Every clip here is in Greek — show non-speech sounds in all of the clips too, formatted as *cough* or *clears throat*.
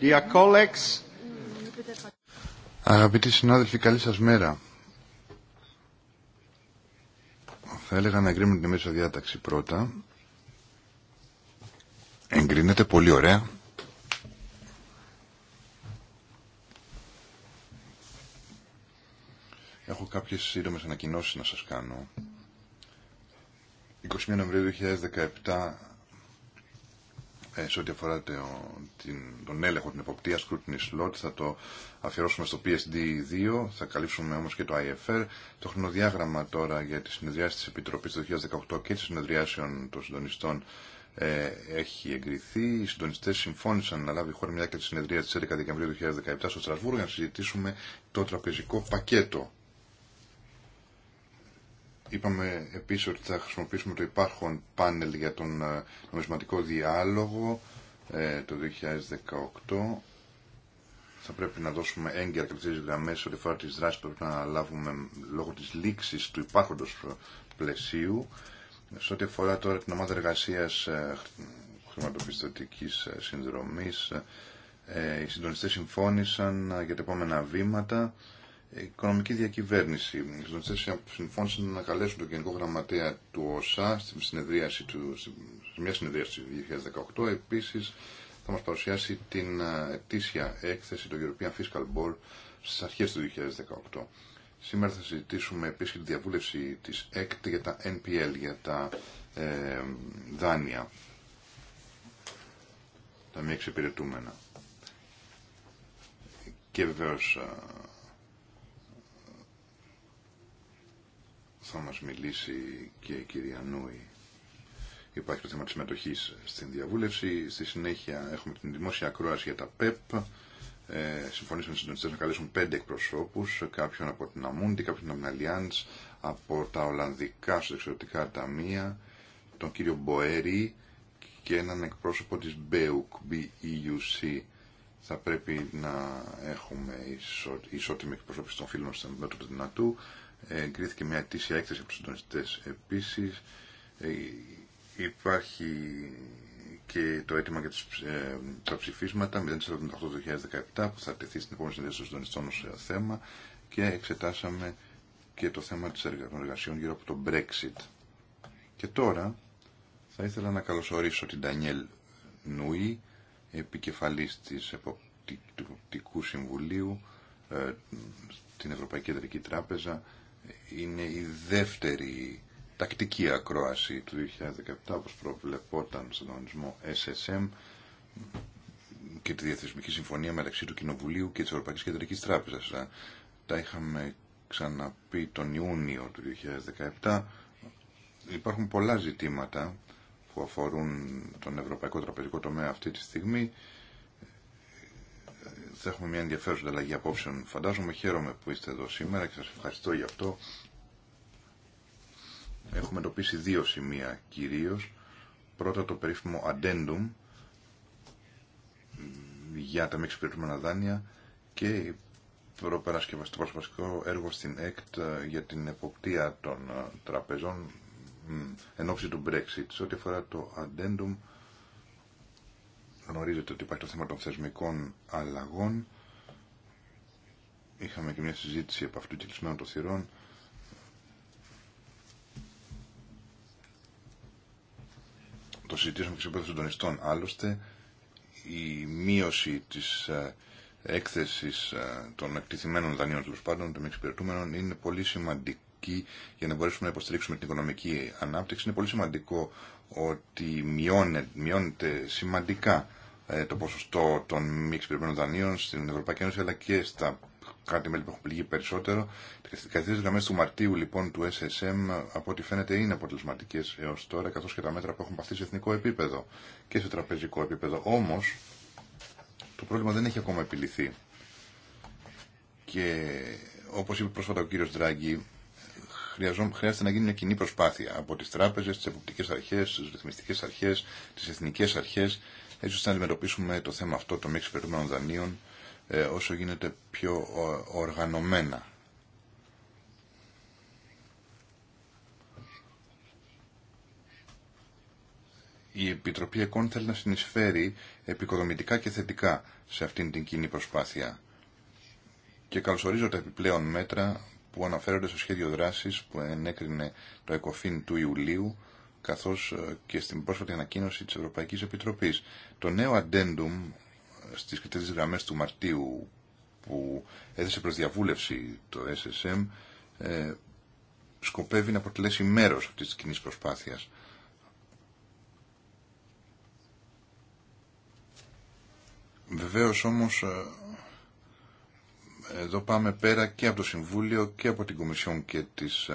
Dear colleagues. Αγαπητοί συνάδελφοι, καλή σας μέρα. Θα έλεγα να εγκρίνουμε την μέσα διάταξη πρώτα. Εγκρίνεται πολύ ωραία. Έχω κάποιες σύντομες ανακοινώσεις να σας κάνω. 21 Νοεμβρίου 2017 ε, σε ό,τι αφορά τον έλεγχο, την εποπτεία scrutiny slot, θα το αφιερώσουμε στο PSD2, θα καλύψουμε όμως και το IFR. Το χρονοδιάγραμμα τώρα για τις συνεδριάσεις της Επιτροπής το 2018 και τις συνεδριάσεων των συντονιστών ε, έχει εγκριθεί. Οι συντονιστές συμφώνησαν να λάβει η χώρα μια και τη συνεδρία της 11 Δεκεμβρίου 2017 στο Στρασβούργο για να συζητήσουμε το τραπεζικό πακέτο Είπαμε επίσης ότι θα χρησιμοποιήσουμε το υπάρχον πάνελ για τον ε, νομισματικό διάλογο ε, το 2018. Θα πρέπει να δώσουμε έγκαιρα και τις γραμμές ότι φορά τις δράσεις που πρέπει να λάβουμε λόγω της λήξης του υπάρχοντος πλαισίου. Σε ό,τι αφορά τώρα την ομάδα εργασίας ε, χρηματοπιστωτικής συνδρομής, οι συντονιστές συμφώνησαν για τα επόμενα βήματα οικονομική διακυβέρνηση. Οι συντονιστέ συμφώνησαν να καλέσουν τον Γενικό Γραμματέα του ΟΣΑ στην συνεδρίαση του, σε μια συνεδρίαση του 2018. επίση θα μα παρουσιάσει την ετήσια έκθεση του European Fiscal Board στι αρχέ του 2018. Σήμερα θα συζητήσουμε επίσης τη διαβούλευση τη ΕΚΤ για τα NPL, για τα ε, δάνεια, τα μη εξυπηρετούμενα. Και βεβαίω. θα μας μιλήσει και η κυρία Νούη. Υπάρχει το θέμα της συμμετοχής στην διαβούλευση. Στη συνέχεια έχουμε την δημόσια ακρόαση για τα ΠΕΠ. Ε, συμφωνήσαμε συντονιστές να καλέσουν πέντε εκπροσώπους, κάποιον από την Αμούντι, κάποιον από την Αλιάντς, από τα Ολλανδικά εξωτερικά Ταμεία, τον κύριο Μποέρι και έναν εκπρόσωπο της BEUC, BEUC. Θα πρέπει να έχουμε ισότιμη εκπροσώπηση των φίλων στον μέτρο του δυνατού εγκρίθηκε μια αιτήσια έκθεση από τους συντονιστές. Επίσης ε, υπάρχει και το αίτημα για τις, ε, τα ψηφίσματα 048-2017 που θα τεθεί στην επόμενη συνέντευξη των συντονιστών ως ε, θέμα και εξετάσαμε και το θέμα της εργασιών γύρω από το Brexit. Και τώρα θα ήθελα να καλωσορίσω την Ντανιέλ Νουή, επικεφαλής της Εποπτικού Συμβουλίου ε, στην Ευρωπαϊκή Εταιρική Τράπεζα είναι η δεύτερη τακτική ακρόαση του 2017 όπως προβλεπόταν στον οργανισμό SSM και τη Διαθεσμική Συμφωνία μεταξύ του Κοινοβουλίου και της Ευρωπαϊκής Κεντρικής Τράπεζας. Τα είχαμε ξαναπεί τον Ιούνιο του 2017. Υπάρχουν πολλά ζητήματα που αφορούν τον Ευρωπαϊκό Τραπεζικό Τομέα αυτή τη στιγμή θα έχουμε μια ενδιαφέρουσα ανταλλαγή απόψεων. Φαντάζομαι χαίρομαι που είστε εδώ σήμερα και σας ευχαριστώ για αυτό. Έχουμε εντοπίσει δύο σημεία κυρίως. Πρώτα το περίφημο addendum για τα μη εξυπηρετούμενα δάνεια και το προπερασκευαστικό έργο στην ΕΚΤ ε, για την εποπτεία των ε, τραπεζών εν ώψη του Brexit. Σε ό,τι αφορά το addendum, γνωρίζετε ότι υπάρχει το θέμα των θεσμικών αλλαγών. Είχαμε και μια συζήτηση από αυτού κλεισμένου των θυρών. Το συζητήσαμε και σε επίπεδο Άλλωστε, η μείωση της ε, έκθεσης ε, των εκτιθυμένων δανείων τέλο πάντων, των εξυπηρετούμενων, είναι πολύ σημαντική για να μπορέσουμε να υποστηρίξουμε την οικονομική ανάπτυξη. Είναι πολύ σημαντικό ότι μειώνεται, μειώνεται σημαντικά ε, το ποσοστό των μη εξυπηρετημένων δανείων στην Ευρωπαϊκή Ένωση αλλά και στα κάτι μέλη που έχουν πληγεί περισσότερο. Οι καθηγητέ γραμμέ του Μαρτίου λοιπόν του SSM από ό,τι φαίνεται είναι αποτελεσματικέ έω τώρα καθώ και τα μέτρα που έχουν παθεί σε εθνικό επίπεδο και σε τραπεζικό επίπεδο. Όμω το πρόβλημα δεν έχει ακόμα επιληθεί. Και όπω είπε πρόσφατα ο κύριο Δράγκη, χρειάζεται να γίνει μια κοινή προσπάθεια από τι τράπεζε, τι εποπτικέ αρχέ, τι ρυθμιστικέ αρχέ, τι εθνικέ αρχέ έτσι ώστε να αντιμετωπίσουμε το θέμα αυτό των μη εξυπηρετούμενων δανείων ε, όσο γίνεται πιο οργανωμένα. η Επιτροπή ΕΚΟΝ θέλει να συνεισφέρει επικοδομητικά και θετικά σε αυτήν την κοινή προσπάθεια. Και καλωσορίζω τα επιπλέον μέτρα που αναφέρονται στο σχέδιο δράσης που ενέκρινε το ΕΚΟΦΗΝ του Ιουλίου καθώς ε, και στην πρόσφατη ανακοίνωση της Ευρωπαϊκής Επιτροπής. Το νέο αντέντουμ ε, στις κριτές γραμμές του Μαρτίου που έθεσε προς διαβούλευση το SSM ε, σκοπεύει να αποτελέσει μέρος αυτής της κοινή προσπάθειας. Βεβαίως όμως ε, εδώ πάμε πέρα και από το Συμβούλιο και από την Κομισιόν και τις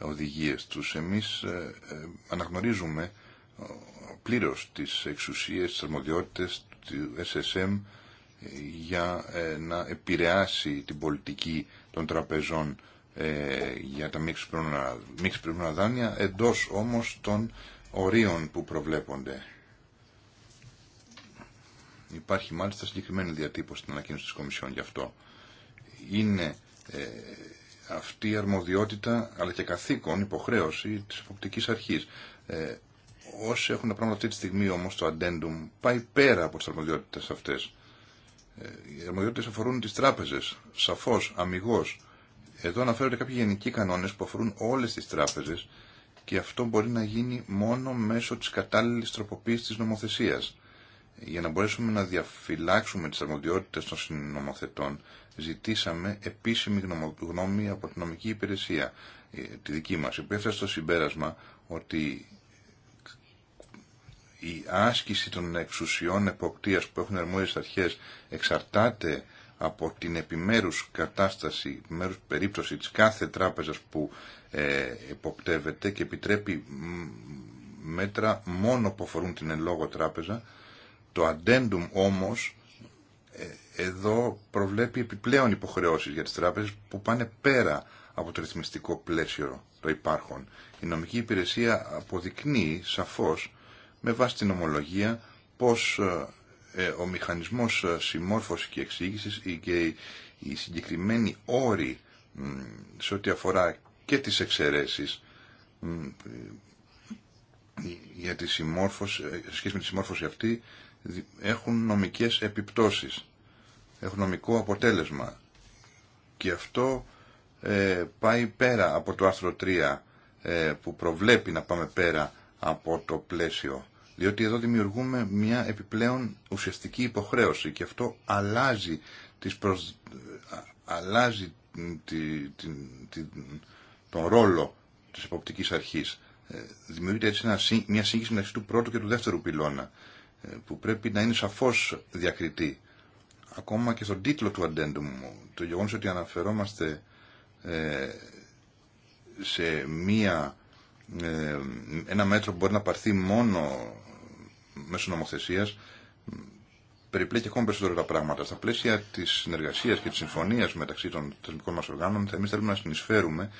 οδηγίες τους. Εμείς ε, ε, αναγνωρίζουμε ε, πλήρως τις εξουσίες, τις αρμοδιότητες του SSM για να επηρεάσει την πολιτική των τραπεζών για τα μη ξυπνούμενα δάνεια εντός όμως των ορίων που προβλέπονται. Υπάρχει μάλιστα συγκεκριμένη διατύπωση στην ανακοίνωση της Κομισιόν γι' αυτό. Είναι αυτή η αρμοδιότητα αλλά και καθήκον, υποχρέωση της εποπτικής αρχής. Ε, όσοι έχουν τα πράγματα αυτή τη στιγμή όμως το addendum πάει πέρα από τι αρμοδιότητες αυτές. Ε, οι αρμοδιότητες αφορούν τις τράπεζες, σαφώς, αμυγό. Εδώ αναφέρονται κάποιοι γενικοί κανόνες που αφορούν όλες τις τράπεζες και αυτό μπορεί να γίνει μόνο μέσω τη κατάλληλη τροποποίηση τη νομοθεσία για να μπορέσουμε να διαφυλάξουμε τις αρμοδιότητες των συνομοθετών, ζητήσαμε επίσημη γνώμη από την νομική υπηρεσία, ε, τη δική μας, που έφτασε στο συμπέρασμα ότι η άσκηση των εξουσιών εποκτείας που έχουν αρμόδιες αρχές εξαρτάται από την επιμέρους κατάσταση, επιμέρους περίπτωση της κάθε τράπεζας που ε, και επιτρέπει μέτρα μόνο που αφορούν την εν λόγω τράπεζα το addendum όμως ε, εδώ προβλέπει επιπλέον υποχρεώσεις για τις τράπεζες που πάνε πέρα από το ρυθμιστικό πλαίσιο το υπάρχον. Η νομική υπηρεσία αποδεικνύει σαφώς με βάση την ομολογία πως ε, ο μηχανισμός συμμόρφωσης και εξήγησης και οι συγκεκριμένοι όροι σε ό,τι αφορά και τις εξαιρέσεις ε, για τη συμμόρφωση, σχέση με τη συμμόρφωση αυτή έχουν νομικές επιπτώσεις, έχουν νομικό αποτέλεσμα. Και αυτό ε, πάει πέρα από το άρθρο 3 ε, που προβλέπει να πάμε πέρα από το πλαίσιο. Διότι εδώ δημιουργούμε μια επιπλέον ουσιαστική υποχρέωση και αυτό αλλάζει, τις αλλάζει τον ρόλο της υποπτικής αρχής. Ε, δημιουργείται έτσι μια σύγχυση μεταξύ του πρώτου και του δεύτερου πυλώνα που πρέπει να είναι σαφώς διακριτή. Ακόμα και στον τίτλο του αντέντου μου, το γεγονός ότι αναφερόμαστε ε, σε μία, ε, ένα μέτρο που μπορεί να πάρθει μόνο μέσω νομοθεσίας, περιπλέκει ακόμα περισσότερο τα πράγματα. Στα πλαίσια της συνεργασία και της συμφωνίας μεταξύ των θεσμικών μας οργάνων, εμείς θέλουμε να συνεισφέρουμε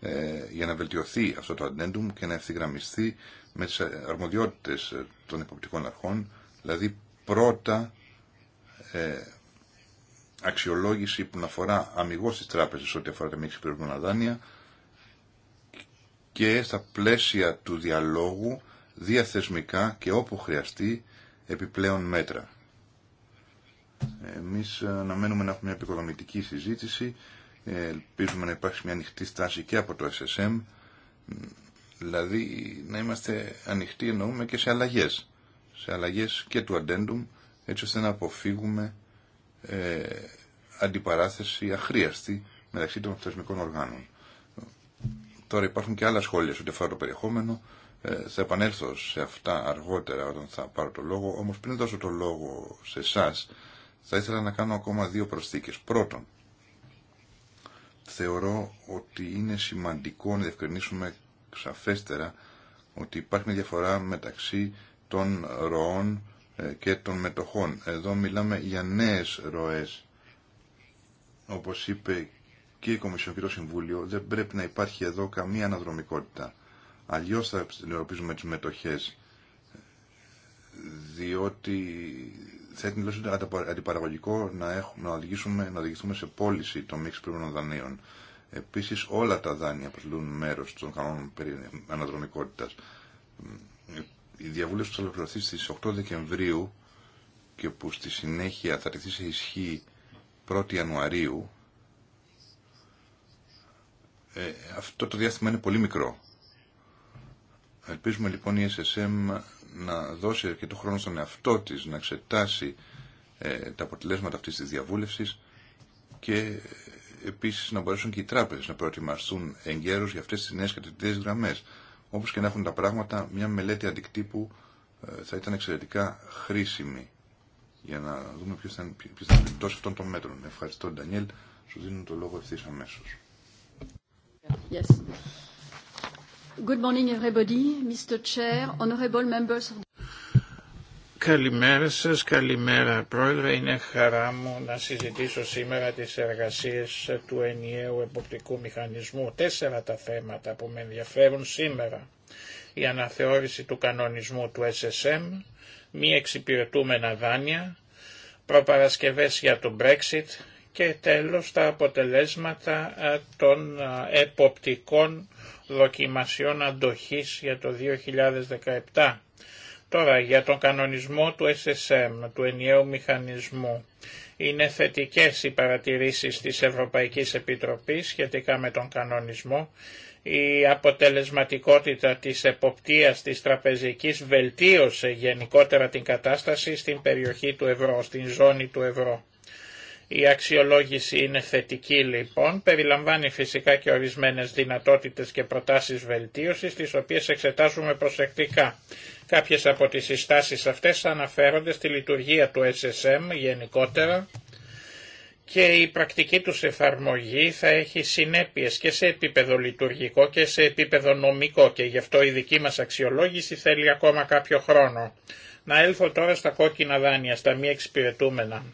ε, για να βελτιωθεί αυτό το αντέντουμ και να ευθυγραμμιστεί με τις αρμοδιότητες ε, των υποπτικών αρχών, δηλαδή πρώτα ε, αξιολόγηση που να αφορά αμυγός στις τράπεζες ό,τι αφορά τα μη εξυπηρετούμενα δάνεια και στα πλαίσια του διαλόγου διαθεσμικά και όπου χρειαστεί επιπλέον μέτρα. Εμείς αναμένουμε να έχουμε μια επικοδομητική συζήτηση ελπίζουμε να υπάρχει μια ανοιχτή στάση και από το SSM, δηλαδή να είμαστε ανοιχτοί εννοούμε και σε αλλαγές, σε αλλαγές και του αντέντουμ, έτσι ώστε να αποφύγουμε ε, αντιπαράθεση αχρίαστη μεταξύ των θεσμικών οργάνων. Τώρα υπάρχουν και άλλα σχόλια σε αφορά το περιεχόμενο. Ε, θα επανέλθω σε αυτά αργότερα όταν θα πάρω το λόγο. Όμως πριν δώσω το λόγο σε εσά, θα ήθελα να κάνω ακόμα δύο προσθήκες. Πρώτον, θεωρώ ότι είναι σημαντικό να διευκρινίσουμε σαφέστερα ότι υπάρχει μια διαφορά μεταξύ των ροών ε, και των μετοχών. Εδώ μιλάμε για νέες ροές. Όπως είπε και η Κομισιόν και το Συμβούλιο, δεν πρέπει να υπάρχει εδώ καμία αναδρομικότητα. Αλλιώς θα συνειδητοποιήσουμε τις μετοχές, διότι θα ήταν αντιπαραγωγικό να, έχουμε, να, οδηγήσουμε, να οδηγηθούμε σε πώληση των μη εξυπηρετούμενων δανείων. Επίση, όλα τα δάνεια αποτελούν μέρο των κανόνων περί αναδρομικότητα. Η διαβούλευση που θα ολοκληρωθεί στι 8 Δεκεμβρίου και που στη συνέχεια θα τεθεί σε ισχύ 1η Ιανουαρίου, ε, αυτό το διάστημα είναι πολύ μικρό. Ελπίζουμε λοιπόν η SSM να δώσει αρκετό χρόνο στον εαυτό της να εξετάσει ε, τα αποτελέσματα αυτής της διαβούλευσης και ε, επίσης να μπορέσουν και οι τράπεζες να προετοιμαστούν εγκαίρως για αυτές τις νέες κατευθυντές γραμμές. Όπως και να έχουν τα πράγματα, μια μελέτη αντικτύπου ε, θα ήταν εξαιρετικά χρήσιμη για να δούμε ποιος θα είναι οι αυτών των μέτρων. Ευχαριστώ, Ντανιέλ. Σου δίνω το λόγο ευθύ αμέσω. Yes. Good Καλημέρα σας, καλημέρα πρόεδρε. Είναι χαρά μου να συζητήσω σήμερα τις εργασίες του ενιαίου εποπτικού μηχανισμού. Τέσσερα τα θέματα που με ενδιαφέρουν σήμερα. Η αναθεώρηση του κανονισμού του SSM, μη εξυπηρετούμενα δάνεια, προπαρασκευές για το Brexit και τέλος τα αποτελέσματα ε, των ε, εποπτικών δοκιμασιών αντοχής για το 2017. Τώρα για τον κανονισμό του SSM, του ενιαίου μηχανισμού. Είναι θετικές οι παρατηρήσεις της Ευρωπαϊκής Επιτροπής σχετικά με τον κανονισμό. Η αποτελεσματικότητα της εποπτείας της τραπεζικής βελτίωσε γενικότερα την κατάσταση στην περιοχή του ευρώ, στην ζώνη του ευρώ. Η αξιολόγηση είναι θετική λοιπόν, περιλαμβάνει φυσικά και ορισμένες δυνατότητες και προτάσεις βελτίωσης, τις οποίες εξετάζουμε προσεκτικά. Κάποιες από τις συστάσεις αυτές αναφέρονται στη λειτουργία του SSM γενικότερα και η πρακτική τους εφαρμογή θα έχει συνέπειες και σε επίπεδο λειτουργικό και σε επίπεδο νομικό και γι' αυτό η δική μας αξιολόγηση θέλει ακόμα κάποιο χρόνο. Να έλθω τώρα στα κόκκινα δάνεια, στα μη εξυπηρετούμενα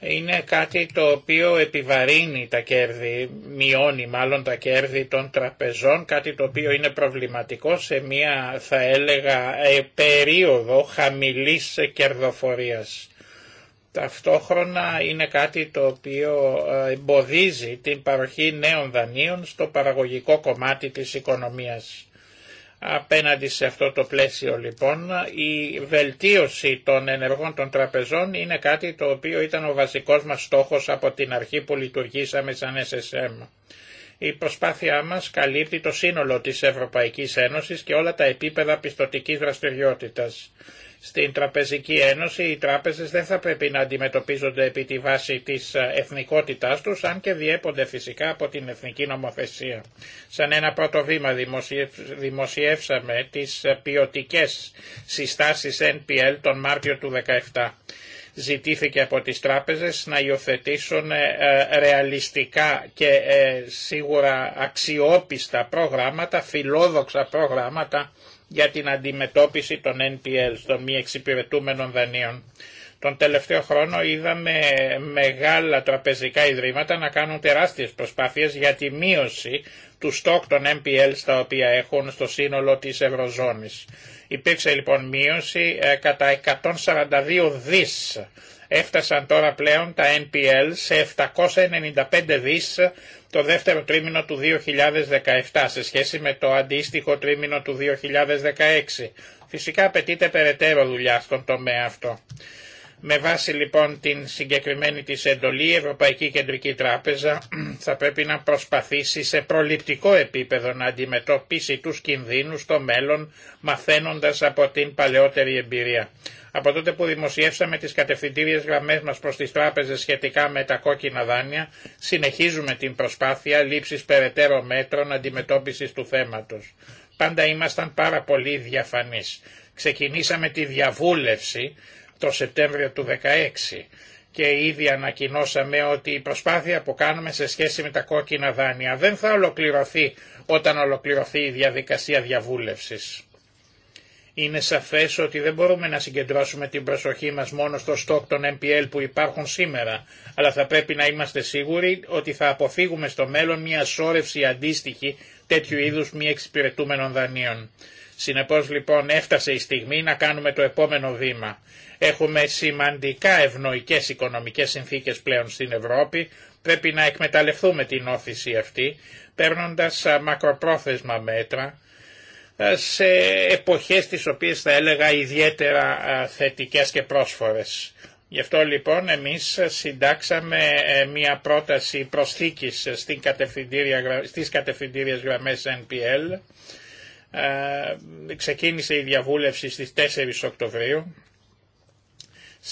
είναι κάτι το οποίο επιβαρύνει τα κέρδη, μειώνει μάλλον τα κέρδη των τραπεζών, κάτι το οποίο είναι προβληματικό σε μια θα έλεγα ε, περίοδο χαμηλής κερδοφορίας. Ταυτόχρονα είναι κάτι το οποίο ε, εμποδίζει την παροχή νέων δανείων στο παραγωγικό κομμάτι της οικονομίας. Απέναντι σε αυτό το πλαίσιο λοιπόν η βελτίωση των ενεργών των τραπεζών είναι κάτι το οποίο ήταν ο βασικός μας στόχος από την αρχή που λειτουργήσαμε σαν SSM. Η προσπάθειά μας καλύπτει το σύνολο της Ευρωπαϊκής Ένωσης και όλα τα επίπεδα πιστοτικής δραστηριότητας. Στην Τραπεζική Ένωση οι τράπεζες δεν θα πρέπει να αντιμετωπίζονται επί τη βάση της ε, εθνικότητάς τους, αν και διέπονται φυσικά από την εθνική νομοθεσία. Σαν ένα πρώτο βήμα δημοσιεύσαμε τις ε, ποιοτικέ συστάσεις NPL τον Μάρτιο του 2017 ζητήθηκε από τις τράπεζες να υιοθετήσουν ε, ρεαλιστικά και σίγουρα αξιόπιστα προγράμματα, φιλόδοξα προγράμματα για την αντιμετώπιση των NPL, των μη εξυπηρετούμενων δανείων. Τον τελευταίο χρόνο είδαμε μεγάλα τραπεζικά ιδρύματα να κάνουν τεράστιες προσπάθειες για τη μείωση του στόκ των NPL στα οποία έχουν στο σύνολο της Ευρωζώνης. Υπήρξε λοιπόν μείωση ε, κατά 142 δις. Έφτασαν τώρα πλέον τα NPL σε 795 δις το δεύτερο τρίμηνο του 2017 σε σχέση με το αντίστοιχο τρίμηνο του 2016. Φυσικά απαιτείται περαιτέρω δουλειά στον τομέα αυτό. Με βάση λοιπόν την συγκεκριμένη της εντολή η Ευρωπαϊκή Κεντρική Τράπεζα *clears throat* θα πρέπει να προσπαθήσει σε προληπτικό επίπεδο να αντιμετωπίσει τους κινδύνους στο μέλλον μαθαίνοντας από την παλαιότερη εμπειρία. Από τότε που δημοσιεύσαμε τις κατευθυντήριες γραμμές μας προς τις τράπεζες σχετικά με τα κόκκινα δάνεια, συνεχίζουμε την προσπάθεια λήψης περαιτέρω μέτρων αντιμετώπισης του θέματος. Πάντα ήμασταν πάρα πολύ διαφανείς. Ξεκινήσαμε τη διαβούλευση το Σεπτέμβριο του 2016 και ήδη ανακοινώσαμε ότι η προσπάθεια που κάνουμε σε σχέση με τα κόκκινα δάνεια δεν θα ολοκληρωθεί όταν ολοκληρωθεί η διαδικασία διαβούλευσης. Είναι σαφές ότι δεν μπορούμε να συγκεντρώσουμε την προσοχή μας μόνο στο στόκ των MPL που υπάρχουν σήμερα, αλλά θα πρέπει να είμαστε σίγουροι ότι θα αποφύγουμε στο μέλλον μια σώρευση αντίστοιχη τέτοιου είδους μη εξυπηρετούμενων δανείων. Συνεπώς λοιπόν έφτασε η στιγμή να κάνουμε το επόμενο βήμα. Έχουμε σημαντικά ευνοϊκές οικονομικές συνθήκες πλέον στην Ευρώπη, πρέπει να εκμεταλλευτούμε την όθηση αυτή, παίρνοντας μακροπρόθεσμα μέτρα, σε εποχές τις οποίες θα έλεγα ιδιαίτερα θετικές και πρόσφορες. Γι' αυτό λοιπόν εμείς συντάξαμε ε, μια πρόταση προσθήκης στην κατευθυντήριε στις κατευθυντήριες γραμμές NPL. Ξεκίνησε η διαβούλευση στις 4 Οκτωβρίου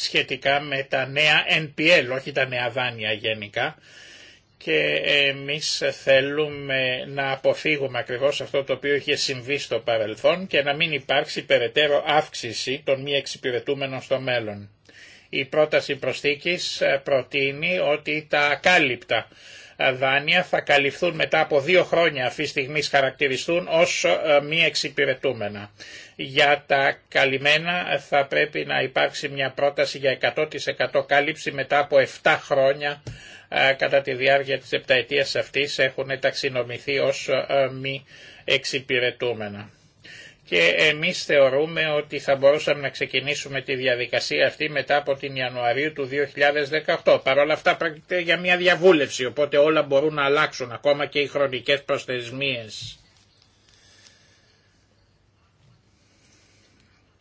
σχετικά με τα νέα NPL, όχι τα νέα δάνεια γενικά. Και εμείς θέλουμε να αποφύγουμε ακριβώς αυτό το οποίο είχε συμβεί στο παρελθόν και να μην υπάρξει περαιτέρω αύξηση των μη εξυπηρετούμενων στο μέλλον. Η πρόταση προσθήκης προτείνει ότι τα ακάλυπτα δάνεια θα καλυφθούν μετά από δύο χρόνια αυτή τη στιγμή χαρακτηριστούν ως ε, μη εξυπηρετούμενα. Για τα καλυμμένα θα πρέπει να υπάρξει μια πρόταση για 100% κάλυψη μετά από 7 χρόνια κατά τη διάρκεια της επταετίας αυτής έχουν ταξινομηθεί ως μη εξυπηρετούμενα. Και εμείς θεωρούμε ότι θα μπορούσαμε να ξεκινήσουμε τη διαδικασία αυτή μετά από την Ιανουαρίου του 2018. Παρ' όλα αυτά πρόκειται για μια διαβούλευση, οπότε όλα μπορούν να αλλάξουν, ακόμα και οι χρονικές προσθεσμίες.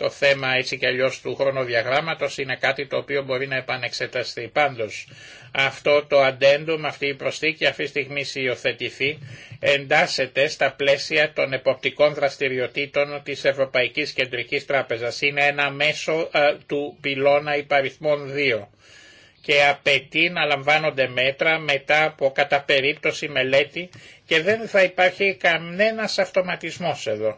Το θέμα έτσι και αλλιώς του χρονοδιαγράμματος είναι κάτι το οποίο μπορεί να επανεξεταστεί. Πάντως αυτό το αντέντομα αυτή η προσθήκη αυτή τη στιγμή υιοθετηθεί εντάσσεται στα πλαίσια των εποπτικών δραστηριοτήτων της Ευρωπαϊκής Κεντρικής Τράπεζας. Είναι ένα μέσο α, του πυλώνα υπαριθμών 2 και απαιτεί να λαμβάνονται μέτρα μετά από κατά περίπτωση μελέτη και δεν θα υπάρχει κανένας αυτοματισμός εδώ.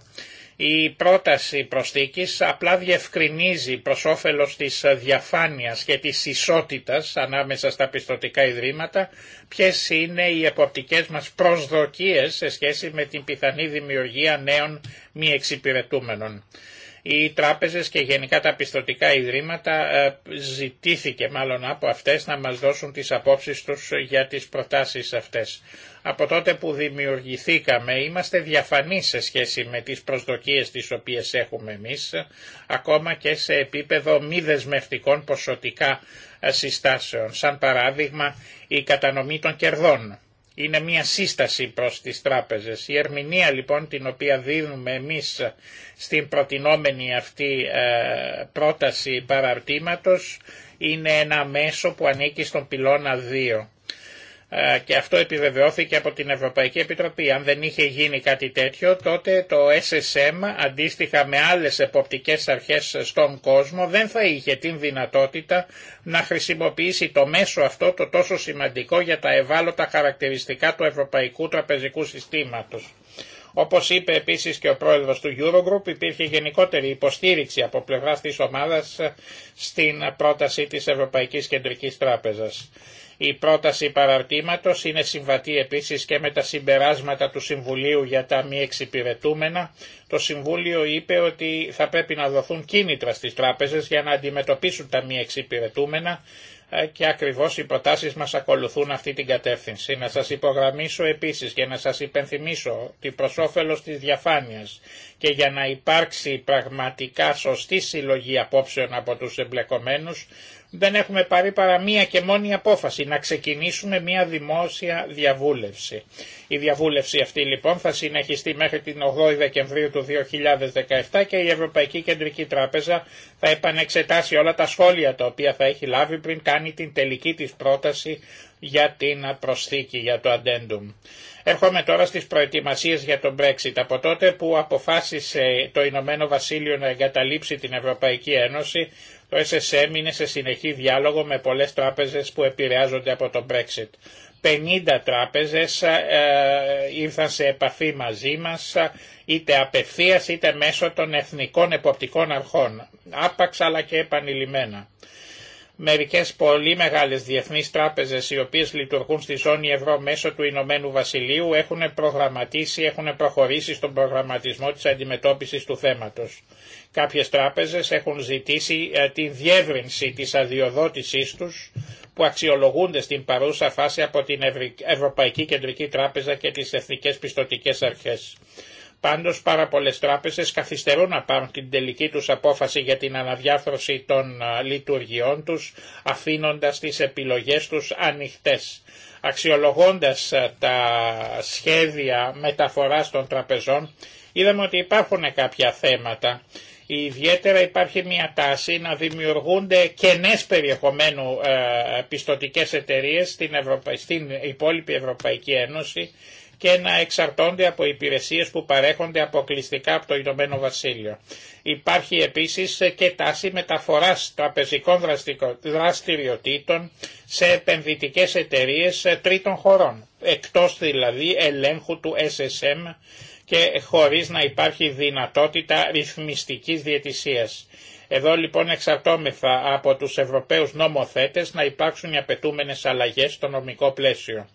Η πρόταση προσθήκης απλά διευκρινίζει προς όφελος της διαφάνειας και της ισότητας ανάμεσα στα πιστοτικά ιδρύματα ποιες είναι οι εποπτικές μας προσδοκίες σε σχέση με την πιθανή δημιουργία νέων μη εξυπηρετούμενων. Οι τράπεζες και γενικά τα πιστοτικά ιδρύματα ε, ζητήθηκε μάλλον από αυτές να μας δώσουν τις απόψεις τους για τις προτάσεις αυτές. Από τότε που δημιουργηθήκαμε είμαστε διαφανείς σε σχέση με τις προσδοκίες τις οποίες έχουμε εμείς, ακόμα και σε επίπεδο μη δεσμευτικών ποσοτικά ε, συστάσεων, σαν παράδειγμα η κατανομή των κερδών είναι μια σύσταση προς τις τράπεζες. Η ερμηνεία λοιπόν την οποία δίνουμε εμείς στην προτινόμενη αυτή ε, πρόταση παραρτήματος είναι ένα μέσο που ανήκει στον πυλώνα 2. Ε, και αυτό επιβεβαιώθηκε από την Ευρωπαϊκή Επιτροπή. Αν δεν είχε γίνει κάτι τέτοιο, τότε το SSM αντίστοιχα με άλλες εποπτικές αρχές στον κόσμο δεν θα είχε την δυνατότητα να χρησιμοποιήσει το μέσο αυτό το τόσο σημαντικό για τα ευάλωτα χαρακτηριστικά του ευρωπαϊκού τραπεζικού συστήματος. Όπως είπε επίσης και ο πρόεδρος του Eurogroup, υπήρχε γενικότερη υποστήριξη από πλευρά τη ομάδας στην πρόταση της Ευρωπαϊκής Κεντρικής Τράπεζας. Η πρόταση παραρτήματος είναι συμβατή επίσης και με τα συμπεράσματα του Συμβουλίου για τα μη εξυπηρετούμενα. Το Συμβούλιο είπε ότι θα πρέπει να δοθούν κίνητρα στις τράπεζες για να αντιμετωπίσουν τα μη εξυπηρετούμενα ε, και ακριβώς οι προτάσεις μας ακολουθούν αυτή την κατεύθυνση. Να σας υπογραμμίσω επίσης και να σας υπενθυμίσω ότι προς όφελος της διαφάνειας και για να υπάρξει πραγματικά σωστή συλλογή απόψεων από τους εμπλεκομένους δεν έχουμε πάρει παρά μία και μόνη απόφαση, να ξεκινήσουμε μία δημόσια διαβούλευση. Η διαβούλευση αυτή λοιπόν θα συνεχιστεί μέχρι την 8η Δεκεμβρίου του 2017 και η Ευρωπαϊκή Κεντρική Τράπεζα θα επανεξετάσει όλα τα σχόλια τα οποία θα έχει λάβει πριν κάνει την τελική της πρόταση για την προσθήκη, για το αντέντουμ. Έρχομαι τώρα στις προετοιμασίες για τον Brexit. Από τότε που αποφάσισε το Ηνωμένο Βασίλειο να εγκαταλείψει την Ευρωπαϊκή Ένωση, το SSM είναι σε συνεχή διάλογο με πολλές τράπεζες που επηρεάζονται από το Brexit. 50 τράπεζες ε, ήρθαν σε επαφή μαζί μας είτε απευθείας είτε μέσω των εθνικών εποπτικών αρχών, άπαξ αλλά και επανειλημμένα. Μερικές πολύ μεγάλες διεθνείς τράπεζες οι οποίες λειτουργούν στη ζώνη ευρώ μέσω του Ηνωμένου Βασιλείου έχουν προγραμματίσει, έχουν προχωρήσει στον προγραμματισμό της αντιμετώπισης του θέματος. Κάποιες τράπεζες έχουν ζητήσει ε, τη διεύρυνση της αδειοδότησής τους που αξιολογούνται στην παρούσα φάση από την Ευρωπαϊκή Κεντρική Τράπεζα και τις Εθνικές Πιστοτικές Αρχές. Πάντω, πάρα πολλέ τράπεζε καθυστερούν να πάρουν την τελική τους απόφαση για την αναδιάρθρωση των λειτουργιών τους, αφήνοντας τις επιλογές τους ανοιχτές. Αξιολογώντας τα σχέδια μεταφοράς των τραπεζών, είδαμε ότι υπάρχουν κάποια θέματα. Ιδιαίτερα υπάρχει μια τάση να δημιουργούνται κενές περιεχομένου πιστοτικές εταιρείες στην υπόλοιπη Ευρωπαϊκή Ένωση και να εξαρτώνται από υπηρεσίες που παρέχονται αποκλειστικά από το Ηνωμένο Βασίλειο. Υπάρχει επίσης και τάση μεταφοράς τραπεζικών δραστηριοτήτων σε επενδυτικές εταιρείες τρίτων χωρών, εκτός δηλαδή ελέγχου του SSM και χωρίς να υπάρχει δυνατότητα ρυθμιστικής διαιτησίας. Εδώ λοιπόν εξαρτώμεθα από τους Ευρωπαίους νόμοθέτες να υπάρξουν οι απαιτούμενες αλλαγές στο νομικό πλαίσιο.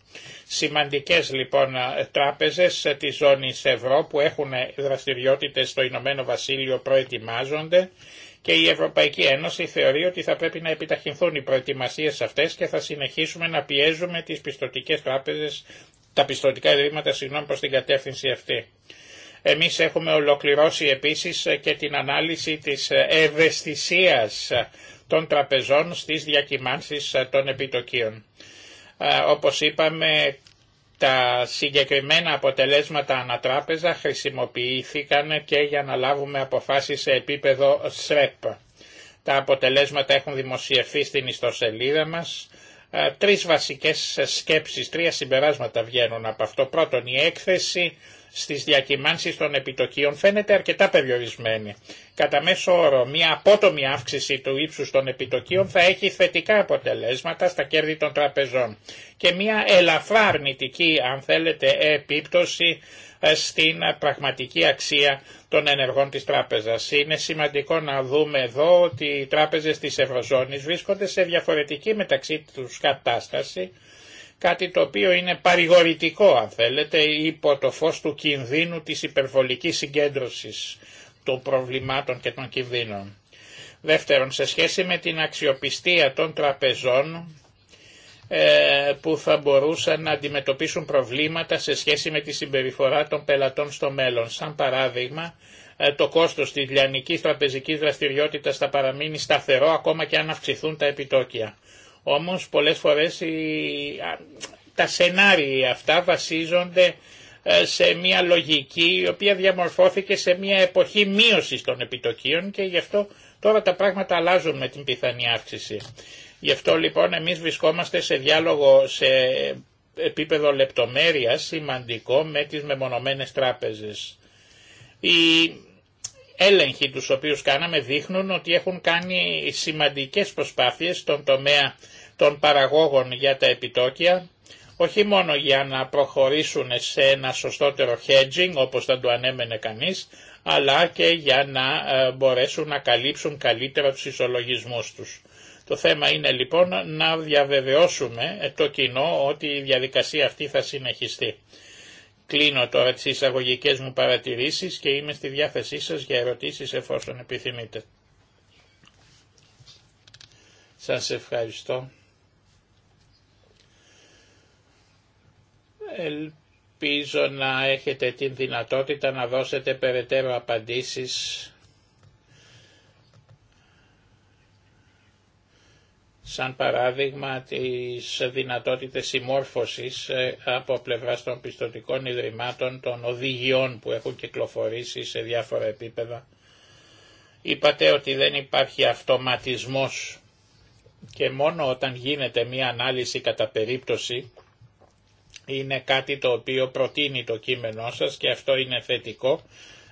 Σημαντικές λοιπόν τράπεζες της ζώνης ευρώ που έχουν δραστηριότητες στο Ηνωμένο Βασίλειο προετοιμάζονται και η Ευρωπαϊκή Ένωση θεωρεί ότι θα πρέπει να επιταχυνθούν οι προετοιμασίες αυτές και θα συνεχίσουμε να πιέζουμε τις πιστοτικές τράπεζες, τα πιστοτικά ιδρύματα συγγνώμη προς την κατεύθυνση αυτή. Εμείς έχουμε ολοκληρώσει επίσης ε, και την ανάλυση της ε, ευαισθησίας ε, των τραπεζών στις διακυμάνσεις των επιτοκίων. Όπως είπαμε, τα συγκεκριμένα αποτελέσματα ανατράπεζα χρησιμοποιήθηκαν και για να λάβουμε αποφάσεις σε επίπεδο ΣΡΕΠ. E τα αποτελέσματα έχουν δημοσιευθεί στην ιστοσελίδα μας. Τρεις βασικές σκέψεις, τρία συμπεράσματα βγαίνουν από αυτό. Πρώτον, η έκθεση στις διακυμάνσει των επιτοκίων φαίνεται αρκετά περιορισμένη. Κατά μέσο όρο, μια απότομη αύξηση του ύψου των επιτοκίων θα έχει θετικά αποτελέσματα στα κέρδη των τραπεζών και μια ελαφρά αρνητική, αν θέλετε, επίπτωση ε, στην πραγματική αξία των ενεργών της τράπεζας. Είναι σημαντικό να δούμε εδώ ότι οι τράπεζες της Ευρωζώνης βρίσκονται σε διαφορετική μεταξύ τους κατάσταση κάτι το οποίο είναι παρηγορητικό αν θέλετε υπό το φως του κινδύνου της υπερβολικής συγκέντρωσης των προβλημάτων και των κινδύνων. Δεύτερον, σε σχέση με την αξιοπιστία των τραπεζών ε, που θα μπορούσαν να αντιμετωπίσουν προβλήματα σε σχέση με τη συμπεριφορά των πελατών στο μέλλον. Σαν παράδειγμα, ε, το κόστος της λιανικής τραπεζικής δραστηριότητας θα παραμείνει σταθερό ακόμα και αν αυξηθούν τα επιτόκια. Όμως πολλές φορές τα σενάρια αυτά βασίζονται ε, σε μια λογική η οποία διαμορφώθηκε σε μια εποχή μείωσης των επιτοκίων και γι' αυτό τώρα τα πράγματα αλλάζουν με την πιθανή αύξηση. Γι' αυτό λοιπόν εμείς βρισκόμαστε σε διάλογο σε επίπεδο λεπτομέρεια σημαντικό με τις μεμονωμένες τράπεζες. Οι έλεγχοι τους οποίους κάναμε δείχνουν ότι έχουν κάνει σημαντικές προσπάθειες στον τομέα των παραγόγων για τα επιτόκια, όχι μόνο για να προχωρήσουν σε ένα σωστότερο hedging όπως θα το ανέμενε κανείς, αλλά και για να ε, μπορέσουν να καλύψουν καλύτερα τους ισολογισμούς τους. Το θέμα είναι λοιπόν να διαβεβαιώσουμε ε, το κοινό ότι η διαδικασία αυτή θα συνεχιστεί. Κλείνω τώρα τις εισαγωγικές μου παρατηρήσεις και είμαι στη διάθεσή σας για ερωτήσεις εφόσον επιθυμείτε. Σας ευχαριστώ. Ελπίζω να έχετε την δυνατότητα να δώσετε περαιτέρω απαντήσεις σαν παράδειγμα τις δυνατότητες συμμόρφωσης ε, από πλευράς των πιστοτικών ιδρυμάτων, των οδηγιών που έχουν κυκλοφορήσει σε διάφορα επίπεδα. Είπατε ότι δεν υπάρχει αυτοματισμός και μόνο όταν γίνεται μία ανάλυση κατά περίπτωση είναι κάτι το οποίο προτείνει το κείμενό σας και αυτό είναι θετικό.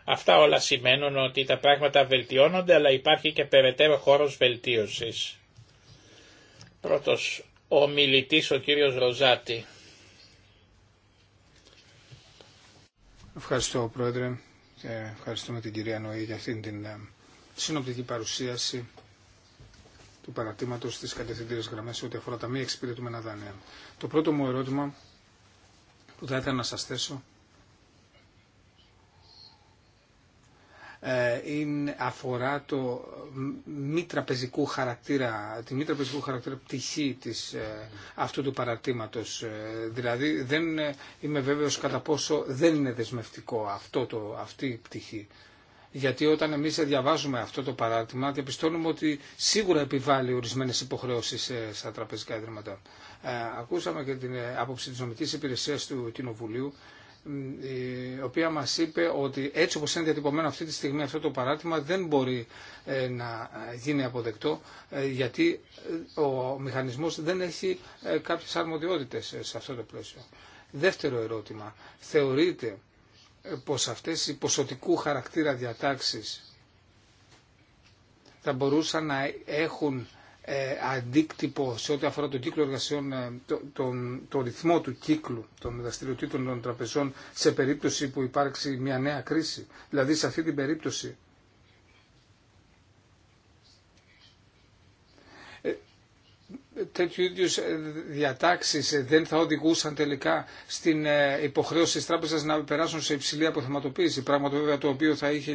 Αυτά όλα σημαίνουν ότι τα πράγματα βελτιώνονται αλλά υπάρχει και περαιτέρω χώρος βελτίωσης. Πρώτος ο μιλητής ο κύριος Ροζάτη. Ευχαριστώ Πρόεδρε και ευχαριστούμε την κυρία Νοή για αυτήν την ε, συνοπτική παρουσίαση του παρατήματος της κατευθυντήρες γραμμές ό,τι αφορά τα μη εξυπηρετούμενα δάνεια. Το πρώτο μου ερώτημα που θα ήθελα να σας θέσω ε, είναι, αφορά το μη χαρακτήρα, τη μη τραπεζικού χαρακτήρα πτυχή της, ε, αυτού του παρατήματος. Ε, δηλαδή δεν είμαι βέβαιος κατά πόσο δεν είναι δεσμευτικό αυτό το, αυτή η πτυχή. Γιατί όταν εμείς διαβάζουμε αυτό το παράρτημα, διαπιστώνουμε ότι σίγουρα επιβάλλει ορισμένες υποχρεώσεις στα τραπεζικά ιδρύματα. Ε, ακούσαμε και την ε, άποψη της νομικής υπηρεσίας του Κοινοβουλίου ε, η οποία μας είπε ότι έτσι όπως είναι διατυπωμένο αυτή τη στιγμή αυτό το παράτημα δεν μπορεί να γίνει αποδεκτό γιατί ο μηχανισμός δεν έχει κάποιες αρμοδιότητες σε αυτό το πλαίσιο. Δεύτερο ερώτημα. Θεωρείτε πως αυτές οι ποσοτικού χαρακτήρα διατάξεις θα μπορούσαν να έχουν ε, αντίκτυπο σε ό,τι αφορά τον κύκλο εργασιών, ε, το, τον, το ρυθμό του κύκλου των δραστηριοτήτων των τραπεζών σε περίπτωση που υπάρξει μια νέα κρίση. Δηλαδή σε αυτή την περίπτωση ε, τέτοιου είδου διατάξει δεν θα οδηγούσαν τελικά στην υποχρέωση τη τράπεζα να περάσουν σε υψηλή αποθεματοποίηση. Πράγμα το, βέβαια το οποίο θα είχε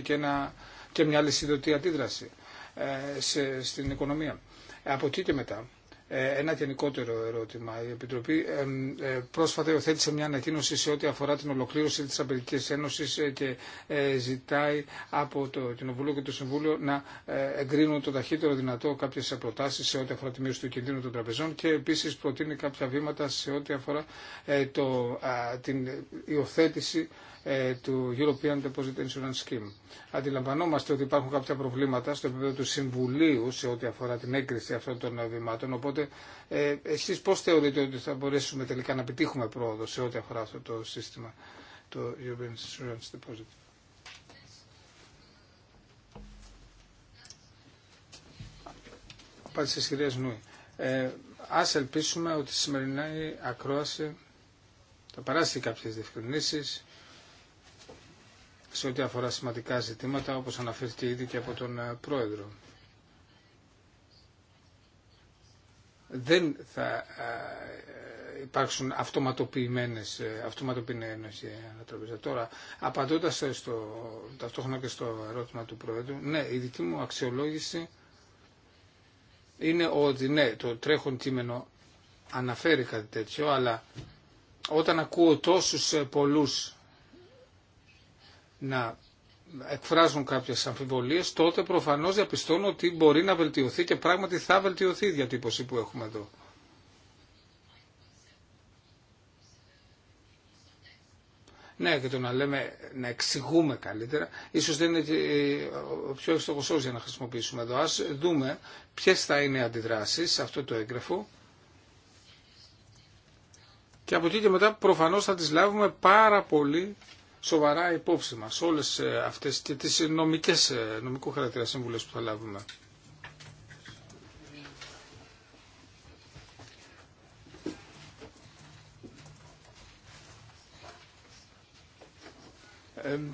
και, μια λυσιδωτή αντίδραση. Ε, στην οικονομία. Από εκεί και μετά, ε, ένα γενικότερο ερώτημα. Η Επιτροπή ε, πρόσφατα υιοθέτησε μια ανακοίνωση σε ό,τι αφορά την ολοκλήρωση της Αμερικής Ένωσης και ζητάει από το Κοινοβούλιο και το Συμβούλιο να εγκρίνουν το ταχύτερο δυνατό κάποιες προτάσεις σε ό,τι αφορά τη μείωση του κινδύνου των τραπεζών και επίσης προτείνει κάποια βήματα σε ό,τι αφορά το, την υιοθέτηση ε, του European Deposit Insurance Scheme. Αντιλαμβανόμαστε ότι υπάρχουν κάποια προβλήματα στο επίπεδο του Συμβουλίου σε ό,τι αφορά την έγκριση αυτών των βημάτων. Οπότε, ε, εσείς πώς θεωρείτε ότι θα μπορέσουμε τελικά να επιτύχουμε πρόοδο σε ό,τι αφορά αυτό το σύστημα, το European Insurance Deposit. Α Ε, ας ελπίσουμε ότι σημερινά η ακρόαση θα παράσει κάποιες διευκρινήσεις σε ό,τι αφορά σημαντικά ζητήματα, όπως αναφέρθηκε ήδη και από τον ε, Πρόεδρο. Δεν θα ε, υπάρξουν αυτοματοποιημένες, ε, αυτοματοποιημένες Τώρα, απαντώντας στο, ταυτόχρονα και στο ερώτημα του Πρόεδρου, ναι, η δική μου αξιολόγηση είναι ότι ναι, το τρέχον κείμενο αναφέρει κάτι τέτοιο, αλλά όταν ακούω τόσους πολλούς να εκφράζουν κάποιες αμφιβολίες, τότε προφανώς διαπιστώνω ότι μπορεί να βελτιωθεί και πράγματι θα βελτιωθεί η διατύπωση που έχουμε εδώ. Ναι, και το να λέμε, να εξηγούμε καλύτερα, ίσως δεν είναι ο πιο εύστοχος για να χρησιμοποιήσουμε εδώ. Ας δούμε ποιες θα είναι οι αντιδράσεις σε αυτό το έγγραφο. Και από εκεί και μετά προφανώς θα τις λάβουμε πάρα πολύ σοβαρά υπόψη μας όλες ε, αυτές και τις νομικές, ε, νομικού χαρακτήρα συμβουλές που θα λάβουμε.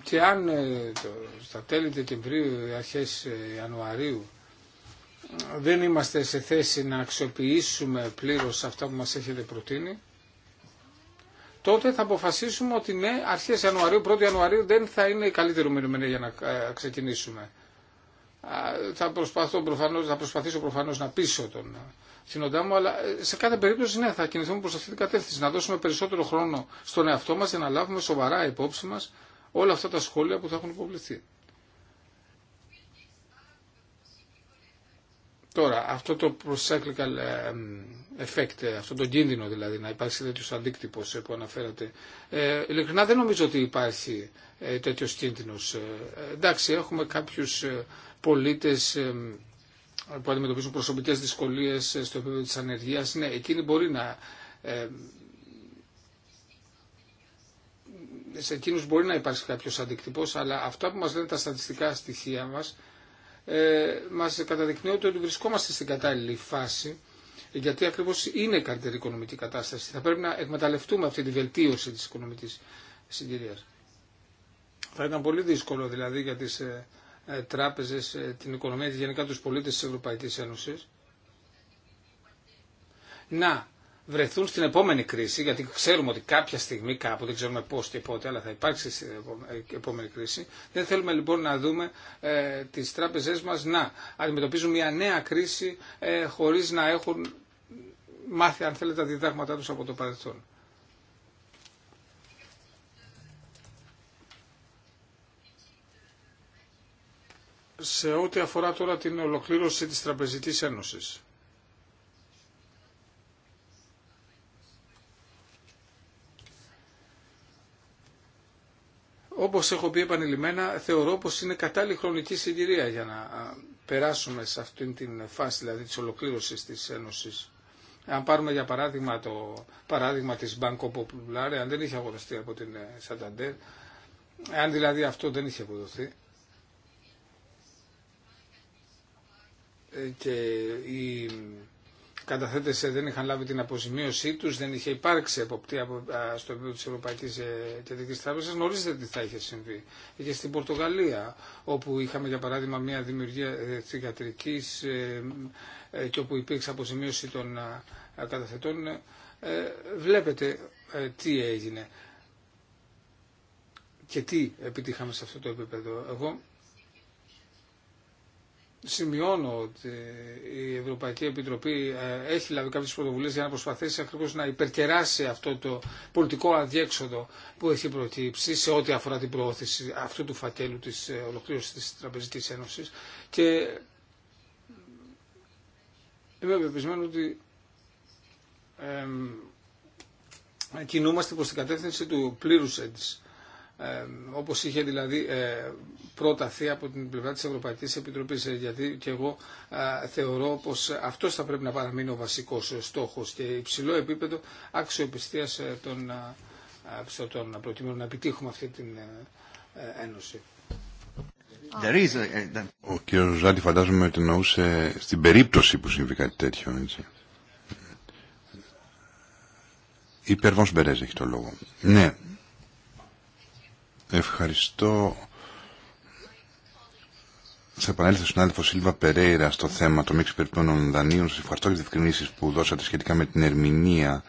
Και αν ε, στα τέλη Δεκεμβρίου, αρχές Ιανουαρίου δεν είμαστε σε θέση να αξιοποιήσουμε πλήρως αυτά που μας έχετε προτείνει, τότε θα αποφασίσουμε ότι ναι, αρχε ιανουαριου Ιανουαρίου, 1η Ιανουαρίου δεν θα είναι η καλύτερη ημερομηνία για να ε, ξεκινήσουμε. Θα, προφανώς, θα προσπαθήσω προφανώ να πείσω τον ε, συνοντά μου, αλλά ε, σε κάθε περίπτωση ναι, θα κινηθούμε προς αυτή την κατεύθυνση, να δώσουμε περισσότερο χρόνο στον εαυτό μα για να λάβουμε σοβαρά υπόψη μα όλα αυτά τα σχόλια που θα έχουν υποβληθεί. Τώρα, αυτό το procyclical ε, effect, ε, αυτό το κίνδυνο δηλαδή να υπάρξει τέτοιο αντίκτυπο ε, που αναφέρατε, ε, ειλικρινά δεν νομίζω ότι υπάρχει ε, τέτοιο κίνδυνο. Ε, εντάξει, έχουμε κάποιου πολίτε που αντιμετωπίζουν προσωπικέ δυσκολίε στο επίπεδο τη ανεργία. Ναι, εκείνοι μπορεί να. σε εκείνους μπορεί να υπάρξει κάποιος αντικτυπός, αλλά αυτά που μας λένε τα στατιστικά στοιχεία μας ε, μας καταδεικνύει ότι βρισκόμαστε στην κατάλληλη φάση γιατί ακριβώς είναι καλύτερη οικονομική κατάσταση. Θα πρέπει να εκμεταλλευτούμε αυτή τη βελτίωση της οικονομικής συγκυρίας. Θα ήταν πολύ δύσκολο δηλαδή για τις ε, ε, τράπεζες, την οικονομία και γενικά τους πολίτες της Ευρωπαϊκής Ένωσης να βρεθούν στην επόμενη κρίση, γιατί ξέρουμε ότι κάποια στιγμή κάπου, δεν ξέρουμε πώς και πότε, αλλά θα υπάρξει στην ε, επόμενη κρίση. Δεν θέλουμε λοιπόν να δούμε ε, τις τράπεζές μας να αντιμετωπίζουν μια νέα κρίση ε, χωρίς να έχουν μάθει, αν θέλετε, τα διδάγματά τους από το παρελθόν. Σε ό,τι αφορά τώρα την ολοκλήρωση της Τραπεζικής Ένωσης. όπως έχω πει επανειλημμένα, θεωρώ πως είναι κατάλληλη χρονική συγκυρία για να περάσουμε σε αυτήν την φάση δηλαδή της ολοκλήρωσης της Ένωσης. Αν πάρουμε για παράδειγμα το παράδειγμα της Banco Popular, αν δεν είχε αγοραστεί από την ε, Santander, αν δηλαδή αυτό δεν είχε αποδοθεί, ε, και η καταθέτες ε, δεν είχαν λάβει την αποζημίωσή τους, δεν είχε υπάρξει εποπτεία ε, στο επίπεδο της Ευρωπαϊκής ε, Κεντρικής Τράπεζας, γνωρίζετε τι θα είχε συμβεί. Και στην Πορτογαλία, όπου είχαμε για παράδειγμα μια δημιουργία θηγατρική και όπου υπήρξε αποζημίωση των καταθετών, βλέπετε τι έγινε και τι επιτύχαμε σε αυτό το επίπεδο. Εγώ σημειώνω ότι η Ευρωπαϊκή Επιτροπή ε, έχει λάβει κάποιες πρωτοβουλίες για να προσπαθήσει ακριβώς να υπερκεράσει αυτό το πολιτικό αδιέξοδο που έχει προκύψει σε ό,τι αφορά την προώθηση αυτού του φακέλου της ε, ολοκλήρωσης της Τραπεζικής Ένωσης και είμαι πεπισμένο ότι κινούμαστε προς την κατεύθυνση του πλήρους έντης όπως είχε δηλαδή ε, πρόταθεί από την πλευρά της Ευρωπαϊκής Επιτροπής ε, γιατί και εγώ ε, θεωρώ πως αυτός θα πρέπει να παραμείνει ο βασικός στόχος και υψηλό επίπεδο αξιοπιστίας των πιστωτών να προτιμούμε να επιτύχουμε αυτή την ένωση. Ο κύριος Ζάτη φαντάζομαι ότι εννοούσε στην περίπτωση που συμβεί κάτι τέτοιο έτσι. Η έχει το λόγο. Ναι, Ευχαριστώ. Θα επανέλθω στον συνάδελφο Σίλβα Περέιρα στο θέμα των μη εξυπηρετούμενων δανείων. Σα ευχαριστώ για τι διευκρινήσει που δώσατε σχετικά με την ερμηνεία,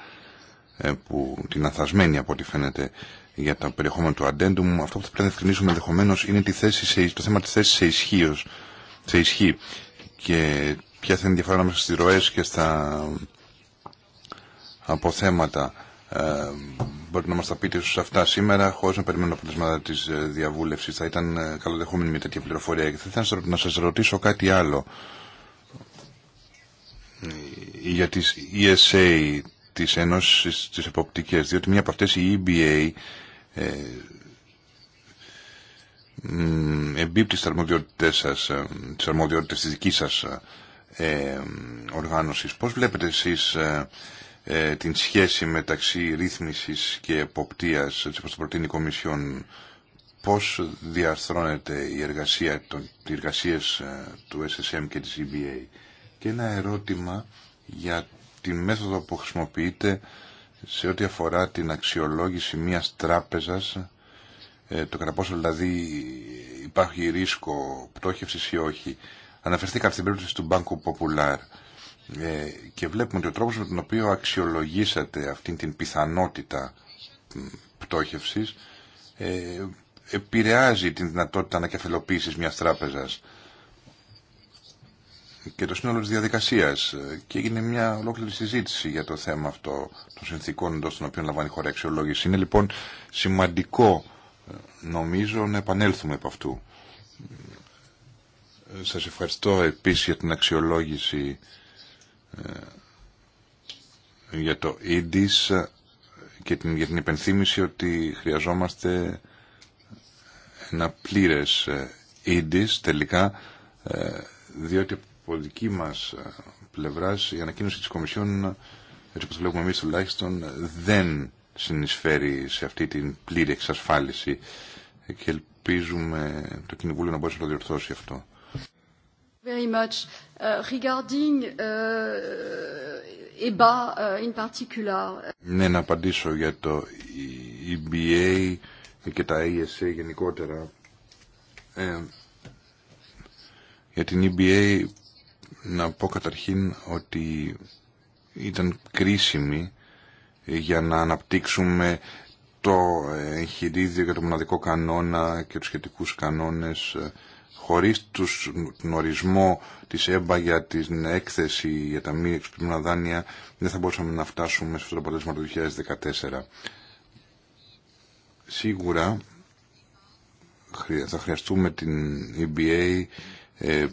ε, που, την αθασμένη από ό,τι φαίνεται, για τα περιεχόμενα του μου, Αυτό που θα πρέπει να διευκρινίσουμε ενδεχομένω είναι τη θέση σε, το θέμα τη θέση σε, ισχύος, σε ισχύ και ποια θα είναι η διαφορά μέσα στι ροέ και στα αποθέματα. Ε, μπορείτε να μας τα πείτε ίσως αυτά σήμερα, χωρίς να περιμένω αποτελέσματα της ε, διαβούλευσης. Θα ήταν ε, καλοδεχόμενη μια τέτοια πληροφορία. Και θα ήθελα να σας ρωτήσω κάτι άλλο για τις ESA της Ένωσης της Εποπτικές, διότι μια από αυτές η EBA ε, εμπίπτει στις αρμοδιότητες σας, τις αρμοδιότητες της δικής σας ε, οργάνωσης. Πώς βλέπετε εσείς ε, την σχέση μεταξύ ρύθμισης και εποπτείας, έτσι όπως το προτείνει η Κομισιόν, πώς διαρθρώνεται η εργασία, των, οι εργασίες ε, του SSM και της EBA. Και ένα ερώτημα για τη μέθοδο που χρησιμοποιείται σε ό,τι αφορά την αξιολόγηση μιας τράπεζας, ε, το κατά πόσο δηλαδή υπάρχει ρίσκο πτώχευσης ή όχι. Αναφερθήκα στην περίπτωση του Banco Popular. Ε, και βλέπουμε ότι ο τρόπος με τον οποίο αξιολογήσατε αυτήν την πιθανότητα πτώχευσης ε, επηρεάζει την δυνατότητα κεφαλοποιήσεις μιας τράπεζας και το σύνολο της διαδικασίας ε, και έγινε μια ολόκληρη συζήτηση για το θέμα αυτό των συνθήκων εντός των οποίων λαμβάνει η χώρα αξιολόγηση. Είναι λοιπόν σημαντικό νομίζω να επανέλθουμε από αυτού. Σας ευχαριστώ επίσης για την αξιολόγηση ε, για το ίντις και την, για την υπενθύμηση ότι χρειαζόμαστε ένα πλήρες ε, ίντις τελικά ε, διότι από δική μας πλευράς η ανακοίνωση της Κομισιόν έτσι όπως το λέγουμε εμείς τουλάχιστον δεν συνεισφέρει σε αυτή την πλήρη εξασφάλιση και ελπίζουμε το Κοινοβούλιο να μπορέσει να το διορθώσει αυτό. Ναι, να απαντήσω για το EBA και τα ESA γενικότερα. Ε, για την EBA να πω καταρχήν ότι ήταν κρίσιμη για να αναπτύξουμε το εγχειρίδιο για το μοναδικό κανόνα και τους σχετικούς κανόνες ε, χωρίς τους, τον ορισμό της ΕΜΠΑ για την έκθεση για τα μη εξυπηρετούμενα δάνεια δεν θα μπορούσαμε να φτάσουμε στο αποτέλεσμα του 2014. Σίγουρα θα χρειαστούμε την EBA ε,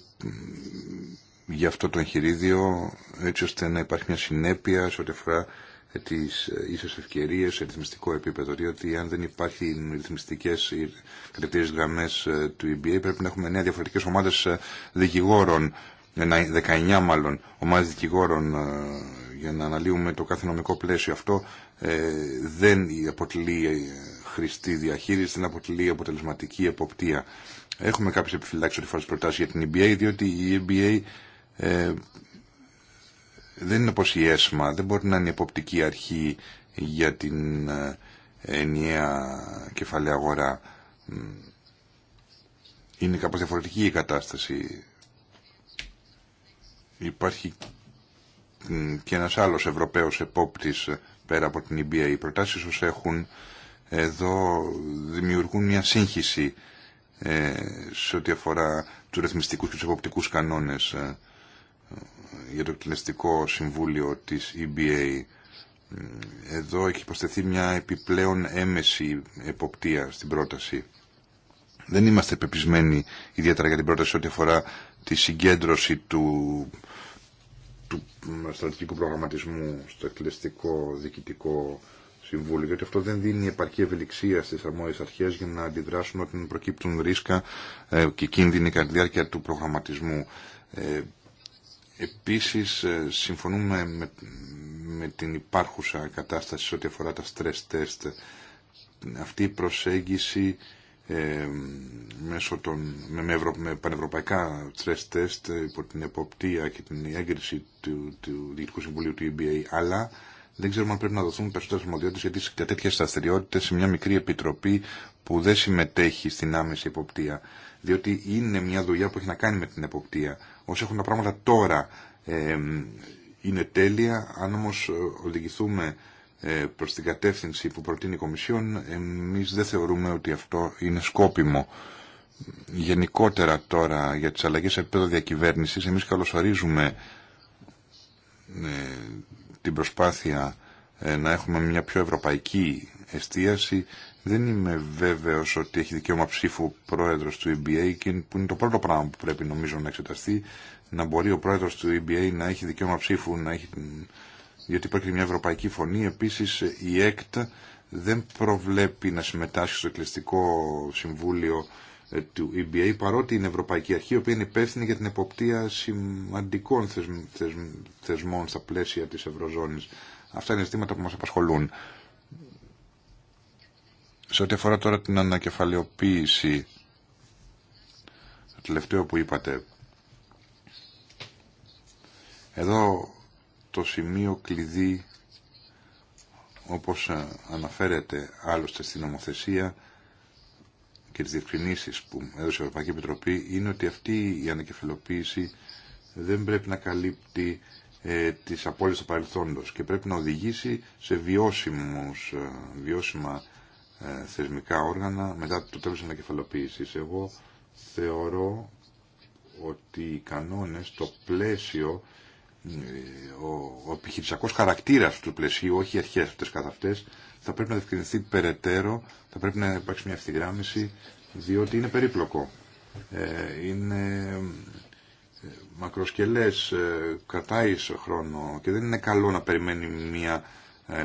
για αυτό το εγχειρίδιο έτσι ώστε να υπάρχει μια συνέπεια σε ό,τι αφορά ε, τις ε, ίσες ευκαιρίες σε ρυθμιστικό επίπεδο, διότι αν δεν υπάρχει ρυθμιστικές κατευθύνσεις γραμμές ε, του EBA πρέπει να έχουμε νέα διαφορετικές ομάδες δικηγόρων, 19 μάλλον ομάδες δικηγόρων για να αναλύουμε το κάθε νομικό πλαίσιο. Αυτό δεν αποτελεί χρηστή διαχείριση, δεν αποτελεί αποτελεσματική εποπτεία. Έχουμε κάποιε επιφυλάξει ότι τι προτάσει για την EBA, διότι η EBA δεν είναι όπως η ΕΣΜΑ, δεν μπορεί να είναι η εποπτική αρχή για την ε, ενιαία κεφαλαία αγορά. Είναι κάπως διαφορετική η κατάσταση. Υπάρχει και ένας άλλος Ευρωπαίος επόπτης ε, πέρα από την Ιμπία. Οι προτάσεις όσο έχουν εδώ δημιουργούν μια σύγχυση ε, σε ό,τι αφορά τους ρυθμιστικούς και τους εποπτικούς κανόνες για το εκτελεστικό συμβούλιο της EBA. Εδώ έχει υποστεθεί μια επιπλέον έμεση εποπτεία στην πρόταση. Δεν είμαστε πεπισμένοι ιδιαίτερα για την πρόταση ό,τι αφορά τη συγκέντρωση του, του στρατηγικού προγραμματισμού στο εκτελεστικό διοικητικό συμβούλιο, γιατί αυτό δεν δίνει επαρκή ευελιξία στις αρμόδιε αρχέ για να αντιδράσουν όταν προκύπτουν ρίσκα ε, και κίνδυνοι κατά τη διάρκεια του προγραμματισμού. Ε, Επίσης ε, συμφωνούμε με, με την υπάρχουσα κατάσταση σε ό,τι αφορά τα stress test. Αυτή η προσέγγιση ε, μέσω των, με, με, ευρω, με πανευρωπαϊκά stress test ε, υπό την εποπτεία και την έγκριση του, του Διοικητικού Συμβουλίου του EBA, αλλά δεν ξέρουμε αν πρέπει να δοθούν περισσότερες αρμοδιότητες γιατί για τέτοιες σταθεριότητες σε μια μικρή επιτροπή που δεν συμμετέχει στην άμεση εποπτεία. Διότι είναι μια δουλειά που έχει να κάνει με την εποπτεία. Όσοι έχουν τα πράγματα τώρα είναι τέλεια. Αν όμω ε, οδηγηθούμε ε, προς την κατεύθυνση που προτείνει η Κομισιόν, εμείς δεν θεωρούμε ότι αυτό είναι σκόπιμο. Γενικότερα τώρα για τις αλλαγές σε επίπεδο διακυβέρνησης, εμείς καλωσορίζουμε ε, την προσπάθεια να έχουμε μια πιο ευρωπαϊκή εστίαση δεν είμαι βέβαιο ότι έχει δικαίωμα ψήφου πρόεδρο του EBA και που είναι το πρώτο πράγμα που πρέπει νομίζω να εξεταστεί να μπορεί ο πρόεδρο του EBA να έχει δικαίωμα ψήφου, να έχει... διότι υπάρχει μια ευρωπαϊκή φωνή. Επίση η ΕΚΤ δεν προβλέπει να συμμετάσχει στο εκλεστικό συμβούλιο ε, του EBA, παρότι είναι Ευρωπαϊκή Αρχή, η οποία είναι υπεύθυνη για την εποπτεία σημαντικών θεσμών στα πλαίσια τη Ευρωζώνη. Αυτά είναι ζητήματα που μα απασχολούν. Σε ό,τι αφορά τώρα την ανακεφαλαιοποίηση, το τελευταίο που είπατε, εδώ το σημείο κλειδί, όπως ε, αναφέρεται άλλωστε στην νομοθεσία και τις διευκρινήσεις που έδωσε η Ευρωπαϊκή Επιτροπή, είναι ότι αυτή η ανακεφαλαιοποίηση δεν πρέπει να καλύπτει ε, τις απόλυτες του παρελθόντος και πρέπει να οδηγήσει σε βιώσιμους, ε, βιώσιμα ε, θεσμικά όργανα μετά το τέλος της ανακεφαλοποίησης. Εγώ θεωρώ ότι οι κανόνες, το πλαίσιο, ε, ο, ο επιχειρησιακός χαρακτήρας του πλαισίου, όχι οι αρχές αυτές καθ' αυτές, θα πρέπει να διευκρινιστεί περαιτέρω, θα πρέπει να υπάρξει μια ευθυγράμμιση, διότι είναι περίπλοκο. Ε, είναι μακροσκελές, κρατάει χρόνο και δεν είναι καλό να περιμένει μια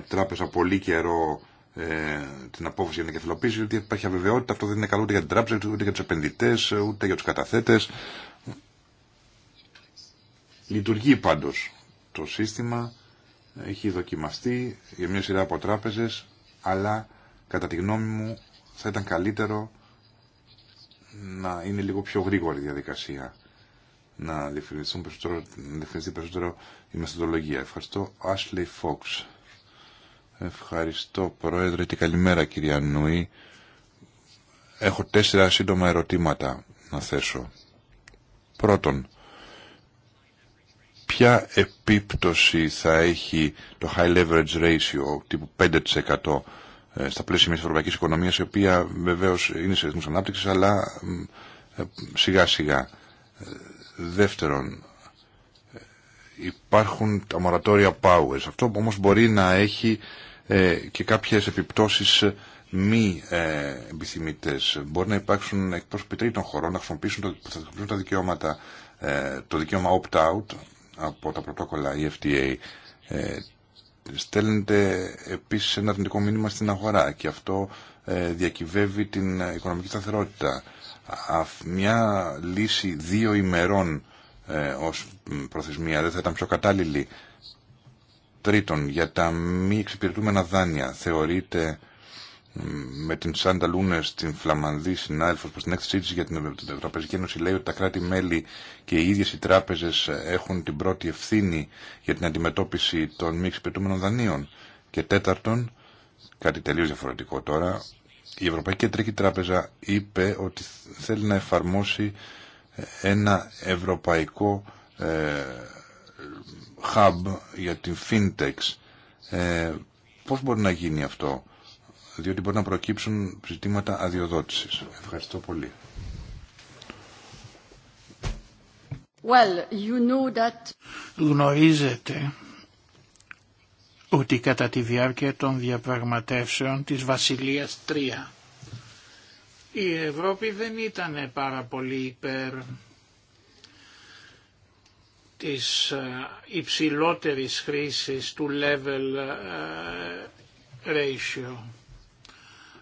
τράπεζα πολύ καιρό ε, την απόφαση για την κεφαλοποίηση, γιατί υπάρχει αβεβαιότητα. Αυτό δεν είναι καλό ούτε για την τράπεζα, ούτε για του επενδυτέ, ούτε για του καταθέτε. Λειτουργεί πάντω το σύστημα, έχει δοκιμαστεί για μια σειρά από τράπεζε, αλλά κατά τη γνώμη μου θα ήταν καλύτερο να είναι λίγο πιο γρήγορη η διαδικασία να διευθυνθεί περισσότερο, η μεθοδολογία. Ευχαριστώ. Ashley Fox. Ευχαριστώ Πρόεδρε και καλημέρα κυρία Νούη. Έχω τέσσερα σύντομα ερωτήματα να θέσω. Πρώτον, ποια επίπτωση θα έχει το high leverage ratio τύπου 5% ε, στα πλαίσια μιας ευρωπαϊκής οικονομίας η οποία βεβαίως είναι σε ρυθμούς ανάπτυξης αλλά ε, σιγά σιγά. Δεύτερον, ε, υπάρχουν τα μορατόρια powers. Αυτό όμως μπορεί να έχει ε, και κάποιες επιπτώσεις μη ε, Μπορεί να υπάρξουν εκπρόσωποι τρίτων χωρών να χρησιμοποιήσουν, το, θα χρησιμοποιήσουν τα δικαιώματα, ε, το δικαίωμα opt-out από τα πρωτόκολλα EFTA. Ε, στέλνεται επίσης ένα αρνητικό μήνυμα στην αγορά και αυτό ε, διακυβεύει την οικονομική σταθερότητα. Μια λύση δύο ημερών ε, ως προθεσμία δεν θα ήταν πιο κατάλληλη Τρίτον, για τα μη εξυπηρετούμενα δάνεια θεωρείται με την Σάντα Λούνε στην Φλαμανδή συνάδελφο προ την έκθεσή τη για την Ευρωπαϊκή Ένωση λέει ότι τα κράτη-μέλη και οι ίδιε οι τράπεζε έχουν την πρώτη ευθύνη για την αντιμετώπιση των μη εξυπηρετούμενων δανείων. Και τέταρτον, κάτι τελείω διαφορετικό τώρα, η Ευρωπαϊκή Κεντρική Τράπεζα είπε ότι θέλει να εφαρμόσει ένα ευρωπαϊκό ε, hub για την fintech. Ε, πώς μπορεί να γίνει αυτό, διότι μπορεί να προκύψουν ζητήματα αδειοδότησης. Ευχαριστώ πολύ. Well, you Γνωρίζετε ότι κατά τη διάρκεια των διαπραγματεύσεων της Βασιλείας 3 η Ευρώπη δεν ήταν πάρα πολύ υπέρ της ε, υψηλότερης χρήσης του level ε, ratio.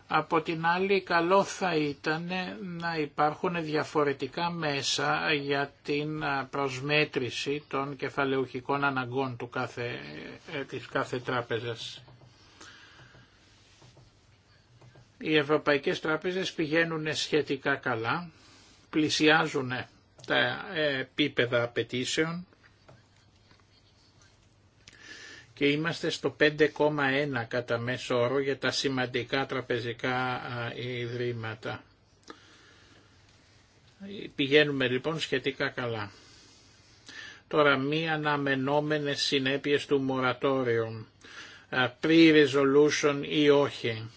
Από την άλλη καλό θα ήταν να υπάρχουν διαφορετικά μέσα για την ε, προσμέτρηση των κεφαλαιοχικών αναγκών του κάθε, της κάθε τράπεζας. Οι ευρωπαϊκές τράπεζες πηγαίνουν σχετικά καλά, πλησιάζουν τα επίπεδα απαιτήσεων και είμαστε στο 5,1 κατά μέσο όρο για τα σημαντικά τραπεζικά ιδρύματα. Πηγαίνουμε λοιπόν σχετικά καλά. Τώρα μη αναμενόμενες συνέπειες του μορατόριου, pre-resolution ή όχι.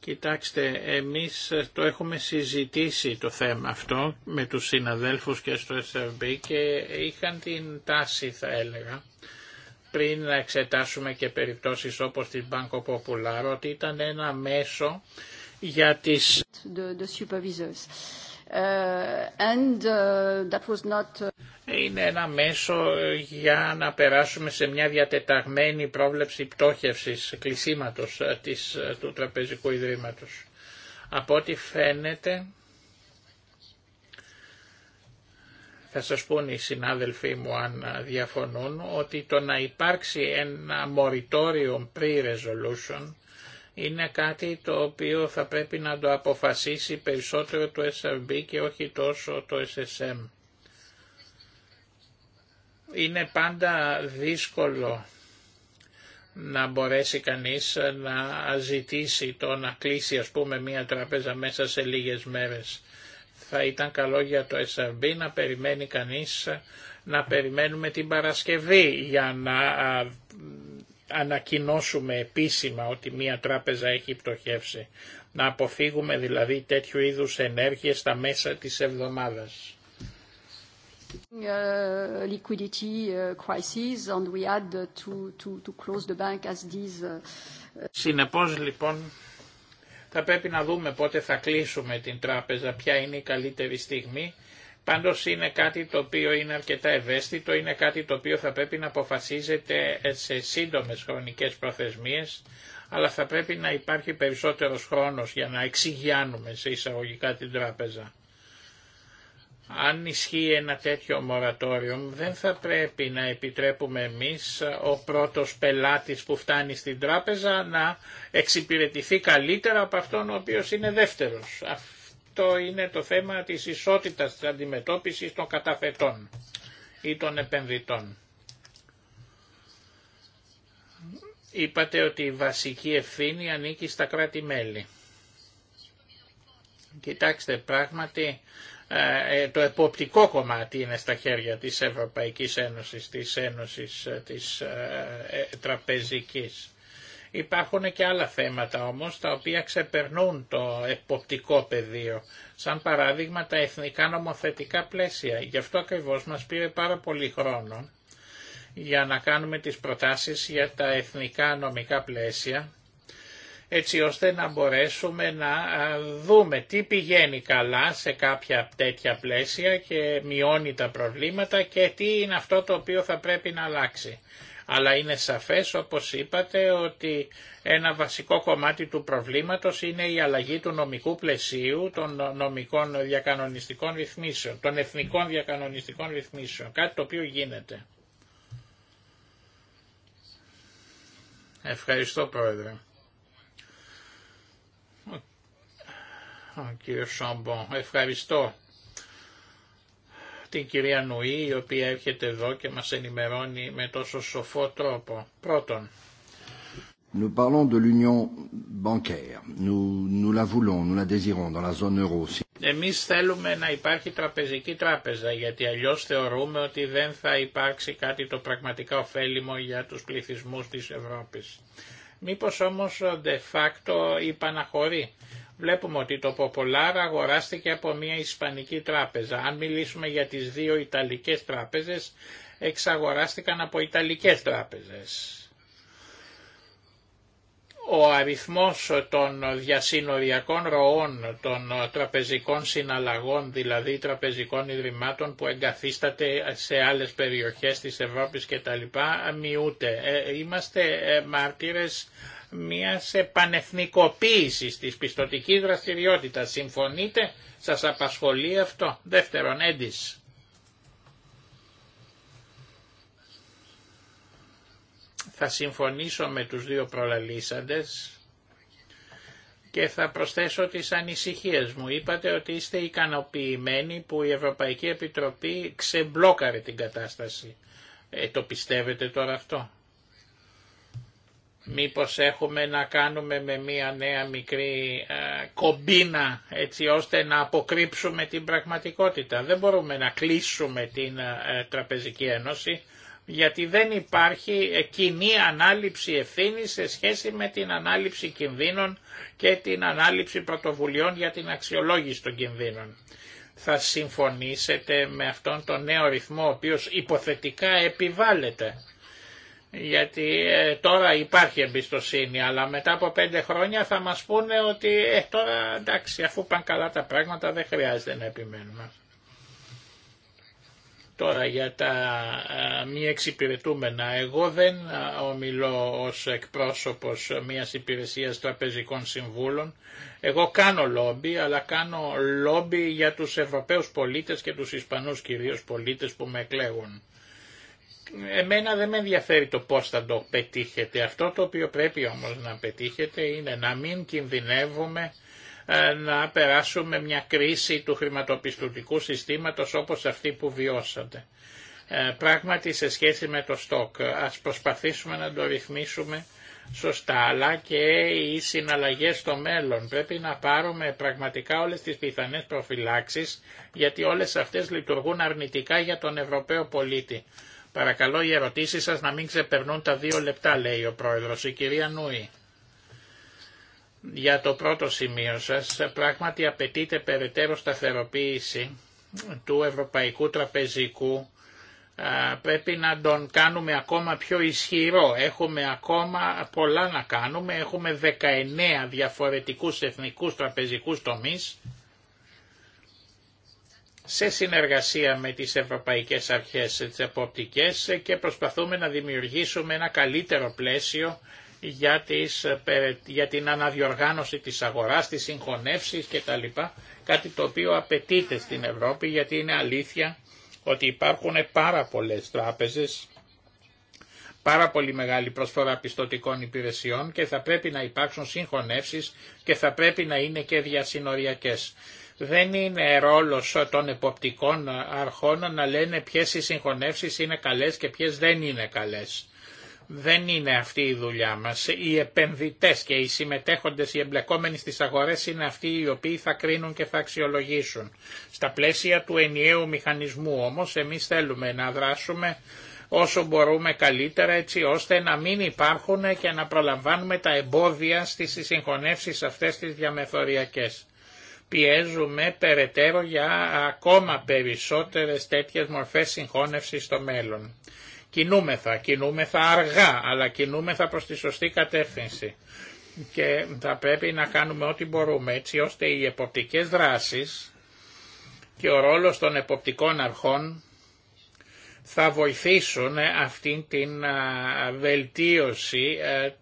Κοιτάξτε, εμείς ε, το έχουμε συζητήσει το θέμα αυτό με τους συναδέλφους και στο SRB και είχαν την τάση θα έλεγα πριν να εξετάσουμε και περιπτώσεις όπως την Banco Popular ότι ήταν ένα μέσο για τις... Uh, and uh, uh, Είναι ένα μέσο για να περάσουμε σε μια διατεταγμένη πρόβλεψη πτώχευσης κλεισίματος ε, της, ε, του Τραπεζικού Ιδρύματος. Από ό,τι φαίνεται θα σας πούν οι συνάδελφοί μου αν διαφωνούν, ότι το να υπάρξει ένα moratorium pre-resolution είναι κάτι το οποίο θα πρέπει να το αποφασίσει περισσότερο το SRB και όχι τόσο το SSM. Είναι πάντα δύσκολο να μπορέσει κανείς να ζητήσει το να κλείσει ας πούμε μια τραπέζα μέσα σε λίγες μέρες θα ήταν καλό για το SRB να περιμένει κανείς να περιμένουμε την Παρασκευή για να ανακοινώσουμε επίσημα ότι μία τράπεζα έχει πτωχεύσει. Να αποφύγουμε δηλαδή τέτοιου είδους ενέργειες στα μέσα της εβδομάδας. Συνεπώς λοιπόν θα πρέπει να δούμε πότε θα κλείσουμε την τράπεζα, ποια είναι η καλύτερη στιγμή. Πάντως είναι κάτι το οποίο είναι αρκετά ευαίσθητο, είναι κάτι το οποίο θα πρέπει να αποφασίζεται σε σύντομες χρονικές προθεσμίες, αλλά θα πρέπει να υπάρχει περισσότερος χρόνος για να εξηγιάνουμε σε εισαγωγικά την τράπεζα. Αν ισχύει ένα τέτοιο μορατόριο δεν θα πρέπει να επιτρέπουμε εμείς ο πρώτος πελάτης που φτάνει στην τράπεζα να εξυπηρετηθεί καλύτερα από αυτόν ο οποίος είναι δεύτερος. Αυτό είναι το θέμα της ισότητας της αντιμετώπισης των καταθετών ή των επενδυτών. Είπατε ότι η βασική ευθύνη ανήκει στα κράτη-μέλη. Κοιτάξτε, πράγματι ε, ε, το εποπτικό κομμάτι είναι στα χέρια της Ευρωπαϊκής Ένωσης, της Ένωσης ε, της Τραπεζικής. Υπάρχουν και άλλα θέματα όμως τα οποία ξεπερνούν το εποπτικό πεδίο, σαν παράδειγμα τα εθνικά νομοθετικά πλαίσια. Γι' αυτό ακριβώς μας πήρε πάρα πολύ χρόνο για να κάνουμε τις προτάσεις για τα εθνικά νομικά πλαίσια έτσι ώστε να μπορέσουμε να δούμε τι πηγαίνει καλά σε κάποια τέτοια πλαίσια και μειώνει τα προβλήματα και τι είναι αυτό το οποίο θα πρέπει να αλλάξει. Αλλά είναι σαφές όπως είπατε ότι ένα βασικό κομμάτι του προβλήματος είναι η αλλαγή του νομικού πλαισίου των νομικών διακανονιστικών ρυθμίσεων, των εθνικών διακανονιστικών ρυθμίσεων, κάτι το οποίο γίνεται. Ευχαριστώ Πρόεδρε. κύριο Σόμπο. Ευχαριστώ την κυρία Νουή η οποία έρχεται εδώ και μας ενημερώνει με τόσο σοφό τρόπο. Πρώτον, Nous parlons de l'union bancaire. Nous, nous la voulons, nous la désirons dans la zone euro. Εμείς θέλουμε να υπάρχει τραπεζική τράπεζα, γιατί αλλιώς θεωρούμε ότι δεν θα υπάρξει κάτι το πραγματικά ωφέλιμο για τους πληθυσμούς της Ευρώπης. Μήπως όμως de facto υπαναχωρεί Βλέπουμε ότι το Popolar αγοράστηκε από μια Ισπανική τράπεζα. Αν μιλήσουμε για τις δύο Ιταλικές τράπεζες, εξαγοράστηκαν από Ιταλικές τράπεζες. Ο αριθμός των διασύνοριακών ροών των τραπεζικών συναλλαγών, δηλαδή τραπεζικών ιδρυμάτων που εγκαθίσταται σε άλλες περιοχές της Ευρώπης κτλ. μειούται. Ε, είμαστε ε, μάρτυρες μιας επανεθνικοποίησης της πιστοτικής δραστηριότητας. Συμφωνείτε, σας απασχολεί αυτό. Δεύτερον, έντις. Θα συμφωνήσω με τους δύο προλαλήσαντες και θα προσθέσω τις ανησυχίες μου. Είπατε ότι είστε ικανοποιημένοι που η Ευρωπαϊκή Επιτροπή ξεμπλόκαρε την κατάσταση. Ε, το πιστεύετε τώρα αυτό. Μήπως έχουμε να κάνουμε με μία νέα μικρή ε, κομπίνα έτσι ώστε να αποκρύψουμε την πραγματικότητα. Δεν μπορούμε να κλείσουμε την ε, Τραπεζική Ένωση γιατί δεν υπάρχει ε, κοινή ανάληψη ευθύνη σε σχέση με την ανάληψη κινδύνων και την ανάληψη πρωτοβουλειών για την αξιολόγηση των κινδύνων. Θα συμφωνήσετε με αυτόν τον νέο ρυθμό ο οποίος υποθετικά επιβάλλεται γιατί ε, τώρα υπάρχει εμπιστοσύνη, αλλά μετά από πέντε χρόνια θα μας πούνε ότι ε, τώρα εντάξει αφού πάνε καλά τα πράγματα δεν χρειάζεται να επιμένουμε. Τώρα για τα α, ε, μη εξυπηρετούμενα, εγώ δεν α, ε, ομιλώ ως εκπρόσωπος μιας υπηρεσίας τραπεζικών συμβούλων. Εγώ κάνω λόμπι, αλλά κάνω λόμπι για τους Ευρωπαίους πολίτες και τους Ισπανούς κυρίως πολίτες που με εκλέγουν. Εμένα δεν με ενδιαφέρει το πώς θα το πετύχετε. Αυτό το οποίο πρέπει όμως να πετύχετε είναι να μην κινδυνεύουμε ε, να περάσουμε μια κρίση του χρηματοπιστωτικού συστήματος όπως αυτή που βιώσατε. Ε, πράγματι σε σχέση με το στόκ, ας προσπαθήσουμε να το ρυθμίσουμε σωστά, αλλά και οι συναλλαγές στο μέλλον. Πρέπει να πάρουμε πραγματικά όλες τις πιθανές προφυλάξεις, γιατί όλες αυτές λειτουργούν αρνητικά για τον Ευρωπαίο πολίτη. Παρακαλώ οι ερωτήσεις σας να μην ξεπερνούν τα δύο λεπτά, λέει ο πρόεδρος, η κυρία Νούη. Για το πρώτο σημείο σας, πράγματι απαιτείται περαιτέρω σταθεροποίηση του Ευρωπαϊκού Τραπεζικού πρέπει να τον κάνουμε ακόμα πιο ισχυρό. Έχουμε ακόμα πολλά να κάνουμε. Έχουμε 19 διαφορετικούς εθνικούς τραπεζικούς τομείς σε συνεργασία με τις ευρωπαϊκές αρχές τις εποπτικές και προσπαθούμε να δημιουργήσουμε ένα καλύτερο πλαίσιο για, τις, την αναδιοργάνωση της αγοράς, της τα κτλ. Κάτι το οποίο απαιτείται στην Ευρώπη γιατί είναι αλήθεια ότι υπάρχουν πάρα πολλές τράπεζες, πάρα πολύ μεγάλη προσφορά πιστοτικών υπηρεσιών και θα πρέπει να υπάρξουν συγχωνεύσεις και θα πρέπει να είναι και διασυνοριακές δεν είναι ρόλος των εποπτικών αρχών να λένε ποιες οι συγχωνεύσεις είναι καλές και ποιες δεν είναι καλές. Δεν είναι αυτή η δουλειά μας. Οι επενδυτές και οι συμμετέχοντες, οι εμπλεκόμενοι στις αγορές είναι αυτοί οι οποίοι θα κρίνουν και θα αξιολογήσουν. Στα πλαίσια του ενιαίου μηχανισμού όμως εμείς θέλουμε να δράσουμε όσο μπορούμε καλύτερα έτσι ώστε να μην υπάρχουν και να προλαμβάνουμε τα εμπόδια στις συγχωνεύσεις αυτές τις διαμεθοριακές πιέζουμε περαιτέρω για ακόμα περισσότερες τέτοιες μορφές συγχώνευσης στο μέλλον. Κινούμεθα, κινούμεθα αργά, αλλά κινούμεθα προς τη σωστή κατεύθυνση. Και θα πρέπει να κάνουμε ό,τι μπορούμε έτσι ώστε οι εποπτικές δράσεις και ο ρόλος των εποπτικών αρχών θα βοηθήσουν αυτήν την βελτίωση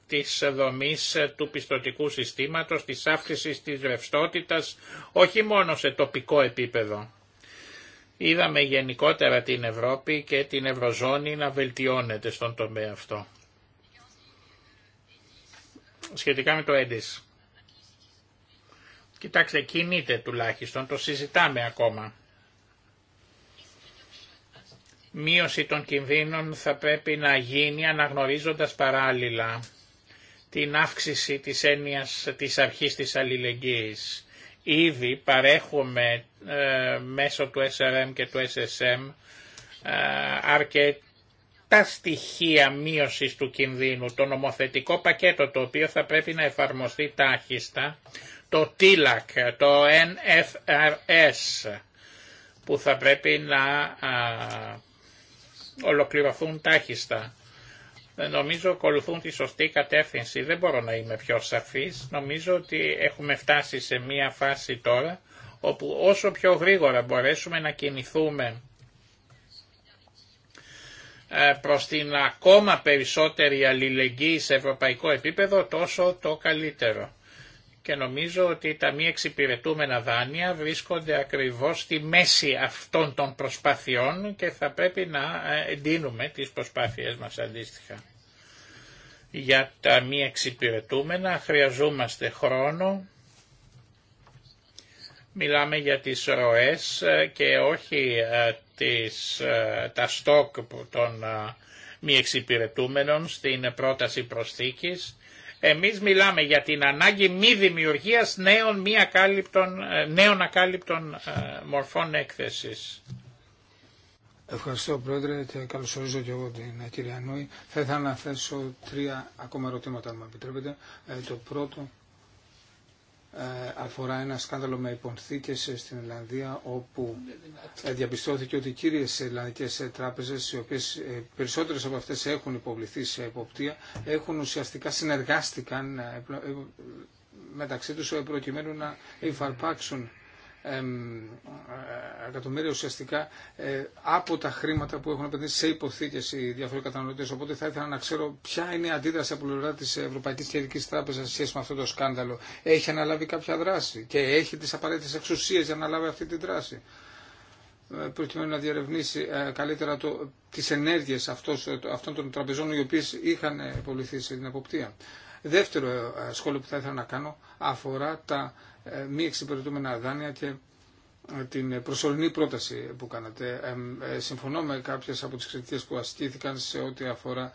της δομής του πιστοτικού συστήματος, της αύξησης της ρευστότητα, όχι μόνο σε τοπικό επίπεδο. Είδαμε γενικότερα την Ευρώπη και την Ευρωζώνη να βελτιώνεται στον τομέα αυτό. Σχετικά με το έντις. Κοιτάξτε, κινείται τουλάχιστον, το συζητάμε ακόμα μείωση των κινδύνων θα πρέπει να γίνει αναγνωρίζοντας παράλληλα την αύξηση της έννοιας της αρχής της αλληλεγγύης. Ήδη παρέχουμε ε, μέσω του SRM και του SSM ε, αρκετά στοιχεία μείωσης του κινδύνου. Το νομοθετικό πακέτο το οποίο θα πρέπει να εφαρμοστεί τάχιστα, το TILAC, το NFRS, που θα πρέπει να ολοκληρωθούν τάχιστα. Ε, νομίζω ακολουθούν τη σωστή κατεύθυνση. Δεν μπορώ να είμαι πιο σαφής. Νομίζω ότι έχουμε φτάσει σε μία φάση τώρα όπου όσο πιο γρήγορα μπορέσουμε να κινηθούμε ε, προς την ακόμα περισσότερη αλληλεγγύη σε ευρωπαϊκό επίπεδο τόσο το καλύτερο και νομίζω ότι τα μη εξυπηρετούμενα δάνεια βρίσκονται ακριβώς στη μέση αυτών των προσπαθειών και θα πρέπει να ε, εντείνουμε τις προσπάθειές μας αντίστοιχα. Για τα μη εξυπηρετούμενα χρειαζόμαστε χρόνο, μιλάμε για τις ροές ε, και όχι ε, τις, τα στόκ των μη εξυπηρετούμενων στην πρόταση προσθήκης εμείς μιλάμε για την ανάγκη μη δημιουργίας νέων, μη ακάλυπτων, ε, νέων ακάλυπτων ε, μορφών έκθεσης. Ευχαριστώ Πρόεδρε και καλωσορίζω και εγώ την ε, κυρία Νούη. Θα ήθελα να θέσω τρία ακόμα ερωτήματα, αν μου επιτρέπετε. το πρώτο ε, αφορά ένα σκάνδαλο με υπονθήκες στην Ελλανδία όπου ε, διαπιστώθηκε ότι οι κύριες ελληνικές τράπεζες οι οποίες ε, περισσότερες από αυτές έχουν υποβληθεί σε εποπτεία έχουν ουσιαστικά συνεργάστηκαν μεταξύ τους προκειμένου να υφαρπάξουν ε, εκατομμύρια ουσιαστικά ε, από τα χρήματα που έχουν επενδύσει σε υποθήκε οι διάφοροι καταναλωτέ. Οπότε θα ήθελα να ξέρω ποια είναι η αντίδραση από πλευρά τη Ευρωπαϊκή Κεντρική Τράπεζα σε σχέση με αυτό το σκάνδαλο. Έχει αναλάβει κάποια δράση και έχει τι απαραίτητε εξουσίε για να λάβει αυτή τη δράση ε, προκειμένου να διαρευνήσει καλύτερα τι τις αυτών των τραπεζών οι οποίε είχαν υποβληθεί σε την εποπτεία. Δεύτερο σχόλιο που θα ήθελα να κάνω αφορά τα ε, μη εξυπηρετούμενα δάνεια και ε, την προσωρινή πρόταση που κάνατε. Ε, συμφωνώ με κάποιες από τις κριτικές που ασκήθηκαν σε ό,τι αφορά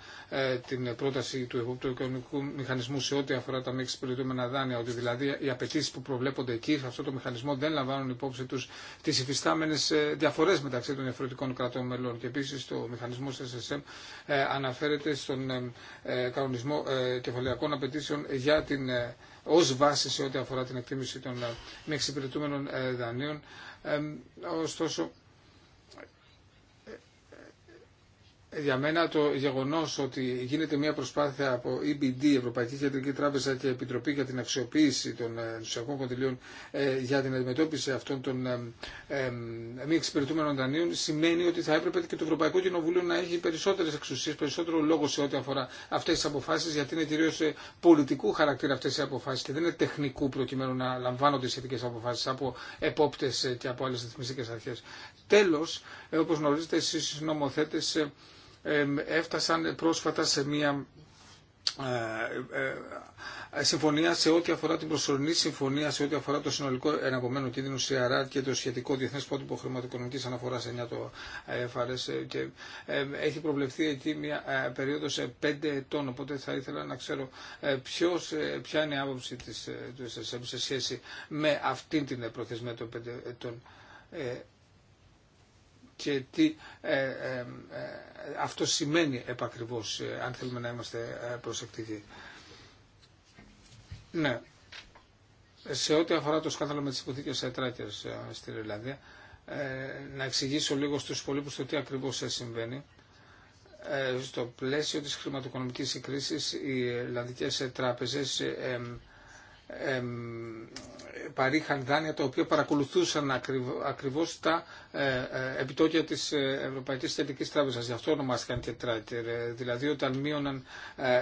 την πρόταση του Επόπτου Οικονομικού Μηχανισμού σε ό,τι αφορά τα μη εξυπηρετούμενα δάνεια, ότι δηλαδή οι απαιτήσει που προβλέπονται εκεί σε αυτό το μηχανισμό δεν λαμβάνουν υπόψη τους τις υφιστάμενες διαφορές μεταξύ των διαφορετικών κρατών μελών. Και επίσης το μηχανισμό SSM αναφέρεται στον κανονισμό κεφαλαιακών απαιτήσεων για την ω βάση σε ό,τι αφορά την εκτίμηση των ε, εξυπηρετούμενων ε, δανείων. Ε, ωστόσο, για μένα το γεγονός ότι γίνεται μια προσπάθεια από EBD, Ευρωπαϊκή Κεντρική Τράπεζα και Επιτροπή για την αξιοποίηση των ε, νοσιακών κοντιλίων ε, για την αντιμετώπιση αυτών των ε, μη εξυπηρετούμενων δανείων σημαίνει ότι θα έπρεπε και το Ευρωπαϊκό Κοινοβούλιο να έχει περισσότερες εξουσίες, περισσότερο λόγο σε ό,τι αφορά αυτές τις αποφάσεις γιατί είναι κυρίως πολιτικού χαρακτήρα αυτές οι αποφάσεις και δεν είναι τεχνικού προκειμένου να λαμβάνονται σχετικέ αποφάσει από επόπτε και από άλλε ρυθμιστικές αρχές. Τέλος, όπως γνωρίζετε εσείς οι έφτασαν πρόσφατα σε μια ε, ε, ε, συμφωνία σε ό,τι αφορά την προσωρινή συμφωνία, σε ό,τι αφορά το συνολικό εναγωμένο κίνδυνο CRR και το σχετικό διεθνέ πρότυπο χρηματοοικονομική αναφορά 9 το FRS. Και έχει προβλεφθεί εκεί μια περίοδο 5 ετών. Οπότε θα ήθελα να ξέρω ποιος, ποια είναι η άποψη τη του σε σχέση με αυτή την προθεσμία των 5 ετών και τι ε, ε, ε, αυτό σημαίνει επακριβώς αν θέλουμε να είμαστε προσεκτικοί. Ναι. Σε ό,τι αφορά το σκάνδαλο με τις υποθήκες τράκερς στην ε, να εξηγήσω λίγο στους πολίτες το τι ακριβώς συμβαίνει. Στο πλαίσιο της χρηματοοικονομικής κρίσης, οι Ιρλανδικές τράπεζες παρήχαν δάνεια τα οποία παρακολουθούσαν ακριβώς τα ε, ε, επιτόκια της ε, Ευρωπαϊκής Θετικής Τράπεζας. Γι' αυτό ονομάστηκαν και τράτερ. Δηλαδή όταν μειώναν,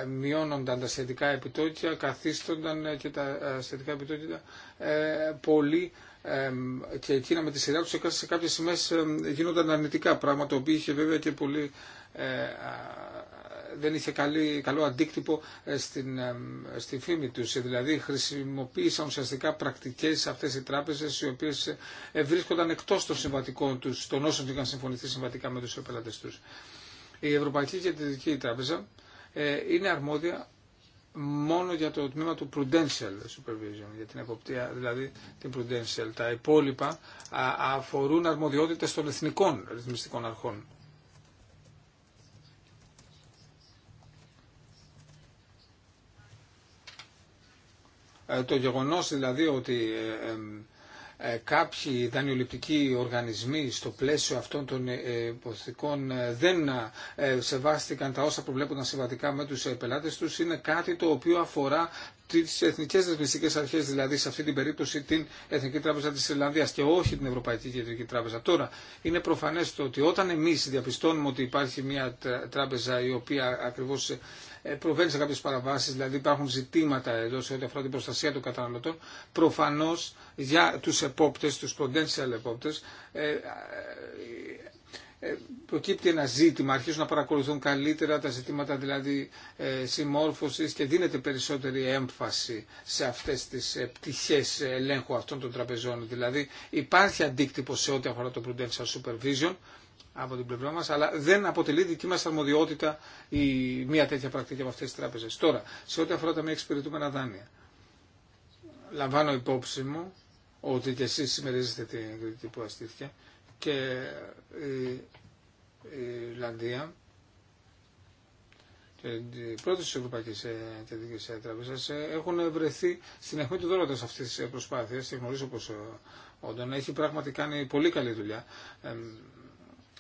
μειώνονταν τα σχετικά επιτόκια καθίστονταν και τα σχετικά επιτόκια πολύ και εκείνα με τη σειρά τους σε κάποιες σημαίες γίνονταν αρνητικά πράγματα, το οποίο είχε βέβαια και πολύ δεν είχε καλό αντίκτυπο ε, στην, ε, στη φήμη τους. Δηλαδή χρησιμοποίησαν ουσιαστικά πρακτικές αυτές οι τράπεζες οι οποίες ε, βρίσκονταν εκτός των συμβατικών τους, των όσων είχαν συμφωνηθεί συμβατικά με τους επελατές τους. Η Ευρωπαϊκή Κεντρική Τράπεζα είναι αρμόδια μόνο για το τμήμα του Prudential Supervision, για την εποπτεία, δηλαδή την Prudential. Τα υπόλοιπα αφορούν αρμοδιότητες των εθνικών ρυθμιστικών αρχών. Ε, το γεγονός δηλαδή ότι ε, ε, κάποιοι δανειοληπτικοί οργανισμοί στο πλαίσιο αυτών των υποθηκών δεν σεβάστηκαν τα όσα προβλέπονταν συμβατικά με τους πελάτες τους είναι κάτι το οποίο αφορά τις εθνικές δεσμιστικές αρχές, δηλαδή σε αυτή την περίπτωση την Εθνική Τράπεζα της Ιρλανδίας και όχι την Ευρωπαϊκή Κεντρική Τράπεζα. Τώρα, είναι προφανές ότι όταν εμείς διαπιστώνουμε ότι υπάρχει μια τράπεζα η οποία ακριβώς ε, προβαίνει σε κάποιε παραβάσει, δηλαδή υπάρχουν ζητήματα εδώ σε ό,τι αφορά την προστασία των καταναλωτών, προφανώ για του επόπτε, του potential επόπτε, ε, ε, προκύπτει ένα ζήτημα, αρχίζουν να παρακολουθούν καλύτερα τα ζητήματα δηλαδή συμμόρφωσης και δίνεται περισσότερη έμφαση σε αυτές τις πτυχές ελέγχου αυτών των τραπεζών. Δηλαδή υπάρχει αντίκτυπο σε ό,τι αφορά το Prudential Supervision από την πλευρά μα, αλλά δεν αποτελεί δική μας αρμοδιότητα η, μια τέτοια πρακτική από αυτέ τι τράπεζε. Τώρα, σε ό,τι αφορά τα μη εξυπηρετούμενα δάνεια, λαμβάνω υπόψη μου ότι και εσείς συμμερίζεστε την κριτική που αστήθηκε και η, η Ιρλανδία και οι πρώτε τη Ευρωπαϊκή Κεντρική Τράπεζα ε, έχουν βρεθεί στην αιχμή του δόρατο αυτή τη προσπάθεια τη γνωρίζω πω ο έχει πράγματι κάνει πολύ καλή δουλειά ε,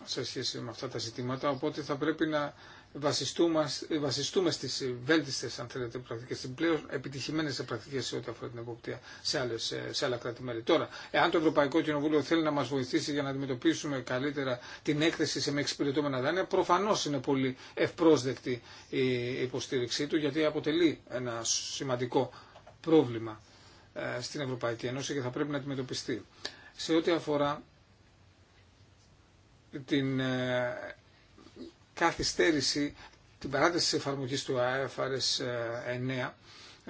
σε σχέση με αυτά τα ζητήματα, οπότε θα πρέπει να βασιστούμε, βασιστούμε στις βέλτιστες, αν θέλετε, πρακτικές, στις πλέον επιτυχημένες πρακτικές σε ό,τι αφορά την εποπτεία σε, άλλες, σε άλλα κράτη-μέλη. Τώρα, εάν το Ευρωπαϊκό Κοινοβούλιο θέλει να μας βοηθήσει για να αντιμετωπίσουμε καλύτερα την έκθεση σε με εξυπηρετώμενα δάνεια, προφανώς είναι πολύ ευπρόσδεκτη η υποστήριξή του, γιατί αποτελεί ένα σημαντικό πρόβλημα ε, στην Ευρωπαϊκή Ένωση και θα πρέπει να αντιμετωπιστεί. Σε ό,τι αφορά την ε, καθυστέρηση, την παράταση της εφαρμογής του ΑΕΦΑΡΕΣ 9, ε,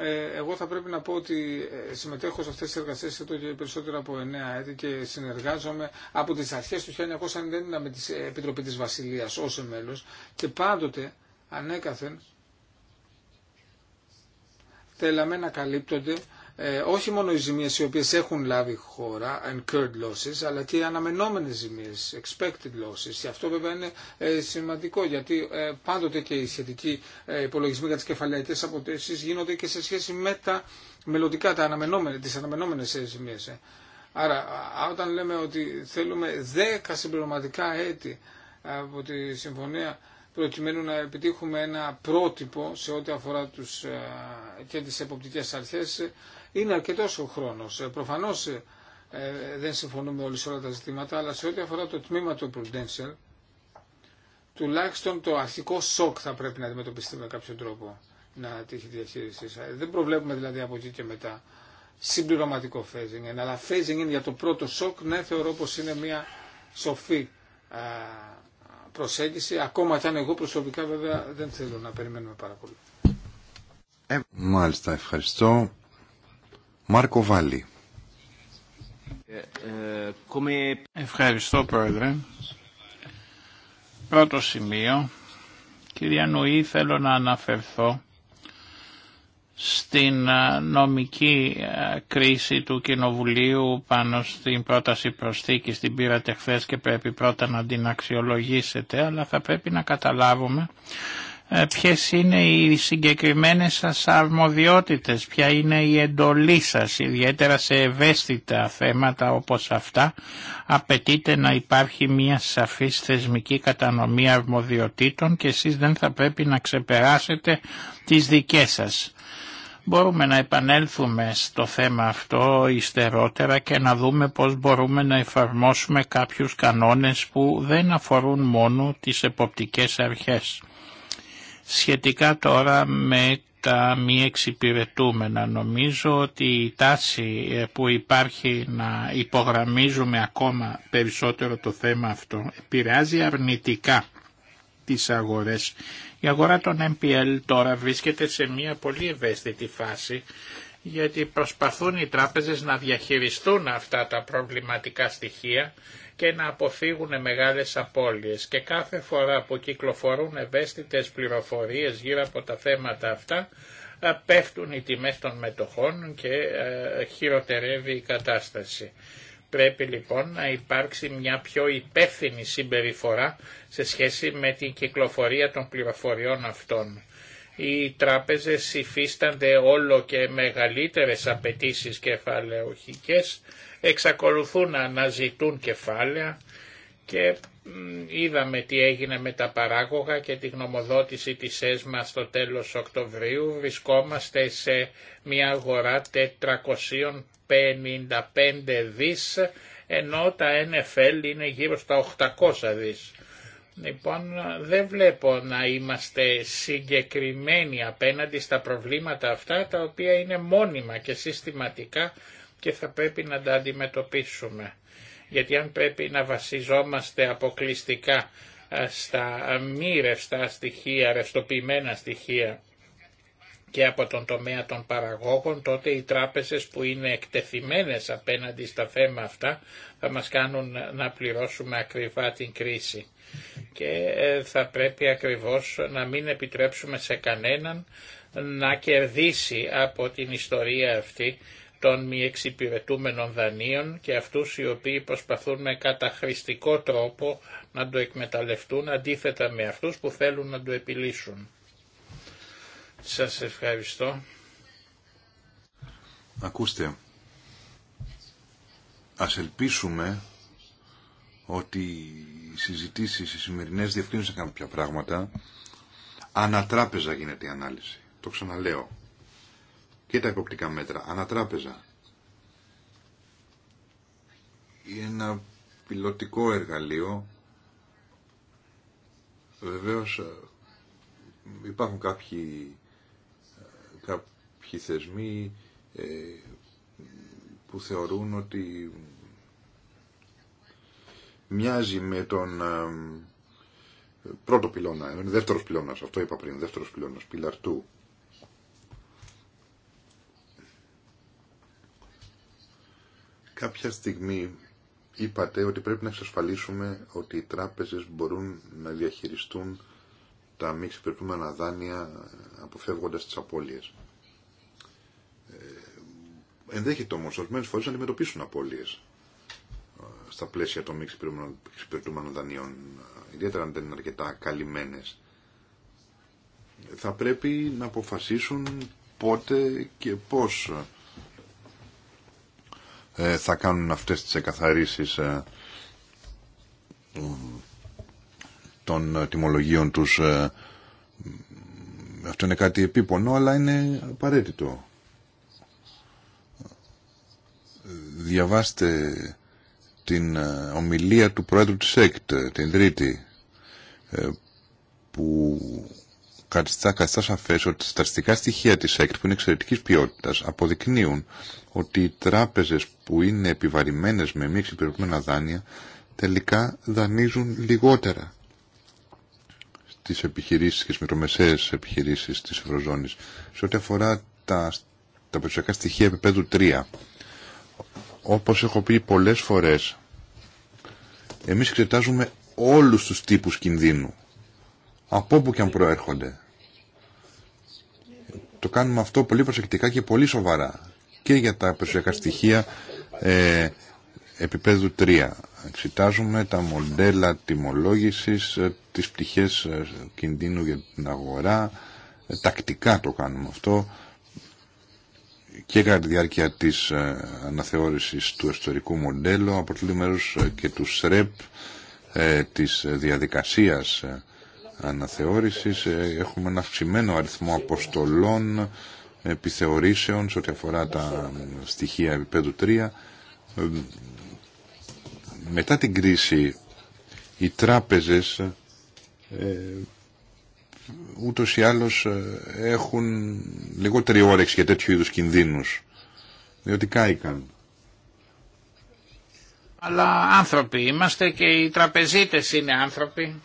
ε, εγώ θα πρέπει να πω ότι συμμετέχω σε αυτές τις εργασίες εδώ και περισσότερο από 9 έτη και συνεργάζομαι από τις αρχές του 1991 με την Επιτροπή της Βασιλείας ως μέλος και πάντοτε ανέκαθεν θέλαμε να καλύπτονται ε, όχι μόνο οι ζημίες οι οποίες έχουν λάβει χώρα, incurred losses, αλλά και οι αναμενόμενες ζημίες, expected losses. Και αυτό βέβαια είναι ε, σημαντικό, γιατί ε, πάντοτε και οι σχετικοί υπολογισμοί για τις κεφαλαϊκές αποτέσεις γίνονται και σε σχέση με τα μελλοντικά, τα αναμενόμενα, τις αναμενόμενες ζημίες. Άρα, όταν λέμε ότι θέλουμε 10 συμπληρωματικά έτη από τη συμφωνία, προκειμένου να επιτύχουμε ένα πρότυπο σε ό,τι αφορά τους, και τις εποπτικές αρχές είναι αρκετό ο Προφανώ ε, Προφανώς ε, δεν συμφωνούμε όλοι σε όλα τα ζητήματα, αλλά σε ό,τι αφορά το τμήμα του Prudential, τουλάχιστον το αρχικό σοκ θα πρέπει να αντιμετωπιστεί με κάποιο τρόπο να τύχει διαχείριση. Ε, δεν προβλέπουμε δηλαδή από εκεί και μετά συμπληρωματικό phasing αλλά phasing in για το πρώτο σοκ, ναι, θεωρώ πω είναι μια σοφή προσέγγιση, ακόμα και αν εγώ προσωπικά βέβαια δεν θέλω να περιμένουμε πάρα πολύ. Ε, μάλιστα, ευχαριστώ. Ευχαριστώ Πρόεδρε. Πρώτο σημείο, κυρία Νουή, θέλω να αναφερθώ στην ε, νομική ε, κρίση του Κοινοβουλίου πάνω στην πρόταση προσθήκης. Την πήρατε χθε και πρέπει πρώτα να την αξιολογήσετε, αλλά θα πρέπει να καταλάβουμε ε, ποιες είναι οι συγκεκριμένες σας αρμοδιότητες, ποια είναι η εντολή σας, ιδιαίτερα σε ευαίσθητα θέματα όπως αυτά, απαιτείται να υπάρχει μια σαφής θεσμική κατανομή αρμοδιοτήτων και εσείς δεν θα πρέπει να ξεπεράσετε τις δικές σας. Μπορούμε να επανέλθουμε στο θέμα αυτό ιστερότερα και να δούμε πώς μπορούμε να εφαρμόσουμε κάποιους κανόνες που δεν αφορούν μόνο τις εποπτικές αρχές Σχετικά τώρα με τα μη εξυπηρετούμενα. Νομίζω ότι η τάση ε, που υπάρχει να υπογραμμίζουμε ακόμα περισσότερο το θέμα αυτό επηρεάζει αρνητικά τις αγορές. Η αγορά των MPL τώρα βρίσκεται σε μια πολύ ευαίσθητη φάση γιατί προσπαθούν οι τράπεζες να διαχειριστούν αυτά τα προβληματικά στοιχεία και να αποφύγουν μεγάλες απώλειες και κάθε φορά που κυκλοφορούν ευαίσθητες πληροφορίες γύρω από τα θέματα αυτά πέφτουν οι τιμές των μετοχών και χειροτερεύει η κατάσταση. Πρέπει λοιπόν να υπάρξει μια πιο υπεύθυνη συμπεριφορά σε σχέση με την κυκλοφορία των πληροφοριών αυτών. Οι τράπεζες υφίστανται όλο και μεγαλύτερες απαιτήσεις κεφαλαιοχικές εξακολουθούν να αναζητούν κεφάλαια και είδαμε τι έγινε με τα παράγωγα και τη γνωμοδότηση της ΕΣΜΑ στο τέλος Οκτωβρίου. Βρισκόμαστε σε μια αγορά 455 δις, ενώ τα NFL είναι γύρω στα 800 δις. Λοιπόν, δεν βλέπω να είμαστε συγκεκριμένοι απέναντι στα προβλήματα αυτά, τα οποία είναι μόνιμα και συστηματικά και θα πρέπει να τα αντιμετωπίσουμε. Γιατί αν πρέπει να βασιζόμαστε αποκλειστικά στα μη ρευστά στοιχεία, ρευστοποιημένα στοιχεία και από τον τομέα των παραγόγων, τότε οι τράπεζες που είναι εκτεθειμένες απέναντι στα θέματα αυτά θα μας κάνουν να πληρώσουμε ακριβά την κρίση. Και ε, θα πρέπει ακριβώς να μην επιτρέψουμε σε κανέναν να κερδίσει από την ιστορία αυτή των μη εξυπηρετούμενων δανείων και αυτούς οι οποίοι προσπαθούν με καταχρηστικό τρόπο να το εκμεταλλευτούν αντίθετα με αυτούς που θέλουν να το επιλύσουν. Σας ευχαριστώ. Ακούστε, ας ελπίσουμε ότι οι συζητήσεις, οι σημερινές διευκρίνησαν κάποια πράγματα. Ανατράπεζα γίνεται η ανάλυση. Το ξαναλέω και τα εποπτικά μέτρα ανατράπεζα. Ένα πιλωτικό εργαλείο. Βεβαίως ε, υπάρχουν κάποιοι, ε, κάποιοι θεσμοί ε, που θεωρούν ότι μοιάζει με τον ε, πρώτο πυλώνα, δεύτερο δεύτερος αυτό είπα πριν, δεύτερος πυλώνας, πυλαρτού. Κάποια στιγμή είπατε ότι πρέπει να εξασφαλίσουμε ότι οι τράπεζες μπορούν να διαχειριστούν τα μη εξυπηρετούμενα δάνεια ε, αποφεύγοντας τις απώλειες. Ε, ενδέχεται όμως ορισμένες φορές να αντιμετωπίσουν απώλειες ε, στα πλαίσια των μη εξυπηρετούμενων δανείων, ιδιαίτερα αν δεν είναι αρκετά καλυμμένες. Θα πρέπει να αποφασίσουν πότε και πώς ε, θα κάνουν αυτές τις εκαθαρίσεις ε, των τιμολογίων τους. Ε, αυτό είναι κάτι επίπονο, αλλά είναι απαραίτητο. Διαβάστε την ομιλία του Πρόεδρου της ΕΚΤ την Τρίτη που καθιστά σαφέ ότι τα στατιστικά στοιχεία τη ΕΚΤ που είναι εξαιρετική ποιότητα αποδεικνύουν ότι οι τράπεζε που είναι επιβαρημένε με μη εξυπηρετούμενα δάνεια τελικά δανείζουν λιγότερα στι επιχειρήσει και στι μικρομεσαίε επιχειρήσει τη Ευρωζώνη. Σε ό,τι αφορά τα, τα στοιχεία επίπεδου 3, όπω έχω πει πολλέ φορέ, εμεί εξετάζουμε όλου του τύπου κινδύνου από όπου και αν προέρχονται. Το κάνουμε αυτό πολύ προσεκτικά και πολύ σοβαρά και για τα περιουσιακά στοιχεία ε, επίπεδου 3. Εξετάζουμε τα μοντέλα τιμολόγησης, ε, τις πτυχές ε, κινδύνου για την αγορά, τακτικά το κάνουμε αυτό και κατά τη διάρκεια της αναθεώρησης του ιστορικού μοντέλου αποτελεί μέρος και του ΣΡΕΠ e της διαδικασίας αναθεώρησης. Ε, έχουμε ένα αυξημένο αριθμό αποστολών, επιθεωρήσεων σε ό,τι αφορά τα στοιχεία επίπεδου 3. Ε, μετά την κρίση οι τράπεζες ε, ούτως ή άλλως έχουν λιγότερη όρεξη για τέτοιου είδους κινδύνους διότι κάηκαν αλλά άνθρωποι είμαστε και οι τραπεζίτες είναι άνθρωποι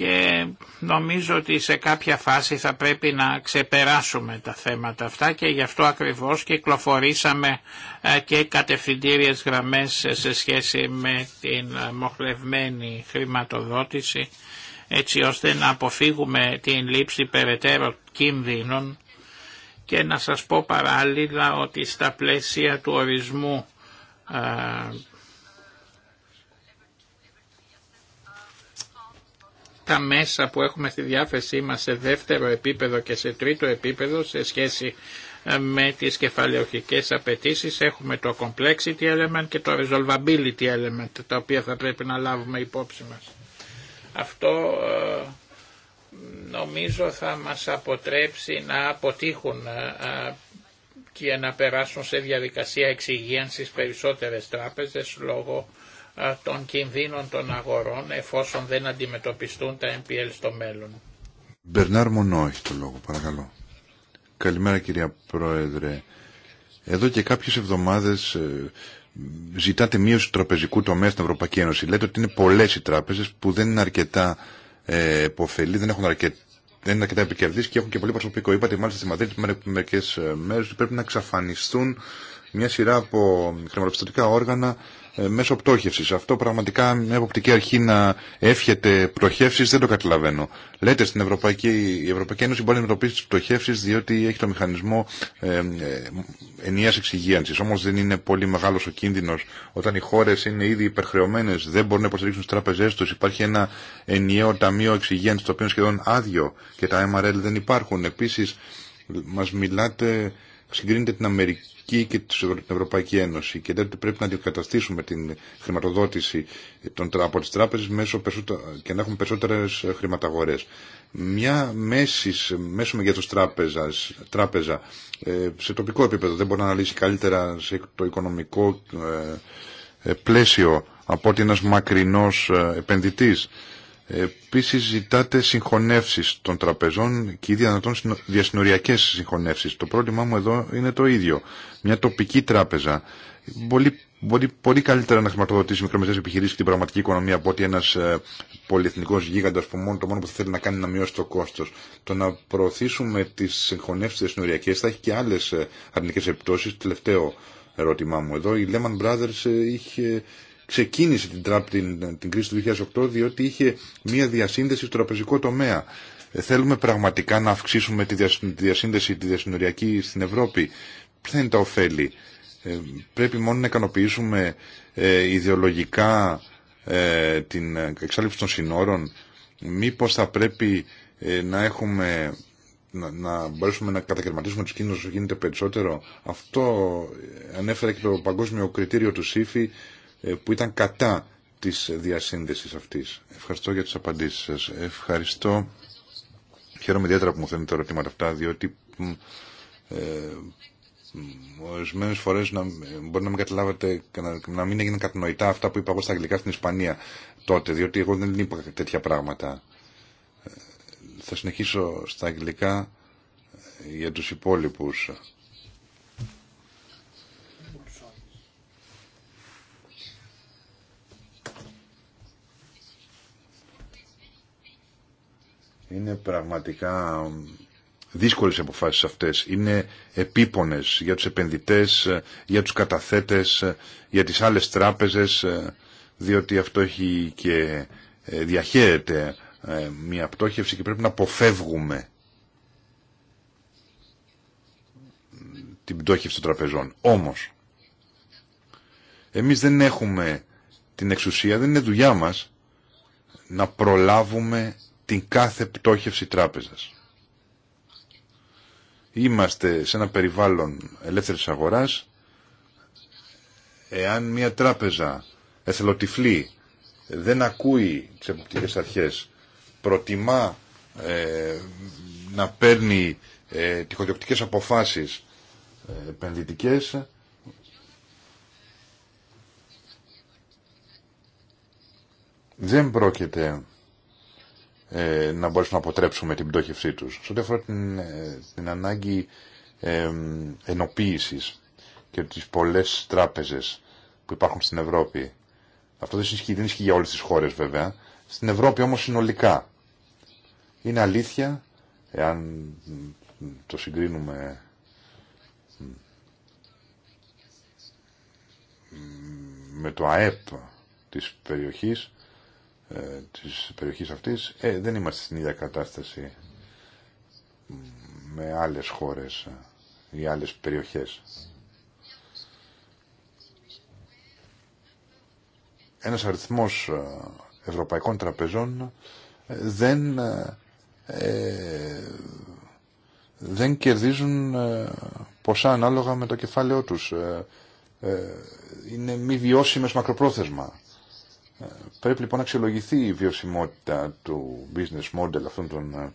και νομίζω ότι σε κάποια φάση θα πρέπει να ξεπεράσουμε τα θέματα αυτά και γι' αυτό ακριβώς κυκλοφορήσαμε ε, και κατευθυντήριες γραμμές σε σχέση με την μοχλευμένη χρηματοδότηση έτσι ώστε να αποφύγουμε την λήψη περαιτέρω κίνδυνων και να σας πω παράλληλα ότι στα πλαίσια του ορισμού ε, τα μέσα που έχουμε στη διάθεσή μας σε δεύτερο επίπεδο και σε τρίτο επίπεδο σε σχέση ε, με τις κεφαλαιοχικές απαιτήσει έχουμε το complexity element και το resolvability element τα οποία θα πρέπει να λάβουμε υπόψη μας. Αυτό ε, νομίζω θα μας αποτρέψει να αποτύχουν ε, και να περάσουν σε διαδικασία εξυγίανσης περισσότερες τράπεζες λόγω των κινδύνων των αγορών εφόσον δεν αντιμετωπιστούν τα MPL στο μέλλον. Μπερνάρ Μονό έχει το λόγο, παρακαλώ. Καλημέρα κυρία Πρόεδρε. Εδώ και κάποιες εβδομάδες ε, ζητάτε μείωση του τραπεζικού τομέα στην Ευρωπαϊκή Ένωση. Λέτε ότι είναι πολλές οι τράπεζες που δεν είναι αρκετά ε, δεν, έχουν αρκετά, δεν είναι αρκετά επικερδείς και έχουν και πολύ προσωπικό. Είπατε μάλιστα στη Μαδρίτη πριν μερικές ε, μέρες ότι πρέπει να εξαφανιστούν μια σειρά από χρηματοπιστωτικά όργανα ε, μέσω πτώχευση. Αυτό πραγματικά με εποπτική αρχή να εύχεται πτωχεύσει δεν το καταλαβαίνω. Λέτε στην Ευρωπαϊκή, η Ευρωπαϊκή Ένωση μπορεί να αντιμετωπίσει τι πτωχεύσει διότι έχει το μηχανισμό ε, ε, ενιαία εξυγίανση. Όμω δεν είναι πολύ μεγάλο ο κίνδυνο όταν οι χώρε είναι ήδη υπερχρεωμένε, δεν μπορούν να υποστηρίξουν τι τράπεζέ του. Υπάρχει ένα ενιαίο ταμείο εξυγίανση το οποίο είναι σχεδόν άδειο και τα MRL δεν υπάρχουν. Επίση, μα μιλάτε, συγκρίνετε την Αμερική και την Ευρωπαϊκή Ένωση. Και δεν πρέπει να αντικαταστήσουμε την χρηματοδότηση των, από τι τράπεζε και να έχουμε περισσότερε χρηματαγορέ. Μια μέση, μέσω μεγέθου τράπεζα, τράπεζα σε τοπικό επίπεδο δεν μπορεί να αναλύσει καλύτερα σε το οικονομικό ε, ε, πλαίσιο από ότι ένα μακρινό ε, επενδυτή. Επίση, ζητάτε συγχωνεύσει των τραπεζών και ήδη δυνατόν διασυνοριακές συγχωνεύσεις. Το πρόβλημά μου εδώ είναι το ίδιο. Μια τοπική τράπεζα μπορεί, μπορεί πολύ καλύτερα να χρηματοδοτήσει μικρομεσαίε επιχειρήσεις και την πραγματική οικονομία από ότι ένα ε, πολυεθνικός γίγαντας που μόνο, το μόνο που θα θέλει να κάνει είναι να μειώσει το κόστο. Το να προωθήσουμε τι συγχωνεύσεις διασυνοριακέ θα έχει και άλλε αρνητικέ επιπτώσεις. Τελευταίο ερώτημά μου εδώ. Η Lehman Brothers ε, είχε ξεκίνησε την, τραπ, την, την κρίση του 2008 διότι είχε μία διασύνδεση στο τραπεζικό τομέα. Ε, θέλουμε πραγματικά να αυξήσουμε τη διασύνδεση τη διασυνοριακή στην Ευρώπη. Ποια είναι τα ωφέλη. Ε, πρέπει μόνο να ικανοποιήσουμε ε, ιδεολογικά ε, την εξάλληψη των συνόρων. Μήπως θα πρέπει ε, να έχουμε να, να μπορέσουμε να κατακαιρματίσουμε τους κίνδυνους όσο γίνεται περισσότερο. Αυτό ανέφερε και το παγκόσμιο κριτήριο του ΣΥΦΗ ε, που ήταν κατά της διασύνδεσης αυτής. Ευχαριστώ για τις απαντήσεις σας. Ευχαριστώ. Χαίρομαι ιδιαίτερα που μου θέλετε τα ερωτήματα αυτά, διότι ε, ορισμένε φορέ μπορεί να μην καταλάβατε, να, να μην έγιναν κατανοητά αυτά που είπα εγώ στα αγγλικά στην Ισπανία τότε, διότι εγώ δεν είπα τέτοια πράγματα. Ε, θα συνεχίσω στα αγγλικά για τους υπόλοιπους. Είναι πραγματικά δύσκολες αποφάσεις αυτές. Είναι επίπονες για τους επενδυτές, για τους καταθέτες, για τις άλλες τράπεζες, διότι αυτό έχει και ε, διαχέεται ε, μια πτώχευση και πρέπει να αποφεύγουμε την πτώχευση των τραπεζών. Όμως, εμείς δεν έχουμε την εξουσία, δεν είναι δουλειά μας να προλάβουμε την κάθε πτώχευση τράπεζας. Είμαστε σε ένα περιβάλλον ελεύθερης αγοράς. Εάν μια τράπεζα εθελοτυφλή δεν ακούει τις εποπτικές αρχές, προτιμά ε, να παίρνει ε, τυχοδιοκτικές αποφάσεις ε, επενδυτικές, δεν πρόκειται ε, να μπορέσουμε να αποτρέψουμε την πτώχευσή τους. Σε ό,τι αφορά την, ε, την ανάγκη ε, ενοποίησης και τις πολλές τράπεζες που υπάρχουν στην Ευρώπη, αυτό δεν ισχύει, δεν ισχύει για όλες τις χώρες βέβαια, στην Ευρώπη όμως συνολικά. Είναι αλήθεια, εάν το συγκρίνουμε με το ΑΕΠ της περιοχής, ε, της περιοχής αυτής, ε, δεν είμαστε στην ίδια κατάσταση με άλλες χώρες ε, ή άλλες περιοχές. Ένας αριθμός ε, ευρωπαϊκών τραπεζών δεν, δεν κερδίζουν ποσά ανάλογα με το κεφάλαιό τους. είναι μη βιώσιμες μακροπρόθεσμα. Πρέπει λοιπόν να αξιολογηθεί η βιωσιμότητα του business model αυτών των ε,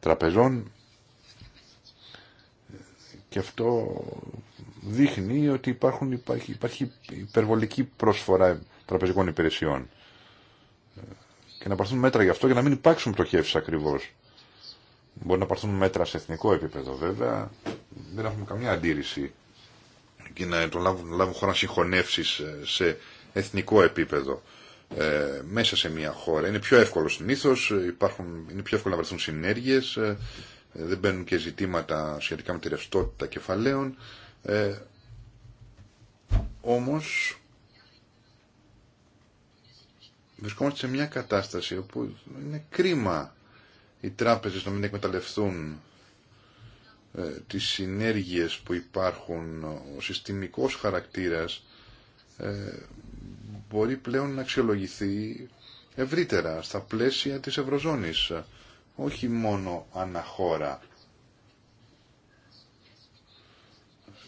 τραπεζών και αυτό δείχνει ότι υπάρχουν, υπάρχει, υπάρχει υπερβολική πρόσφορα τραπεζικών υπηρεσιών ε, και να παρθούν μέτρα γι' αυτό για να μην υπάρξουν πτωχεύσεις ακριβώς. Μπορεί να παρθούν μέτρα σε εθνικό επίπεδο βέβαια, δεν έχουμε καμιά αντίρρηση και να το λάβουν, λάβουν χώρα συγχωνεύσεις ε, σε εθνικό επίπεδο ε, μέσα σε μια χώρα. Είναι πιο εύκολο συνήθω, είναι πιο εύκολο να βρεθούν συνέργειε, ε, ε, δεν μπαίνουν και ζητήματα σχετικά με τη ρευστότητα κεφαλαίων. Ε, Όμω βρισκόμαστε σε μια κατάσταση όπου είναι κρίμα οι τράπεζες να μην εκμεταλλευτούν ε, τις συνέργειες που υπάρχουν, ο συστημικός χαρακτήρας μπορεί πλέον να αξιολογηθεί ευρύτερα, στα πλαίσια της Ευρωζώνης, όχι μόνο αναχώρα.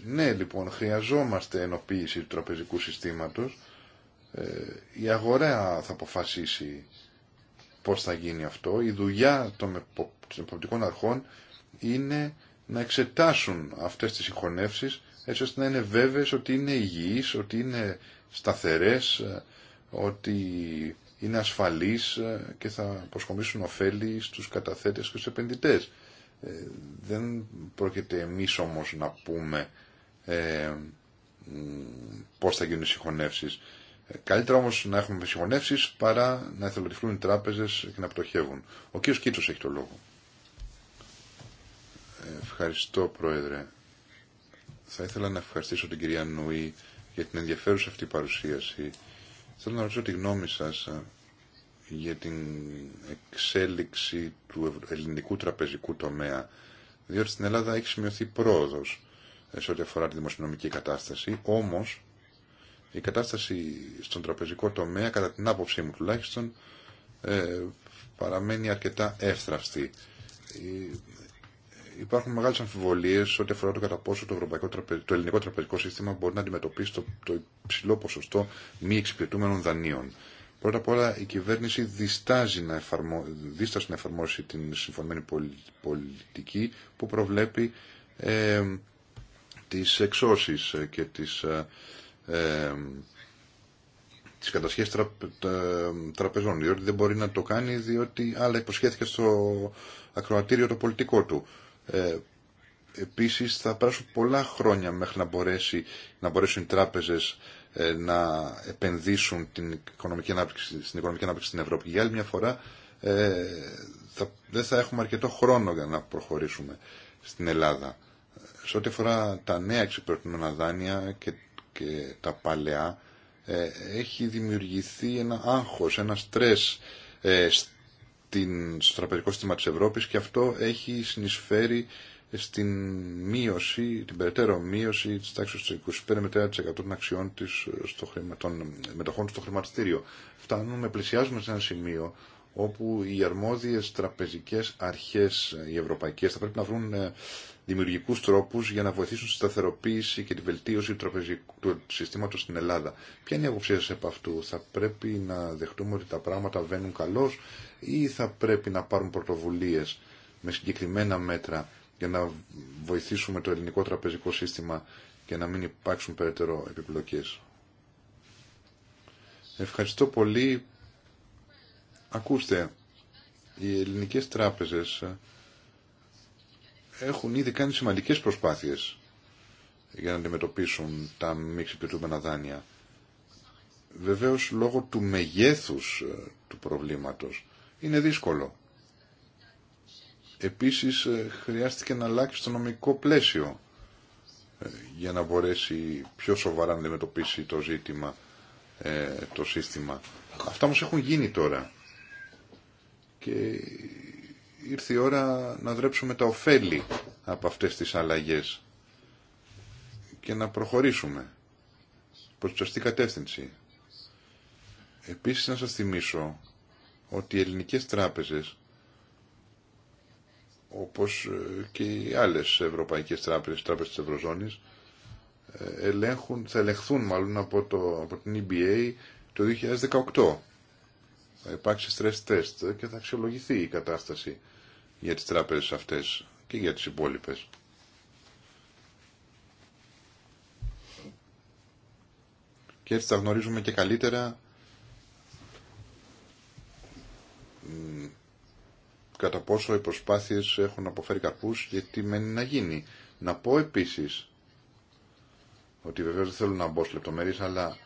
Ναι, λοιπόν, χρειαζόμαστε ενοποίηση του τραπεζικού συστήματος. Ε, η αγορά θα αποφασίσει πώς θα γίνει αυτό. Η δουλειά των εποπτικών αρχών είναι να εξετάσουν αυτές τις συγχωνεύσεις έτσι ώστε να είναι βέβαιες ότι είναι υγιείς, ότι είναι σταθερές, ότι είναι ασφαλείς και θα προσκομίσουν ωφέλη στους καταθέτες και στους επενδυτές. Ε, δεν πρόκειται εμείς όμως να πούμε ε, πώς θα γίνουν οι συγχωνεύσεις. Ε, καλύτερα όμως να έχουμε συγχωνεύσεις παρά να εθελοτυφλούν οι τράπεζες και να πτωχεύουν. Ο κ. Κίτσος έχει το λόγο. Ε, ευχαριστώ Πρόεδρε. Θα ήθελα να ευχαριστήσω την κυρία Νουή για την ενδιαφέρουσα αυτή παρουσίαση. Θέλω να ρωτήσω τη γνώμη σας ε, για την εξέλιξη του ελληνικού τραπεζικού τομέα, διότι στην Ελλάδα έχει σημειωθεί πρόοδος ε, σε ό,τι αφορά τη δημοσιονομική κατάσταση, όμως η κατάσταση στον τραπεζικό τομέα, κατά την άποψή μου τουλάχιστον, ε, παραμένει αρκετά εύθραυστη υπάρχουν μεγάλε αμφιβολίε ό,τι αφορά το κατά πόσο το, το ελληνικό τραπεζικό σύστημα μπορεί να αντιμετωπίσει το, το υψηλό ποσοστό μη εξυπηρετούμενων δανείων. Πρώτα απ' όλα η κυβέρνηση διστάζει να, δίστασε να εφαρμόσει την συμφωνημένη πολιτική που προβλέπει ε, τις εξώσεις ε, και τις, ε, κατασχέσεις τραπεζών διότι δεν μπορεί να το κάνει διότι άλλα υποσχέθηκε στο ακροατήριο το πολιτικό του. Ε, επίσης θα περάσουν πολλά χρόνια μέχρι να, μπορέσει, να μπορέσουν οι τράπεζες ε, να επενδύσουν την οικονομική ανάπτυξη, στην οικονομική ανάπτυξη στην Ευρώπη. Για άλλη μια φορά ε, θα, δεν θα έχουμε αρκετό χρόνο για να προχωρήσουμε στην Ελλάδα. Σε ό,τι αφορά τα νέα εξυπηρετούμενα δάνεια και, και τα παλαιά, ε, έχει δημιουργηθεί ένα άγχος, ένα στρες ε, στην, στο τραπεζικό σύστημα της Ευρώπης και αυτό έχει συνεισφέρει στην μείωση, την περαιτέρω μείωση της τάξης του 25 με 30% των αξιών της στο χρημα, των μετοχών στο χρηματιστήριο. Φτάνουμε, πλησιάζουμε σε ένα σημείο όπου οι αρμόδιες τραπεζικές αρχές οι ευρωπαϊκές θα πρέπει να βρουν ε, δημιουργικούς τρόπους για να βοηθήσουν στη σταθεροποίηση και τη βελτίωση του τραπεζικού συστήματος στην Ελλάδα. Ποια είναι η αποψία σας επ' αυτού. Θα πρέπει να δεχτούμε ότι τα πράγματα βαίνουν καλώς ή θα πρέπει να πάρουν πρωτοβουλίες με συγκεκριμένα μέτρα για να βοηθήσουμε το ελληνικό τραπεζικό σύστημα και να μην υπάρξουν περαιτέρω επιπλοκές. Ευχαριστώ πολύ. Ακούστε, οι ελληνικές τράπεζες έχουν ήδη κάνει σημαντικές προσπάθειες για να αντιμετωπίσουν τα μη εξυπηρετούμενα δάνεια. Βεβαίως λόγω του μεγέθους ε, του προβλήματος είναι δύσκολο. Επίσης ε, χρειάστηκε να αλλάξει το νομικό πλαίσιο ε, για να μπορέσει πιο σοβαρά να αντιμετωπίσει το ζήτημα, ε, το σύστημα. Αυτά όμως έχουν γίνει τώρα και ήρθε η ώρα να δρέψουμε τα ωφέλη από αυτές τις αλλαγές και να προχωρήσουμε προς τη σωστή κατεύθυνση. Επίσης να σας θυμίσω ότι οι ελληνικές τράπεζες όπως και οι άλλες ευρωπαϊκές τράπεζες, τράπεζες της Ευρωζώνης ε, ελέγχουν, θα ελεγχθούν μάλλον από, το, από την EBA το 2018. Θα υπάρξει stress test και θα αξιολογηθεί η κατάσταση για τις τράπεζες αυτές και για τις υπόλοιπες. Και έτσι θα γνωρίζουμε και καλύτερα κατά πόσο οι προσπάθειες έχουν αποφέρει καρπούς και τι μένει να γίνει. Να πω επίσης ότι βεβαίως δεν θέλω να μπω σε λεπτομέρειες, αλλά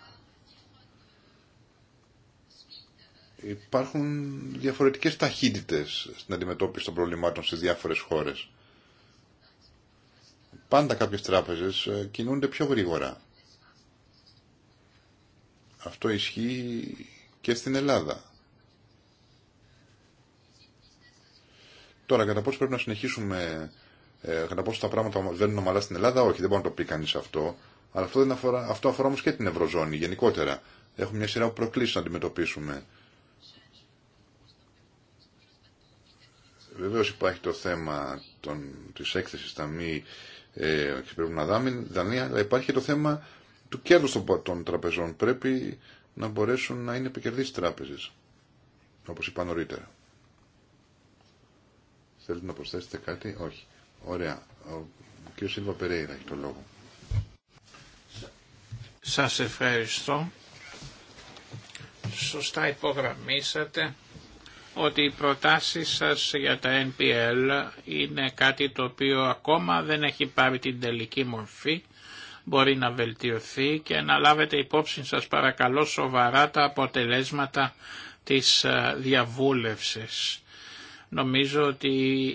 υπάρχουν διαφορετικές ταχύτητες στην αντιμετώπιση των προβλημάτων σε διάφορες χώρες. Πάντα κάποιες τράπεζες ε, κινούνται πιο γρήγορα. Αυτό ισχύει και στην Ελλάδα. Τώρα, κατά πόσο πρέπει να συνεχίσουμε, ε, κατά πόσο τα πράγματα βαίνουν ομαλά στην Ελλάδα, όχι, δεν μπορεί να το πει κανεί αυτό. Αλλά αυτό, δεν αφορά, αυτό αφορά όμω και την Ευρωζώνη γενικότερα. Έχουμε μια σειρά προκλήσει να αντιμετωπίσουμε. Βεβαίω υπάρχει το θέμα τη έκθεση στα μη εξυπηρετούμενα δανεία, αλλά υπάρχει και το θέμα του κέρδου των τραπεζών. Πρέπει να μπορέσουν να είναι επικερδεί τράπεζε, όπω είπα νωρίτερα. Θέλετε να προσθέσετε κάτι. Όχι. Ωραία. Ο κ. Σίλβα Περέιρα έχει το λόγο. Σας ευχαριστώ. Σωστά υπογραμμίσατε ότι οι προτάσεις σας για τα NPL είναι κάτι το οποίο ακόμα δεν έχει πάρει την τελική μορφή, μπορεί να βελτιωθεί και να λάβετε υπόψη σας παρακαλώ σοβαρά τα αποτελέσματα της ε, διαβούλευσης. Νομίζω ότι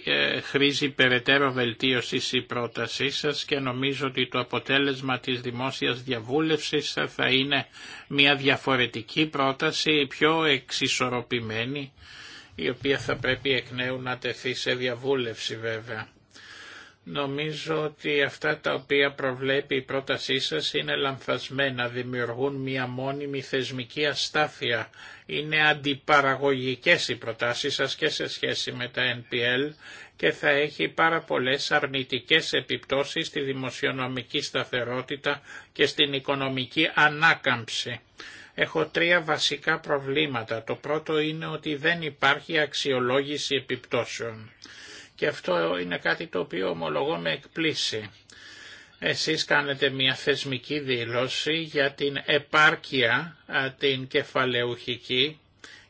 ε, χρήζει περαιτέρω βελτίωση η πρότασή σας και νομίζω ότι το αποτέλεσμα της δημόσιας διαβούλευσης θα είναι μια διαφορετική πρόταση, πιο εξισορροπημένη, η οποία θα πρέπει εκ νέου να τεθεί σε διαβούλευση βέβαια. Νομίζω ότι αυτά τα οποία προβλέπει η πρότασή σας είναι λανθασμένα, δημιουργούν μια μόνιμη θεσμική αστάθεια. Είναι αντιπαραγωγικές οι προτάσεις σας και σε σχέση με τα NPL και θα έχει πάρα πολλές αρνητικές επιπτώσεις στη δημοσιονομική σταθερότητα και στην οικονομική ανάκαμψη. Έχω τρία βασικά προβλήματα. Το πρώτο είναι ότι δεν υπάρχει αξιολόγηση επιπτώσεων. Και αυτό είναι κάτι το οποίο ομολογώ με εκπλήσει. Εσείς κάνετε μια θεσμική δήλωση για την επάρκεια την κεφαλαιουχική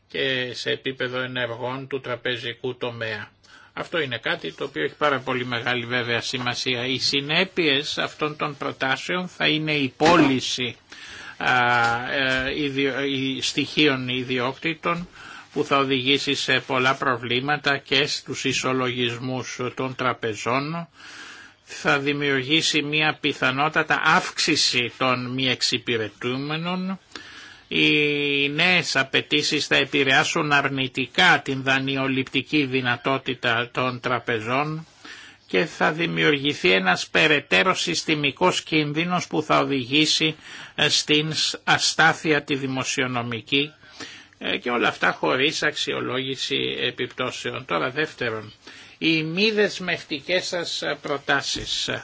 και σε επίπεδο ενεργών του τραπεζικού τομέα. Αυτό είναι κάτι το οποίο έχει πάρα πολύ μεγάλη βέβαια σημασία. Οι συνέπειες αυτών των προτάσεων θα είναι η πώληση ε, στοιχείων ιδιόκτητων που θα οδηγήσει σε πολλά προβλήματα και στους ισολογισμούς των τραπεζών, θα δημιουργήσει μια πιθανότατα αύξηση των μη εξυπηρετούμενων, οι νέες απαιτήσει θα επηρεάσουν αρνητικά την δανειοληπτική δυνατότητα των τραπεζών και θα δημιουργηθεί ένας περαιτέρω συστημικός κίνδυνος που θα οδηγήσει στην αστάθεια τη δημοσιονομική ε, και όλα αυτά χωρίς αξιολόγηση επιπτώσεων. Τώρα δεύτερον, οι μη δεσμευτικές σας προτάσεις. Ε,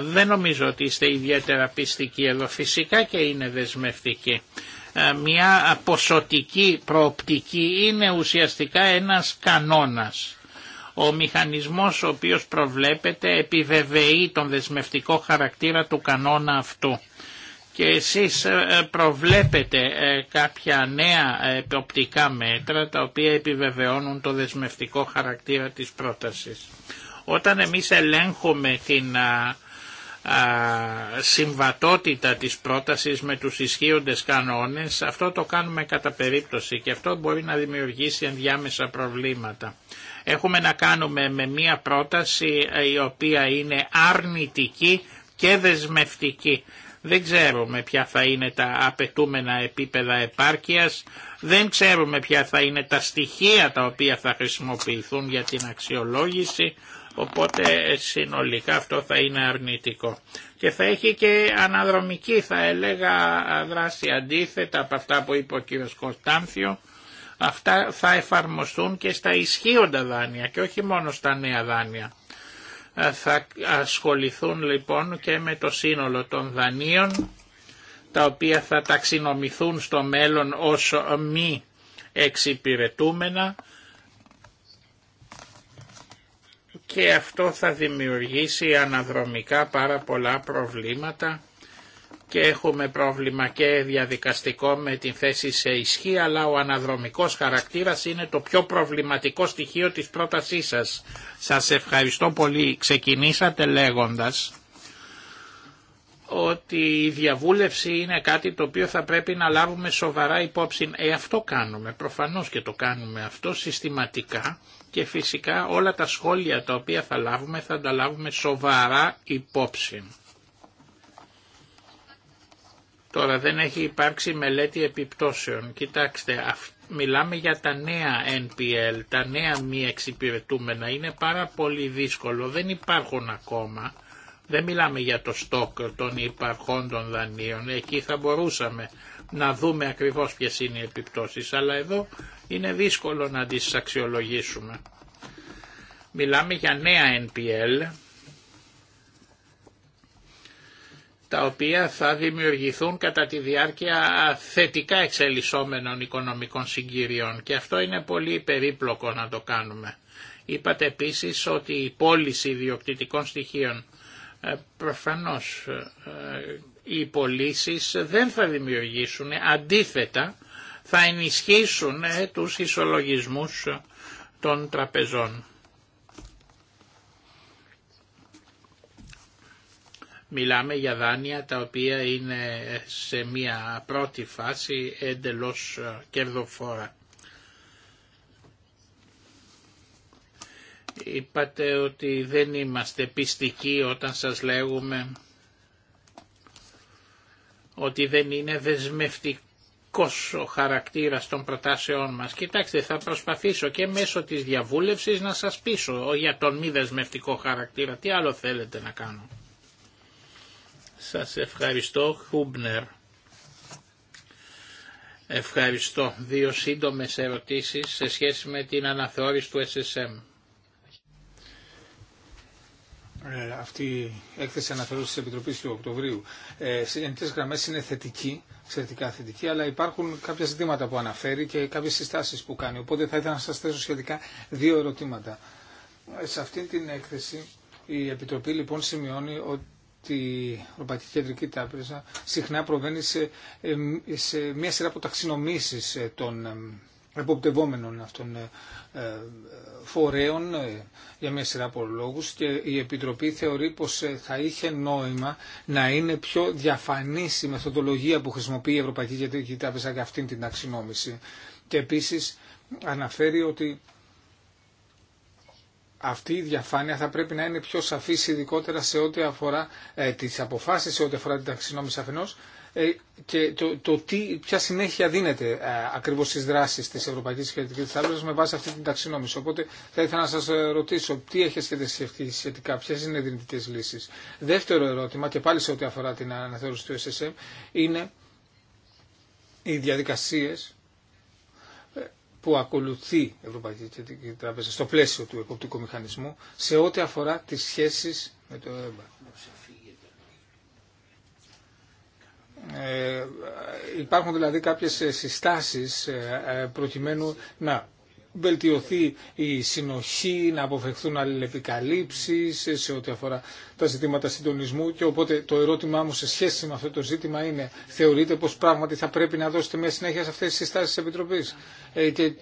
δεν νομίζω ότι είστε ιδιαίτερα πιστικοί εδώ. Φυσικά και είναι δεσμευτικοί. Ε, μια ποσοτική προοπτική είναι ουσιαστικά ένας κανόνας. Ο μηχανισμός ο οποίος προβλέπεται επιβεβαιεί τον δεσμευτικό χαρακτήρα του κανόνα αυτού και εσείς ε, ε, προβλέπετε ε, κάποια νέα οπτικά μέτρα τα οποία επιβεβαιώνουν το δεσμευτικό χαρακτήρα της πρότασης. Όταν εμείς ελέγχουμε την συμβατότητα της πρότασης με τους ισχύοντες κανόνες, αυτό το κάνουμε κατά περίπτωση και αυτό μπορεί να δημιουργήσει ενδιάμεσα προβλήματα. Έχουμε να κάνουμε με μία πρόταση η οποία είναι αρνητική και δεσμευτική δεν ξέρουμε ποια θα είναι τα απαιτούμενα επίπεδα επάρκειας, δεν ξέρουμε ποια θα είναι τα στοιχεία τα οποία θα χρησιμοποιηθούν για την αξιολόγηση, οπότε συνολικά αυτό θα είναι αρνητικό. Και θα έχει και αναδρομική θα έλεγα δράση αντίθετα από αυτά που είπε ο κ. Κωνστάνθιο, αυτά θα εφαρμοστούν και στα ισχύοντα δάνεια και όχι μόνο στα νέα δάνεια. Ε, θα ασχοληθούν λοιπόν και με το σύνολο των δανείων τα οποία θα ταξινομηθούν στο μέλλον όσο μη εξυπηρετούμενα και αυτό θα δημιουργήσει αναδρομικά πάρα πολλά προβλήματα και έχουμε πρόβλημα και διαδικαστικό με την θέση σε ισχύ, αλλά ο αναδρομικός χαρακτήρας είναι το πιο προβληματικό στοιχείο της πρότασής σας. Σας ευχαριστώ πολύ. Ξεκινήσατε λέγοντας ότι η διαβούλευση είναι κάτι το οποίο θα πρέπει να λάβουμε σοβαρά υπόψη. Ε, αυτό κάνουμε, προφανώς και το κάνουμε αυτό συστηματικά και φυσικά όλα τα σχόλια τα οποία θα λάβουμε θα τα λάβουμε σοβαρά υπόψη. Τώρα δεν έχει υπάρξει μελέτη επιπτώσεων. Κοιτάξτε, μιλάμε για τα νέα NPL, τα νέα μη εξυπηρετούμενα. Είναι πάρα πολύ δύσκολο, δεν υπάρχουν ακόμα. Δεν μιλάμε για το στόκ των υπαρχόντων δανείων. Εκεί θα μπορούσαμε να δούμε ακριβώς ποιες είναι οι επιπτώσεις. Αλλά εδώ είναι δύσκολο να τις αξιολογήσουμε. Μιλάμε για νέα NPL τα οποία θα δημιουργηθούν κατά τη διάρκεια θετικά εξελισσόμενων οικονομικών συγκύριων και αυτό είναι πολύ περίπλοκο να το κάνουμε. Είπατε επίσης ότι η πώληση ιδιοκτητικών στοιχείων ε, προφανώς ε, ε, οι πωλήσει δεν θα δημιουργήσουν, αντίθετα θα ενισχύσουν τους ισολογισμούς των τραπεζών. Μιλάμε για δάνεια τα οποία είναι σε μια πρώτη φάση εντελώς ε, κερδοφόρα. Είπατε ότι δεν είμαστε πιστικοί όταν σας λέγουμε ότι δεν είναι δεσμευτικός ο χαρακτήρας των προτάσεών μας. Κοιτάξτε, θα προσπαθήσω και μέσω της διαβούλευσης να σας πείσω για τον μη δεσμευτικό χαρακτήρα. Τι άλλο θέλετε να κάνω. Σας ευχαριστώ, Χούμπνερ. Ευχαριστώ. Δύο σύντομες ερωτήσεις σε σχέση με την αναθεώρηση του SSM. Ε, αυτή η έκθεση αναθεώρησης της Επιτροπής του Οκτωβρίου ε, σε γενικές γραμμές είναι θετική, εξαιρετικά θετική, αλλά υπάρχουν κάποια ζητήματα που αναφέρει και κάποιες συστάσεις που κάνει. Οπότε θα ήθελα να σας θέσω σχετικά δύο ερωτήματα. Ε, σε αυτή την έκθεση η Επιτροπή λοιπόν σημειώνει ότι τη Ευρωπαϊκή Κεντρική Τράπεζα συχνά προβαίνει σε, μια σειρά από ταξινομήσεις ε, των εποπτευόμενων αυτών ε, ε, φορέων για μια σειρά από λόγους και η Επιτροπή θεωρεί πως θα είχε νόημα να είναι πιο διαφανής η μεθοδολογία που χρησιμοποιεί η Ευρωπαϊκή Κεντρική Τράπεζα για αυτήν την ταξινόμηση. Και επίσης αναφέρει ότι αυτή η διαφάνεια θα πρέπει να είναι πιο σαφής ειδικότερα σε ό,τι αφορά ε, τις αποφάσεις, σε ό,τι αφορά την ταξινόμηση αφενός ε, και το, τι, ποια συνέχεια δίνεται ε, ακριβώς στις δράσεις της Ευρωπαϊκής Κεντρικής με βάση αυτή την ταξινόμηση. Οπότε θα ήθελα να σας ε, ρωτήσω τι έχετε σκεφτεί σχετικά, ποιε είναι οι δυνητικέ λύσει. Δεύτερο ερώτημα και πάλι σε ό,τι αφορά την αναθεώρηση του SSM είναι οι διαδικασίε που ακολουθεί η Ευρωπαϊκή Κεντρική Τράπεζα στο πλαίσιο του εποπτικού μηχανισμού σε ό,τι αφορά τις σχέσεις με το ΕΜΠΑ. Ε, υπάρχουν δηλαδή κάποιες συστάσεις ε, ε, προκειμένου να βελτιωθεί η συνοχή, να αποφευχθούν αλληλεπικαλύψεις σε ό,τι αφορά τα ζητήματα συντονισμού και οπότε το ερώτημά μου σε σχέση με αυτό το ζήτημα είναι θεωρείτε πως πράγματι θα πρέπει να δώσετε μια συνέχεια σε αυτές τις συστάσεις της Επιτροπής ε, και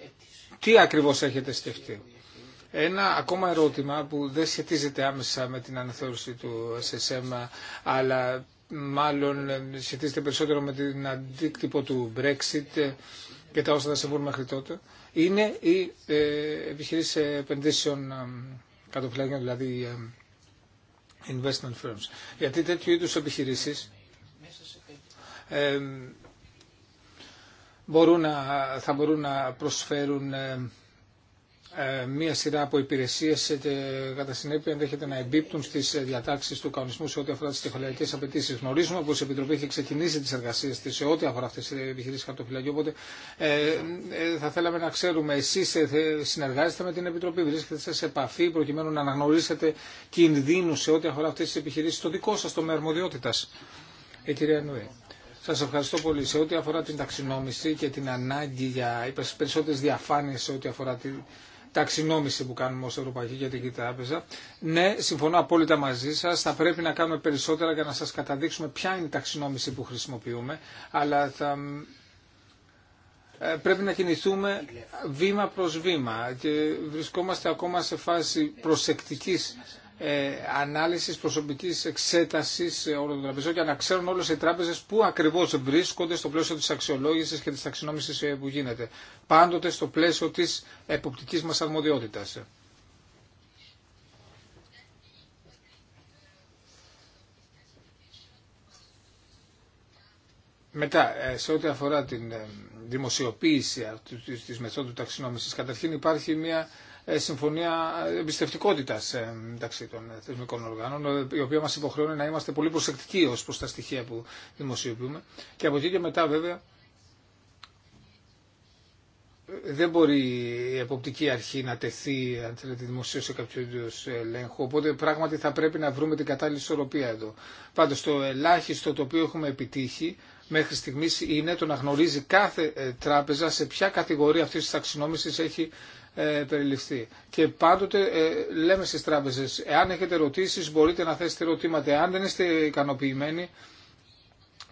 τι ακριβώς έχετε σκεφτεί. Ένα ακόμα ερώτημα που δεν σχετίζεται άμεσα με την αναθεώρηση του SSM αλλά μάλλον σχετίζεται περισσότερο με την αντίκτυπο του Brexit και τα όσα θα συμβούν μέχρι τότε, είναι οι ε, επιχειρήσει επενδύσεων ε, κατοφυλάκιων, δηλαδή ε, investment firms. Γιατί τέτοιου είδου επιχειρήσεις μπορούν να, θα μπορούν να προσφέρουν ε, μία σειρά από υπηρεσίε ε, και κατά συνέπεια ενδέχεται να εμπίπτουν στι ε, διατάξει του κανονισμού σε ό,τι αφορά τι τεχνολογικέ απαιτήσει. Γνωρίζουμε πω η Επιτροπή έχει ξεκινήσει τις εργασίες τη σε ό,τι αφορά αυτέ τι επιχειρήσει χαρτοφυλακή. Οπότε ε, θα θέλαμε να ξέρουμε, εσεί συνεργάζεστε με την Επιτροπή, βρίσκεστε σε επαφή προκειμένου να αναγνωρίσετε κινδύνου σε ό,τι αφορά αυτέ τι επιχειρήσει στο δικό σα τομέα αρμοδιότητα. Ε, κυρία Σα ευχαριστώ πολύ. Σε ό,τι αφορά την ταξινόμηση και την ανάγκη για περισσότερε διαφάνειε σε ό,τι αφορά την ταξινόμηση που κάνουμε ως Ευρωπαϊκή Κεντρική Τράπεζα. Ναι, συμφωνώ απόλυτα μαζί σας, θα πρέπει να κάνουμε περισσότερα για να σας καταδείξουμε ποια είναι η ταξινόμηση που χρησιμοποιούμε, αλλά θα ε, πρέπει να κινηθούμε βήμα προς βήμα και βρισκόμαστε ακόμα σε φάση προσεκτική. Ε, ανάλυσης προσωπική εξέτασης όλων των τραπεζών για να ξέρουν όλες οι τράπεζες που ακριβώς βρίσκονται στο πλαίσιο της αξιολόγηση και της ταξινόμησης ε, που γίνεται. Πάντοτε στο πλαίσιο της εποπτικής μας αρμοδιότητας. Μετά, ε, σε ό,τι αφορά την δημοσιοποίηση της μεθόδου ταξινόμησης, καταρχήν υπάρχει μια ε, συμφωνία εμπιστευτικότητα ε, μεταξύ των θεσμικών οργάνων, η οποία μα υποχρεώνει να είμαστε πολύ προσεκτικοί ω προ τα στοιχεία που δημοσιοποιούμε. Και από εκεί και μετά, βέβαια, δεν μπορεί η εποπτική αρχή να τεθεί, αν θέλετε, δημοσίω σε κάποιο είδου ελέγχο. Οπότε πράγματι θα πρέπει να βρούμε την κατάλληλη ισορροπία εδώ. Πάντω το ελάχιστο το οποίο έχουμε επιτύχει μέχρι στιγμή είναι το να γνωρίζει κάθε ε, τράπεζα σε ποια κατηγορία αυτή τη ταξινόμηση έχει περιληφθεί. Και πάντοτε ε, λέμε στις τράπεζες, εάν έχετε ερωτήσεις μπορείτε να θέσετε ερωτήματα, εάν δεν είστε ικανοποιημένοι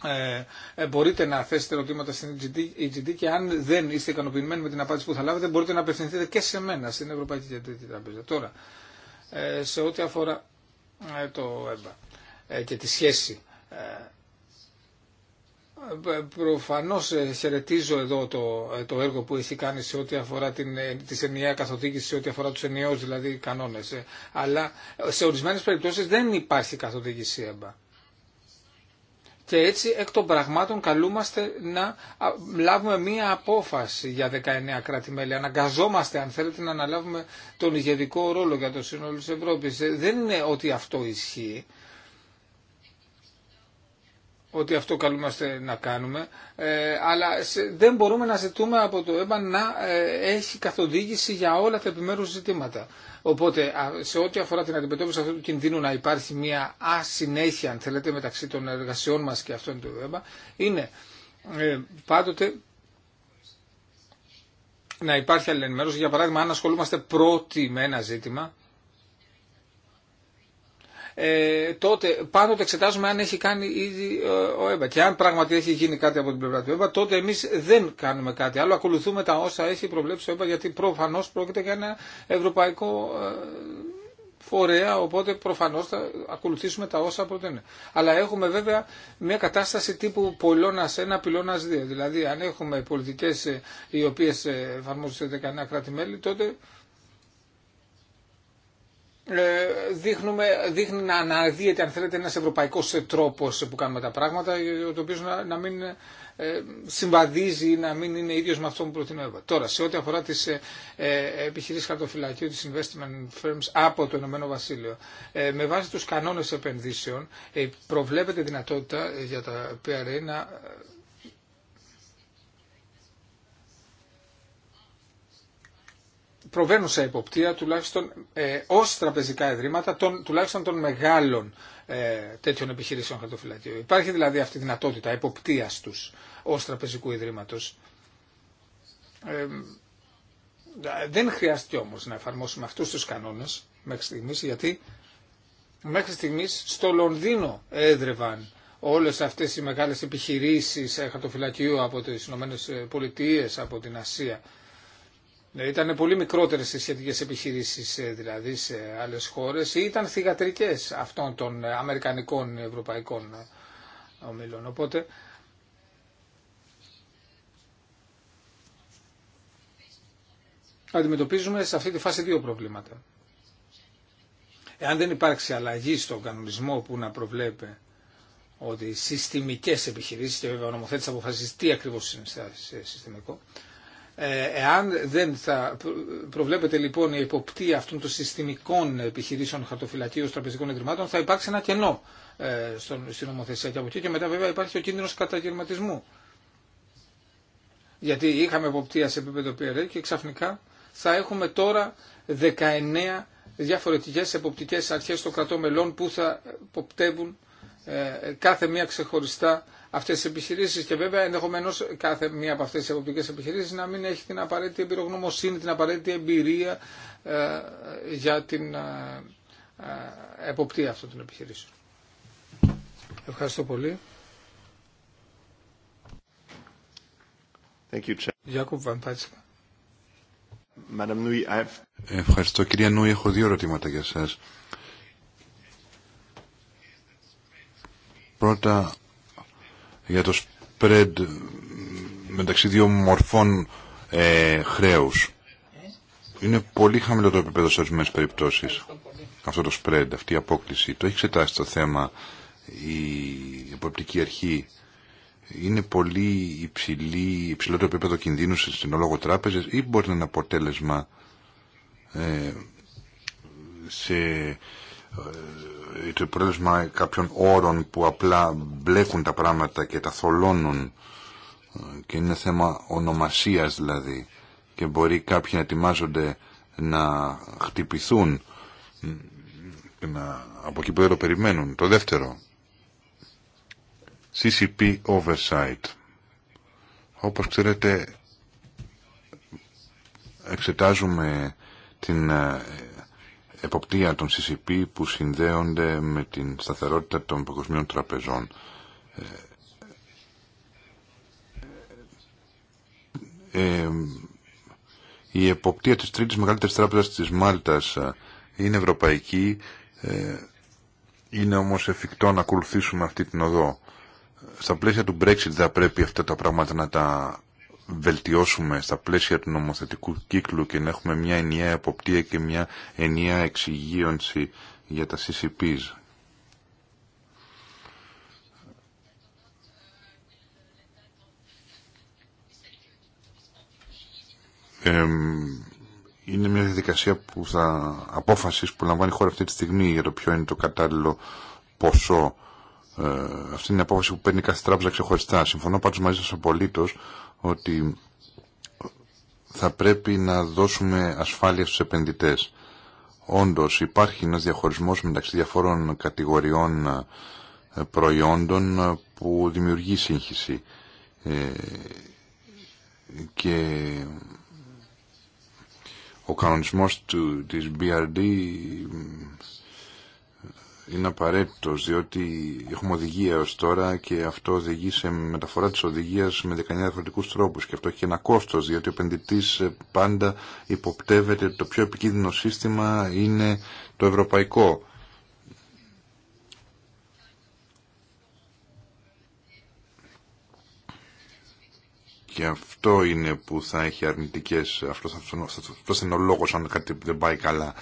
ε, ε μπορείτε να θέσετε ερωτήματα στην EGD, και αν δεν είστε ικανοποιημένοι με την απάντηση που θα λάβετε μπορείτε να απευθυνθείτε και σε μένα στην Ευρωπαϊκή Κεντρική Τράπεζα. Τώρα, ε, σε ό,τι αφορά το ΕΜΠΑ και τη σχέση προφανώς ε, χαιρετίζω εδώ το, ε, το έργο που έχει κάνει σε ό,τι αφορά την, ε, τη ενιαία καθοδήγηση, σε ό,τι αφορά τους ενιαίους δηλαδή κανόνες. Αλλά σε ορισμένες περιπτώσεις δεν υπάρχει καθοδήγηση ΕΜΠΑ. Και έτσι εκ των πραγμάτων καλούμαστε να λάβουμε μία απόφαση για 19 κράτη-μέλη. Αναγκαζόμαστε, αν θέλετε, να αναλάβουμε τον ηγετικό ρόλο για το σύνολο της Ευρώπης. Δεν είναι ότι αυτό ισχύει ότι αυτό καλούμαστε να κάνουμε, ε, αλλά δεν μπορούμε να ζητούμε από το ΕΜΠΑ να ε, έχει καθοδήγηση για όλα τα επιμέρους ζητήματα. Οπότε, σε ό,τι αφορά την αντιμετώπιση αυτού του κινδύνου να υπάρχει μια ασυνέχεια, αν θέλετε, μεταξύ των εργασιών μας και αυτών του ΕΜΠΑ, είναι ε, πάντοτε να υπάρχει αλληλεγμένος. Για παράδειγμα, αν ασχολούμαστε πρώτοι με ένα ζήτημα, ε, τότε πάντοτε εξετάζουμε αν έχει κάνει ήδη ε, ο ΕΜΠΑ. Και αν πράγματι έχει γίνει κάτι από την πλευρά του ΕΜΠΑ, τότε εμεί δεν κάνουμε κάτι άλλο. Ακολουθούμε τα όσα έχει προβλέψει ο ΕΜΠΑ, γιατί προφανώ πρόκειται για ένα ευρωπαϊκό ε, φορέα, οπότε προφανώ θα ακολουθήσουμε τα όσα προτείνουν. Αλλά έχουμε βέβαια μια κατάσταση τύπου πολλώνα 1, πυλώνα 2. Δηλαδή, αν έχουμε πολιτικέ οι οποίε εφαρμόζονται σε 19 κράτη-μέλη, τότε ε, δείχνουμε, δείχνει να αναδύεται αν θέλετε ένας ευρωπαϊκός τρόπος που κάνουμε τα πράγματα το ε, οποίο να, μην ε, συμβαδίζει να μην είναι ίδιος με αυτό που προτείνω εγώ. Τώρα, σε ό,τι αφορά τις ε, επιχειρήσεις χαρτοφυλακίου τις investment firms από το Ηνωμένο Βασίλειο, με βάση τους κανόνες επενδύσεων ε, προβλέπεται δυνατότητα για τα PRA να προβαίνουν σε εποπτεία τουλάχιστον ε, ως τραπεζικά ιδρύματα των, τουλάχιστον των μεγάλων ε, τέτοιων επιχειρήσεων χαρτοφυλακίου. Υπάρχει δηλαδή αυτή η δυνατότητα εποπτείας τους ω τραπεζικού ιδρύματο. δεν χρειάστηκε όμω να εφαρμόσουμε αυτού τους κανόνες μέχρι στιγμή, γιατί μέχρι στιγμή στο Λονδίνο έδρευαν όλε αυτέ οι μεγάλε επιχειρήσει ε, χαρτοφυλακίου από τι ΗΠΑ, από την Ασία ναι, ήταν πολύ μικρότερε οι σχετικέ επιχειρήσει ε, δηλαδή σε άλλε χώρε ή ήταν θηγατρικέ αυτών των αμερικανικών ευρωπαϊκών ε, ομιλών. Οπότε αντιμετωπίζουμε σε αυτή τη φάση δύο προβλήματα. Εάν δεν υπάρξει αλλαγή στον κανονισμό που να προβλέπει ότι συστημικές επιχειρήσεις και βέβαια ο νομοθέτης αποφασίζει τι ακριβώς είναι συστημικό, ε, εάν δεν θα προβλέπεται λοιπόν η υποπτία αυτών των συστημικών επιχειρήσεων χαρτοφυλακίου τραπεζικών ιδρυμάτων, θα υπάρξει ένα κενό ε, στην νομοθεσία. Και από εκεί και μετά βέβαια υπάρχει ο κίνδυνος καταγερματισμού. Γιατί είχαμε εποπτεία σε επίπεδο PRL και ξαφνικά θα έχουμε τώρα 19 διαφορετικές εποπτικέ αρχές των κρατών μελών που θα εποπτεύουν ε, κάθε μία ξεχωριστά αυτέ τι επιχειρήσει. Και βέβαια ενδεχομένω κάθε μία από αυτέ τι εποπτικέ επιχειρήσει να μην έχει την απαραίτητη εμπειρογνωμοσύνη, την απαραίτητη εμπειρία ε, για την ε, ε, εποπτεία αυτών των επιχειρήσεων. Ευχαριστώ πολύ. Thank you, Ευχαριστώ κυρία Νούη. Έχω δύο ερωτήματα για σας. Πρώτα για το spread μεταξύ δύο μορφών ε, χρέους. Είναι πολύ χαμηλό το επίπεδο σε ορισμένε περιπτώσεις. Αυτό το spread, αυτή η απόκληση. Το έχει εξετάσει το θέμα η εποπτική αρχή. Είναι πολύ υψηλή, υψηλό το επίπεδο κινδύνου στην συνολόγο τράπεζες ή μπορεί να είναι αποτέλεσμα ε, σε ε, το υπρόεδρεσμα κάποιων όρων που απλά μπλέκουν τα πράγματα και τα θολώνουν ε, και είναι θέμα ονομασίας δηλαδή και μπορεί κάποιοι να ετοιμάζονται να χτυπηθούν και να, από εκεί που περιμένουν. Το δεύτερο, CCP Oversight. Όπως ξέρετε εξετάζουμε την ε, εποπτεία των CCP που συνδέονται με την σταθερότητα των παγκοσμίων τραπεζών. Ε, ε η εποπτεία της τρίτης μεγαλύτερης τράπεζας της Μάλτας ε, είναι ευρωπαϊκή, ε, είναι όμως εφικτό να ακολουθήσουμε αυτή την οδό. Στα πλαίσια του Brexit δεν πρέπει αυτά τα πράγματα να τα βελτιώσουμε στα πλαίσια του νομοθετικού κύκλου και να έχουμε μια ενιαία εποπτεία και μια ενιαία εξυγίωνση για τα CCPs. είναι μια διαδικασία που θα, απόφασεις που λαμβάνει η χώρα αυτή τη στιγμή για το ποιο είναι το κατάλληλο ποσό. Ε, αυτή είναι η απόφαση που παίρνει κάθε τράπεζα ξεχωριστά. Συμφωνώ πάντως μαζί σας απολύτως ότι θα πρέπει να δώσουμε ασφάλεια στους επενδυτές. Όντως υπάρχει ένας διαχωρισμός μεταξύ διαφόρων κατηγοριών ε, προϊόντων ε, που δημιουργεί σύγχυση. Ε, και ο κανονισμός του, της BRD είναι απαραίτητο διότι έχουμε οδηγία ω τώρα και αυτό οδηγεί σε μεταφορά της οδηγίας με 19 διαφορετικού τρόπους και αυτό έχει ένα κόστος διότι ο επενδυτή πάντα υποπτεύεται ότι το πιο επικίνδυνο σύστημα είναι το ευρωπαϊκό. Και αυτό είναι που θα έχει αρνητικές, αυτό είναι ο λόγος αν κάτι δεν πάει καλά.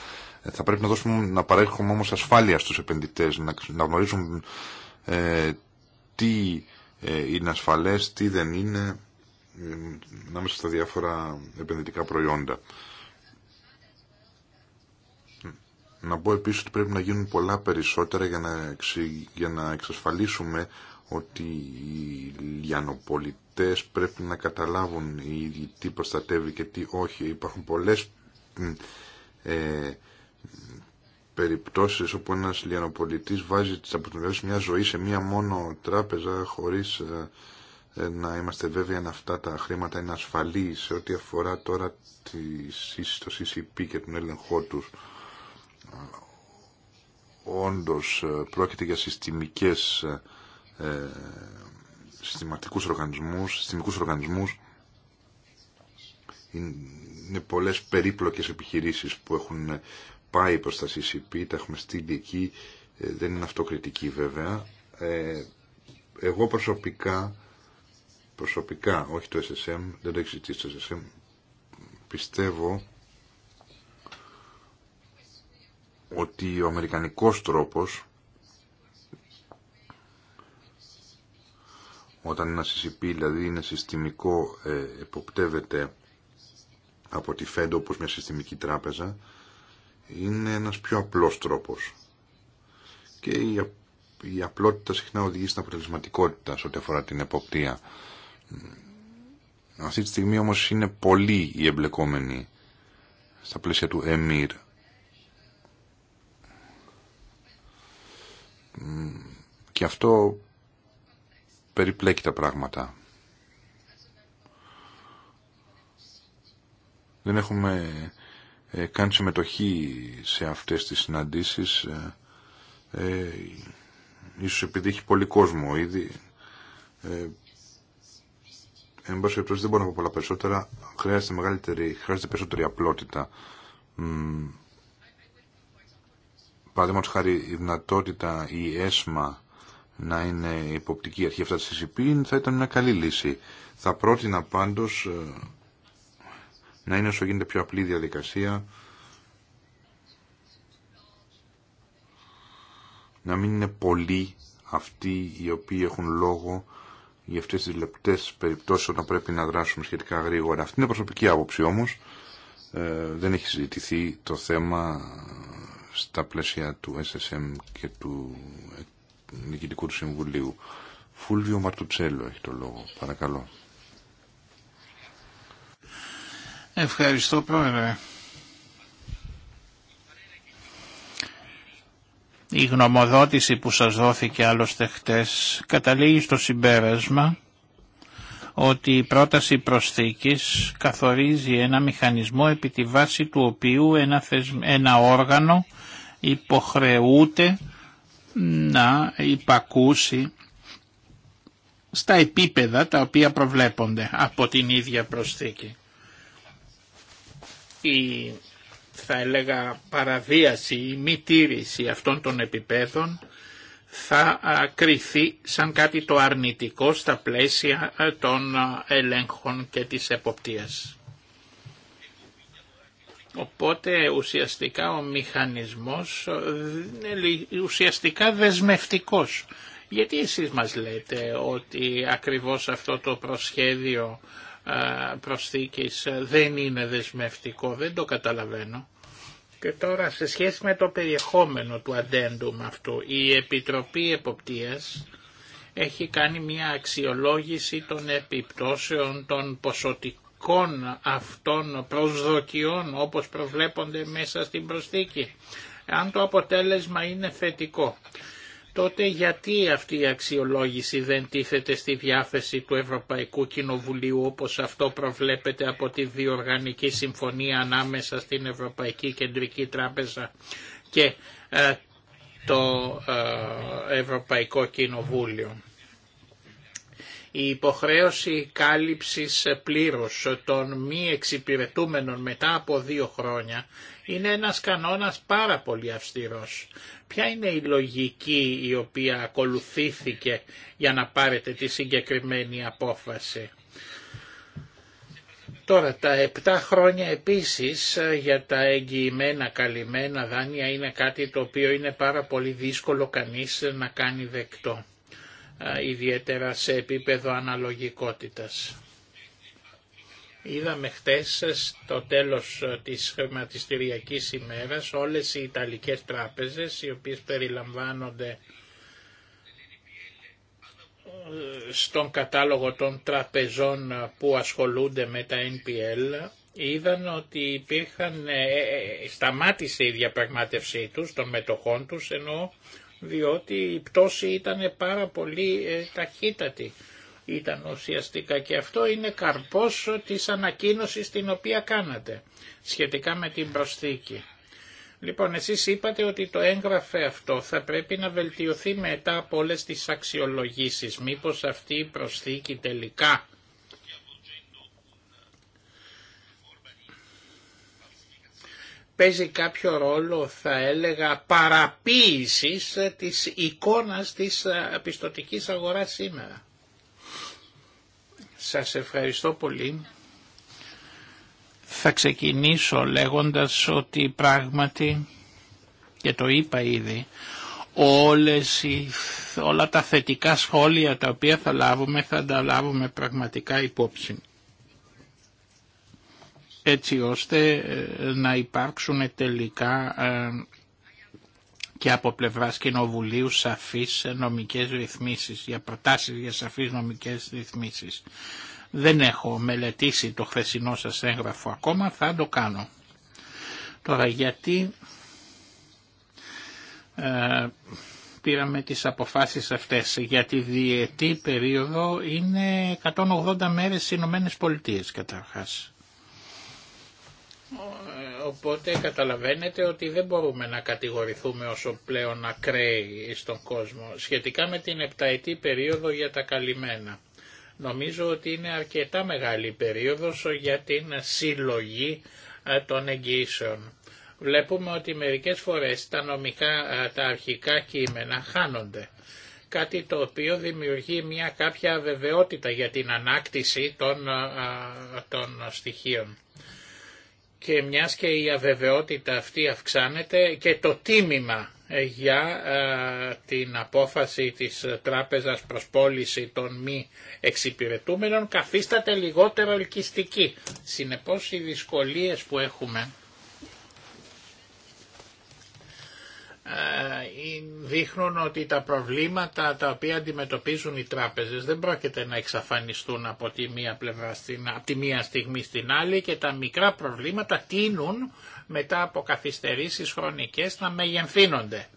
Ε, θα πρέπει να, δώσουμε, να παρέχουμε όμως ασφάλεια στους επενδυτές, να, να γνωρίζουν ε, τι ε, είναι ασφαλές, τι δεν είναι, ε, μέσα στα διάφορα επενδυτικά προϊόντα. Να πω επίσης ότι πρέπει να γίνουν πολλά περισσότερα για να, για να εξασφαλίσουμε ότι οι λιανοπολιτές πρέπει να καταλάβουν οι τι προστατεύει και τι όχι. Υπάρχουν πολλές περιπτώσεις όπου ένας λιανοπολιτής βάζει τις αποτελεσματικές μια ζωή σε μία μόνο τράπεζα χωρίς ε, ε, να είμαστε βέβαιοι αν αυτά τα χρήματα είναι ασφαλή σε ό,τι αφορά τώρα τις, το CCP και τον έλεγχό τους. Όντως ε, πρόκειται για συστημικές ε, συστηματικούς οργανισμούς, συστημικούς οργανισμούς είναι πολλές περίπλοκες επιχειρήσεις που έχουν πάει προς τα CCP, τα έχουμε στείλει εκεί, ε, δεν είναι αυτοκριτική βέβαια. Ε, εγώ προσωπικά, προσωπικά, όχι το SSM, δεν το έχει το SSM, πιστεύω ότι ο αμερικανικός τρόπος όταν ένα CCP δηλαδή είναι συστημικό ε, εποπτεύεται από τη Φέντο όπως μια συστημική τράπεζα είναι ένας πιο απλός τρόπος. Και η, η απλότητα συχνά οδηγεί στην αποτελεσματικότητα σε ό,τι αφορά την εποπτεία. Αυτή τη στιγμή όμως είναι πολύ οι εμπλεκόμενοι στα πλαίσια του ΕΜΙΡ. Και αυτό περιπλέκει τα πράγματα. Δεν έχουμε ε, συμμετοχή σε αυτές τις συναντήσεις ε, ε, ίσως επειδή έχει πολύ κόσμο ήδη ε, εν πάση περιπτώσει δεν μπορώ να πω πολλά περισσότερα χρειάζεται μεγαλύτερη χρειάζεται περισσότερη απλότητα παραδείγματος χάρη η δυνατότητα η ΕΣΜΑ να είναι υποπτική αρχή αυτά της CCP θα ήταν μια καλή λύση θα πρότεινα πάντως ε, να είναι όσο γίνεται πιο απλή διαδικασία, να μην είναι πολλοί αυτοί οι οποίοι έχουν λόγο για αυτές τις λεπτές περιπτώσεις όταν πρέπει να δράσουμε σχετικά γρήγορα. Αυτή είναι προσωπική άποψη όμως. Ε, δεν έχει συζητηθεί το θέμα στα πλαίσια του SSM και του ε, Νικητικού του Συμβουλίου. Φούλβιο Μαρτουτσέλο έχει το λόγο. Παρακαλώ. Ευχαριστώ πρόεδρε. Η γνωμοδότηση που σας δόθηκε άλλωστε χτες καταλήγει στο συμπέρασμα ότι η πρόταση προσθήκης καθορίζει ένα μηχανισμό επί τη βάση του οποίου ένα, ένα όργανο υποχρεούται να υπακούσει στα επίπεδα τα οποία προβλέπονται από την ίδια προσθήκη η θα έλεγα παραβίαση ή μη τήρηση αυτών των επιπέδων θα κρυθεί σαν κάτι το αρνητικό στα πλαίσια των ελέγχων και της εποπτείας. Οπότε ουσιαστικά ο μηχανισμός είναι ουσιαστικά δεσμευτικός. Γιατί εσείς μας λέτε ότι ακριβώς αυτό το προσχέδιο προσθήκης δεν είναι δεσμευτικό, δεν το καταλαβαίνω. Και τώρα σε σχέση με το περιεχόμενο του αντέντουμ αυτού, η Επιτροπή Εποπτείας έχει κάνει μια αξιολόγηση των επιπτώσεων των ποσοτικών αυτών προσδοκιών όπως προβλέπονται μέσα στην προσθήκη. Αν το αποτέλεσμα είναι θετικό τότε γιατί αυτή η αξιολόγηση δεν τίθεται στη διάθεση του Ευρωπαϊκού Κοινοβουλίου όπως αυτό προβλέπεται από τη διοργανική συμφωνία ανάμεσα στην Ευρωπαϊκή Κεντρική Τράπεζα και ε, το ε, Ευρωπαϊκό Κοινοβούλιο. Η υποχρέωση κάλυψης πλήρως των μη εξυπηρετούμενων μετά από δύο χρόνια είναι ένας κανόνας πάρα πολύ αυστηρός. Ποια είναι η λογική η οποία ακολουθήθηκε για να πάρετε τη συγκεκριμένη απόφαση. Τώρα τα επτά χρόνια επίσης ε, για τα εγγυημένα καλυμμένα δάνεια είναι κάτι το οποίο είναι πάρα πολύ δύσκολο κανείς να κάνει δεκτό, ε, ιδιαίτερα σε επίπεδο αναλογικότητας. Είδαμε χτες στο τέλος της χρηματιστηριακής ημέρας όλες οι Ιταλικές τράπεζες οι οποίες περιλαμβάνονται στον κατάλογο των τραπεζών που ασχολούνται με τα NPL είδαν ότι υπήρχαν, ε, ε, ε, σταμάτησε η διαπραγμάτευσή τους των μετοχών τους ενώ διότι η πτώση ήταν πάρα πολύ ταχύτατη ήταν ουσιαστικά και αυτό είναι καρπός της ανακοίνωσης την οποία κάνατε σχετικά με την προσθήκη. Λοιπόν, εσείς είπατε ότι το έγγραφε αυτό θα πρέπει να βελτιωθεί μετά από όλες τις αξιολογήσεις. Μήπως αυτή η προσθήκη τελικά παίζει κάποιο ρόλο θα έλεγα παραποίησης της εικόνας της ε, πιστοτικής αγοράς σήμερα. Σας ευχαριστώ πολύ. Θα ξεκινήσω λέγοντας ότι πράγματι, και το είπα ήδη, όλες οι, όλα τα θετικά σχόλια τα οποία θα λάβουμε θα τα λάβουμε πραγματικά υπόψη έτσι ώστε ε, να υπάρξουν τελικά ε, και από πλευρά κοινοβουλίου σαφείς νομικέ ρυθμίσει, για προτάσει για σαφεί νομικές ρυθμίσει. Δεν έχω μελετήσει το χθεσινό σα έγγραφο ακόμα, θα το κάνω. Τώρα γιατί ε, πήραμε τις αποφάσεις αυτές. Για τη διετή περίοδο είναι 180 μέρες στις Ηνωμένε Πολιτείες καταρχάς. Οπότε καταλαβαίνετε ότι δεν μπορούμε να κατηγορηθούμε όσο πλέον ακραίοι στον κόσμο. Σχετικά με την επταετή περίοδο για τα καλυμμένα. Νομίζω ότι είναι αρκετά μεγάλη περίοδος για την συλλογή των εγγύσεων. Βλέπουμε ότι μερικές φορές τα νομικά, τα αρχικά κείμενα χάνονται. Κάτι το οποίο δημιουργεί μια κάποια αβεβαιότητα για την ανάκτηση των, των στοιχείων και μιας και η αβεβαιότητα αυτή αυξάνεται και το τίμημα ε, για ε, την απόφαση της τράπεζας προς πώληση των μη εξυπηρετούμενων καθίσταται λιγότερο ελκυστική. Συνεπώς οι δυσκολίες που έχουμε Ε, δείχνουν ότι τα προβλήματα τα οποία αντιμετωπίζουν οι τράπεζες δεν πρόκειται να εξαφανιστούν από τη μία, πλευρά στην, από τη μία στιγμή στην άλλη και τα μικρά προβλήματα τείνουν μετά από καθυστερήσεις χρονικές να μεγενθύνονται.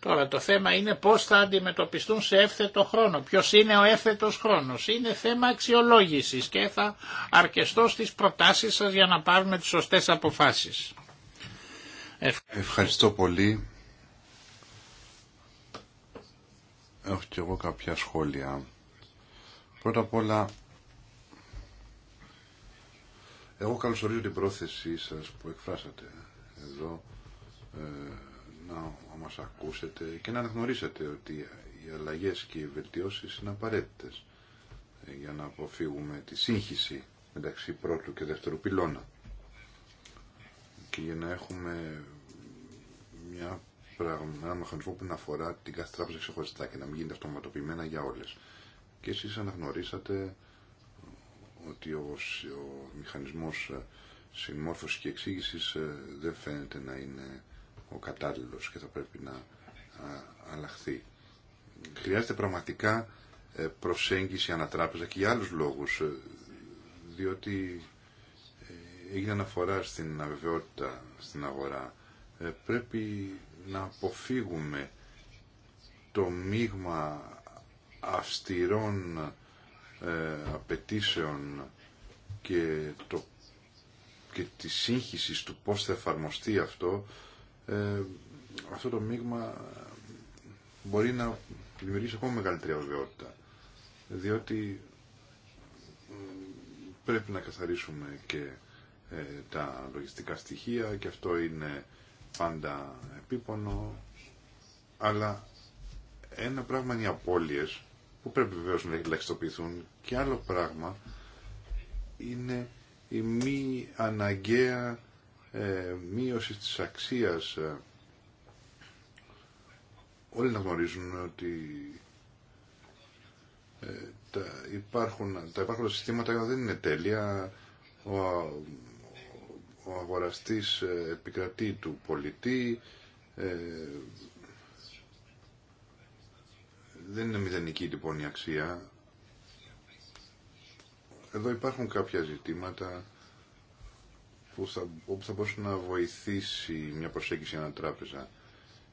Τώρα το θέμα είναι πώς θα αντιμετωπιστούν σε εύθετο χρόνο. Ποιος είναι ο εύθετος χρόνος. Είναι θέμα αξιολόγησης και θα αρκεστώ στις προτάσεις σας για να πάρουμε τις σωστές αποφάσεις. Ευχαριστώ πολύ. έχω και εγώ κάποια σχόλια. Πρώτα απ' όλα, εγώ καλωσορίζω την πρόθεσή σας που εκφράσατε εδώ ε, να μας ακούσετε και να αναγνωρίσετε ότι οι αλλαγές και οι βελτιώσεις είναι απαραίτητες ε, για να αποφύγουμε τη σύγχυση μεταξύ πρώτου και δεύτερου πυλώνα και για να έχουμε μια πράγμα, ένα μηχανισμό που να αφορά την κάθε τράπεζα ξεχωριστά και να μην γίνεται αυτοματοποιημένα για όλες. Και εσείς αναγνωρίσατε ότι ο, ο μηχανισμός ε, συμμόρφωσης και εξήγηση ε, δεν φαίνεται να είναι ο κατάλληλος και θα πρέπει να αλλάχθεί. Χρειάζεται πραγματικά ε, προσέγγιση ανατράπεζα και για άλλους λόγους, διότι έγινε αναφορά στην αβεβαιότητα στην αγορά. Πρέπει να αποφύγουμε το μείγμα αυστηρών ε, απαιτήσεων και, και τη σύγχυση του πώς θα εφαρμοστεί αυτό, ε, αυτό το μείγμα μπορεί να δημιουργήσει ακόμα μεγαλύτερη αβεβαιότητα. Διότι πρέπει να καθαρίσουμε και ε, τα λογιστικά στοιχεία και αυτό είναι πάντα επίπονο, αλλά ένα πράγμα είναι οι απώλειες που πρέπει βεβαίω να ελαχιστοποιηθούν και άλλο πράγμα είναι η μη αναγκαία ε, μείωση της αξίας. Ε, όλοι να γνωρίζουν ότι ε, τα, υπάρχουν, τα υπάρχοντα συστήματα δεν είναι τέλεια. Ο, ο αγοραστής ε, επικρατεί του πολιτή, ε, δεν είναι μηδενική λοιπόν η αξία. Εδώ υπάρχουν κάποια ζητήματα που θα, όπου θα μπορούσε να βοηθήσει μια προσέγγιση ένα τράπεζα.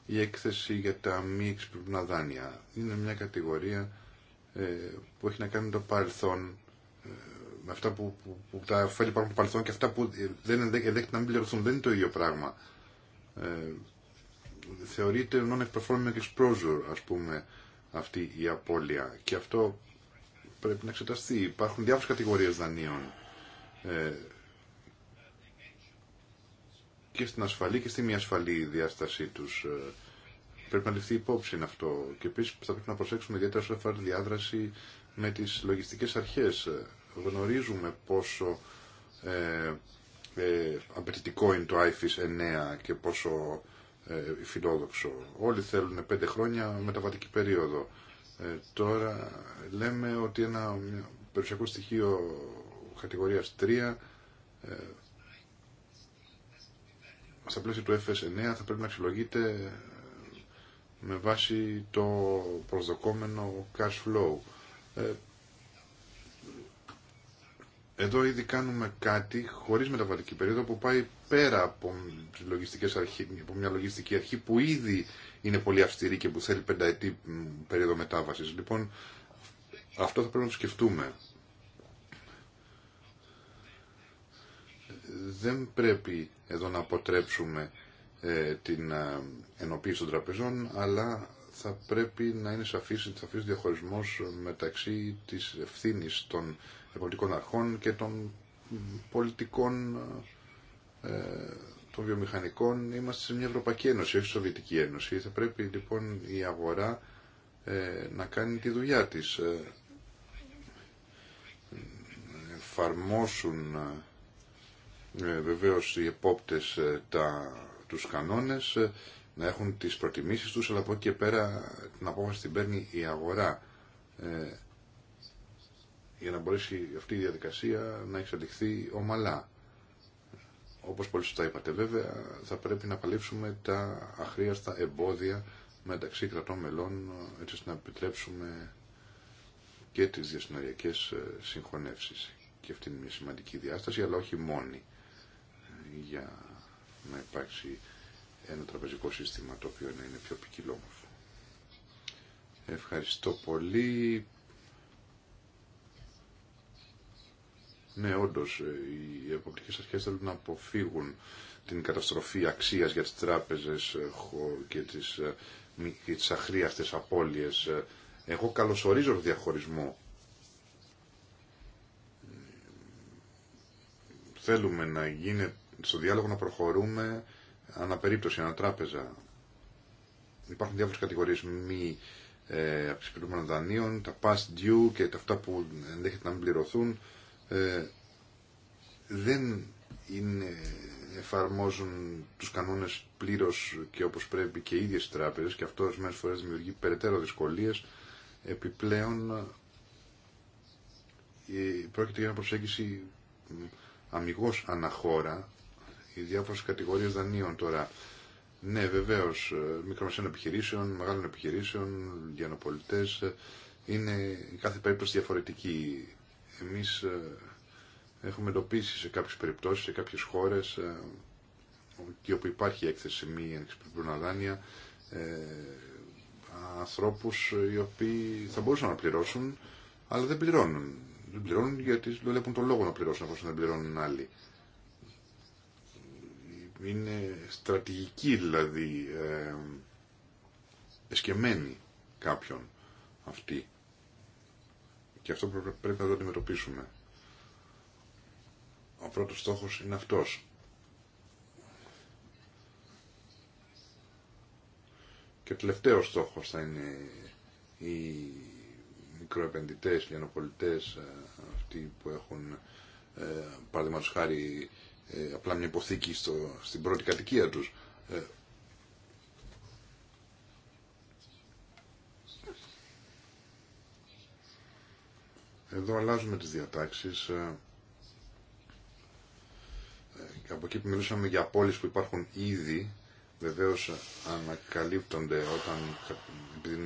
Η έκθεση για τα μη εξυπηρετούμενα δάνεια είναι μια κατηγορία ε, που έχει να κάνει με το παρελθόν με αυτά που, που, που τα ωφέλη υπάρχουν από παρελθόν και αυτά που δεν ενδέχεται να μην πληρωθούν δεν είναι το ίδιο πράγμα. Ε, θεωρείται non-performing exposure, ας πούμε, αυτή η απώλεια. Και αυτό πρέπει να εξεταστεί. Υπάρχουν διάφορες κατηγορίες δανείων. Ε, και στην ασφαλή και στη μη ασφαλή διάστασή τους. Ε, πρέπει να ληφθεί υπόψη αυτό. Και επίσης θα πρέπει να προσέξουμε ιδιαίτερα σε αφορά τη διάδραση με τις λογιστικές αρχές. Ε, γνωρίζουμε πόσο ε, ε, απαιτητικό είναι το IFIS 9 και πόσο ε, φιλόδοξο. Όλοι θέλουν πέντε χρόνια μεταβατική περίοδο. Ε, τώρα λέμε ότι ένα περιουσιακό στοιχείο κατηγορίας 3 ε, στα πλαίσια του FS9 θα πρέπει να αξιολογείται ε, με βάση το προσδοκόμενο cash flow. Ε, εδώ ήδη κάνουμε κάτι χωρίς μεταβατική περίοδο που πάει πέρα από, τις λογιστικές αρχή, από μια λογιστική αρχή που ήδη είναι πολύ αυστηρή και που θέλει πενταετή περίοδο μετάβασης. Λοιπόν, αυτό θα πρέπει να το σκεφτούμε. Δεν πρέπει εδώ να αποτρέψουμε ε, την ε, ενοποίηση των τραπεζών, αλλά θα πρέπει να είναι σαφής, σαφής διαχωρισμός μεταξύ της ευθύνης των πολιτικών αρχών και των πολιτικών ε, των βιομηχανικών. Είμαστε σε μια Ευρωπαϊκή Ένωση, όχι Σοβιετική Ένωση. Θα πρέπει λοιπόν η αγορά ε, να κάνει τη δουλειά της. Ε, εφαρμόσουν βεβαίως οι επόπτες τα, τους κανόνες, να έχουν τις προτιμήσεις τους, αλλά από εκεί και πέρα την απόφαση την παίρνει η αγορά για να μπορέσει αυτή η διαδικασία να εξελιχθεί ομαλά. Όπως πολύ σωστά είπατε βέβαια, θα πρέπει να παλύψουμε τα αχρίαστα εμπόδια μεταξύ κρατών μελών, έτσι ώστε να επιτρέψουμε και τις διασυνοριακές ε, συγχωνεύσεις. Και αυτή είναι μια σημαντική διάσταση, αλλά όχι μόνη για να υπάρξει ένα τραπεζικό σύστημα το οποίο να είναι πιο ποικιλόμορφο. Ευχαριστώ πολύ. Ναι, όντω, ε, οι εποπτικέ αρχέ θέλουν να αποφύγουν την καταστροφή αξίας για τι τράπεζε ε, και τις, ε, και τις απώλειες. Εγώ καλωσορίζω το διαχωρισμό. Θέλουμε να γίνει στο διάλογο να προχωρούμε αναπερίπτωση, ανατράπεζα. Υπάρχουν διάφορε κατηγορίε μη ε, δανείων, τα past due και τα αυτά που ενδέχεται να μην πληρωθούν. Ε, δεν είναι, εφαρμόζουν τους κανόνες πλήρως και όπως πρέπει και οι ίδιες οι τράπεζες και αυτό ορισμένες φορές δημιουργεί περαιτέρω δυσκολίες επιπλέον ε, πρόκειται για μια προσέγγιση αμυγός αναχώρα οι διάφορες κατηγορίες δανείων τώρα ναι βεβαίως ε, μικρομεσαίων επιχειρήσεων, μεγάλων επιχειρήσεων, διανοπολιτές είναι κάθε περίπτωση διαφορετική εμείς ε, έχουμε εντοπίσει σε κάποιες περιπτώσεις, σε κάποιες χώρες ε, και όπου υπάρχει έκθεση μη εξυπηρετούν αδάνεια ε, ανθρώπους οι οποίοι θα μπορούσαν να πληρώσουν αλλά δεν πληρώνουν. Δεν πληρώνουν γιατί δεν βλέπουν τον λόγο να πληρώσουν όπως δεν πληρώνουν άλλοι. Είναι στρατηγική δηλαδή ε, εσκεμμένη κάποιον αυτή και αυτό πρέπει να το αντιμετωπίσουμε. Ο πρώτος στόχος είναι αυτός. Και ο τελευταίος στόχος θα είναι οι μικροεπενδυτές, λιανοπολιτές, ε, αυτοί που έχουν, ε, παραδείγματος χάρη, ε, απλά μια υποθήκη στο, στην πρώτη κατοικία τους. Εδώ αλλάζουμε τις διατάξεις. Ε, από εκεί που μιλούσαμε για πόλεις που υπάρχουν ήδη, βεβαίως ανακαλύπτονται όταν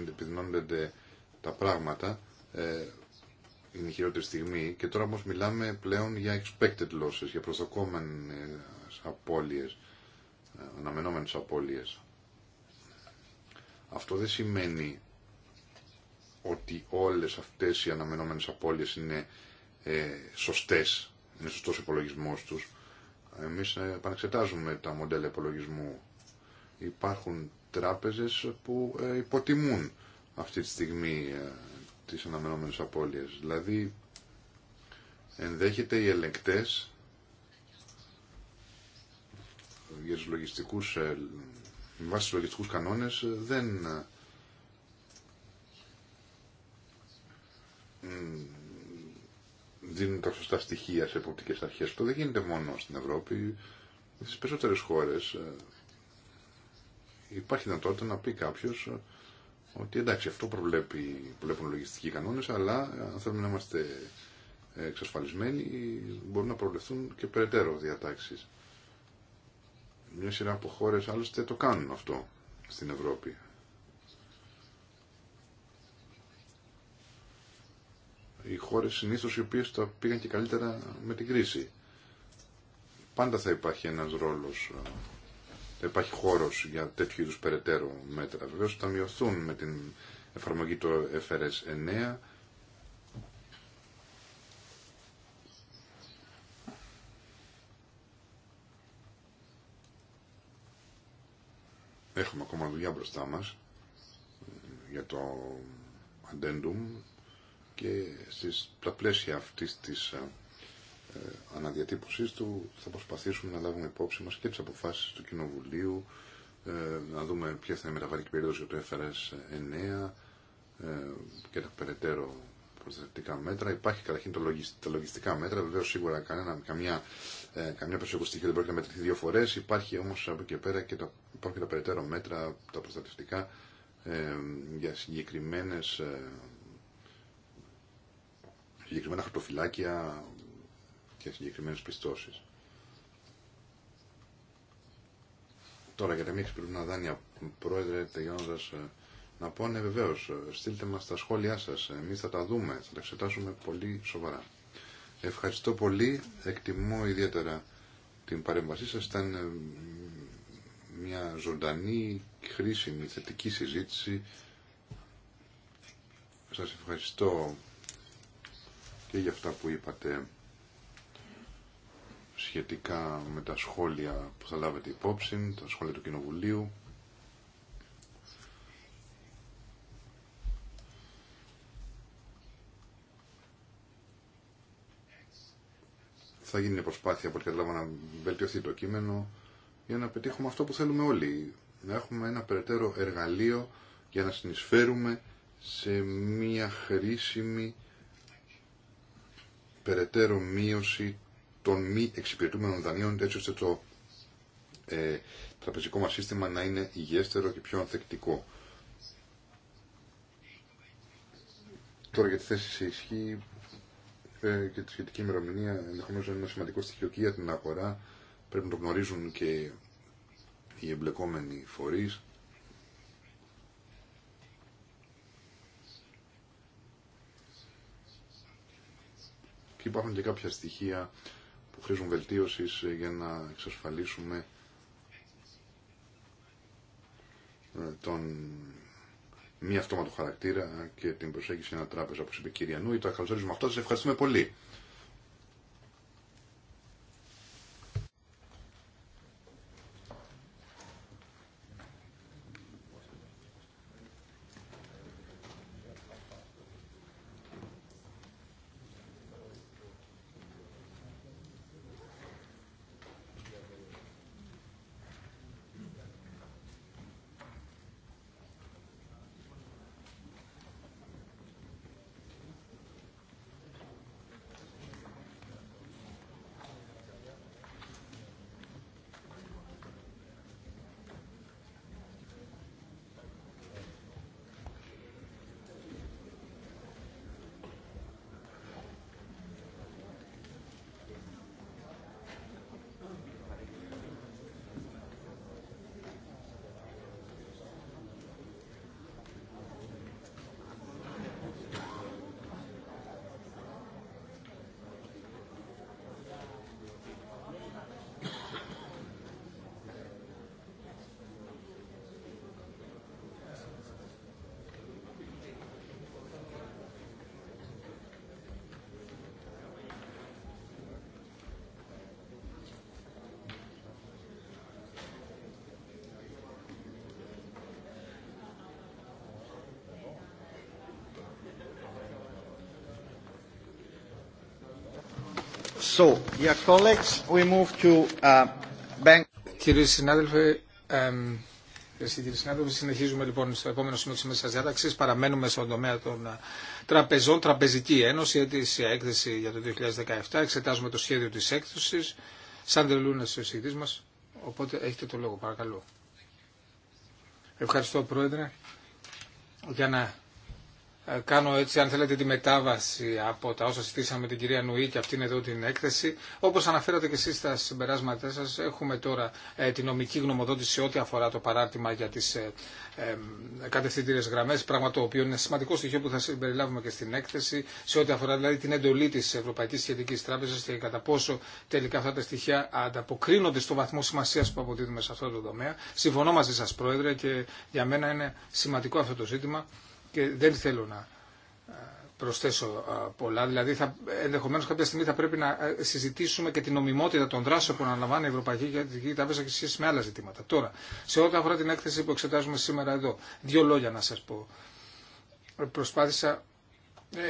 επιδεινώνονται τα πράγματα, ε, είναι η χειρότερη στιγμή και τώρα όμως μιλάμε πλέον για expected losses, για προσδοκόμενες απώλειες, ε, αναμενόμενες απώλειες. Αυτό δεν σημαίνει ότι όλες αυτές οι αναμενόμενες απώλειες είναι ε, σωστές, είναι σωστός ο υπολογισμός τους. Εμείς ε, επαναξετάζουμε τα μοντέλα υπολογισμού. Υπάρχουν τράπεζες που ε, υποτιμούν αυτή τη στιγμή ε, τις αναμενόμενες απώλειες. Δηλαδή ενδέχεται οι ελεγκτές για τους λογιστικούς, ε, βάσει κανόνες ε, δεν δίνουν τα σωστά στοιχεία σε εποπτικές αρχές. Αυτό δεν γίνεται μόνο στην Ευρώπη. Στις περισσότερες χώρες ε, υπάρχει δυνατότητα να πει κάποιος ε, ότι εντάξει αυτό προβλέπει, προβλέπουν λογιστικοί κανόνες, αλλά ε, αν θέλουμε να είμαστε εξασφαλισμένοι μπορούν να προβλεφθούν και περαιτέρω διατάξεις. Μια σειρά από χώρες άλλωστε το κάνουν αυτό στην Ευρώπη. οι χώρε συνήθω οι οποίε τα πήγαν και καλύτερα με την κρίση. Πάντα θα υπάρχει ένα ρόλο. Ε, θα υπάρχει χώρο για τέτοιου είδου περαιτέρω μέτρα. Βεβαίω θα μειωθούν με την εφαρμογή του FRS 9, Έχουμε ακόμα δουλειά μπροστά μας ε, για το αντέντουμ και στις, τα πλαίσια αυτής της ε, ε, αναδιατύπωσής του θα προσπαθήσουμε να λάβουμε υπόψη μας και τις αποφάσεις του Κοινοβουλίου, ε, να δούμε ποια θα είναι η μεταβατική περίοδος για το FRS 9 ε, και τα περαιτέρω προστατευτικά μέτρα. Υπάρχει καταρχήν το τα λογιστικά μέτρα, βεβαίω σίγουρα κανένα, καμιά, ε, καμιά δεν μπορεί να μετρηθεί δύο φορέ. Υπάρχει όμω από εκεί πέρα και τα, και τα περαιτέρω μέτρα, τα προστατευτικά, ε, για συγκεκριμένε ε, συγκεκριμένα χαρτοφυλάκια και συγκεκριμένες πιστώσεις. Τώρα για τα μη εξυπηρετούμενα δάνεια, πρόεδρε, τελειώνοντα ε, να πω, ναι, βεβαίω, ε, στείλτε μα τα σχόλιά σα. Εμεί θα τα δούμε, θα τα εξετάσουμε πολύ σοβαρά. Ευχαριστώ πολύ, εκτιμώ ιδιαίτερα την παρέμβασή σα. Ήταν ε, μια ζωντανή, χρήσιμη, θετική συζήτηση. Σας ευχαριστώ και για αυτά που είπατε σχετικά με τα σχόλια που θα λάβετε υπόψη, τα σχόλια του Κοινοβουλίου. Θα γίνει προσπάθεια από ό,τι να βελτιωθεί το κείμενο για να πετύχουμε αυτό που θέλουμε όλοι. Να έχουμε ένα περαιτέρω εργαλείο για να συνεισφέρουμε σε μια χρήσιμη περαιτέρω μείωση των μη εξυπηρετούμενων δανείων, έτσι ώστε το ε, τραπεζικό μας σύστημα να είναι υγιέστερο και πιο ανθεκτικό. Τώρα για τη θέση σε ισχύ ε, και τη σχετική ημερομηνία, ενδεχομένω είναι ένα σημαντικό στοιχείο και για την αγορά. Πρέπει να το γνωρίζουν και οι εμπλεκόμενοι φορείς. και υπάρχουν και κάποια στοιχεία που χρήζουν βελτίωσης ε, για να εξασφαλίσουμε ε, τον μη αυτόματο χαρακτήρα και την προσέγγιση ένα τράπεζα, όπως είπε η κυρία Νούη. Τα καλωσορίζουμε Αυτό σας ευχαριστούμε πολύ. So, uh, και Κύριοι συνάδελφοι, συνεχίζουμε λοιπόν στο επόμενο σημείο της Μέσας Διάταξης. Παραμένουμε στον τομέα των ε, τραπεζών, Τραπεζική Ένωση, ετήσια έκθεση για το 2017. Εξετάζουμε το σχέδιο της έκθεσης. σαν Λούνας, ο συγκεκριτής μας. Οπότε έχετε το λόγο, παρακαλώ. Ευχαριστώ, Πρόεδρε. Για να ε, κάνω έτσι αν θέλετε τη μετάβαση από τα όσα συζητήσαμε την κυρία Νουή και αυτήν εδώ την έκθεση. Όπως αναφέρατε και εσείς στα συμπεράσματά σας έχουμε τώρα ε, τη νομική γνωμοδότηση σε ό,τι αφορά το παράρτημα για τις ε, ε, κατευθυντήρες γραμμές, πράγμα το οποίο είναι σημαντικό στοιχείο που θα συμπεριλάβουμε και στην έκθεση, σε ό,τι αφορά δηλαδή, την εντολή της Ευρωπαϊκής Σχετικής Τράπεζας και κατά πόσο τελικά αυτά τα στοιχεία ανταποκρίνονται στο βαθμό σημασίας που αποδίδουμε σε αυτό το τομέα. Συμφωνώ μαζί σας Πρόεδρε και για μένα είναι σημαντικό αυτό το ζήτημα και δεν θέλω να ε, προσθέσω ε, πολλά. Δηλαδή, θα, ενδεχομένως κάποια στιγμή θα πρέπει να ε, συζητήσουμε και την νομιμότητα των δράσεων που αναλαμβάνει η Ευρωπαϊκή Κεντρική Τράπεζα και σχέση με άλλα ζητήματα. Τώρα, σε ό,τι αφορά την έκθεση που εξετάζουμε σήμερα εδώ, δύο λόγια να σας πω. Προσπάθησα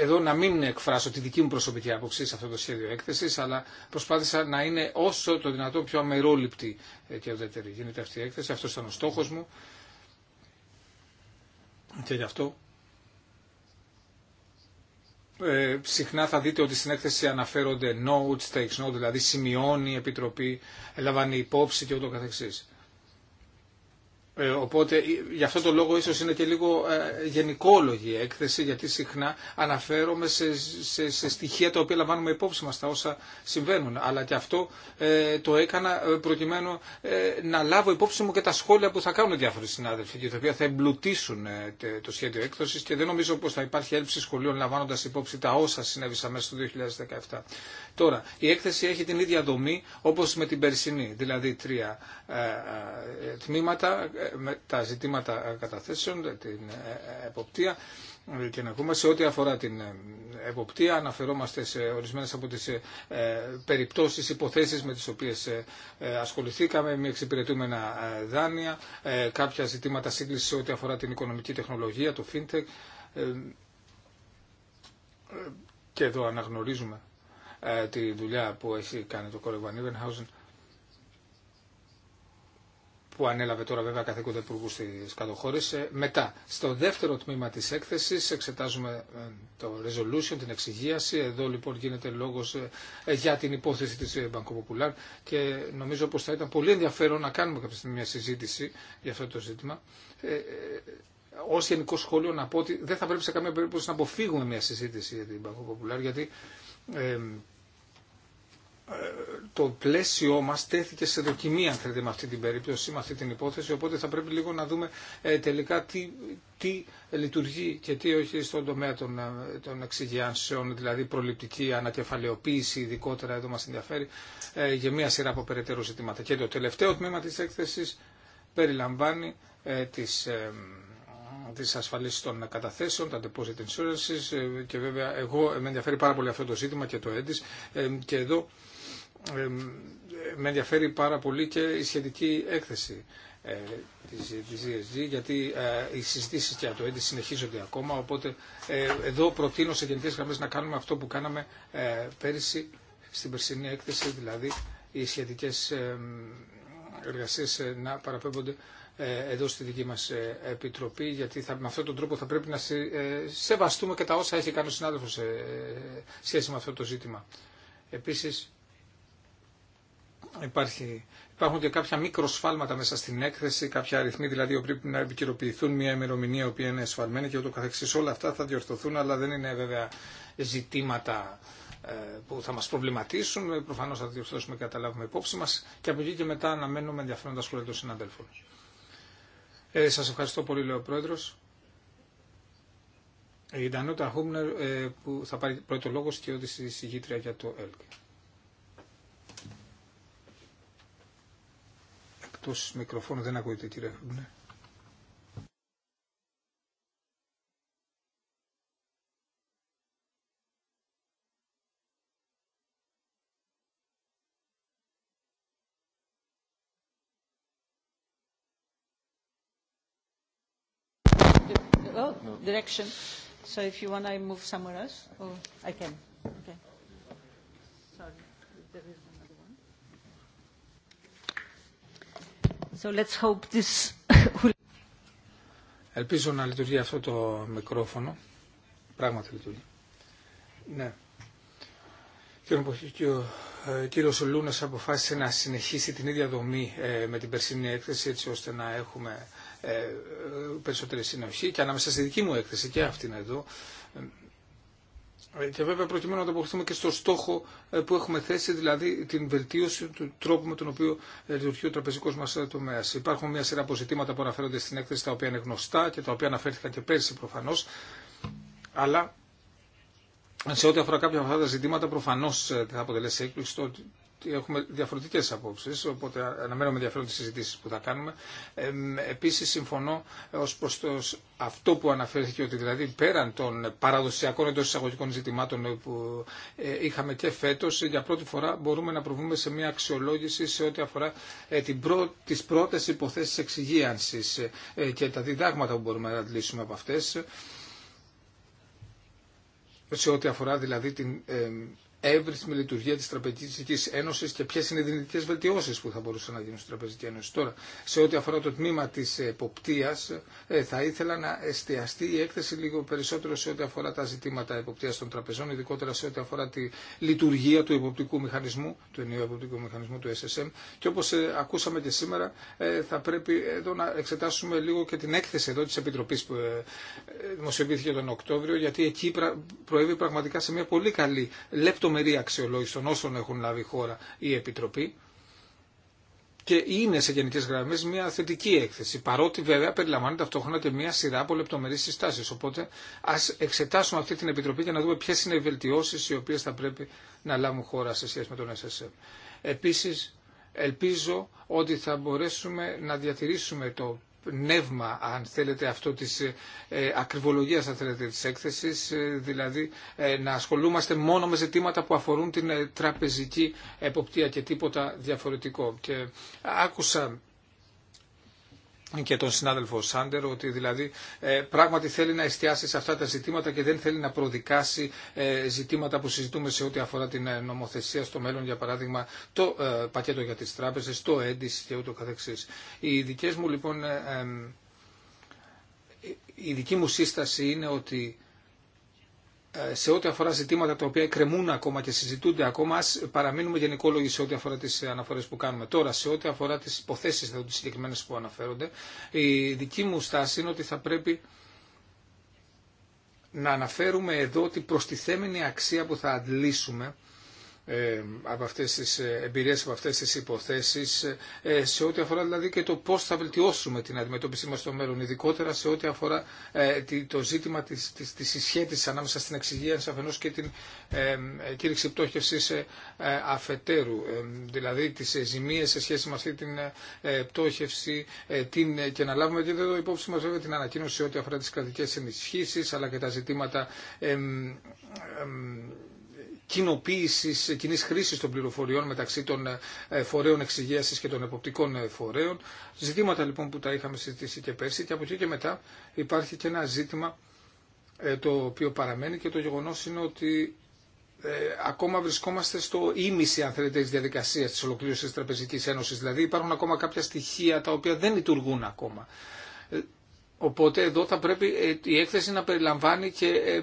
εδώ να μην εκφράσω τη δική μου προσωπική άποψη σε αυτό το σχέδιο έκθεση, αλλά προσπάθησα να είναι όσο το δυνατό πιο αμερόληπτη και ουδέτερη γίνεται αυτή η έκθεση. Αυτό ήταν ο στόχο μου. Και γι' αυτό ε, συχνά θα δείτε ότι στην έκθεση αναφέρονται notes, takes notes, δηλαδή σημειώνει η Επιτροπή, έλαβαν υπόψη και ούτω καθεξής. Ε, οπότε ε, γι' αυτό το λόγο ίσως είναι και λίγο ε, γενικόλογη η έκθεση γιατί συχνά αναφέρομαι σε, σε, στοιχεία τα οποία λαμβάνουμε υπόψη μας τα όσα συμβαίνουν. Αλλά και αυτό το έκανα προκειμένου να λάβω υπόψη μου και τα σχόλια που θα κάνουν διάφοροι συνάδελφοι και τα οποία θα εμπλουτίσουν το σχέδιο έκθεσης και δεν νομίζω πως θα υπάρχει έλλειψη σχολείων λαμβάνοντας υπόψη τα όσα συνέβησαν μέσα στο 2017. Τώρα, η έκθεση έχει την ίδια δομή όπως με την περσινή, δηλαδή τρία τμήματα με τα ζητήματα ε, καταθέσεων, ε, την ε, εποπτεία και να πούμε σε ό,τι αφορά την εποπτεία αναφερόμαστε σε ορισμένες από τις περιπτώσεις, υποθέσεις με τις οποίες ασχοληθήκαμε με εξυπηρετούμενα δάνεια, κάποια ζητήματα σύγκλησης σε ό,τι αφορά την οικονομική τεχνολογία, το fintech και εδώ αναγνωρίζουμε τη δουλειά που έχει κάνει το Κόρεβαν Χάουζεν που ανέλαβε τώρα βέβαια καθήκοντα υπουργού στι κατοχώρε. Μετά, στο δεύτερο τμήμα τη έκθεση εξετάζουμε ε, το resolution, την εξηγίαση. Εδώ λοιπόν γίνεται λόγο ε, ε, για την υπόθεση τη Banco Popular και νομίζω πω θα ήταν πολύ ενδιαφέρον να κάνουμε κάποια στιγμή μια συζήτηση για αυτό το ζήτημα. Ω γενικό σχόλιο να πω ότι δεν θα πρέπει σε καμία περίπτωση να αποφύγουμε μια συζήτηση για την Banco Popular γιατί το πλαίσιό μας τέθηκε σε δοκιμή αν θέλετε με αυτή την περίπτωση, με αυτή την υπόθεση οπότε θα πρέπει λίγο να δούμε ε, τελικά τι, τι λειτουργεί και τι όχι στον τομέα των, ε, των εξηγιάνσεων, δηλαδή προληπτική ανακεφαλαιοποίηση ειδικότερα εδώ μας ενδιαφέρει ε, για μία σειρά από περαιτέρω ζητήματα. Και το τελευταίο τμήμα της έκθεσης περιλαμβάνει ε, τις, ε, τις ασφαλίσεις των καταθέσεων, τα deposit insurances και βέβαια εγώ με ενδιαφέρει πάρα πολύ αυτό το ζήτημα και το έντις και εδώ με ενδιαφέρει πάρα πολύ και η σχετική έκθεση ε, της, της ESG γιατί ε, οι συζητήσεις για το ΕΝΤΙ συνεχίζονται ακόμα οπότε ε, εδώ προτείνω σε γενικές γραμμές να κάνουμε αυτό που κάναμε ε, πέρυσι στην περσινή έκθεση δηλαδή οι σχετικές εργασίες να παραπέμπονται εδώ στη δική μας επιτροπή γιατί θα, με αυτόν τον τρόπο θα πρέπει να σε, σεβαστούμε και τα όσα έχει κάνει ο συνάδελφος σε σχέση με αυτό το ζήτημα. Επίσης Υπάρχει, υπάρχουν και κάποια μικροσφάλματα μέσα στην έκθεση, κάποια αριθμοί δηλαδή που πρέπει να επικαιροποιηθούν, μια ημερομηνία η οποία είναι εσφαλμένη και ούτω καθεξής. Όλα αυτά θα διορθωθούν, αλλά δεν είναι βέβαια ζητήματα ε, που θα μας προβληματίσουν. Προφανώς θα διορθώσουμε και θα τα λάβουμε υπόψη μας και από εκεί και μετά αναμένουμε ενδιαφέροντα σχόλια των συναδέλφων. Ε, σας ευχαριστώ πολύ, λέει ο Πρόεδρος. Ε, η Ντανούτα Χούμνερ ε, που θα πάρει πρώτο λόγο και ότι η για το ΕΛΚ. εκτός μικροφώνου. Δεν ακούγεται κύριε Χρυμπνέ. Oh, direction. So if you want, I move somewhere else. Oh, I can. Okay. Sorry. There is Ελπίζω να λειτουργεί αυτό το μικρόφωνο. Πράγματι λειτουργεί. Ναι. Και ο ε, κύριο Λούνα αποφάσισε να συνεχίσει την ίδια δομή ε, με την περσινή έκθεση έτσι ώστε να έχουμε ε, περισσότερη συνοχή και ανάμεσα στη δική μου έκθεση και αυτήν εδώ και βέβαια προκειμένου να ανταποκριθούμε και στο στόχο ε, που έχουμε θέσει, δηλαδή την βελτίωση του τρόπου με τον οποίο ε, λειτουργεί ο τραπεζικό μα ε, τομέα. Υπάρχουν μια σειρά από ζητήματα που αναφέρονται στην έκθεση, τα οποία είναι γνωστά και τα οποία αναφέρθηκαν και πέρσι προφανώ. Αλλά σε ό,τι αφορά κάποια από αυτά τα ζητήματα, προφανώ θα αποτελέσει έκπληξη το ότι έχουμε διαφορετικέ απόψεις, οπότε αναμένω με ενδιαφέρον τι συζητήσει που θα κάνουμε. Ε, επίσης συμφωνώ ως προς αυτό που αναφέρθηκε ότι δηλαδή πέραν των παραδοσιακών εντό εισαγωγικών ζητημάτων που ε, είχαμε και φέτο. για πρώτη φορά μπορούμε να προβούμε σε μια αξιολόγηση σε ό,τι αφορά ε, την υποθέσει τις πρώτες υποθέσεις ε, και τα διδάγματα που μπορούμε να αντλήσουμε από αυτές σε ό,τι αφορά δηλαδή την εύρυθμη λειτουργία τη Τραπεζική Ένωση και ποιε είναι οι δυνητικέ βελτιώσει που θα μπορούσαν να γίνουν στην Τραπεζική Ένωση. Τώρα, σε ό,τι αφορά το τμήμα τη εποπτεία, ε, θα ήθελα να εστιαστεί η έκθεση λίγο περισσότερο σε ό,τι αφορά τα ζητήματα εποπτεία των τραπεζών, ειδικότερα σε ό,τι αφορά τη λειτουργία του εποπτικού μηχανισμού, του ενίου εποπτικού μηχανισμού του SSM. Και όπω ε, ακούσαμε και σήμερα, ε, θα πρέπει εδώ να εξετάσουμε λίγο και την έκθεση εδώ τη Επιτροπή που δημοσιοποιήθηκε τον Οκτώβριο, γιατί εκεί προέβη πραγματικά σε μια πολύ καλή λεπτομέρεια τρομερή αξιολόγηση των όσων έχουν λάβει χώρα η Επιτροπή και είναι σε γενικέ γραμμέ μια θετική έκθεση. Παρότι βέβαια περιλαμβάνει ταυτόχρονα και μια σειρά από λεπτομερεί συστάσει. Οπότε α εξετάσουμε αυτή την επιτροπή για να δούμε ποιε είναι οι βελτιώσει οι οποίε θα πρέπει να λάβουν χώρα σε σχέση με τον SSM. Επίση, ελπίζω ότι θα μπορέσουμε να διατηρήσουμε το πνεύμα, αν θέλετε, αυτό της ε, ακριβολογίας, αν θέλετε, της έκθεσης, ε, δηλαδή ε, να ασχολούμαστε μόνο με ζητήματα που αφορούν την ε, τραπεζική εποπτεία και τίποτα διαφορετικό. Και άκουσα και τον συνάδελφο Σάντερ ότι δηλαδή ε, πράγματι θέλει να εστιάσει σε αυτά τα ζητήματα και δεν θέλει να προδικάσει ε, ζητήματα που συζητούμε σε ό,τι αφορά την ε, νομοθεσία στο μέλλον, για παράδειγμα το πακέτο για τις τράπεζες, το έντιση και ούτω καθεξής. Οι δικές μου λοιπόν, η δική μου σύσταση είναι ότι ε, σε ό,τι αφορά ζητήματα τα οποία εκκρεμούν ακόμα και συζητούνται ακόμα, ας παραμείνουμε γενικόλογοι σε ό,τι αφορά τις αναφορές που κάνουμε. Τώρα, σε ό,τι αφορά τις υποθέσεις εδώ, δηλαδή τις συγκεκριμένες που αναφέρονται, η δική μου στάση είναι ότι θα πρέπει να αναφέρουμε εδώ την προστιθέμενη αξία που θα αντλήσουμε ε, από αυτές τις ε, εμπειρίες, από αυτές τις υποθέσεις ε, σε ό,τι αφορά δηλαδή και το πώς θα βελτιώσουμε την αντιμετώπιση μας στο μέλλον ειδικότερα σε ό,τι αφορά το ζήτημα της, της, ανάμεσα στην εξυγίανση αφενός και την ε, κήρυξη πτώχευσης αφετέρου δηλαδή τις ζημίες σε σχέση με αυτή την πτώχευση την, και να λάβουμε και εδώ υπόψη μας βέβαια την ανακοίνωση σε ό,τι αφορά τις κρατικές ενισχύσεις αλλά και τα ζητήματα ε, κοινοποίηση, κοινή χρήση των πληροφοριών μεταξύ των ε, φορέων εξηγίαση και των εποπτικών ε, φορέων. Ζητήματα λοιπόν που τα είχαμε συζητήσει και πέρσι και από εκεί και μετά υπάρχει και ένα ζήτημα ε, το οποίο παραμένει και το γεγονό είναι ότι ε, ακόμα βρισκόμαστε στο ίμιση αν θέλετε της διαδικασίας της ολοκλήρωσης της Τραπεζικής Ένωσης. Δηλαδή υπάρχουν ακόμα κάποια στοιχεία τα οποία δεν λειτουργούν ακόμα. Οπότε εδώ θα πρέπει ε, η έκθεση να περιλαμβάνει και ε,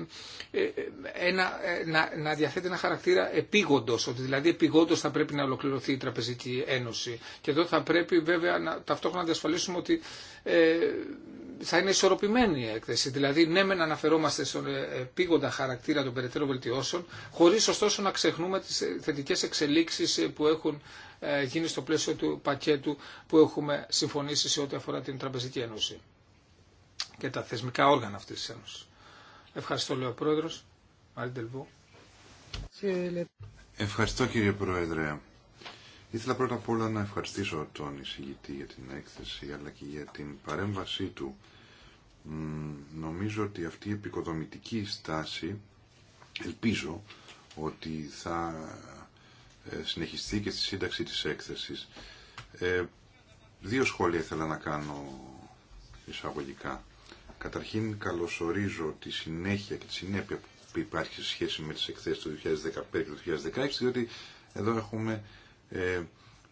ε, ένα, να, διαθέτει ένα χαρακτήρα επίγοντος, ότι δηλαδή επίγοντος θα πρέπει να ολοκληρωθεί η Τραπεζική Ένωση. Και εδώ θα πρέπει βέβαια να, ταυτόχρονα να διασφαλίσουμε ότι θα είναι ισορροπημένη η έκθεση. Δηλαδή ναι με να αναφερόμαστε στον επίγοντα χαρακτήρα των περαιτέρω βελτιώσεων, χωρίς ωστόσο να ξεχνούμε τις θετικές εξελίξεις που έχουν γίνει στο πλαίσιο του πακέτου που έχουμε συμφωνήσει σε ό,τι αφορά την Τραπεζική Ένωση και τα θεσμικά όργανα αυτής της Ένωσης. Ευχαριστώ, Πρόεδρος. ο Πρόεδρος. Ευχαριστώ, κύριε Πρόεδρε. Ήθελα πρώτα απ' όλα να ευχαριστήσω τον εισηγητή για την έκθεση αλλά και για την παρέμβασή του. Νομίζω ότι αυτή η επικοδομητική στάση ελπίζω ότι θα ε, συνεχιστεί και στη σύνταξη της έκθεσης. Ε, δύο σχόλια ήθελα να κάνω εισαγωγικά. Καταρχήν καλωσορίζω τη συνέχεια και τη συνέπεια που υπάρχει σε σχέση με τις εκθέσεις του 2015 και του 2016, διότι εδώ έχουμε ε,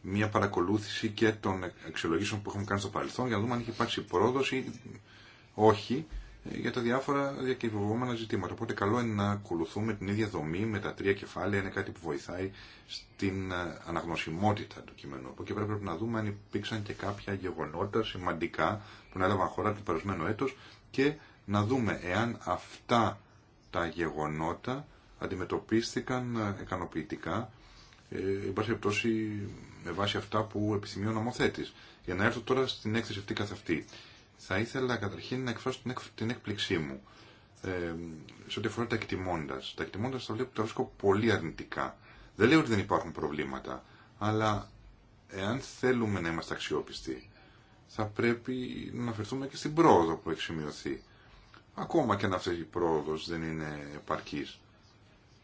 μια παρακολούθηση και των αξιολογήσεων που έχουμε κάνει στο παρελθόν για να δούμε αν έχει υπάρξει πρόοδος ή όχι ε, για τα διάφορα διακυβευόμενα ζητήματα. Οπότε καλό είναι να ακολουθούμε την ίδια δομή με τα τρία κεφάλαια, είναι κάτι που βοηθάει στην ε, αναγνωσιμότητα του κειμένου. Από πρέπει να δούμε αν υπήρξαν και κάποια γεγονότα σημαντικά που να έλαβαν χώρα το περασμένο έτος και να δούμε εάν αυτά τα γεγονότα αντιμετωπίστηκαν ε, ικανοποιητικά ε, με βάση αυτά που επιθυμεί ο νομοθέτης. Για να έρθω τώρα στην έκθεση αυτή καθ' αυτή. Θα ήθελα καταρχήν να εκφράσω την, την έκπληξή μου ε, σε ό,τι αφορά τα εκτιμώντα. Τα εκτιμώντα τα βλέπω τα βρίσκω πολύ αρνητικά. Δεν λέω ότι δεν υπάρχουν προβλήματα, αλλά εάν θέλουμε να είμαστε αξιόπιστοι, θα πρέπει να αναφερθούμε και στην πρόοδο που έχει σημειωθεί. Ακόμα και αν αυτή η πρόοδο δεν είναι επαρκή.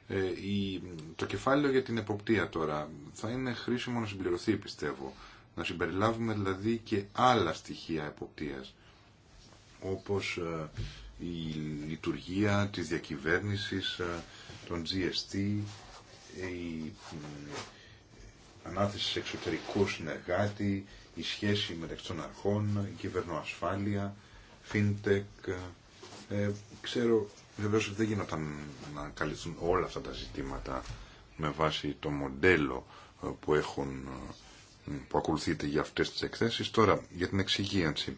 Ε, το κεφάλαιο για την εποπτεία τώρα θα είναι χρήσιμο να συμπληρωθεί πιστεύω. Να συμπεριλάβουμε δηλαδή και άλλα στοιχεία εποπτείας όπως ε, η λειτουργία της διακυβέρνησης, ε, των GST, η ανάθεση σε εξωτερικού συνεργάτη, η σχέση μεταξύ των αρχών, η κυβερνοασφάλεια, fintech. Ε, ξέρω βεβαίω ότι δεν γίνονταν να καλυφθούν όλα αυτά τα ζητήματα με βάση το μοντέλο ε, που, έχουν, ε, που ακολουθείται για αυτές τις εκθέσεις. Τώρα, για την εξυγίανση.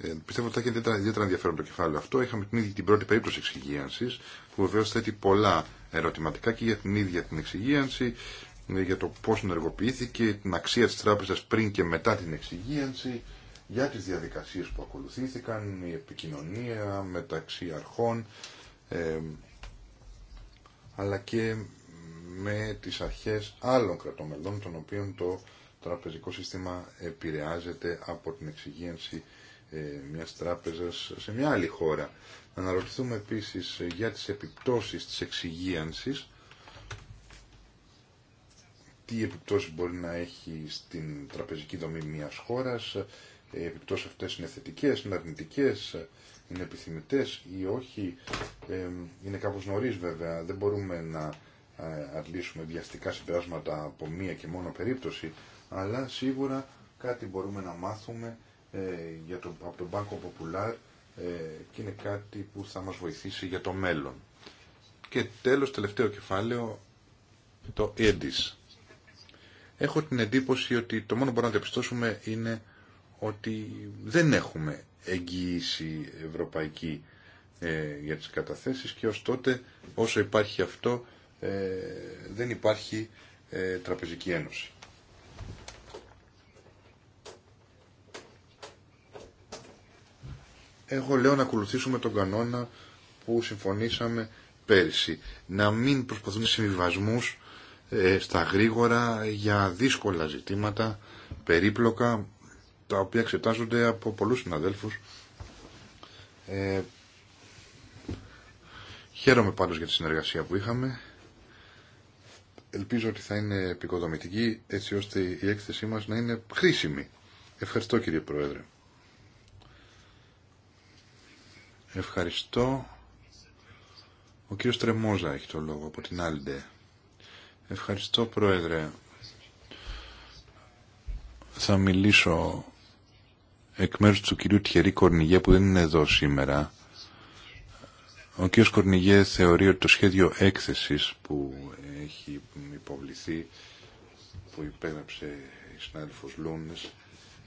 Ε, πιστεύω ότι θα έχει ιδιαίτερα ενδιαφέρον το κεφάλαιο αυτό. Είχαμε την ίδια την πρώτη περίπτωση εξυγίανσης που βεβαίω θέτει πολλά ερωτηματικά και για την ίδια την εξυγίανση ναι, για το πώς ενεργοποιήθηκε, την αξία της τράπεζας πριν και μετά την εξυγίανση, για τις διαδικασίες που ακολουθήθηκαν, η επικοινωνία μεταξύ αρχών, αλλά και με τις αρχές άλλων κρατομελών, των οποίων το τραπεζικό σύστημα επηρεάζεται από την εξυγίανση ε, μιας τράπεζας σε μια άλλη χώρα. Να αναρωτηθούμε επίσης για τις επιπτώσεις της εξυγίανσης τι επιπτώσεις μπορεί να έχει στην τραπεζική δομή μιας χώρας, οι ε, επιπτώσεις αυτές είναι θετικές, είναι αρνητικές, είναι επιθυμητές ή όχι. είναι κάπως νωρίς βέβαια, δεν μπορούμε να ε, αντλήσουμε βιαστικά συμπεράσματα από μία και μόνο περίπτωση, αλλά σίγουρα κάτι μπορούμε να μάθουμε ε, για το, από τον Banco Popular και είναι κάτι που θα μας βοηθήσει για το μέλλον. Και τέλος, τελευταίο κεφάλαιο, το EDIS έχω την εντύπωση ότι το μόνο που μπορούμε να διαπιστώσουμε είναι ότι δεν έχουμε εγγύηση ευρωπαϊκή ε, για τις καταθέσεις και ως τότε όσο υπάρχει αυτό ε, δεν υπάρχει ε, τραπεζική ένωση. Εγώ λέω να ακολουθήσουμε τον κανόνα που συμφωνήσαμε πέρυσι. Να μην προσπαθούν συμβιβασμούς ε, στα γρήγορα για δύσκολα ζητήματα, περίπλοκα, τα οποία εξετάζονται από πολλούς συναδέλφους. Ε, χαίρομαι πάντως για τη συνεργασία που είχαμε. Ελπίζω ότι θα είναι επικοδομητική έτσι ώστε η έκθεσή μας να είναι χρήσιμη. Ευχαριστώ κύριε Πρόεδρε. Ευχαριστώ. Ο κύριος Τρεμόζα έχει το λόγο από την άλλη Ευχαριστώ Πρόεδρε. Θα μιλήσω εκ μέρους του κυρίου Τιερή Κορνιγέ που δεν είναι εδώ σήμερα. Ο κύριος Κορνιγέ θεωρεί ότι το σχέδιο έκθεσης που έχει υποβληθεί, που υπέγραψε η συνάδελφος Λούνες,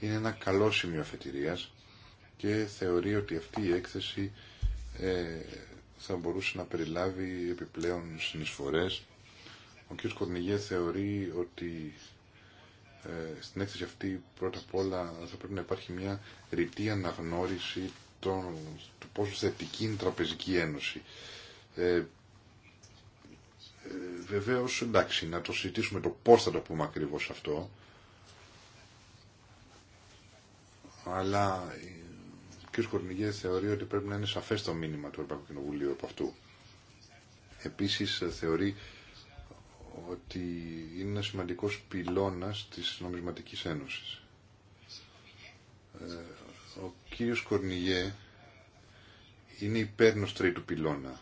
είναι ένα καλό σημείο αφετηρίας και θεωρεί ότι αυτή η έκθεση ε, θα μπορούσε να περιλάβει επιπλέον συνεισφορές ο κ. Κορνιγέ θεωρεί ότι ε, στην έκθεση αυτή πρώτα απ' όλα θα πρέπει να υπάρχει μια ρητή αναγνώριση των, του πόσο θετική είναι η Τραπεζική Ένωση. Ε, ε βεβαίως, εντάξει, να το συζητήσουμε το πώς θα το πούμε ακριβώ αυτό, αλλά ε, ο κ. Κορνιγέ θεωρεί ότι πρέπει να είναι σαφές το μήνυμα του Ευρωπαϊκού Κοινοβουλίου από αυτού. Επίσης ε, θεωρεί ότι είναι ένα σημαντικός πυλώνας της νομισματικής ένωσης. Ε, ο κύριος Κορνιγέ είναι υπέρ τρίτου πυλώνα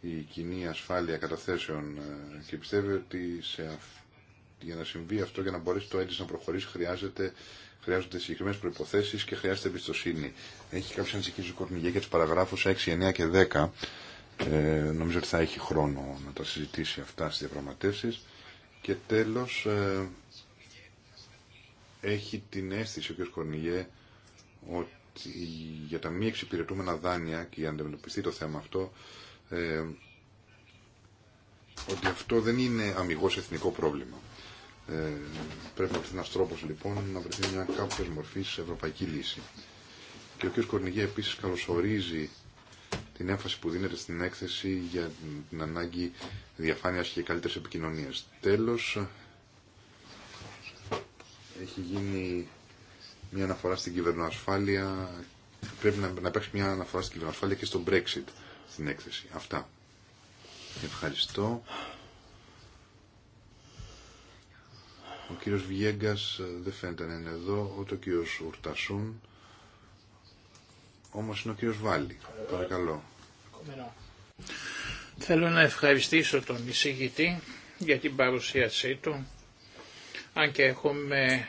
η κοινή ασφάλεια καταθέσεων ε, και πιστεύει ότι σε για να συμβεί αυτό, για να μπορέσει το έντυπο να προχωρήσει, χρειάζεται, χρειάζονται συγκεκριμένε προποθέσει και χρειάζεται εμπιστοσύνη. Έχει κάποιε ανησυχίε ο Κορνιγέ για τι παραγράφου 6, 9 και 10 ε, νομίζω ότι θα έχει χρόνο να τα συζητήσει αυτά στις διαπραγματεύσεις. Και τέλος, ε, έχει την αίσθηση ο κ. Κορνιγέ ότι για τα μη εξυπηρετούμενα δάνεια και για να αντιμετωπιστεί το θέμα αυτό, ε, ότι αυτό δεν είναι αμυγός εθνικό πρόβλημα. Ε, πρέπει να βρεθεί ένας τρόπος λοιπόν να βρεθεί μια κάποια μορφή σε ευρωπαϊκή λύση. Και ο κ. Κορνιγέ επίσης καλωσορίζει την έμφαση που δίνεται στην έκθεση για την ανάγκη διαφάνειας και καλύτερης επικοινωνίας. Τέλος, έχει γίνει μια αναφορά στην κυβερνοασφάλεια. Πρέπει να, να υπάρξει μια αναφορά στην κυβερνοασφάλεια και στο Brexit στην έκθεση. Αυτά. Ευχαριστώ. Ο κύριος Βιέγκας ε, δεν φαίνεται να είναι εδώ, ούτε ο κύριος Ουρτασούν όμως είναι ο κύριος Βάλλη. Παρακαλώ. Θέλω να ευχαριστήσω τον εισηγητή για την παρουσίασή του, αν και έχουμε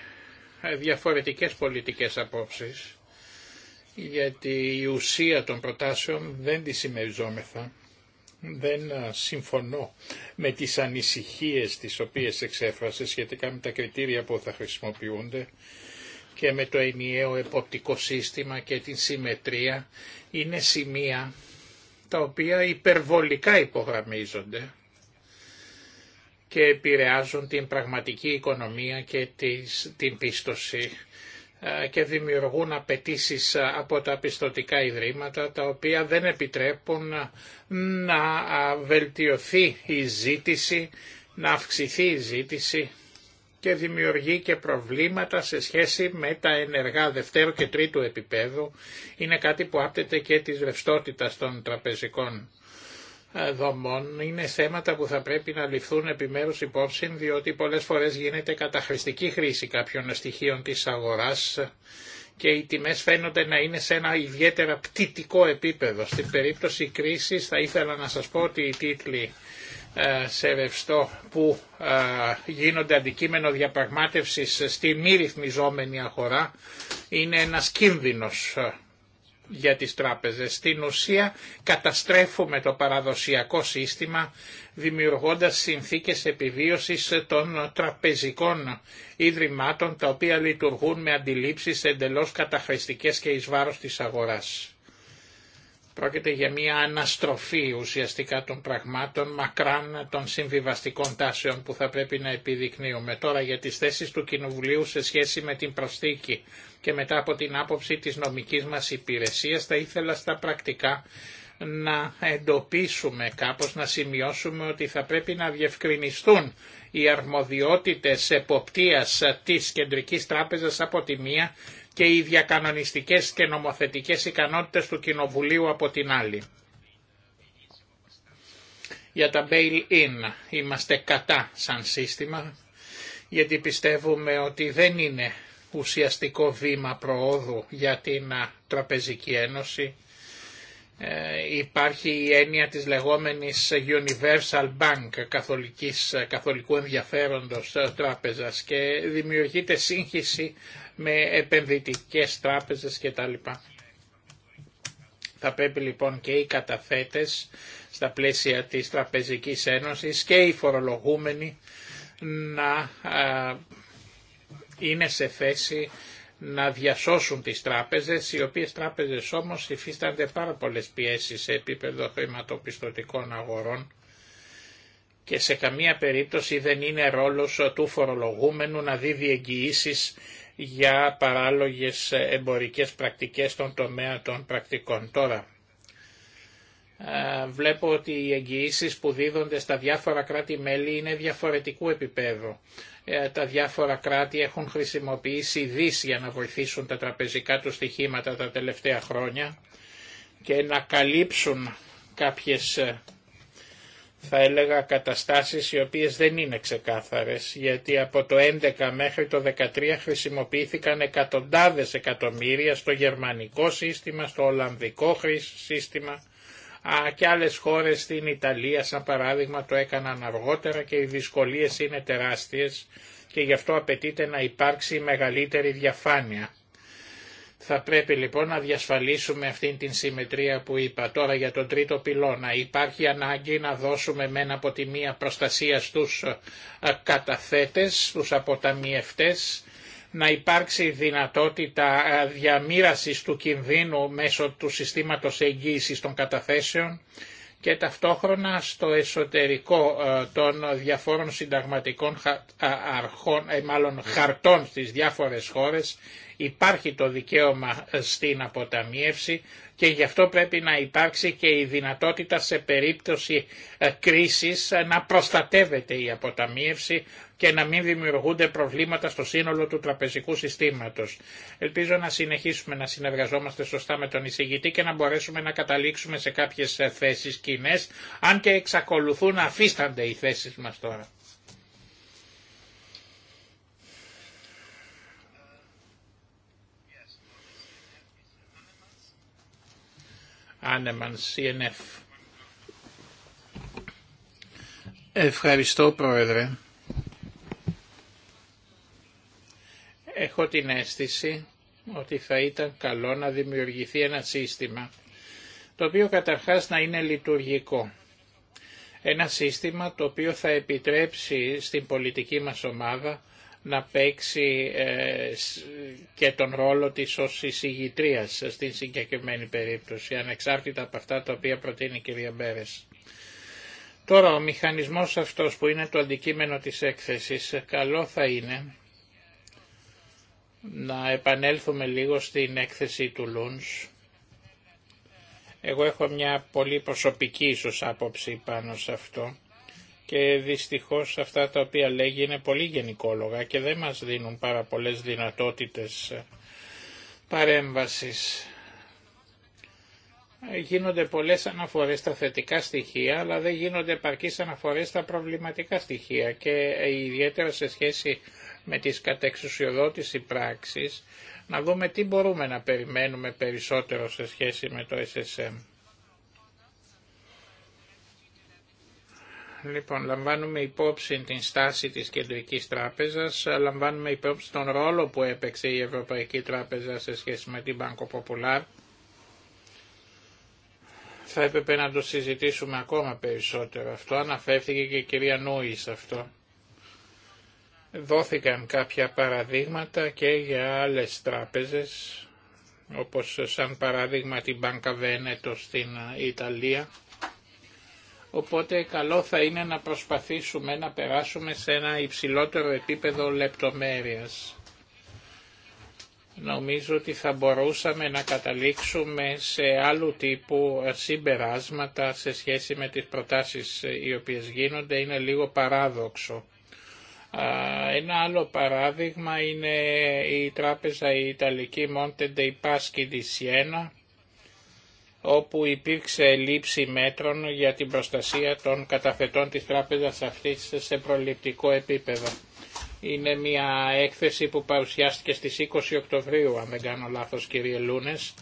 διαφορετικές πολιτικές απόψεις, γιατί η ουσία των προτάσεων δεν τη συμμεριζόμεθα. Δεν συμφωνώ με τις ανησυχίες τις οποίες εξέφρασε σχετικά με τα κριτήρια που θα χρησιμοποιούνται και με το ενιαίο εποπτικό σύστημα και την συμμετρία είναι σημεία τα οποία υπερβολικά υπογραμμίζονται και επηρεάζουν την πραγματική οικονομία και την πίστοση και δημιουργούν απαιτήσει από τα πιστοτικά ιδρύματα τα οποία δεν επιτρέπουν να βελτιωθεί η ζήτηση, να αυξηθεί η ζήτηση και δημιουργεί και προβλήματα σε σχέση με τα ενεργά δευτέρου και τρίτου επίπεδου. Είναι κάτι που άπτεται και της ρευστότητα των τραπεζικών ε, δομών. Είναι θέματα που θα πρέπει να ληφθούν επιμέρους υπόψη, διότι πολλές φορές γίνεται καταχρηστική χρήση κάποιων στοιχείων της αγοράς και οι τιμές φαίνονται να είναι σε ένα ιδιαίτερα πτυτικό επίπεδο. Στην περίπτωση κρίσης θα ήθελα να σας πω ότι οι τίτλοι ε, σε ρευστό που ε, γίνονται αντικείμενο διαπραγμάτευσης στη μη ρυθμιζόμενη αγορά είναι ένας κίνδυνος ε, για τις τράπεζες. Στην ουσία καταστρέφουμε το παραδοσιακό σύστημα δημιουργώντας συνθήκες επιβίωσης των τραπεζικών ίδρυμάτων τα οποία λειτουργούν με αντιλήψεις εντελώς καταχρηστικές και εις βάρος της αγοράς. Πρόκειται για μια αναστροφή ουσιαστικά των πραγμάτων μακράν των συμβιβαστικών τάσεων που θα πρέπει να επιδεικνύουμε τώρα για τις θέσεις του Κοινοβουλίου σε σχέση με την προσθήκη και μετά από την άποψη της νομικής μας υπηρεσίας θα ήθελα στα πρακτικά να εντοπίσουμε κάπως, να σημειώσουμε ότι θα πρέπει να διευκρινιστούν οι αρμοδιότητες εποπτείας της Κεντρικής Τράπεζας από τη μία και οι διακανονιστικές και νομοθετικές ικανότητες του Κοινοβουλίου από την άλλη. Για τα bail-in είμαστε κατά σαν σύστημα, γιατί πιστεύουμε ότι δεν είναι ουσιαστικό βήμα προόδου για την Τραπεζική Ένωση ε, υπάρχει η έννοια της λεγόμενης Universal Bank καθολικής, καθολικού ενδιαφέροντος ε, τράπεζας και δημιουργείται σύγχυση με επενδυτικές τράπεζες κτλ. Θα πρέπει λοιπόν και οι καταθέτες στα πλαίσια της Τραπεζικής Ένωσης και οι φορολογούμενοι να ε, είναι σε θέση να διασώσουν τις τράπεζες, οι οποίες τράπεζες όμως υφίστανται πάρα πολλές πιέσεις σε επίπεδο χρηματοπιστωτικών αγορών και σε καμία περίπτωση δεν είναι ρόλος του φορολογούμενου να δίδει εγγυήσει για παράλογες εμπορικές πρακτικές στον τομέα των πρακτικών. Τώρα, βλέπω ότι οι εγγυήσει που δίδονται στα διάφορα κράτη-μέλη είναι διαφορετικού επίπεδου. Ε, τα διάφορα κράτη έχουν χρησιμοποιήσει δύσεις για να βοηθήσουν τα τραπεζικά του στοιχήματα τα τελευταία χρόνια και να καλύψουν κάποιες ε, θα έλεγα καταστάσεις οι οποίες δεν είναι ξεκάθαρες γιατί από το 11 μέχρι το 13 χρησιμοποιήθηκαν εκατοντάδες εκατομμύρια στο γερμανικό σύστημα, στο ολλανδικό σύστημα και άλλες χώρες στην Ιταλία σαν παράδειγμα το έκαναν αργότερα και οι δυσκολίες είναι τεράστιες και γι' αυτό απαιτείται να υπάρξει μεγαλύτερη διαφάνεια. Θα πρέπει λοιπόν να διασφαλίσουμε αυτήν την συμμετρία που είπα. Τώρα για τον τρίτο πυλώνα υπάρχει ανάγκη να δώσουμε μένα από τη μία προστασία στους ε, καταθέτες, στους αποταμιευτές να υπάρξει δυνατότητα ε, διαμήρασης του κινδύνου μέσω του συστήματος εγγύησης των καταθέσεων και ταυτόχρονα στο εσωτερικό ε, των διαφόρων συνταγματικών αρχών, ε, μάλλον χαρτών στις διάφορες χώρες υπάρχει το δικαίωμα στην αποταμίευση και γι' αυτό πρέπει να υπάρξει και η δυνατότητα σε περίπτωση ε, κρίσης ε, να προστατεύεται η αποταμίευση και να μην δημιουργούνται προβλήματα στο σύνολο του τραπεζικού συστήματος. Ελπίζω να συνεχίσουμε να συνεργαζόμαστε σωστά με τον εισηγητή και να μπορέσουμε να καταλήξουμε σε κάποιες ε, θέσεις κοινέ, αν και εξακολουθούν να αφίστανται οι θέσεις μας τώρα. Ευχαριστώ Πρόεδρε. Έχω την αίσθηση ότι θα ήταν καλό να δημιουργηθεί ένα σύστημα το οποίο καταρχάς να είναι λειτουργικό. Ένα σύστημα το οποίο θα επιτρέψει στην πολιτική μας ομάδα να παίξει ε, και τον ρόλο της ως εισηγητρίας στην συγκεκριμένη περίπτωση, ανεξάρτητα από αυτά τα οποία προτείνει η κυρία Μπέρες. Τώρα ο μηχανισμός αυτός που είναι το αντικείμενο της έκθεσης, καλό θα είναι να επανέλθουμε λίγο στην έκθεση του Λούνς. Εγώ έχω μια πολύ προσωπική ίσως άποψη πάνω σε αυτό και δυστυχώς αυτά τα οποία λέγει είναι πολύ γενικόλογα και δεν μας δίνουν πάρα πολλές δυνατότητες παρέμβασης. Γίνονται πολλές αναφορές στα θετικά στοιχεία, αλλά δεν γίνονται επαρκείς αναφορές στα προβληματικά στοιχεία και ιδιαίτερα σε σχέση με τις κατεξουσιοδότηση πράξη. να δούμε τι μπορούμε να περιμένουμε περισσότερο σε σχέση με το SSM. Λοιπόν, λαμβάνουμε υπόψη την στάση της Κεντρικής Τράπεζας, λαμβάνουμε υπόψη τον ρόλο που έπαιξε η Ευρωπαϊκή Τράπεζα σε σχέση με την Banco Popular. Θα έπρεπε να το συζητήσουμε ακόμα περισσότερο αυτό, αναφέρθηκε και η κυρία Νούη σε αυτό. Δόθηκαν κάποια παραδείγματα και για άλλες τράπεζες, όπως σαν παράδειγμα την Banca Veneto στην Ιταλία, Οπότε καλό θα είναι να προσπαθήσουμε να περάσουμε σε ένα υψηλότερο επίπεδο λεπτομέρειας. Νομίζω ότι θα μπορούσαμε να καταλήξουμε σε άλλου τύπου συμπεράσματα σε σχέση με τις προτάσεις οι οποίες γίνονται. Είναι λίγο παράδοξο. Ένα άλλο παράδειγμα είναι η τράπεζα η Ιταλική Monte dei Paschi di Siena όπου υπήρξε λήψη μέτρων για την προστασία των καταθετών της τράπεζας αυτής σε προληπτικό επίπεδο. Είναι μια έκθεση που παρουσιάστηκε στις 20 Οκτωβρίου, αν δεν κάνω λάθος κύριε Λούνες.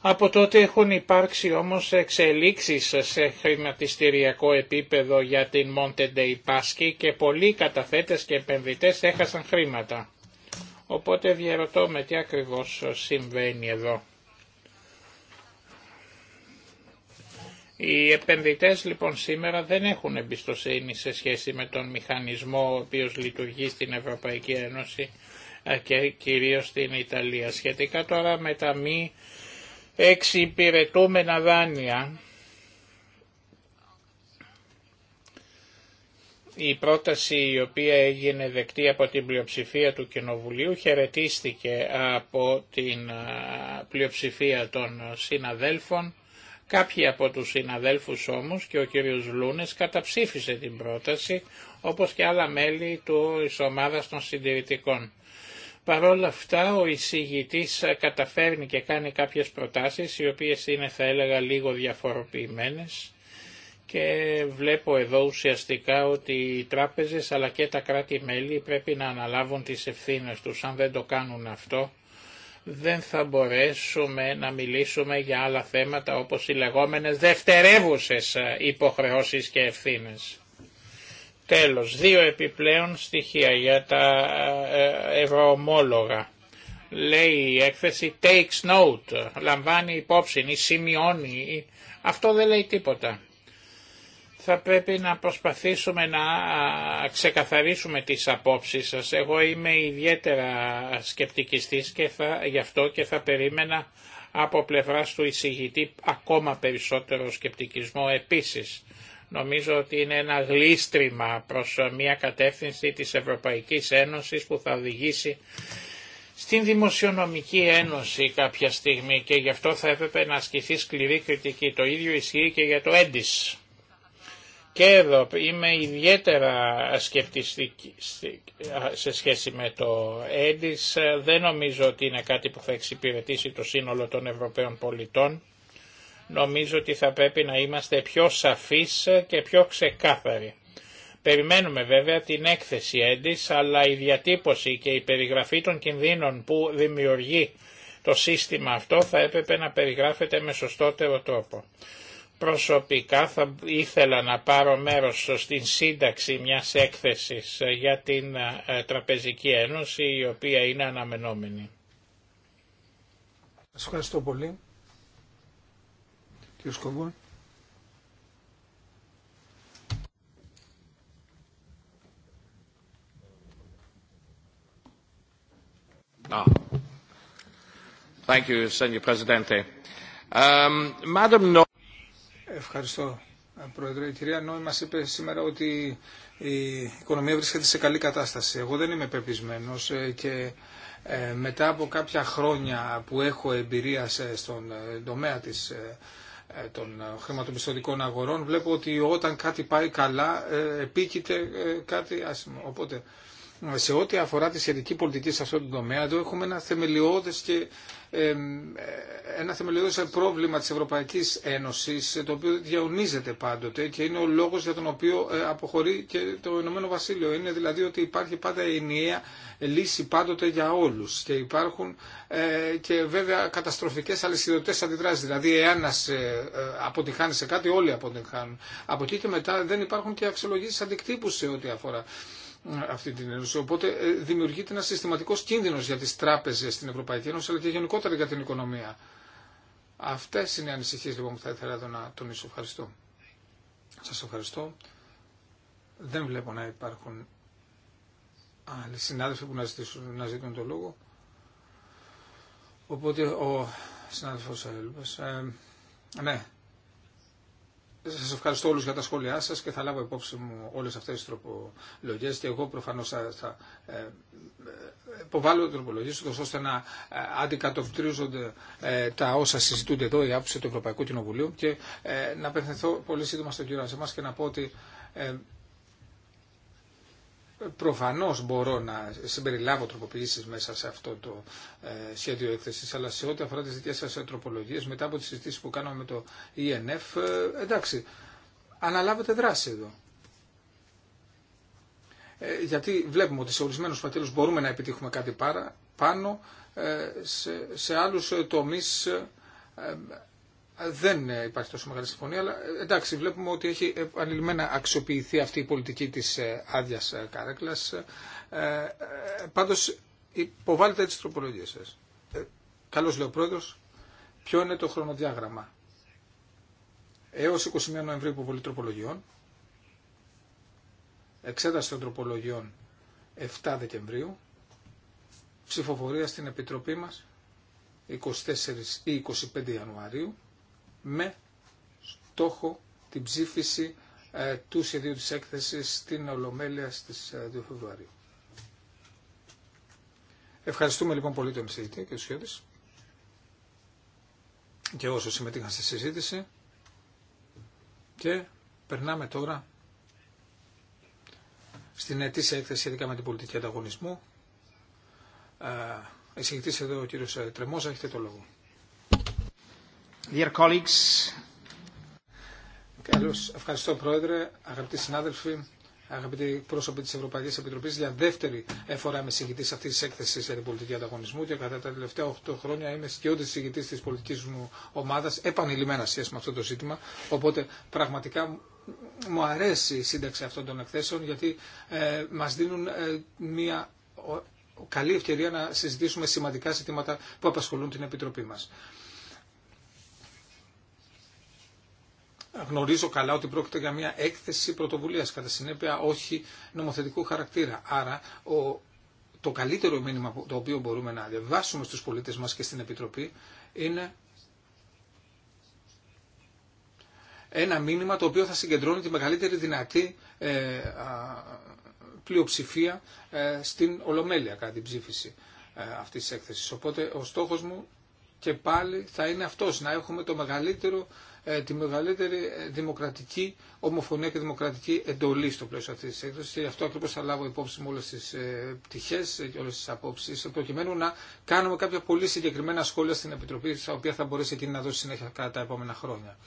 Από τότε έχουν υπάρξει όμως εξελίξεις σε χρηματιστηριακό επίπεδο για την Monte Dei Paschi και πολλοί καταθέτες και επενδυτές έχασαν χρήματα. Οπότε διαρωτώ με τι ακριβώς συμβαίνει εδώ. Οι επενδυτές λοιπόν σήμερα δεν έχουν εμπιστοσύνη σε σχέση με τον μηχανισμό ο οποίος λειτουργεί στην Ευρωπαϊκή Ένωση ε, και κυρίως στην Ιταλία. Σχετικά τώρα με τα μη εξυπηρετούμενα δάνεια, η πρόταση η οποία έγινε δεκτή από την πλειοψηφία του Κοινοβουλίου χαιρετίστηκε από την ε, πλειοψηφία των συναδέλφων Κάποιοι από τους συναδέλφους όμως και ο κύριος Λούνες καταψήφισε την πρόταση όπως και άλλα μέλη του της ομάδας των συντηρητικών. Παρ' όλα αυτά ο εισηγητής καταφέρνει και κάνει κάποιες προτάσεις οι οποίες είναι θα έλεγα λίγο διαφοροποιημένες και βλέπω εδώ ουσιαστικά ότι οι τράπεζες αλλά και τα κράτη-μέλη πρέπει να αναλάβουν τις ευθύνες τους. Αν δεν το κάνουν αυτό δεν θα μπορέσουμε να μιλήσουμε για άλλα θέματα όπως οι λεγόμενες δευτερεύουσες ε, υποχρεώσεις και ευθύνες. Τέλος, δύο επιπλέον στοιχεία για τα ε, ε, ευρωομόλογα. Λέει η έκθεση takes note, λαμβάνει υπόψη σημειώνει. Αυτό δεν λέει τίποτα θα πρέπει να προσπαθήσουμε να ξεκαθαρίσουμε τις απόψεις σας. Εγώ είμαι ιδιαίτερα σκεπτικιστής και θα, γι' αυτό και θα περίμενα από πλευράς του εισηγητή ακόμα περισσότερο σκεπτικισμό επίσης. Νομίζω ότι είναι ένα γλίστριμα προς μια κατεύθυνση της Ευρωπαϊκής Ένωσης που θα οδηγήσει στην Δημοσιονομική Ένωση κάποια στιγμή και γι' αυτό θα έπρεπε να ασκηθεί σκληρή κριτική. Το ίδιο ισχύει και για το έντις και εδώ είμαι ιδιαίτερα σκεπτιστική σε σχέση με το έντις. Δεν νομίζω ότι είναι κάτι που θα εξυπηρετήσει το σύνολο των Ευρωπαίων πολιτών. Νομίζω ότι θα πρέπει να είμαστε πιο σαφείς και πιο ξεκάθαροι. Περιμένουμε βέβαια την έκθεση έντις, αλλά η διατύπωση και η περιγραφή των κινδύνων που δημιουργεί το σύστημα αυτό θα έπρεπε να περιγράφεται με σωστότερο τρόπο προσωπικά θα ήθελα να πάρω μέρος στην σύνταξη μιας έκθεσης για την ε, Τραπεζική Ένωση η οποία είναι αναμενόμενη. Σας ευχαριστώ πολύ. Κύριε Σκοβούρ. Ah. Thank you, Senor Presidente. Um, Madam Ευχαριστώ. Πρόεδρε, η κυρία Νόη μα είπε σήμερα ότι η οικονομία βρίσκεται σε καλή κατάσταση. Εγώ δεν είμαι πεπισμένο ε, και ε, μετά από κάποια χρόνια που έχω εμπειρία στον ε, τομέα της των χρηματοπιστωτικών αγορών βλέπω ότι όταν κάτι πάει καλά επίκειται κάτι άσχημο. Οπότε σε ό,τι αφορά τη σχετική πολιτική σε αυτό το τομέα, εδώ έχουμε ένα θεμελιώδες, και, ε, ένα θεμελιώδες πρόβλημα της Ευρωπαϊκής Ένωσης, το οποίο διαονίζεται πάντοτε και είναι ο λόγος για τον οποίο ε, αποχωρεί και το Ηνωμένο Βασίλειο. Είναι δηλαδή ότι υπάρχει πάντα ενιαία λύση πάντοτε για όλους και υπάρχουν ε, και βέβαια καταστροφικές αλυσιδωτές αντιδράσεις. Δηλαδή εάν ένας ε, αποτυχάνει σε κάτι όλοι αποτυχάνουν. Από εκεί και μετά δεν υπάρχουν και αξιολογήσεις αντικτύπου σε ό,τι αφορά αυτή την ένωση. Οπότε ε, δημιουργείται ένα συστηματικό κίνδυνο για τις τράπεζες στην Ευρωπαϊκή Ένωση αλλά και γενικότερα για την οικονομία. Αυτές είναι οι ανησυχίες λοιπόν που θα ήθελα να τονίσω. Ευχαριστώ. Σας ευχαριστώ. Δεν βλέπω να υπάρχουν άλλοι συνάδελφοι που να, ζητήσουν, να ζητούν το λόγο. Οπότε ο συνάδελφο Έλβας, ε, ναι, σας ευχαριστώ όλους για τα σχόλιά σας και θα λάβω υπόψη μου όλες αυτές τις τροπολογίες και εγώ προφανώς θα, θα ε, υποβάλλω τροπολογίες ώστε να ε, αντικατοπτρίζονται ε, τα όσα συζητούνται εδώ η άποψη του Ευρωπαϊκού Κοινοβουλίου και ε, να απευθυνθώ πολύ σύντομα στον κύριο Ασεμάς και να πω ότι Προφανώς μπορώ να συμπεριλάβω τροποποιήσεις μέσα σε αυτό το ε, σχέδιο έκθεσης, αλλά σε ό,τι αφορά τις δικές σας τροπολογίες, μετά από τις συζητήσεις που κάναμε με το ENF, ε, εντάξει, αναλάβετε δράση εδώ. Ε, γιατί βλέπουμε ότι σε ορισμένους πατέλους μπορούμε να επιτύχουμε κάτι πάρα, πάνω, σε, σε άλλους τομείς δεν ε, υπάρχει τόσο μεγάλη συμφωνία, αλλά ε, εντάξει, βλέπουμε ότι έχει επανειλημμένα αξιοποιηθεί αυτή η πολιτική της ε, άδεια κάρεκλας. Ε, πάντως, υποβάλλετε τις τροπολογίες σας. Ε, καλώς λέω πρόεδρος, ποιο είναι το χρονοδιάγραμμα. Έως 21 Νοεμβρίου υποβολή τροπολογιών, εξέταση των τροπολογιών 7 Δεκεμβρίου, ψηφοφορία στην Επιτροπή μας 24 ή 25 Ιανουαρίου, με στόχο την ψήφιση ε, του σχεδίου της έκθεσης στην Ολομέλεια στις 2 ε, Φεβρουαρίου. Ευχαριστούμε λοιπόν πολύ τον εισηγητή και τους σχέδες και όσο συμμετείχαν στη συζήτηση και περνάμε τώρα στην ετήσια έκθεση σχετικά με την πολιτική ανταγωνισμού. Ε, εισηγητής εδώ ο κύριος Τρεμόζα, έχετε το λόγο. Dear colleagues. Ευχαριστώ Πρόεδρε, αγαπητοί συνάδελφοι, αγαπητοί πρόσωποι της Ευρωπαϊκής Επιτροπής. Για δεύτερη φορά είμαι συγκητής αυτής της έκθεσης για την πολιτική ανταγωνισμού και κατά τα τελευταία 8 χρόνια είμαι ούτε συγκητής τη πολιτική μου ομάδας, επανειλημμένα σχέση με αυτό το ζήτημα. Οπότε πραγματικά μου αρέσει η σύνταξη αυτών των εκθέσεων γιατί ε, μας δίνουν ε, μια καλή ευκαιρία να συζητήσουμε σημαντικά ζητήματα που απασχολούν την Επιτροπή μας. γνωρίζω καλά ότι πρόκειται για μια έκθεση πρωτοβουλίας, κατά συνέπεια όχι νομοθετικού χαρακτήρα. Άρα ο, το καλύτερο μήνυμα το οποίο μπορούμε να διαβάσουμε στους πολίτες μας και στην Επιτροπή είναι ένα μήνυμα το οποίο θα συγκεντρώνει τη μεγαλύτερη δυνατή ε, πλειοψηφία ε, στην Ολομέλεια κατά την ψήφιση ε, αυτής της έκθεσης. Οπότε ο στόχος μου και πάλι θα είναι αυτός, να έχουμε το μεγαλύτερο ε, τη μεγαλύτερη ε, δημοκρατική ομοφωνία και δημοκρατική εντολή στο πλαίσιο αυτή τη έκδοση. Και γι' αυτό ακριβώ θα λάβω υπόψη μου όλε τι ε, πτυχέ και όλε τι απόψει, προκειμένου να κάνουμε κάποια πολύ συγκεκριμένα σχόλια στην Επιτροπή, στα οποία θα μπορέσει εκείνη να δώσει συνέχεια κατά τα επόμενα χρόνια.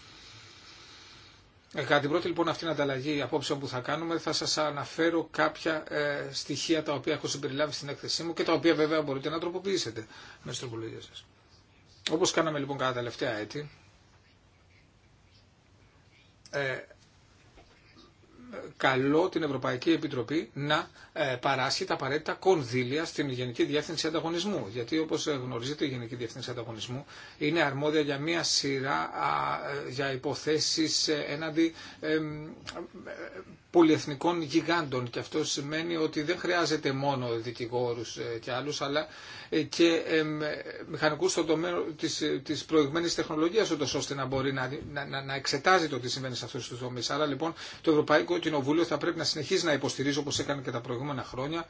Κατά την πρώτη λοιπόν αυτήν ανταλλαγή απόψεων που θα κάνουμε θα σας αναφέρω κάποια στοιχεία τα οποία έχω συμπεριλάβει στην έκθεσή μου και τα οποία βέβαια μπορείτε να τροποποιήσετε με σας. Όπως κάναμε λοιπόν κατά τα τελευταία έτη, ε, καλώ την Ευρωπαϊκή Επιτροπή να ε, παράσχει τα απαραίτητα κονδύλια στην Γενική Διεύθυνση Ανταγωνισμού. Γιατί όπως ε, γνωρίζετε η Γενική Διεύθυνση Ανταγωνισμού είναι αρμόδια για μία σειρά για υποθέσεις έναντι πολυεθνικών γιγάντων και αυτό σημαίνει ότι δεν χρειάζεται μόνο δικηγόρους ε, και άλλους αλλά ε, και μηχανικούς στον τομέα της, της προηγμένης τεχνολογίας ούτως ώστε να μπορεί να, να, να εξετάζει το τι συμβαίνει σε αυτούς τους τομείς. Άρα λοιπόν το Ευρωπαϊκό Κοινοβούλιο θα πρέπει να συνεχίζει να υποστηρίζει όπως έκανε και τα προηγούμενα χρόνια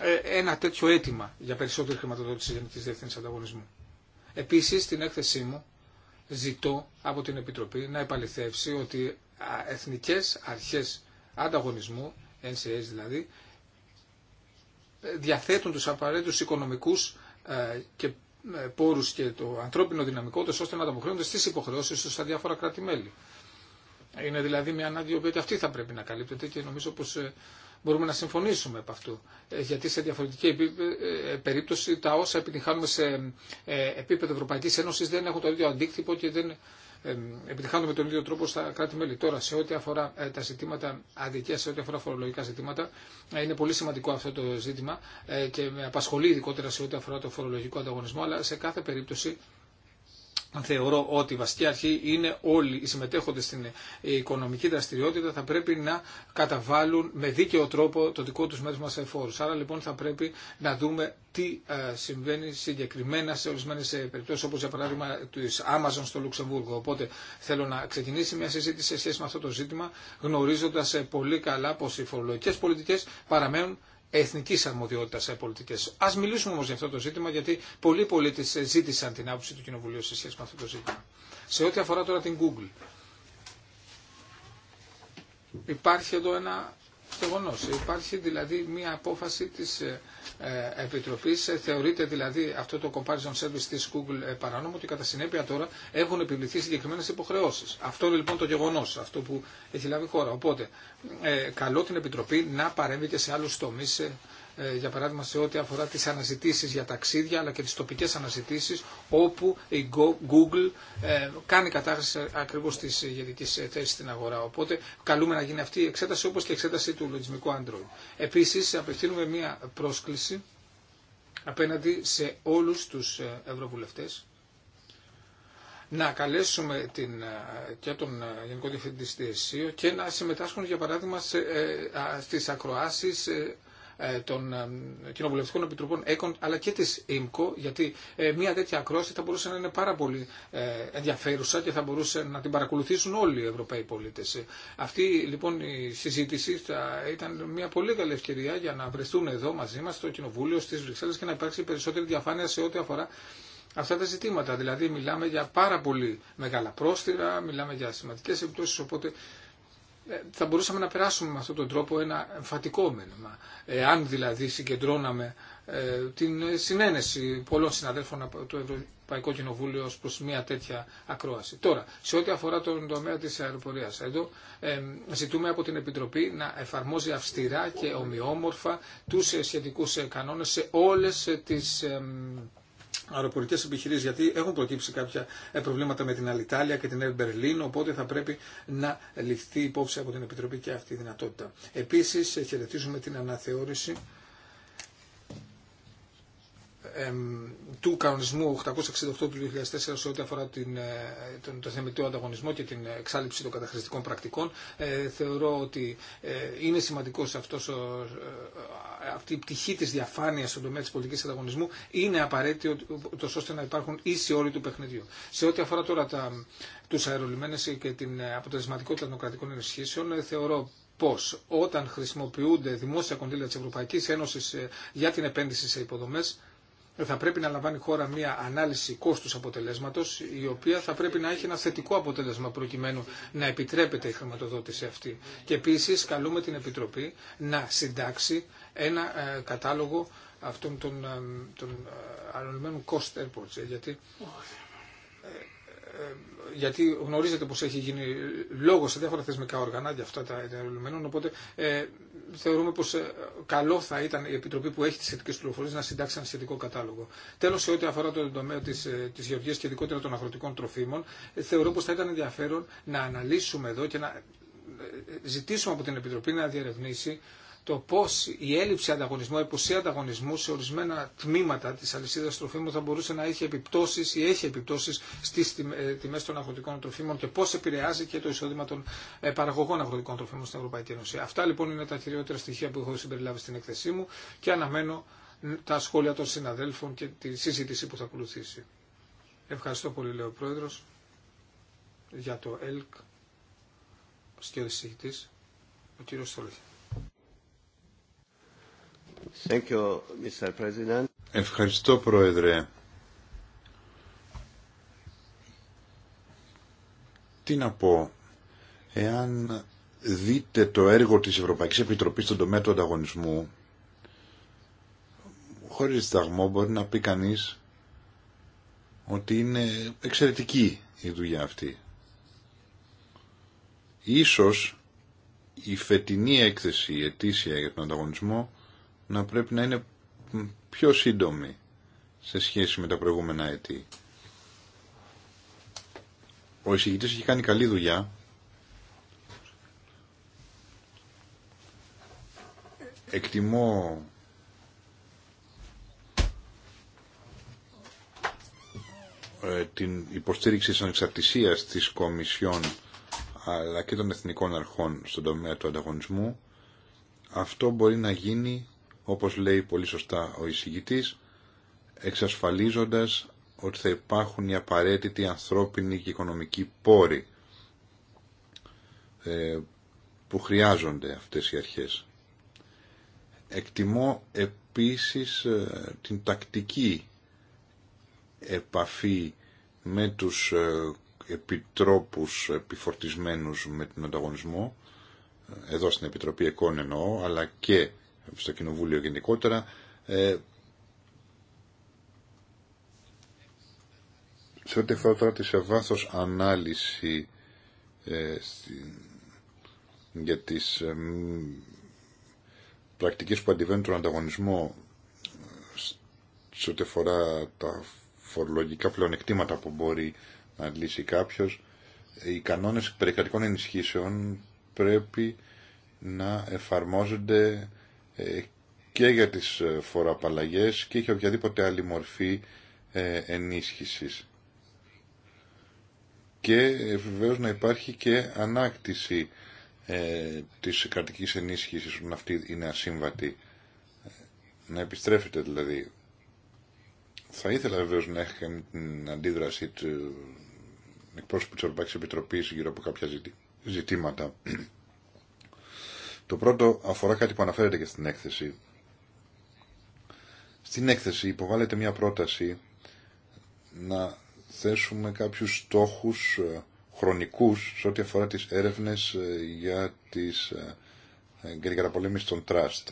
ε, ένα τέτοιο αίτημα για περισσότερη χρηματοδότηση Γενικής Διευθύνσης Ανταγωνισμού. Επίσης στην έκθεσή μου ζητώ από την Επιτροπή να επαληθεύσει ότι εθνικές αρχές ανταγωνισμού, NCS δηλαδή, διαθέτουν τους απαραίτητους οικονομικούς ε, και ε, πόρους και το ανθρώπινο δυναμικό τους ώστε να ανταποκρίνονται στις υποχρεώσεις τους στα διάφορα κράτη-μέλη. Είναι δηλαδή μια ανάγκη που αυτή θα πρέπει να καλύπτεται και νομίζω πως ε, μπορούμε να συμφωνήσουμε από αυτού. Γιατί σε διαφορετική περίπτωση τα όσα επιτυχάνουμε σε επίπεδο Ευρωπαϊκής Ένωσης δεν έχουν το ίδιο αντίκτυπο και δεν Επιτυχάνουμε με τον ίδιο τρόπο στα κράτη-μέλη. Τώρα, σε ό,τι αφορά ε, τα ζητήματα αδικία, σε ό,τι αφορά φορολογικά ζητήματα, ε, είναι πολύ σημαντικό αυτό το ζήτημα ε, και με απασχολεί ειδικότερα σε ό,τι αφορά το φορολογικό ανταγωνισμό, αλλά σε κάθε περίπτωση θεωρώ ότι η βασική αρχή είναι όλοι οι συμμετέχοντες στην οικονομική δραστηριότητα θα πρέπει να καταβάλουν με δίκαιο τρόπο το δικό τους μέρος μας εφόρους. Άρα λοιπόν θα πρέπει να δούμε τι ε, συμβαίνει συγκεκριμένα σε ορισμένε περιπτώσει, όπω για παράδειγμα τη Amazon στο Λουξεμβούργο. Οπότε θέλω να ξεκινήσει μια συζήτηση σε σχέση με αυτό το ζήτημα, γνωρίζοντα ε, πολύ καλά πω οι φορολογικέ πολιτικέ παραμένουν εθνική αρμοδιότητα σε πολιτικέ. Α μιλήσουμε όμω για αυτό το ζήτημα, γιατί πολλοί πολίτε ζήτησαν την άποψη του Κοινοβουλίου σε σχέση με αυτό το ζήτημα. Σε ό,τι αφορά τώρα την Google. Υπάρχει εδώ ένα γεγονός. Υπάρχει δηλαδή μία απόφαση της ε, ε, Επιτροπής, ε, θεωρείται δηλαδή αυτό το comparison service της Google παράνομο και κατά συνέπεια τώρα έχουν επιβληθεί συγκεκριμένε υποχρεώσεις. Αυτό είναι λοιπόν το γεγονό, αυτό που έχει λάβει η χώρα. Οπότε, καλό την Επιτροπή να παρέμβει και σε άλλους τομείς ε, για παράδειγμα σε ό,τι αφορά τις αναζητήσεις για ταξίδια αλλά και τις τοπικές αναζητήσεις όπου η Google ε, κάνει κατάχρηση ακριβώς της ηγετικής ε, θέσης στην αγορά. Οπότε καλούμε να γίνει αυτή η εξέταση όπως και η εξέταση του λογισμικού Android. Επίσης απευθύνουμε μία πρόσκληση απέναντι σε όλους τους ευρωβουλευτές να καλέσουμε την, και τον Γενικό Διευθυντή της ΕΣΥΟ και να συμμετάσχουν για παράδειγμα σε, ε, στις ακροάσεις ε, των ε, κοινοβουλευτικών επιτροπών ΕΚΟΝ αλλά και τη ΙΜΚΟ γιατί ε, μια τέτοια ακρόαση θα μπορούσε να είναι πάρα πολύ ενδιαφέρουσα και θα μπορούσε να την παρακολουθήσουν όλοι οι Ευρωπαίοι πολίτε. Αυτή λοιπόν η συζήτηση ήταν μια πολύ καλή ευκαιρία για να βρεθούν εδώ μαζί μα στο Κοινοβούλιο στι Βρυξέλλε και να υπάρξει περισσότερη διαφάνεια σε ό,τι αφορά αυτά τα ζητήματα. Δηλαδή μιλάμε για πάρα πολύ μεγάλα πρόστιρα, μιλάμε για σημαντικές επιπτώσει. οπότε ε, θα μπορούσαμε να περάσουμε με αυτόν τον τρόπο ένα εμφατικό μήνυμα. Εάν δηλαδή συγκεντρώναμε ε, την συνένεση πολλών συναδέλφων από το Ευρωπαϊκό Κοινοβούλιο ως προς μια τέτοια ακρόαση. Τώρα, σε ό,τι αφορά τον τομέα της αεροπορίας, εδώ ε, ζητούμε από την Επιτροπή να εφαρμόζει αυστηρά και ομοιόμορφα τους ε, σχετικούς κανόνες σε όλες τις αεροπορικέ επιχειρήσει, γιατί έχουν προκύψει κάποια ε, προβλήματα με την Αλιτάλια και την Air οπότε θα πρέπει να ληφθεί υπόψη από την Επιτροπή και αυτή η δυνατότητα. Επίση, ε, χαιρετίζουμε την αναθεώρηση του κανονισμού 868 του 2004 σε ό,τι αφορά την, ε, τον, το θεμητό ανταγωνισμό και την εξάλληψη των καταχρηστικών πρακτικών. Ε, θεωρώ ότι ε, είναι σημαντικό αυτός αυτή η πτυχή της διαφάνειας στον τομέα της πολιτικής ανταγωνισμού είναι απαραίτητο ώστε να υπάρχουν ίσοι όροι του παιχνιδιού. Σε ό,τι αφορά τώρα τα, τους αερολιμένες και την αποτελεσματικότητα των κρατικών ενισχύσεων θεωρώ πω όταν χρησιμοποιούνται δημόσια κονδύλια τη Ευρωπαϊκή Ένωση για την επένδυση σε υποδομέ, ε, θα πρέπει να λαμβάνει η χώρα μια ανάλυση κόστους αποτελέσματος η οποία θα πρέπει να έχει ένα θετικό αποτέλεσμα προκειμένου να επιτρέπεται η χρηματοδότηση αυτή. Και επίσης καλούμε την Επιτροπή να συντάξει ένα ε, κατάλογο αυτών των, ε, των κόστων, cost airports γιατί ε, γιατί γνωρίζετε πως έχει γίνει λόγο σε διάφορα θεσμικά οργανά για αυτά τα ενεργολουμένων, οπότε ε, θεωρούμε πως ε, καλό θα ήταν η Επιτροπή που έχει τις σχετικές πληροφορίες να συντάξει ένα σχετικό κατάλογο. Τέλος, σε ό,τι αφορά το τομέα της, της γεωργίας και ειδικότερα των αγροτικών τροφίμων, θεωρώ πως θα ήταν ενδιαφέρον να αναλύσουμε εδώ και να ζητήσουμε από την Επιτροπή να διερευνήσει το πώ η έλλειψη ανταγωνισμού, η απουσία ανταγωνισμού σε ορισμένα τμήματα τη Αλυσίδα τροφίμων θα μπορούσε να έχει επιπτώσει ή έχει επιπτώσει στι ε, τιμέ των αγροτικών τροφίμων και πώ επηρεάζει και το εισόδημα των ε, παραγωγών αγροτικών τροφίμων στην Ευρωπαϊκή Ένωση. Αυτά λοιπόν είναι τα κυριότερα στοιχεία που έχω συμπεριλάβει στην εκθεσή μου και αναμένω τα σχόλια των συναδέλφων και τη συζήτηση που θα ακολουθήσει. Ευχαριστώ πολύ, λέει ο Πρόεδρο για το ΕΛΚ, ο κύριο Στολίχη. Ευχαριστώ, Πρόεδρε. Τι να πω, εάν δείτε το έργο της Ευρωπαϊκής Επιτροπής στον τομέα του ανταγωνισμού, χωρίς δισταγμό μπορεί να πει κανείς ότι είναι εξαιρετική η δουλειά αυτή. Ίσως η φετινή έκθεση η ετήσια για τον ανταγωνισμό να πρέπει να είναι πιο σύντομη σε σχέση με τα προηγούμενα έτη. Ο εισηγητής έχει κάνει καλή δουλειά. Εκτιμώ ε, την υποστήριξη της ανεξαρτησίας της Κομισιόν αλλά και των εθνικών αρχών στον τομέα του ανταγωνισμού αυτό μπορεί να γίνει όπως λέει πολύ σωστά ο εισηγητής, εξασφαλίζοντας ότι θα υπάρχουν οι απαραίτητοι ανθρώπινοι και οικονομικοί πόροι ε, που χρειάζονται αυτές οι αρχές. Εκτιμώ επίσης ε, την τακτική επαφή με τους ε, επιτρόπους επιφορτισμένους με τον ανταγωνισμό, εδώ στην Επιτροπή Εκών εννοώ, αλλά και στο Κοινοβούλιο γενικότερα. Ε, σε ό,τι αφορά τώρα τη σε βάθος ανάλυση ε, στη, για τις ε, πρακτικές που αντιβαίνουν τον ανταγωνισμό σε ό,τι αφορά τα φορολογικά πλεονεκτήματα που μπορεί να λύσει κάποιος, οι κανόνες περικρατικών ενισχύσεων πρέπει να εφαρμόζονται ε, και για τις ε, φοροαπαλλαγές και για οποιαδήποτε άλλη μορφή ε, ενίσχυσης. Και βεβαίως να υπάρχει και ανάκτηση της κρατικής ενίσχυσης όταν αυτή είναι ασύμβατη. Να επιστρέφεται δηλαδή. Θα ήθελα βεβαίως να έχω την αντίδραση του εκπρόσωπου της Ευρωπαϊκής Επιτροπής γύρω από κάποια ζητήματα. Το πρώτο αφορά κάτι που αναφέρεται και στην έκθεση. Στην έκθεση υποβάλλεται μια πρόταση να θέσουμε κάποιους στόχους ε, χρονικούς σε ό,τι αφορά τις έρευνες ε, για, τις, ε, για των τραστ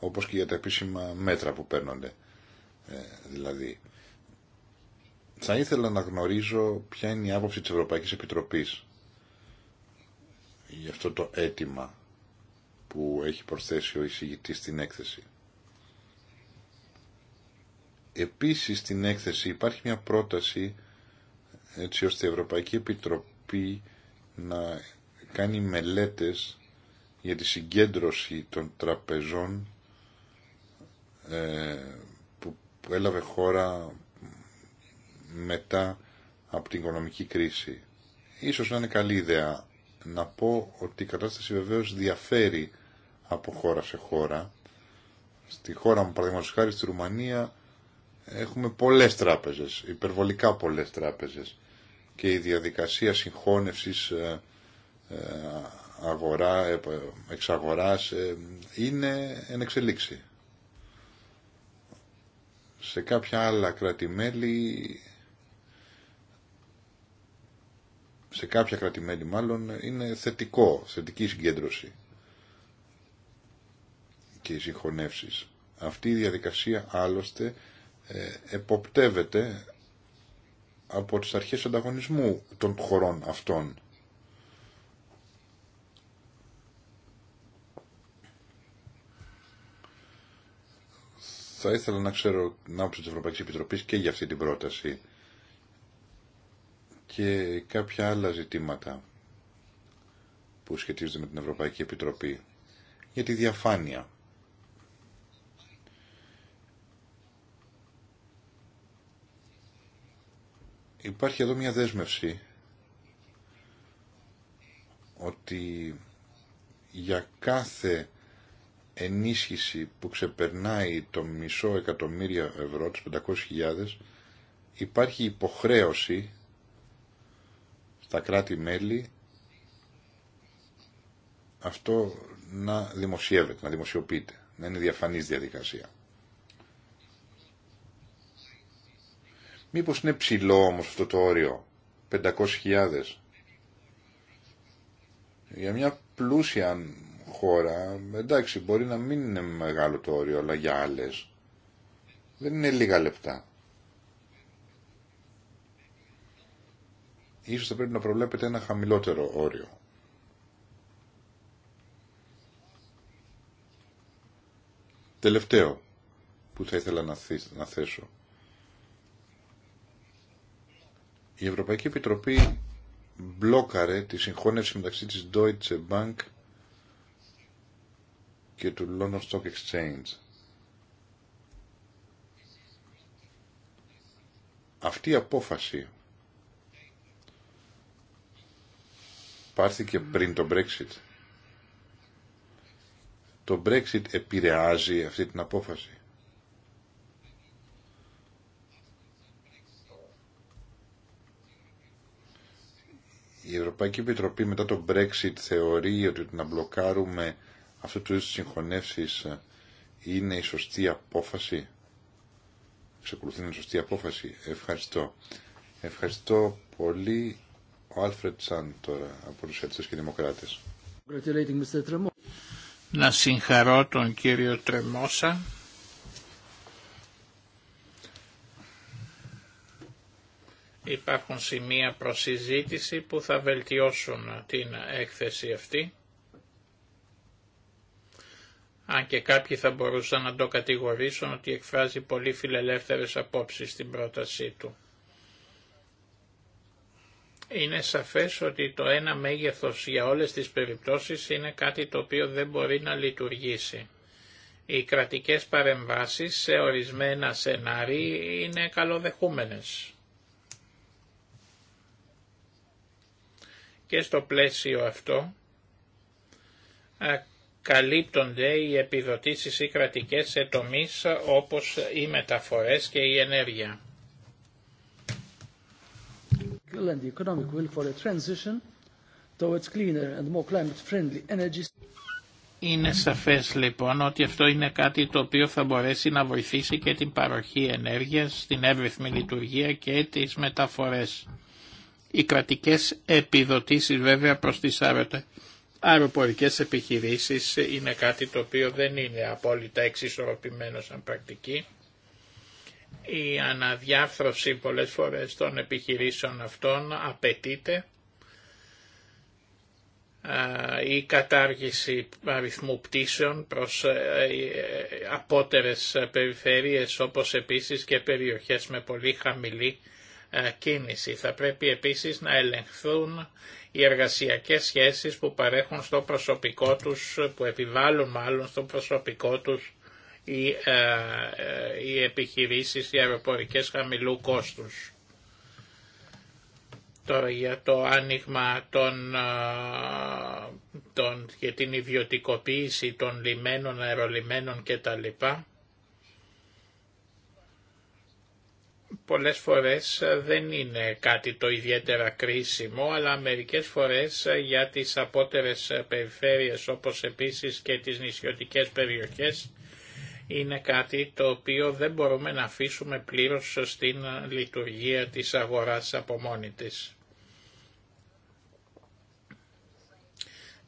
όπως και για τα επίσημα μέτρα που παίρνονται δηλαδή θα ήθελα να γνωρίζω ποια είναι η άποψη της Ευρωπαϊκής Επιτροπής για αυτό το αίτημα που έχει προσθέσει ο εισηγητής στην έκθεση. Επίσης στην έκθεση υπάρχει μια πρόταση έτσι ώστε η Ευρωπαϊκή Επιτροπή να κάνει μελέτες για τη συγκέντρωση των τραπεζών ε, που έλαβε χώρα μετά από την οικονομική κρίση. Ίσως να είναι καλή ιδέα να πω ότι η κατάσταση βεβαίως διαφέρει από χώρα σε χώρα. Στη χώρα μου, παραδείγματο χάρη, στη Ρουμανία έχουμε πολλές τράπεζες, υπερβολικά πολλές τράπεζες και η διαδικασία συγχώνευσης ε, ε, αγορά, ε, εξαγοράς είναι εν εξελίξη. Σε κάποια άλλα κρατημέλη σε κάποια κρατημέλη μάλλον είναι θετικό, θετική συγκέντρωση και οι συγχωνεύσεις. Αυτή η διαδικασία άλλωστε ε, εποπτεύεται από τις αρχές ανταγωνισμού των χωρών αυτών. Θα ήθελα να ξέρω την άποψη της Ευρωπαϊκής Επιτροπής και για αυτή την πρόταση και κάποια άλλα ζητήματα που σχετίζονται με την Ευρωπαϊκή Επιτροπή για τη διαφάνεια. υπάρχει εδώ μια δέσμευση ότι για κάθε ενίσχυση που ξεπερνάει το μισό εκατομμύριο ευρώ, τις 500.000, υπάρχει υποχρέωση στα κράτη-μέλη αυτό να δημοσιεύεται, να δημοσιοποιείται, να είναι διαφανής διαδικασία. Μήπως είναι ψηλό όμως αυτό το όριο, 500.000. Για μια πλούσια χώρα, εντάξει μπορεί να μην είναι μεγάλο το όριο, αλλά για άλλες δεν είναι λίγα λεπτά. Ίσως θα πρέπει να προβλέπετε ένα χαμηλότερο όριο. Τελευταίο που θα ήθελα να θέσω. Η Ευρωπαϊκή Επιτροπή μπλόκαρε τη συγχώνευση μεταξύ της Deutsche Bank και του London Stock Exchange. Αυτή η απόφαση πάρθηκε πριν το Brexit. Το Brexit επηρεάζει αυτή την απόφαση. η Ευρωπαϊκή Επιτροπή μετά το Brexit θεωρεί ότι να μπλοκάρουμε αυτού του είδους συγχωνεύσεις είναι η σωστή απόφαση. Ξεκολουθεί να είναι η σωστή απόφαση. Ευχαριστώ. Ευχαριστώ πολύ ο Άλφρετ Σαν τώρα από τους Σοσιαλιστές και Δημοκράτες. Να συγχαρώ τον κύριο Τρεμόσα Υπάρχουν σημεία προσυζήτηση που θα βελτιώσουν την έκθεση αυτή. Αν και κάποιοι θα μπορούσαν να το κατηγορήσουν ότι εκφράζει πολύ φιλελεύθερες απόψεις στην πρότασή του. Είναι σαφές ότι το ένα μέγεθος για όλες τις περιπτώσεις είναι κάτι το οποίο δεν μπορεί να λειτουργήσει. Οι κρατικές παρεμβάσεις σε ορισμένα σενάρια είναι καλοδεχούμενες. Και στο πλαίσιο αυτό καλύπτονται οι επιδοτήσεις ή κρατικές σε τομείς όπως οι μεταφορές και η ενέργεια. Είναι σαφές λοιπόν ότι αυτό είναι κάτι το οποίο θα μπορέσει να βοηθήσει και την παροχή ενέργειας, την εύρυθμη λειτουργία και τις μεταφορές. Οι κρατικές επιδοτήσεις βέβαια προς τις αεροπορικές επιχειρήσεις είναι κάτι το οποίο δεν είναι απόλυτα εξισορροπημένο σαν πρακτική. Η αναδιάρθρωση πολλές φορές των επιχειρήσεων αυτών απαιτείται η κατάργηση αριθμού πτήσεων προς ε, ε, απότερες περιφέρειες όπως επίσης και περιοχές με πολύ χαμηλή ε, κίνηση. Θα πρέπει επίσης να ελεγχθούν οι εργασιακές σχέσεις που παρέχουν στο προσωπικό τους, που επιβάλλουν μάλλον στο προσωπικό τους οι, ε, ε επιχειρήσεις, αεροπορικές χαμηλού κόστους. Τώρα για το άνοιγμα των, ε, των, για την ιδιωτικοποίηση των λιμένων, αερολιμένων κτλ. πολλές φορές ε, δεν είναι κάτι το ιδιαίτερα κρίσιμο, αλλά μερικές φορές ε, για τις απότερες ε, περιφέρειες όπως επίσης και τις νησιωτικές περιοχές είναι κάτι το οποίο δεν μπορούμε να αφήσουμε πλήρως στην λειτουργία της αγοράς από μόνη της.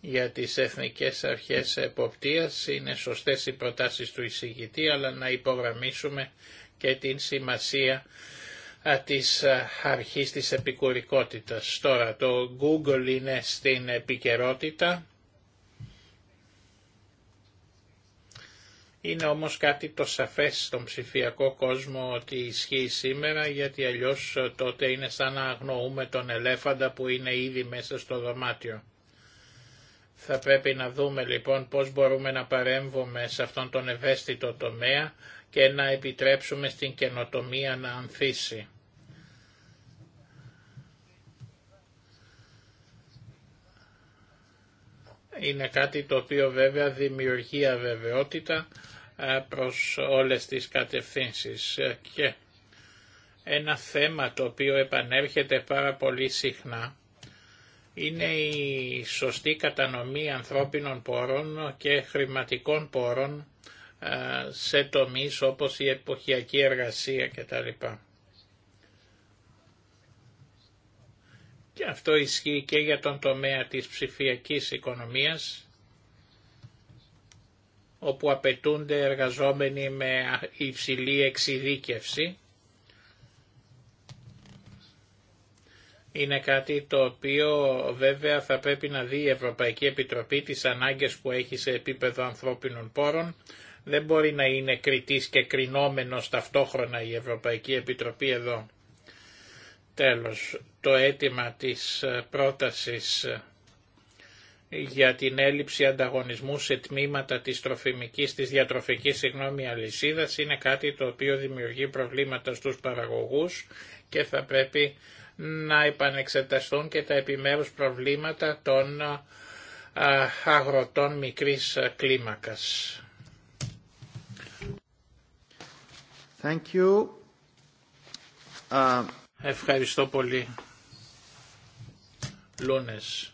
για τις εθνικές αρχές εποπτείας είναι σωστές οι προτάσεις του εισηγητή αλλά να υπογραμμίσουμε και την σημασία της αρχής της επικουρικότητας. Τώρα το Google είναι στην επικαιρότητα. Είναι όμως κάτι το σαφές στον ψηφιακό κόσμο ότι ισχύει σήμερα γιατί αλλιώς τότε είναι σαν να αγνοούμε τον ελέφαντα που είναι ήδη μέσα στο δωμάτιο. Θα πρέπει να δούμε λοιπόν πώς μπορούμε να παρέμβουμε σε αυτόν τον ευαίσθητο τομέα και να επιτρέψουμε στην καινοτομία να ανθίσει. Είναι κάτι το οποίο βέβαια δημιουργεί αβεβαιότητα ε, προς όλες τις κατευθύνσεις ε, και ένα θέμα το οποίο επανέρχεται πάρα πολύ συχνά είναι η σωστή κατανομή ανθρώπινων πόρων και χρηματικών πόρων ε, σε τομείς όπως η εποχιακή εργασία κτλ. Και αυτό ισχύει και για τον τομέα της ψηφιακής οικονομίας, όπου απαιτούνται εργαζόμενοι με υψηλή εξειδίκευση. Είναι κάτι το οποίο βέβαια θα πρέπει να δει η Ευρωπαϊκή Επιτροπή τις ανάγκες που έχει σε επίπεδο ανθρώπινων πόρων, δεν μπορεί να είναι κριτής και κρινόμενος ταυτόχρονα η Ευρωπαϊκή Επιτροπή εδώ. Τέλος, το αίτημα της ε, πρότασης ε, για την έλλειψη ανταγωνισμού σε τμήματα της, τροφιμικής, της διατροφικής συγγνώμη, αλυσίδας είναι κάτι το οποίο δημιουργεί προβλήματα στους παραγωγούς και θα πρέπει να επανεξεταστούν και τα επιμέρους προβλήματα των ε, αγροτών μικρής κλίμακας. Uh, Ευχαριστώ πολύ. Λούνες.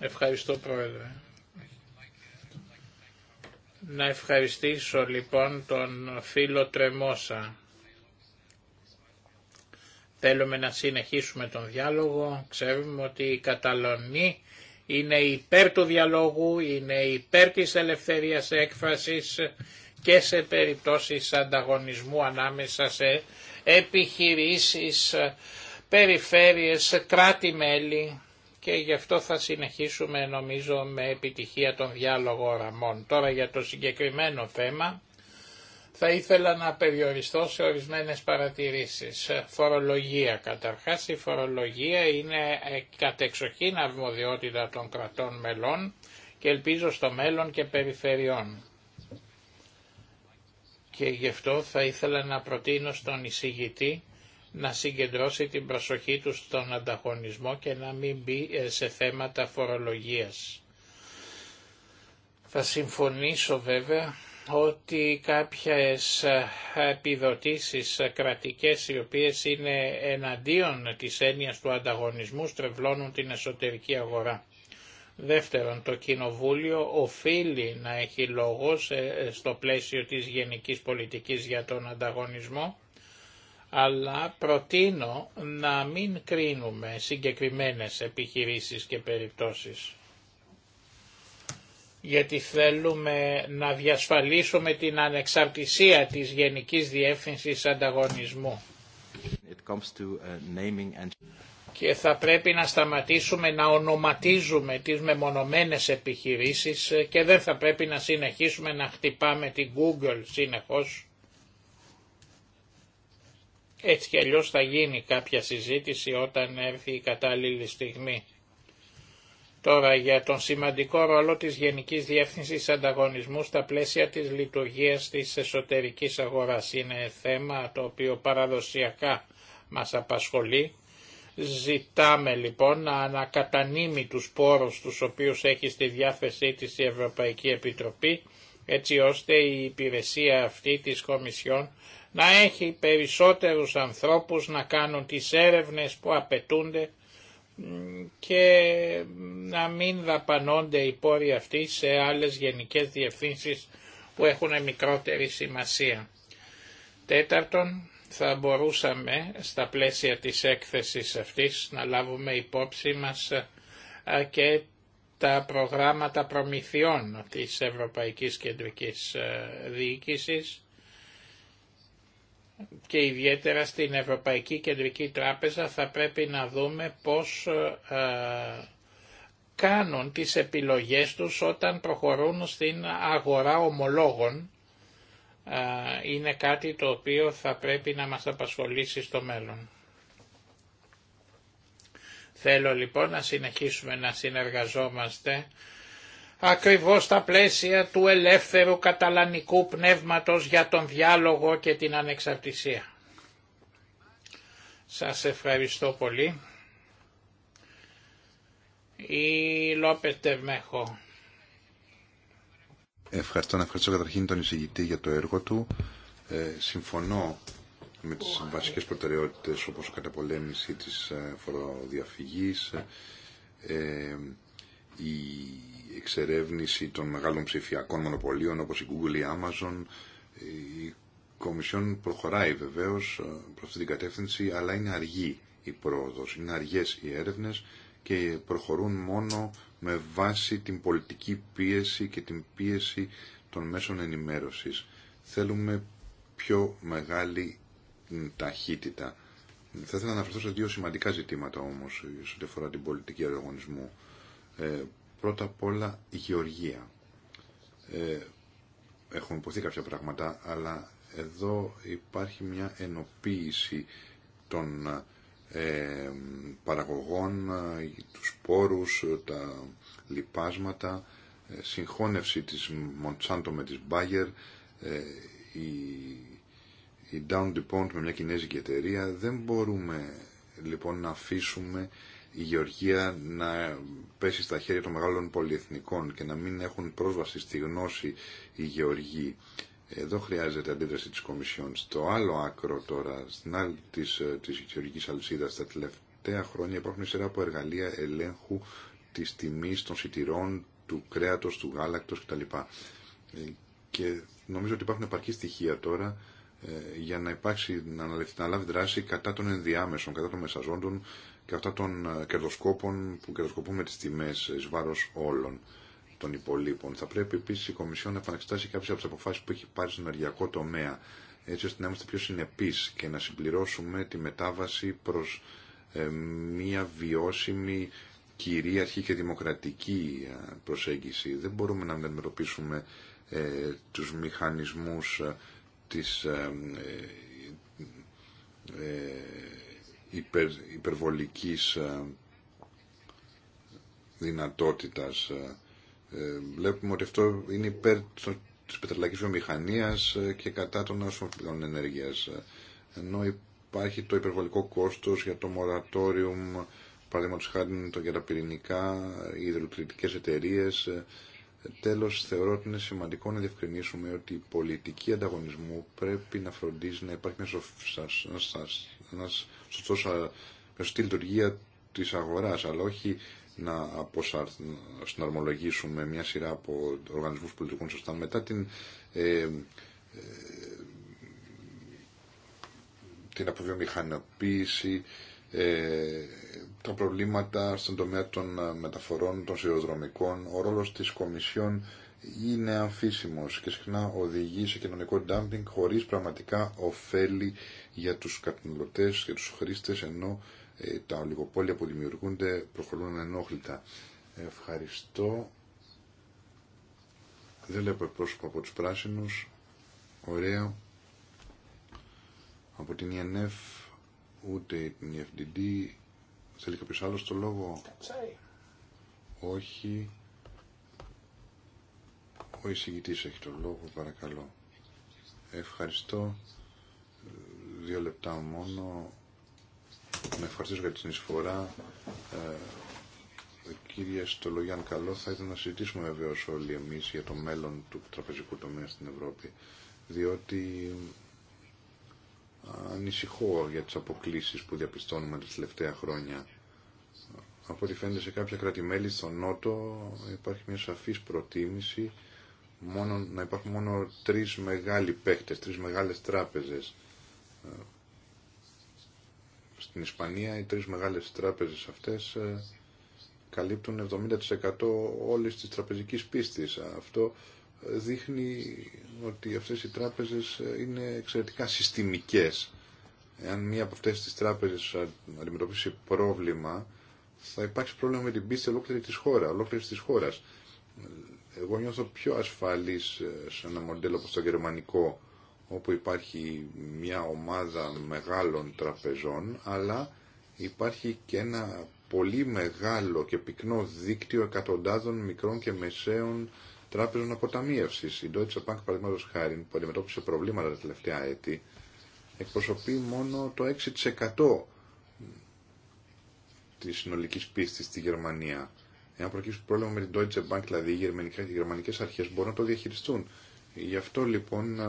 Ευχαριστώ Πρόεδρε. Να ευχαριστήσω λοιπόν τον φίλο Τρεμόσα. Θέλουμε να συνεχίσουμε τον διάλογο. Ξέρουμε ότι οι Καταλωνοί είναι υπέρ του διαλόγου, είναι υπέρ της ελευθερίας έκφρασης και σε περιπτώσεις ανταγωνισμού ανάμεσα σε επιχειρήσεις, περιφέρειες, κράτη-μέλη και γι' αυτό θα συνεχίσουμε νομίζω με επιτυχία τον διάλογο οραμών. Τώρα για το συγκεκριμένο θέμα θα ήθελα να περιοριστώ σε ορισμένες παρατηρήσεις. Φορολογία καταρχάς. Η φορολογία είναι ε, κατεξοχήν αρμοδιότητα των κρατών μελών και ελπίζω στο μέλλον και περιφερειών και γι' αυτό θα ήθελα να προτείνω στον εισηγητή να συγκεντρώσει την προσοχή του στον ανταγωνισμό και να μην μπει ε, σε θέματα φορολογίας. Θα συμφωνήσω βέβαια ότι κάποιες ε, επιδοτήσεις ε, κρατικές οι οποίες είναι εναντίον της έννοιας του ανταγωνισμού στρεβλώνουν την εσωτερική αγορά. Δεύτερον, το Κοινοβούλιο οφείλει να έχει λόγο στο πλαίσιο της γενικής πολιτικής για τον ανταγωνισμό, αλλά προτείνω να μην κρίνουμε συγκεκριμένες επιχειρήσεις και περιπτώσεις. Γιατί θέλουμε να διασφαλίσουμε την ανεξαρτησία της Γενικής Διεύθυνσης Ανταγωνισμού. Uh, και θα πρέπει να σταματήσουμε να ονοματίζουμε τις μεμονωμένες επιχειρήσεις και δεν θα πρέπει να συνεχίσουμε να χτυπάμε την Google συνεχώς. Έτσι κι αλλιώς θα γίνει κάποια συζήτηση όταν έρθει η κατάλληλη στιγμή. Τώρα για τον σημαντικό ρόλο της Γενικής Διεύθυνσης Ανταγωνισμού στα πλαίσια της λειτουργίας της εσωτερικής αγοράς είναι θέμα το οποίο παραδοσιακά μας απασχολεί Ζητάμε λοιπόν να ανακατανείμει τους πόρους τους οποίους έχει στη διάθεσή της η Ευρωπαϊκή Επιτροπή έτσι ώστε η υπηρεσία αυτή της Κομισιόν να έχει περισσότερους ανθρώπους να κάνουν τις έρευνες που απαιτούνται και να μην δαπανώνται οι πόροι αυτοί σε άλλες γενικές διευθύνσεις που έχουν μικρότερη σημασία. Τέταρτον, θα μπορούσαμε στα πλαίσια της έκθεσης αυτής να λάβουμε υπόψη μας ε, και τα προγράμματα προμηθειών της Ευρωπαϊκής Κεντρικής ε, Διοίκησης και ιδιαίτερα στην Ευρωπαϊκή Κεντρική Τράπεζα θα πρέπει να δούμε πώς ε, κάνουν τις επιλογές τους όταν προχωρούν στην αγορά ομολόγων είναι κάτι το οποίο θα πρέπει να μας απασχολήσει στο μέλλον. Θέλω λοιπόν να συνεχίσουμε να συνεργαζόμαστε ακριβώς στα πλαίσια του ελεύθερου καταλανικού πνεύματος για τον διάλογο και την ανεξαρτησία. Σας ευχαριστώ πολύ. Η λόπετε Μέχο. Ευχαριστώ να ευχαριστώ καταρχήν τον εισηγητή για το έργο του. Ε, συμφωνώ με τις βασικές προτεραιότητες όπως η καταπολέμηση της ε, φοροδιαφυγής, ε, ε, η εξερεύνηση των μεγάλων ψηφιακών μονοπωλίων όπως η Google ή η Amazon. Ε, η Κομισιόν προχωράει βεβαίως προς αυτή την κατεύθυνση, αλλά είναι αργή η πρόοδος, είναι αργές οι έρευνες και προχωρούν μόνο με βάση την πολιτική πίεση και την πίεση των μέσων ενημέρωσης. Θέλουμε πιο μεγάλη ταχύτητα. Θα ήθελα να αναφερθώ σε δύο σημαντικά ζητήματα όμως σε ό,τι αφορά την πολιτική ανταγωνισμού. Ε, πρώτα απ' όλα η γεωργία. Ε, έχουν υποθεί κάποια πράγματα, αλλά εδώ υπάρχει μια ενοποίηση των παραγωγών, ε, τους πόρους, ε, τα λιπάσματα, ε, συγχώνευση της Μοντσάντο με της Bayer, η, η Down Depont με μια κινέζικη εταιρεία. Δεν μπορούμε λοιπόν να αφήσουμε η γεωργία να πέσει στα χέρια των μεγάλων πολυεθνικών και να μην έχουν πρόσβαση στη γνώση οι γεωργοί. Εδώ χρειάζεται αντίδραση της Κομισιόν. Στο άλλο άκρο τώρα, στην άλλη της, ε, της γεωργικής αλυσίδας, τα τελευταία χρόνια υπάρχουν σειρά από εργαλεία ελέγχου της τιμής των σιτηρών, του κρέατος, του γάλακτος κτλ. Ε, και νομίζω ότι υπάρχουν επαρκή στοιχεία τώρα ε, για να, υπάρξει, να, να λάβει δράση κατά των ενδιάμεσων, κατά των μεσαζόντων, αυτά των κερδοσκόπων που κερδοσκοπούμε τις τιμές εις βάρος όλων των υπολείπων. Θα πρέπει επίση η Κομισιόν να επαναξετάσει κάποιε από τι αποφάσει που έχει πάρει στον ενεργειακό τομέα, έτσι ώστε να είμαστε πιο συνεπεί και να συμπληρώσουμε τη μετάβαση προ ε, μια βιώσιμη, κυρίαρχη και δημοκρατική ε, προσέγγιση. Δεν μπορούμε να αντιμετωπίσουμε ε, τους μηχανισμούς ε, της ε, υπερ, υπερβολικής δυνατότητας ε, βλέπουμε ότι αυτό είναι υπέρ τη πετρελαϊκή βιομηχανία ε, και κατά των νέων πηγών ενέργειας. Ε, ενώ υπάρχει το υπερβολικό κόστος για το moratorium, παραδείγματο χάρη για τα πυρηνικά, οι υδροκριτικέ εταιρείε. Τέλος, θεωρώ ότι είναι σημαντικό να διευκρινίσουμε ότι η πολιτική ανταγωνισμού πρέπει να φροντίζει να υπάρχει μια, σωστή λειτουργία της αγοράς, αλλά όχι να αποσαρμολογήσουμε μια σειρά από οργανισμούς που λειτουργούν σωστά μετά την, ε, ε την αποβιομηχανοποίηση, ε, τα προβλήματα στον τομέα των ε, μεταφορών, των σιδηροδρομικών. Ο ρόλος της Κομισιόν είναι αμφίσιμος και συχνά οδηγεί σε κοινωνικό ντάμπινγκ χωρίς πραγματικά ωφέλη για τους καταναλωτές και τους χρήστες ενώ ε, τα ολιγοπόλια που δημιουργούνται προχωρούν ενόχλητα. Ευχαριστώ. Δεν βλέπω πρόσωπο από τους πράσινους. Ωραία. Από την ΙΕΝΕΦ ούτε την EFDD. Θέλει κάποιος άλλος το λόγο. Όχι. Ο εισηγητής έχει το λόγο, παρακαλώ. Ευχαριστώ. Δύο λεπτά μόνο να ευχαριστήσω για την εισφορά. Ε, κύριε Στολογιάν, καλό θα ήταν να συζητήσουμε βεβαίω όλοι εμεί για το μέλλον του τραπεζικού τομέα στην Ευρώπη. Διότι ανησυχώ για τι αποκλήσει που διαπιστώνουμε τα τελευταία χρόνια. Από ό,τι φαίνεται σε κάποια κράτη-μέλη στον Νότο υπάρχει μια σαφής προτίμηση μόνο, να υπάρχουν μόνο τρεις μεγάλοι παίχτες, τρεις μεγάλες τράπεζες ε, στην Ισπανία οι τρεις μεγάλες τράπεζες αυτές ε, καλύπτουν 70% όλης της τραπεζικής πίστης. Αυτό ε, δείχνει ότι αυτές οι τράπεζες ε, είναι εξαιρετικά συστημικές. Εάν μία από αυτές τις τράπεζες αντιμετωπίσει πρόβλημα, θα υπάρξει πρόβλημα με την πίστη ολόκληρη της, χώρα, ολόκληρη της χώρας. Εγώ νιώθω πιο ασφαλής σε ένα μοντέλο όπως το γερμανικό, όπου υπάρχει μια ομάδα μεγάλων τραπεζών, αλλά υπάρχει και ένα πολύ μεγάλο και πυκνό δίκτυο εκατοντάδων μικρών και μεσαίων τράπεζων αποταμίευσης. Η Deutsche Bank, παραδείγματος χάρη, που αντιμετώπισε προβλήματα τα τελευταία έτη, εκπροσωπεί μόνο το 6% της συνολική πίστη στη Γερμανία. Εάν προκύψει πρόβλημα με την Deutsche Bank, δηλαδή οι γερμανικές αρχές μπορούν να το διαχειριστούν. Γι' αυτό λοιπόν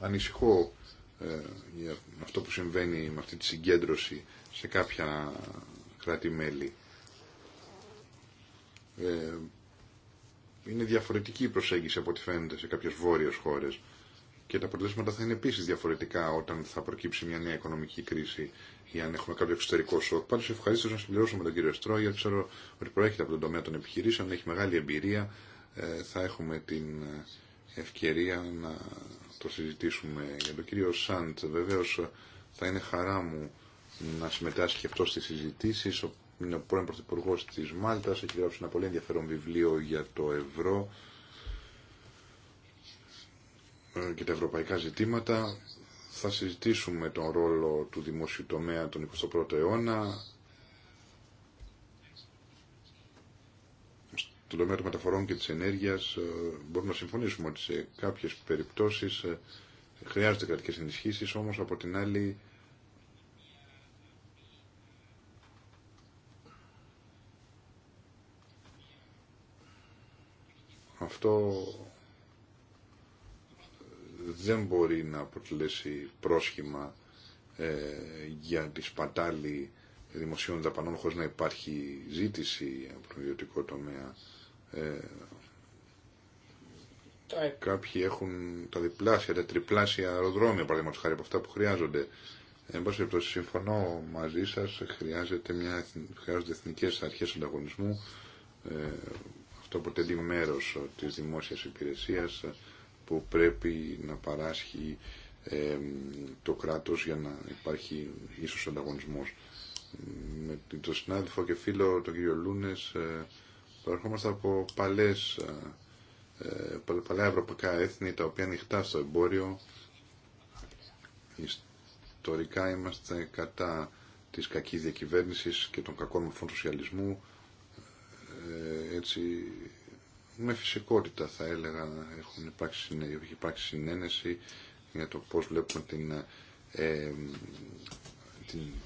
ανησυχώ ε, για αυτό που συμβαίνει με αυτή τη συγκέντρωση σε κάποια κράτη-μέλη. Ε, είναι διαφορετική η προσέγγιση από ό,τι φαίνεται σε κάποιες βόρειες χώρες και τα αποτελέσματα θα είναι επίσης διαφορετικά όταν θα προκύψει μια νέα οικονομική κρίση ή αν έχουμε κάποιο εξωτερικό σοκ. Πάντω ευχαρίστω να συμπληρώσω με τον κύριο Στρό γιατί ξέρω ότι προέρχεται από τον τομέα των επιχειρήσεων, έχει μεγάλη εμπειρία, ε, θα έχουμε την ευκαιρία να το συζητήσουμε. Για τον κύριο Σάντ βεβαίω θα είναι χαρά μου να συμμετάσχει και αυτό στι συζητήσει. Είναι ο πρώην Πρωθυπουργό τη Μάλτα, έχει γράψει ένα πολύ ενδιαφέρον βιβλίο για το ευρώ ε, και τα ευρωπαϊκά ζητήματα. Θα συζητήσουμε τον ρόλο του δημόσιου τομέα τον 21ο αιώνα, Το τομέα των μεταφορών και της ενέργειας ε, μπορούμε να συμφωνήσουμε ότι σε κάποιες περιπτώσεις ε, χρειάζονται κρατικές ενισχύσεις, όμως από την άλλη αυτό δεν μπορεί να αποτελέσει πρόσχημα ε, για τη σπατάλη δημοσίων δαπανών χωρίς να υπάρχει ζήτηση από τον ιδιωτικό τομέα. Ε, κάποιοι έχουν τα διπλάσια, τα τριπλάσια αεροδρόμια, παραδείγματο χάρη από αυτά που χρειάζονται. Εν πάση περιπτώσει, συμφωνώ μαζί σα. Χρειάζεται μια, χρειάζονται εθνικέ αρχέ ανταγωνισμού. Ε, αυτό αποτελεί μέρο τη δημόσια υπηρεσία που πρέπει να παράσχει το κράτο για να υπάρχει ίσως ανταγωνισμό. Με τον συνάδελφο και φίλο τον κύριο Λούνες ε, Προερχόμαστε από παλές, ε, ε, παλαιά ευρωπαϊκά έθνη τα οποία ανοιχτά στο εμπόριο. Ιστορικά είμαστε κατά της κακής διακυβέρνησης και των κακών μορφών σοσιαλισμού. Ε, έτσι, με φυσικότητα θα έλεγα έχουν υπάρξει, έχει υπάρξει συνένεση για το πώς βλέπουμε την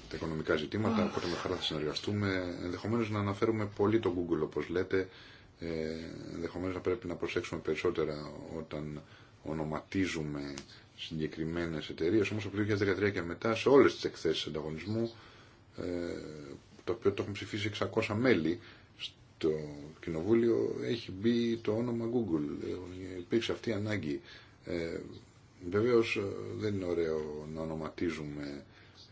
τα οικονομικά ζητήματα, οπότε με χαρά θα συνεργαστούμε. Ενδεχομένως να αναφέρουμε πολύ το Google όπως λέτε, ε, ενδεχομένως να πρέπει να προσέξουμε περισσότερα όταν ονοματίζουμε συγκεκριμένες εταιρείες, όμως από το 2013 και μετά σε όλες τις εκθέσεις ανταγωνισμού, ε, το οποίο το έχουν ψηφίσει 600 μέλη, στο κοινοβούλιο έχει μπει το όνομα Google. Ε, υπήρξε αυτή η ανάγκη. Ε, Βεβαίω ε, δεν είναι ωραίο να ονοματίζουμε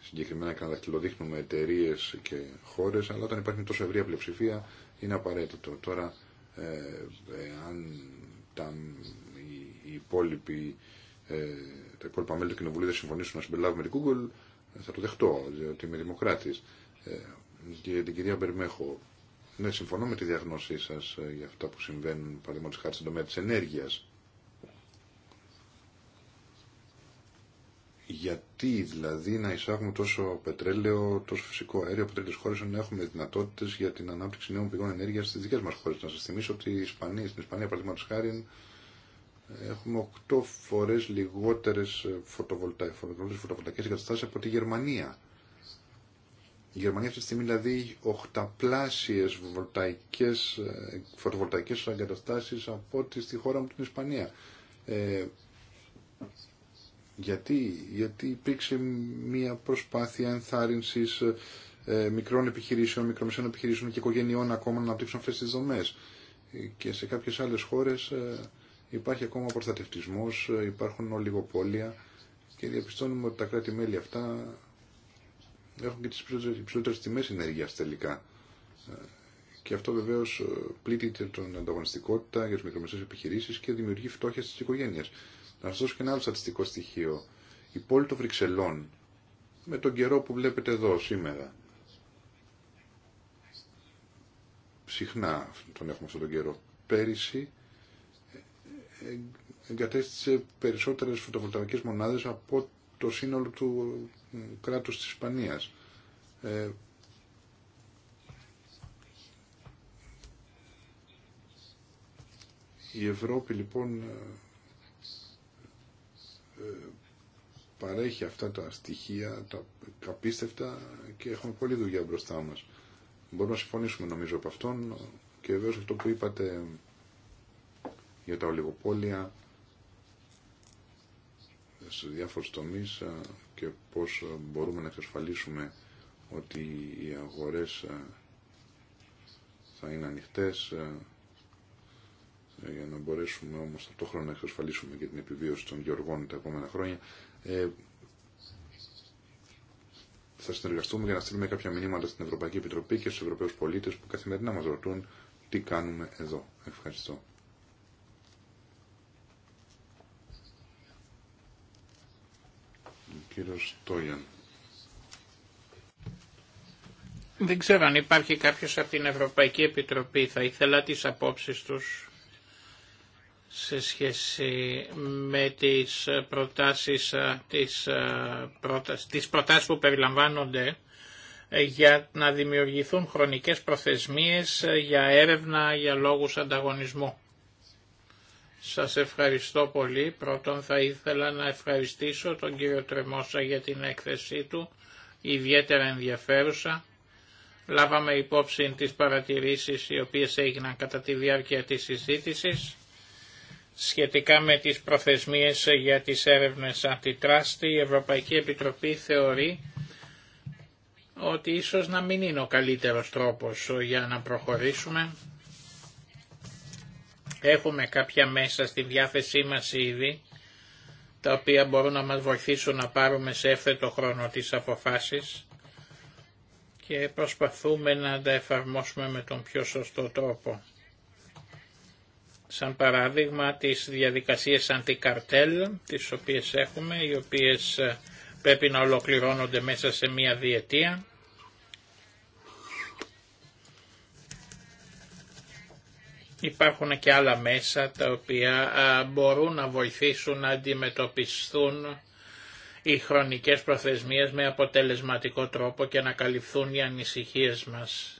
συγκεκριμένα και να δαχτυλοδείχνουμε εταιρείε και χώρες, αλλά όταν υπάρχει τόσο ευρία πλειοψηφία είναι απαραίτητο. Τώρα, ε, ε, αν τα, οι, οι υπόλοιποι, ε, τα υπόλοιπα μέλη του Κοινοβουλίου δεν συμφωνήσουν να συμπεριλάβουμε την Google, θα το δεχτώ, διότι είμαι δημοκράτης. Ε, και την κυρία Μπερμέχο, ναι, συμφωνώ με τη διαγνώσή σας για αυτά που συμβαίνουν, παραδείγματο χάρη στον τομέα τη ενέργειας. Γιατί δηλαδή να εισάγουμε τόσο πετρέλαιο, τόσο φυσικό αέριο από τρίτε χώρε, να έχουμε δυνατότητε για την ανάπτυξη νέων πηγών ενέργεια στι δικέ μα χώρε. Να σα θυμίσω ότι η Ισπανία, στην Ισπανία, παραδείγματο χάρη, έχουμε 8 φορέ λιγότερε φωτοβολταϊκέ εγκαταστάσει από τη Γερμανία. Η Γερμανία αυτή τη στιγμή δηλαδή έχει οχταπλάσιε φωτοβολταϊκέ εγκαταστάσει από ό,τι στη χώρα μου την Ισπανία. Ε, γιατί, γιατί υπήρξε μια προσπάθεια ενθάρρυνσης ε, μικρών επιχειρήσεων, μικρομεσαίων επιχειρήσεων και οικογενειών ακόμα να αναπτύξουν αυτές τις δομές. Και σε κάποιες άλλες χώρες ε, υπάρχει ακόμα προστατευτισμός, ε, υπάρχουν ολιγοπόλια και διαπιστώνουμε ότι τα κράτη-μέλη αυτά έχουν και τις υψηλότερες τιμές ενέργεια τελικά. Ε, και αυτό βεβαίω πλήττει την ανταγωνιστικότητα για τι μικρομεσαίε επιχειρήσει και δημιουργεί φτώχεια στι οικογένειε. Να σα δώσω και ένα άλλο στατιστικό στοιχείο. Η πόλη των Βρυξελών, με τον καιρό που βλέπετε εδώ σήμερα, συχνά τον έχουμε αυτόν τον καιρό, πέρυσι ε, εγκατέστησε περισσότερες φωτοβολταϊκές μονάδες από το σύνολο του κράτους της Ισπανίας. Ε, η Ευρώπη λοιπόν ε, παρέχει αυτά τα στοιχεία, τα απίστευτα και έχουμε πολλή δουλειά μπροστά μας. Μπορούμε να συμφωνήσουμε νομίζω από αυτόν και βέβαια αυτό που είπατε για τα ολιγοπόλια σε διάφορου τομείς ε, και πώς μπορούμε να εξασφαλίσουμε ότι οι αγορές ε, θα είναι ανοιχτές ε, για να μπορέσουμε όμως χρόνο να εξασφαλίσουμε και την επιβίωση των γεωργών τα επόμενα χρόνια, ε, θα συνεργαστούμε για να στείλουμε κάποια μηνύματα στην Ευρωπαϊκή Επιτροπή και στους Ευρωπαίους πολίτες που καθημερινά μας ρωτούν τι κάνουμε εδώ. Ευχαριστώ. Κύριος Δεν ξέρω αν υπάρχει κάποιος από την Ευρωπαϊκή Επιτροπή. Θα ήθελα τις απόψεις τους σε σχέση με τις προτάσεις, ε, τις, ε, προτάσεις, τις προτάσεις που περιλαμβάνονται ε, για να δημιουργηθούν χρονικές προθεσμίες για έρευνα για λόγους ανταγωνισμού. Σας ευχαριστώ πολύ. Πρώτον θα ήθελα να ευχαριστήσω τον κύριο Τρεμόσα για την έκθεσή του, ιδιαίτερα ενδιαφέρουσα. Λάβαμε υπόψη τις παρατηρήσεις οι οποίες έγιναν κατά τη διάρκεια της συζήτησης Σχετικά με τις προθεσμίες για τις έρευνες αντιτράστη, η Ευρωπαϊκή Επιτροπή θεωρεί ότι ίσως να μην είναι ο καλύτερος τρόπος για να προχωρήσουμε. Έχουμε κάποια μέσα στη διάθεσή μας ήδη, τα οποία μπορούν να μας βοηθήσουν να πάρουμε σε έφθετο χρόνο τις αποφάσεις και προσπαθούμε να τα εφαρμόσουμε με τον πιο σωστό τρόπο σαν παράδειγμα τις διαδικασίες αντικαρτέλ, τις οποίες έχουμε, οι οποίες ε, πρέπει να ολοκληρώνονται μέσα σε μία διετία. Υπάρχουν και άλλα μέσα τα οποία ε, μπορούν να βοηθήσουν να αντιμετωπιστούν οι χρονικές προθεσμίες με αποτελεσματικό τρόπο και να καλυφθούν οι ανησυχίες μας.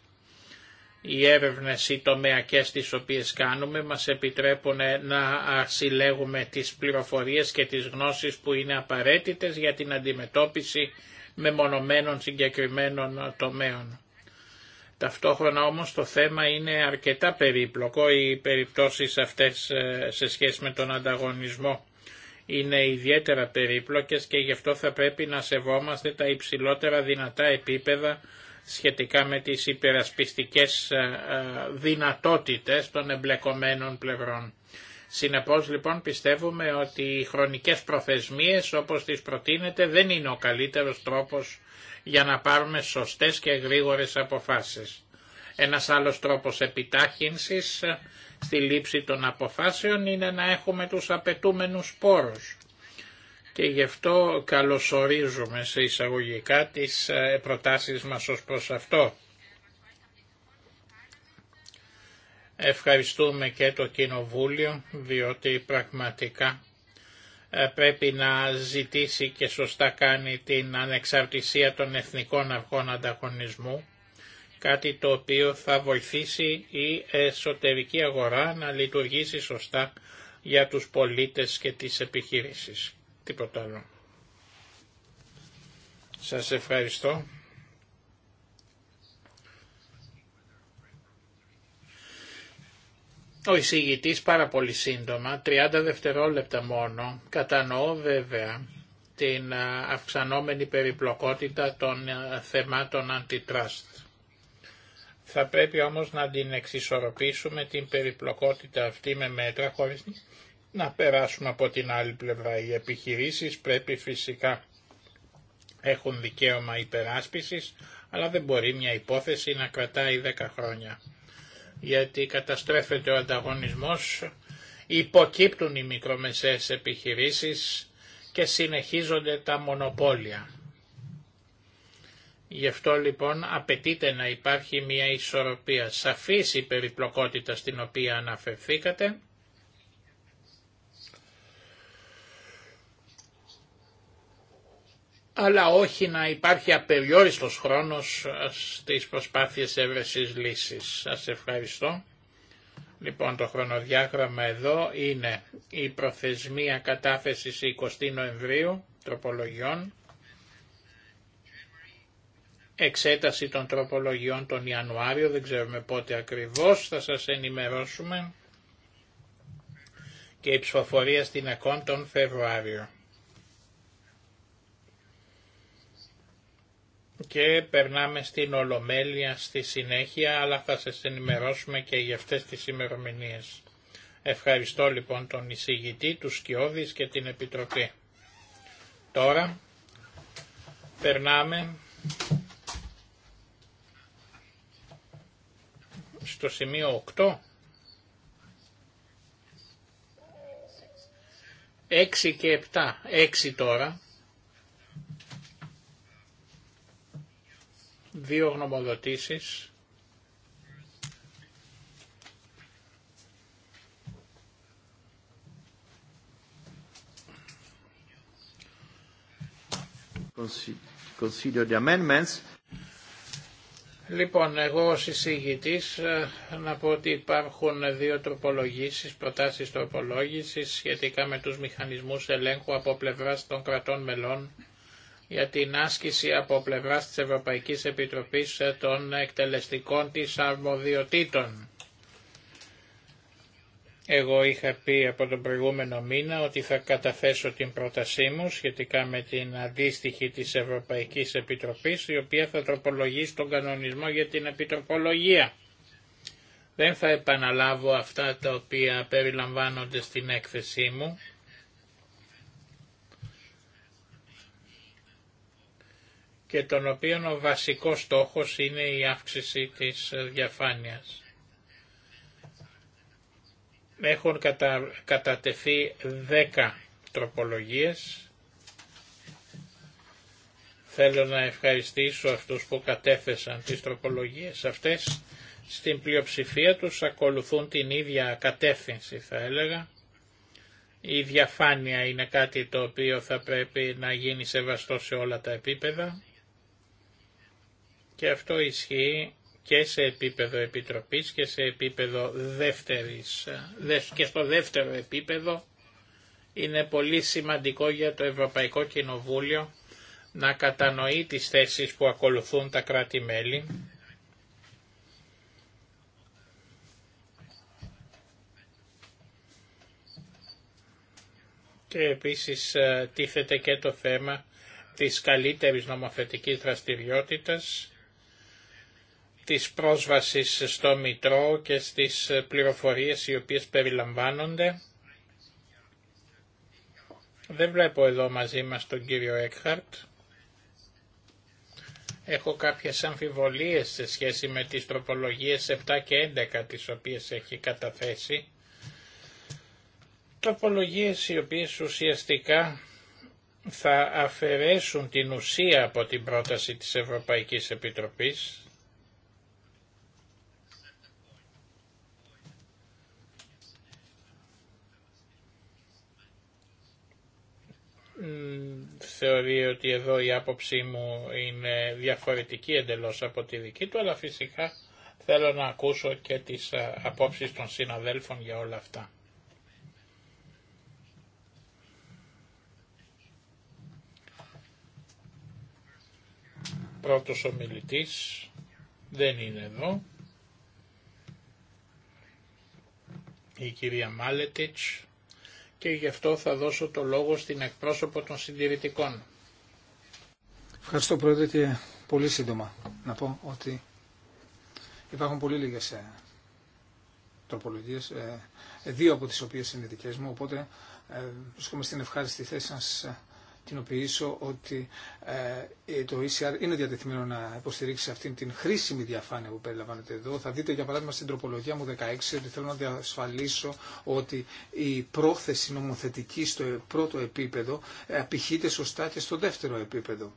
Οι έρευνες οι τομεακές τις οποίες κάνουμε μας επιτρέπουν να συλλέγουμε τις πληροφορίες και τις γνώσεις που είναι απαραίτητες για την αντιμετώπιση μεμονωμένων συγκεκριμένων τομέων. Ταυτόχρονα όμως το θέμα είναι αρκετά περίπλοκο, οι περιπτώσεις αυτές ε, σε σχέση με τον ανταγωνισμό είναι ιδιαίτερα περίπλοκες και γι' αυτό θα πρέπει να σεβόμαστε τα υψηλότερα δυνατά επίπεδα σχετικά με τις υπερασπιστικές ε, ε, δυνατότητες των εμπλεκομένων πλευρών. Συνεπώς λοιπόν πιστεύουμε ότι οι χρονικές προθεσμίες όπως τις προτείνεται δεν είναι ο καλύτερος τρόπος για να πάρουμε σωστές και γρήγορες αποφάσεις. Ένας άλλος τρόπος επιτάχυνσης ε, στη λήψη των αποφάσεων είναι να έχουμε τους απαιτούμενους πόρους και γι' αυτό καλωσορίζουμε σε εισαγωγικά τις ε, προτάσεις μας ως προς αυτό. Ευχαριστούμε και το Κοινοβούλιο διότι πραγματικά ε, πρέπει να ζητήσει και σωστά κάνει την ανεξαρτησία των εθνικών αρχών ανταγωνισμού, κάτι το οποίο θα βοηθήσει η εσωτερική αγορά να λειτουργήσει σωστά για τους πολίτες και τις επιχειρήσεις τίποτα άλλο. Σας ευχαριστώ. Ο εισηγητής πάρα πολύ σύντομα, 30 δευτερόλεπτα μόνο, κατανοώ βέβαια την αυξανόμενη περιπλοκότητα των θεμάτων αντιτράστ. Θα πρέπει όμως να την εξισορροπήσουμε την περιπλοκότητα αυτή με μέτρα χωρίς να περάσουν από την άλλη πλευρά. Οι επιχειρήσεις πρέπει φυσικά έχουν δικαίωμα υπεράσπισης, αλλά δεν μπορεί μια υπόθεση να κρατάει 10 χρόνια. Γιατί καταστρέφεται ο ανταγωνισμός, υποκύπτουν οι μικρομεσαίες επιχειρήσεις και συνεχίζονται τα μονοπόλια. Γι' αυτό λοιπόν απαιτείται να υπάρχει μια ισορροπία σαφής η στην οποία αναφερθήκατε αλλά όχι να υπάρχει απεριόριστος χρόνος ε, στις προσπάθειες έβρεσης λύσης. Σας ευχαριστώ. Λοιπόν, το χρονοδιάγραμμα εδώ είναι η προθεσμία κατάθεσης 20 Νοεμβρίου τροπολογιών, εξέταση των τροπολογιών τον Ιανουάριο, δεν ξέρουμε πότε ακριβώς, θα σας ενημερώσουμε και η ψηφοφορία στην ΕΚΟΝ τον Φεβρουάριο. και περνάμε στην Ολομέλεια στη συνέχεια, αλλά θα σας ενημερώσουμε και για αυτές τις ημερομηνίε. Ευχαριστώ λοιπόν τον εισηγητή, του Σκιώδης και την Επιτροπή. Τώρα περνάμε στο σημείο 8. 6 και 7, 6 τώρα, δύο γνωμοδοτήσεις. Consider the amendments. Λοιπόν, εγώ ως εισηγητής ε, να πω ότι υπάρχουν δύο τροπολογήσεις, προτάσεις τροπολόγησης σχετικά με τους μηχανισμούς ελέγχου από πλευράς των κρατών μελών για την άσκηση από πλευρά τη Ευρωπαϊκή Επιτροπής ε, των εκτελεστικών της αρμοδιοτήτων. Εγώ είχα πει από τον προηγούμενο μήνα ότι θα καταθέσω την πρότασή μου σχετικά με την αντίστοιχη της Ευρωπαϊκής Επιτροπής η οποία θα τροπολογήσει τον κανονισμό για την επιτροπολογία. Δεν θα επαναλάβω αυτά τα οποία περιλαμβάνονται στην έκθεσή μου και τον οποίο ο βασικός στόχος είναι η αύξηση της διαφάνειας. Έχουν κατα, κατατεθεί 10 τροπολογίες. Θέλω να ευχαριστήσω αυτούς που κατέθεσαν τις τροπολογίες αυτές. Στην πλειοψηφία τους ακολουθούν την ίδια κατεύθυνση θα έλεγα. Η διαφάνεια είναι κάτι το οποίο θα πρέπει να γίνει σεβαστό σε όλα τα επίπεδα και αυτό ισχύει και σε επίπεδο επιτροπής και σε επίπεδο δεύτερης και στο δεύτερο επίπεδο είναι πολύ σημαντικό για το Ευρωπαϊκό Κοινοβούλιο να κατανοεί τις θέσεις που ακολουθούν τα κράτη-μέλη και επίσης ε, τίθεται και το θέμα της καλύτερης νομοθετικής δραστηριότητας της πρόσβασης στο Μητρό και στις πληροφορίες οι οποίες περιλαμβάνονται. Δεν βλέπω εδώ μαζί μας τον κύριο Έκχαρτ. Έχω κάποιες αμφιβολίες σε σχέση με τις τροπολογίες 7 και 11 τις οποίες έχει καταθέσει. Τροπολογίες οι οποίες ουσιαστικά θα αφαιρέσουν την ουσία από την πρόταση της Ευρωπαϊκής Επιτροπής θεωρεί ότι εδώ η άποψή μου είναι διαφορετική εντελώς από τη δική του, αλλά φυσικά θέλω να ακούσω και τις ε, απόψεις των συναδέλφων για όλα αυτά. Πρώτος ομιλητής δεν είναι εδώ. Η κυρία Μάλετιτς και γι' αυτό θα δώσω το λόγο στην εκπρόσωπο των συντηρητικών. Ευχαριστώ Πρόεδρε και πολύ σύντομα να πω ότι υπάρχουν πολύ λίγες ε, τροπολογίες, ε, ε, δύο από τις οποίες είναι δικές μου, οπότε βρίσκομαι στην ευχάριστη θέση σας κοινοποιήσω ότι ε, το ECR είναι διατεθειμένο να υποστηρίξει αυτήν την χρήσιμη διαφάνεια που περιλαμβάνεται εδώ. Θα δείτε για παράδειγμα στην τροπολογία μου 16 ότι θέλω να διασφαλίσω ότι η πρόθεση νομοθετική στο πρώτο επίπεδο ε, απηχείται σωστά και στο δεύτερο επίπεδο.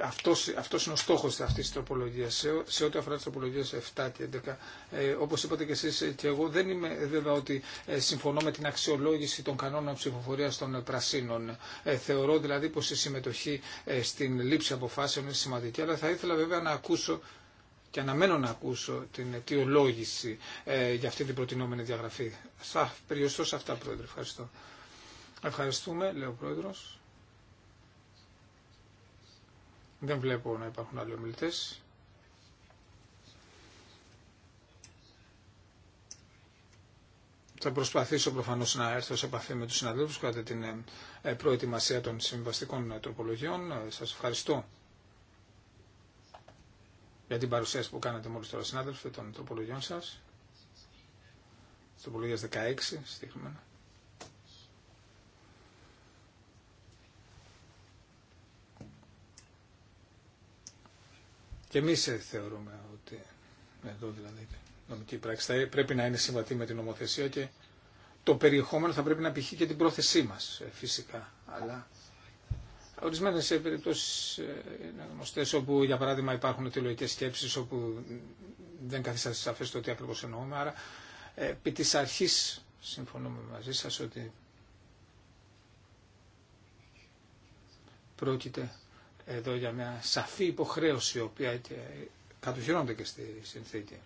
Αυτό αυτός είναι ο στόχος αυτής της τροπολογίας. Σε, σε ό,τι αφορά τις τροπολογίες 7 και 11, ε, όπως είπατε και εσείς ε, και εγώ, δεν είμαι βέβαια ότι ε, συμφωνώ με την αξιολόγηση των κανόνων ψηφοφορία των ε, πρασίνων. θεωρώ δηλαδή πως η συμμετοχή στην λήψη αποφάσεων είναι σημαντική, αλλά θα ήθελα βέβαια να ακούσω και αναμένω να ακούσω την αιτιολόγηση για αυτή την προτινόμενη διαγραφή. Θα περιοριστώ σε αυτά, Πρόεδρε. Ευχαριστώ. Ευχαριστούμε, λέει ο Πρόεδρος. Δεν βλέπω να υπάρχουν άλλοι ομιλητέ. Θα προσπαθήσω προφανώ να έρθω σε επαφή με του συναδέλφου κατά την ε, ε, προετοιμασία των συμβαστικών ε, τροπολογιών. Σα ευχαριστώ για την παρουσίαση που κάνατε μόλι τώρα, συνάδελφοι, των τροπολογιών σα. Τροπολογία 16 συγκεκριμένα. Και εμεί ε, θεωρούμε ότι εδώ δηλαδή η νομική πράξη θα ε, πρέπει να είναι συμβατή με την νομοθεσία και το περιεχόμενο θα πρέπει να πηχεί και την πρόθεσή μα ε, φυσικά. Αλλά Ορισμένε περιπτώσει είναι γνωστέ όπου, για παράδειγμα, υπάρχουν αιτιολογικέ σκέψει όπου δεν καθίσταται σαφέ το τι ακριβώ εννοούμε. Άρα, επί τη αρχή συμφωνούμε μαζί σα ότι πρόκειται εδώ για μια σαφή υποχρέωση η οποία και κατοχυρώνεται και στη συνθήκη.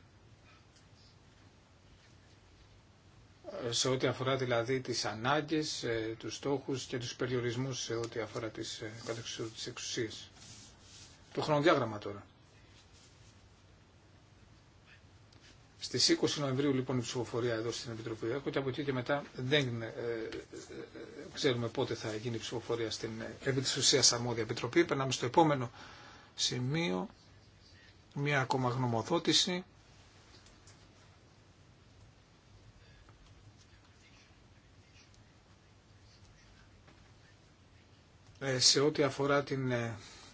σε ό,τι αφορά δηλαδή τις ανάγκες, ε, τους στόχους και τους περιορισμούς σε ό,τι αφορά τις ε, εξουσίες. Το χρονοδιάγραμμα τώρα. Στι 20 Νοεμβρίου λοιπόν η ψηφοφορία εδώ στην Επιτροπή Έχω και από εκεί και μετά δεν ε, ε, ε, ξέρουμε πότε θα γίνει η ψηφοφορία στην ε, επί της αρμόδια Επιτροπή. Περνάμε στο επόμενο σημείο. Μία ακόμα γνωμοδότηση. Ε, σε ό,τι αφορά την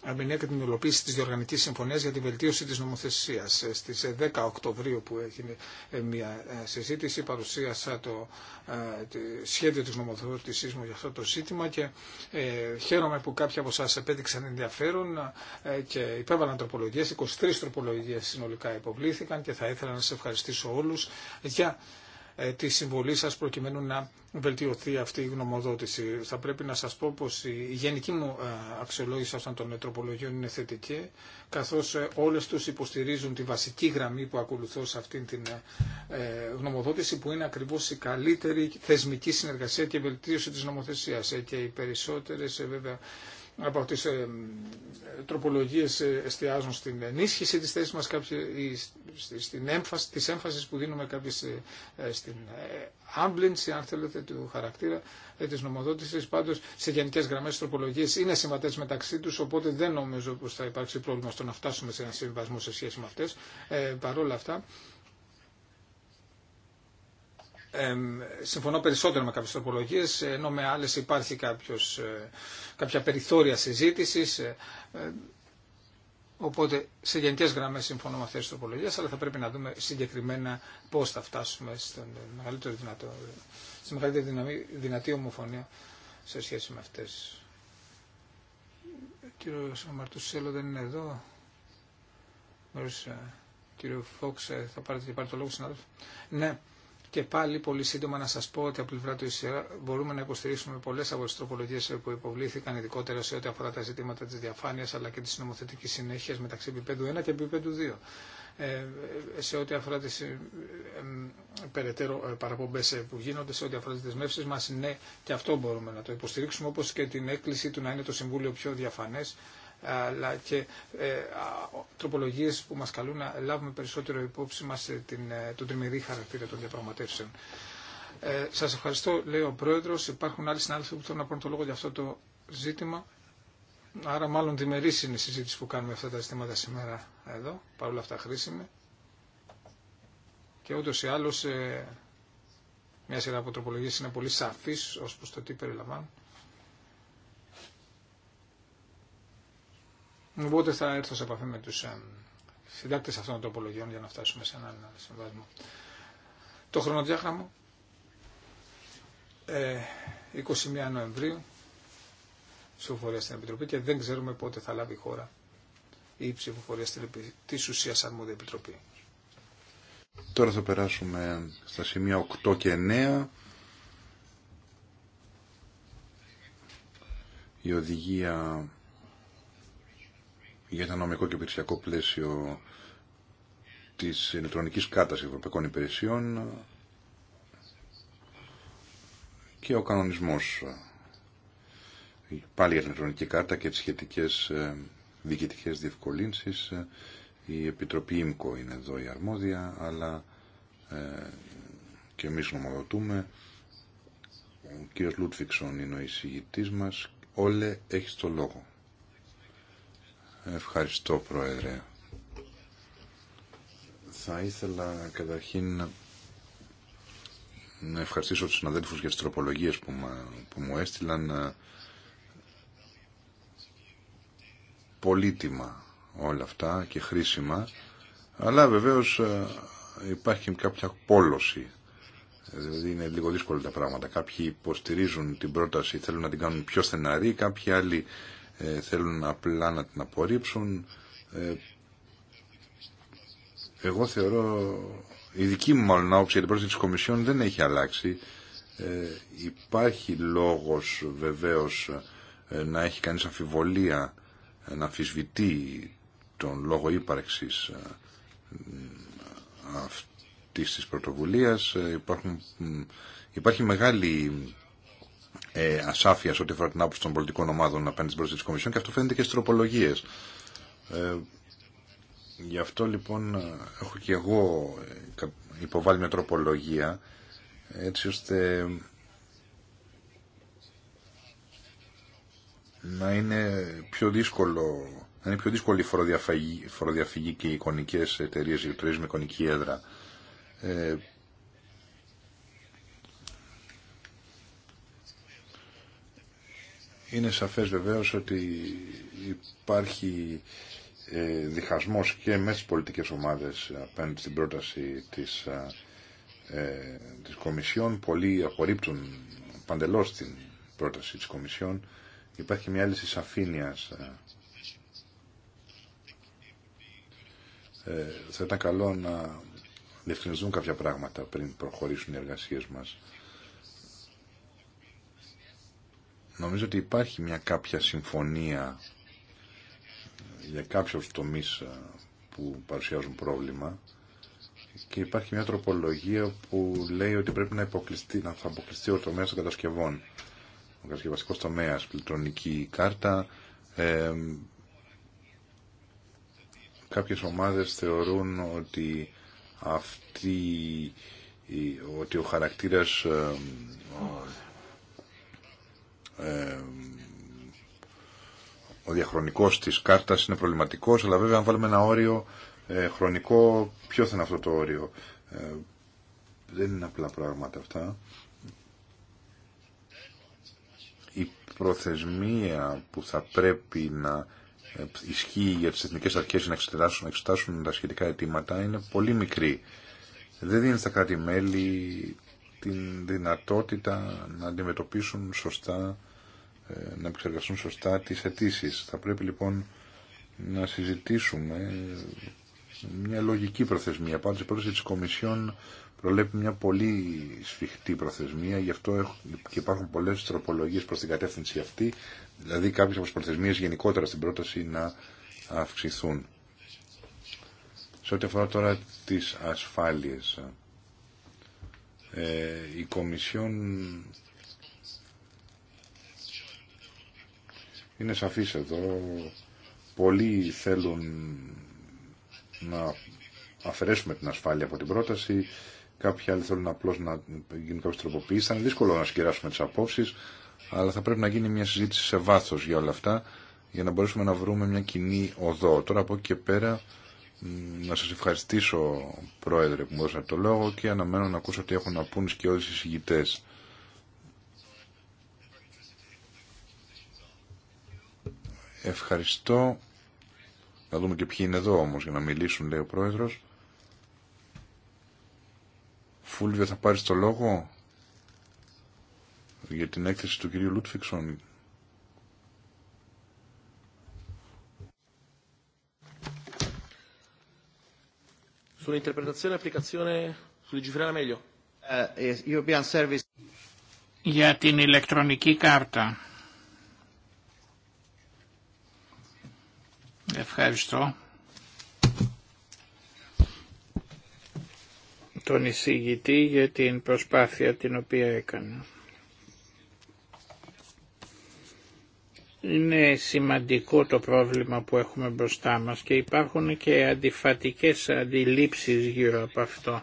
Αρμενία και την υλοποίηση τη Διοργανική Συμφωνία για τη βελτίωση τη νομοθεσία. Ε, Στι 10 ε, Οκτωβρίου που έγινε ε, μια συζήτηση, παρουσίασα το σχέδιο τη νομοθεσία μου για αυτό το ζήτημα και χαίρομαι που κάποιοι από εσά επέδειξαν ενδιαφέρον και υπέβαλαν τροπολογίε. 23 τροπολογίε συνολικά υποβλήθηκαν και θα ήθελα να σα ευχαριστήσω όλου για ε, τη συμβολή σας προκειμένου να βελτιωθεί αυτή η γνωμοδότηση. Θα πρέπει να σας πω πως η γενική μου ε, αξιολόγηση αυτών των τροπολογιών είναι θετική, καθώς ε, όλες τους υποστηρίζουν τη βασική γραμμή που ακολουθώ σε αυτήν την γνωμοδότηση, που είναι ακριβώς η καλύτερη θεσμική συνεργασία και βελτίωση της νομοθεσίας. Και οι περισσότερες βέβαια από τις ε, τροπολογίες ε, εστιάζουν στην ενίσχυση της θέσης μας ή στην έμφαση, της έμφασης που δίνουμε κάποιες ε, ε, στην άμπλυνση αν θέλετε του χαρακτήρα ε, της νομοδότησης πάντως σε γενικές γραμμές τροπολογίες είναι συμβατές μεταξύ τους οπότε δεν νομίζω πως θα υπάρξει πρόβλημα στο να φτάσουμε σε ένα συμβασμό σε σχέση με αυτές ε, παρόλα αυτά συμφωνώ περισσότερο με κάποιες τροπολογίες, ενώ με άλλες υπάρχει κάποιος, ε, κάποια περιθώρια συζήτησης. Ε, ε, οπότε σε γενικές γραμμές συμφωνώ με αυτές τις τροπολογίες αλλά θα πρέπει να δούμε συγκεκριμένα πώς θα φτάσουμε στον μεγαλύτερο δυνατό, στη μεγαλύτερη δυνατή ομοφωνία σε σχέση με αυτέ. Κύριο Μαρτουσέλο δεν είναι εδώ. κύριο Φόξ θα πάρετε και πάρετε το λόγο, Ναι, και πάλι πολύ σύντομα να σας πω ότι από πλευρά του ΙΣΕΑ μπορούμε να υποστηρίξουμε πολλές από τις τροπολογίες που υποβλήθηκαν ειδικότερα σε ό,τι αφορά τα ζητήματα της διαφάνειας αλλά και της νομοθετικής συνέχειας μεταξύ επίπεδου 1 και επίπεδου 2 ε, σε ό,τι αφορά τις ε, περαιτέρω ε, παραπομπές που γίνονται, σε ό,τι αφορά τις δεσμεύσεις μας, ναι, και αυτό μπορούμε να το υποστηρίξουμε, όπως και την έκκληση του να είναι το Συμβούλιο πιο διαφανές αλλά και ε, τροπολογίες που μας καλούν να λάβουμε περισσότερο υπόψη μας ε, ε, τον τριμερή χαρακτήρα των διαπραγματεύσεων. Ε, σας ευχαριστώ, λέει ο Πρόεδρος. Υπάρχουν άλλοι συνάδελφοι που θέλουν να πάρουν το λόγο για αυτό το ζήτημα. Άρα μάλλον διμερή είναι η συζήτηση που κάνουμε αυτά τα ζητήματα σήμερα εδώ, παρόλα αυτά χρήσιμη. Και ούτως ή άλλως μια σειρά από τροπολογίες είναι πολύ σαφείς ως προς το τι περιλαμβάνουν. Οπότε θα έρθω σε επαφή με τους ε, συντάκτες αυτών των τοπολογιών για να φτάσουμε σε έναν συμβασμό. Το χρονοδιάγραμμα 21 ε, Νοεμβρίου ψηφοφορία στην Επιτροπή και δεν ξέρουμε πότε θα λάβει η χώρα η ψηφοφορία της ουσίας αρμόδια Επιτροπή. Τώρα θα περάσουμε στα σημεία 8 και 9. Η οδηγία για το νομικό και υπηρεσιακό πλαίσιο της ηλεκτρονικής κάρτας ευρωπαϊκών υπηρεσιών και ο κανονισμός πάλι για την ηλεκτρονική κάρτα και τις σχετικές ε, διοικητικές διευκολύνσεις. Η Επιτροπή ΙΜΚΟ είναι εδώ η αρμόδια, αλλά ε, και εμείς νομοδοτούμε. Ο κύριος Λούτφιξον είναι ο εισηγητής μας. Όλε έχει το λόγο. Ευχαριστώ, Πρόεδρε. Θα ήθελα καταρχήν να ευχαριστήσω τους συναδέλφους για τις τροπολογίες που, μου έστειλαν. Πολύτιμα όλα αυτά και χρήσιμα. Αλλά βεβαίως ε, υπάρχει και κάποια πόλωση. Δηλαδή είναι λίγο δύσκολα τα πράγματα. Κάποιοι υποστηρίζουν την πρόταση, θέλουν να την κάνουν πιο στεναρή, κάποιοι άλλοι ε, θέλουν απλά να την απορρίψουν. Ε, εγώ θεωρώ, η δική μου μάλλον άποψη για την πρόσθεση της Κομισιόν δεν έχει αλλάξει. Ε, υπάρχει λόγος βεβαίως ε, να έχει κανείς αμφιβολία, να αμφισβητεί τον λόγο ύπαρξης αυτής της πρωτοβουλίας. Υπάρχουν, υπάρχει μεγάλη ε, ασάφεια ό,τι αφορά την άποψη των πολιτικών ομάδων απέναντι στην πρόσθεση τη Κομισιόν και αυτό φαίνεται και στι τροπολογίε. Ε, γι' αυτό λοιπόν έχω και εγώ ε, υποβάλει μια τροπολογία έτσι ώστε να είναι πιο δύσκολο να είναι πιο δύσκολη η φοροδιαφυγή, φοροδιαφυγή και οι εικονικές εταιρείες οι εταιρείες με εικονική έδρα ε, Είναι σαφές βεβαίως ότι υπάρχει ε, διχασμός και μέσα στις πολιτικές ομάδες απέναντι στην πρόταση της, ε, ε, της Κομισιόν. Πολλοί απορρίπτουν παντελώς την πρόταση της Κομισιόν. Υπάρχει μια άλλη σαφήνειας. θα ήταν καλό να διευκρινιστούν κάποια πράγματα πριν προχωρήσουν οι εργασίες μας. Νομίζω ότι υπάρχει μια κάποια συμφωνία για κάποιους τομείς ε, που παρουσιάζουν πρόβλημα και υπάρχει μια τροπολογία που λέει ότι πρέπει να, υποκλειστεί, να θα αποκλειστεί ο τομέας των κατασκευών. Ο κατασκευαστικός τομέας, πληκτρονική κάρτα. Ε, κάποιες ομάδες θεωρούν ότι αυτή ότι ο χαρακτήρας ε, ε, ο διαχρονικός της κάρτας είναι προβληματικός, αλλά βέβαια αν βάλουμε ένα όριο ε, χρονικό, ποιο θα είναι αυτό το όριο. Ε, δεν είναι απλά πράγματα αυτά. Η προθεσμία που θα πρέπει να ισχύει για τις εθνικές αρχές να εξετάσουν, να εξετάσουν τα σχετικά αιτήματα είναι πολύ μικρή. Δεν δίνει στα κράτη-μέλη την δυνατότητα να αντιμετωπίσουν σωστά ε, να επεξεργαστούν σωστά τις αιτήσει. Θα πρέπει λοιπόν να συζητήσουμε μια λογική προθεσμία. Πάντως η πρόταση της Κομισιόν προλέπει μια πολύ σφιχτή προθεσμία, γι' αυτό και υπάρχουν πολλές τροπολογίες προς την κατεύθυνση αυτή, δηλαδή κάποιες από τις προθεσμίες γενικότερα στην πρόταση να αυξηθούν. Σε ό,τι αφορά τώρα τις ασφάλειες, ε, η Κομισιόν είναι σαφής εδώ. Πολλοί θέλουν να αφαιρέσουμε την ασφάλεια από την πρόταση. Κάποιοι άλλοι θέλουν απλώ να γίνουν κάποιε τροποποιήσει. Θα είναι δύσκολο να συγκεράσουμε τι απόψει, αλλά θα πρέπει να γίνει μια συζήτηση σε βάθο για όλα αυτά, για να μπορέσουμε να βρούμε μια κοινή οδό. Τώρα από εκεί και πέρα, να σα ευχαριστήσω, Πρόεδρε, που μου δώσατε το λόγο και αναμένω να ακούσω τι έχουν να πούν και όλοι οι Ευχαριστώ. Να δούμε και ποιοι είναι εδώ όμως για να μιλήσουν, λέει ο πρόεδρος. Φούλβια θα πάρεις το λόγο για την έκθεση του κυρίου Λούτφιξον. E uh, για την ηλεκτρονική κάρτα. Ευχαριστώ. Τον εισηγητή για την προσπάθεια την οποία έκανε. Είναι σημαντικό το πρόβλημα που έχουμε μπροστά μας και υπάρχουν και αντιφατικές αντιλήψεις γύρω από αυτό.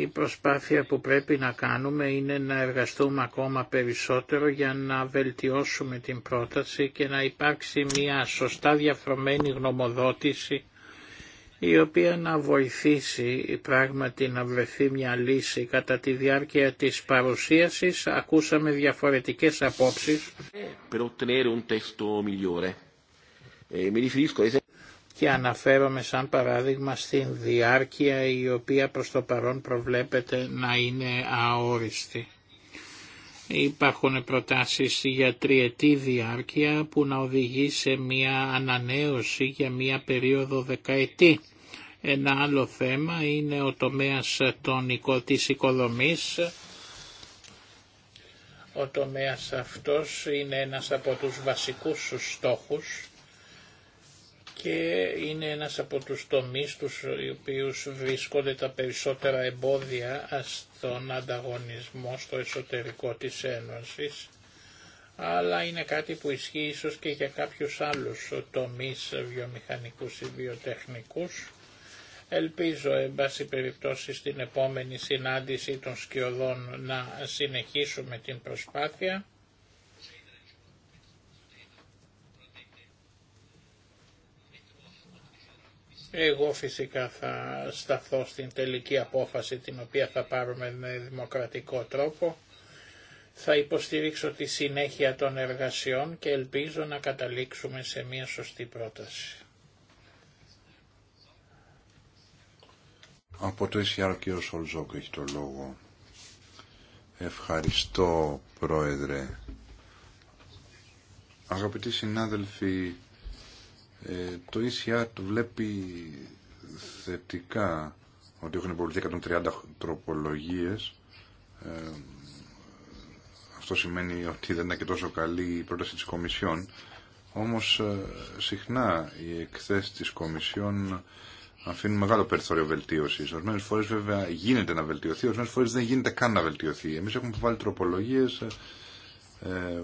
Η προσπάθεια που πρέπει να κάνουμε είναι να εργαστούμε ακόμα περισσότερο για να βελτιώσουμε την πρόταση και να υπάρξει μια σωστά διαφρομένη γνωμοδότηση η οποία να βοηθήσει πράγματι να βρεθεί μια λύση. Κατά τη διάρκεια της παρουσίασης ακούσαμε διαφορετικές απόψεις και αναφέρομαι σαν παράδειγμα στην διάρκεια η οποία προς το παρόν προβλέπεται να είναι αόριστη. Υπάρχουν προτάσεις για τριετή διάρκεια που να οδηγεί σε μια ανανέωση για μια περίοδο δεκαετή. Ένα άλλο θέμα είναι ο τομέας των, της οικοδομής. Ο τομέας αυτός είναι ένας από τους βασικούς στόχους και είναι ένας από τους τομείς τους οποίους βρίσκονται τα περισσότερα εμπόδια στον ανταγωνισμό στο εσωτερικό της Ένωσης αλλά είναι κάτι που ισχύει ίσως και για κάποιους άλλους τομείς βιομηχανικούς ή βιοτεχνικούς. Ελπίζω, εν πάση περιπτώσει, στην επόμενη συνάντηση των σκιωδών να συνεχίσουμε την προσπάθεια Εγώ φυσικά θα σταθώ στην τελική απόφαση την οποία θα πάρουμε με δημοκρατικό τρόπο. Θα υποστηρίξω τη συνέχεια των εργασιών και ελπίζω να καταλήξουμε σε μια σωστή πρόταση. Από το ΕΣΥΑΡ ο Σολζόκ έχει το λόγο. Ευχαριστώ πρόεδρε. Αγαπητοί συνάδελφοι, ε, το ECR το βλέπει θετικά ότι έχουν υποβληθεί 130 τροπολογίες. Ε, αυτό σημαίνει ότι δεν είναι και τόσο καλή η πρόταση της Κομισιόν. Όμως ε, συχνά οι εκθέσεις της Κομισιόν αφήνουν μεγάλο περιθώριο βελτίωση. Ορισμένε φορέ βέβαια γίνεται να βελτιωθεί, ορισμένε φορές δεν γίνεται καν να βελτιωθεί. Εμείς έχουμε βάλει τροπολογίε ε, ε,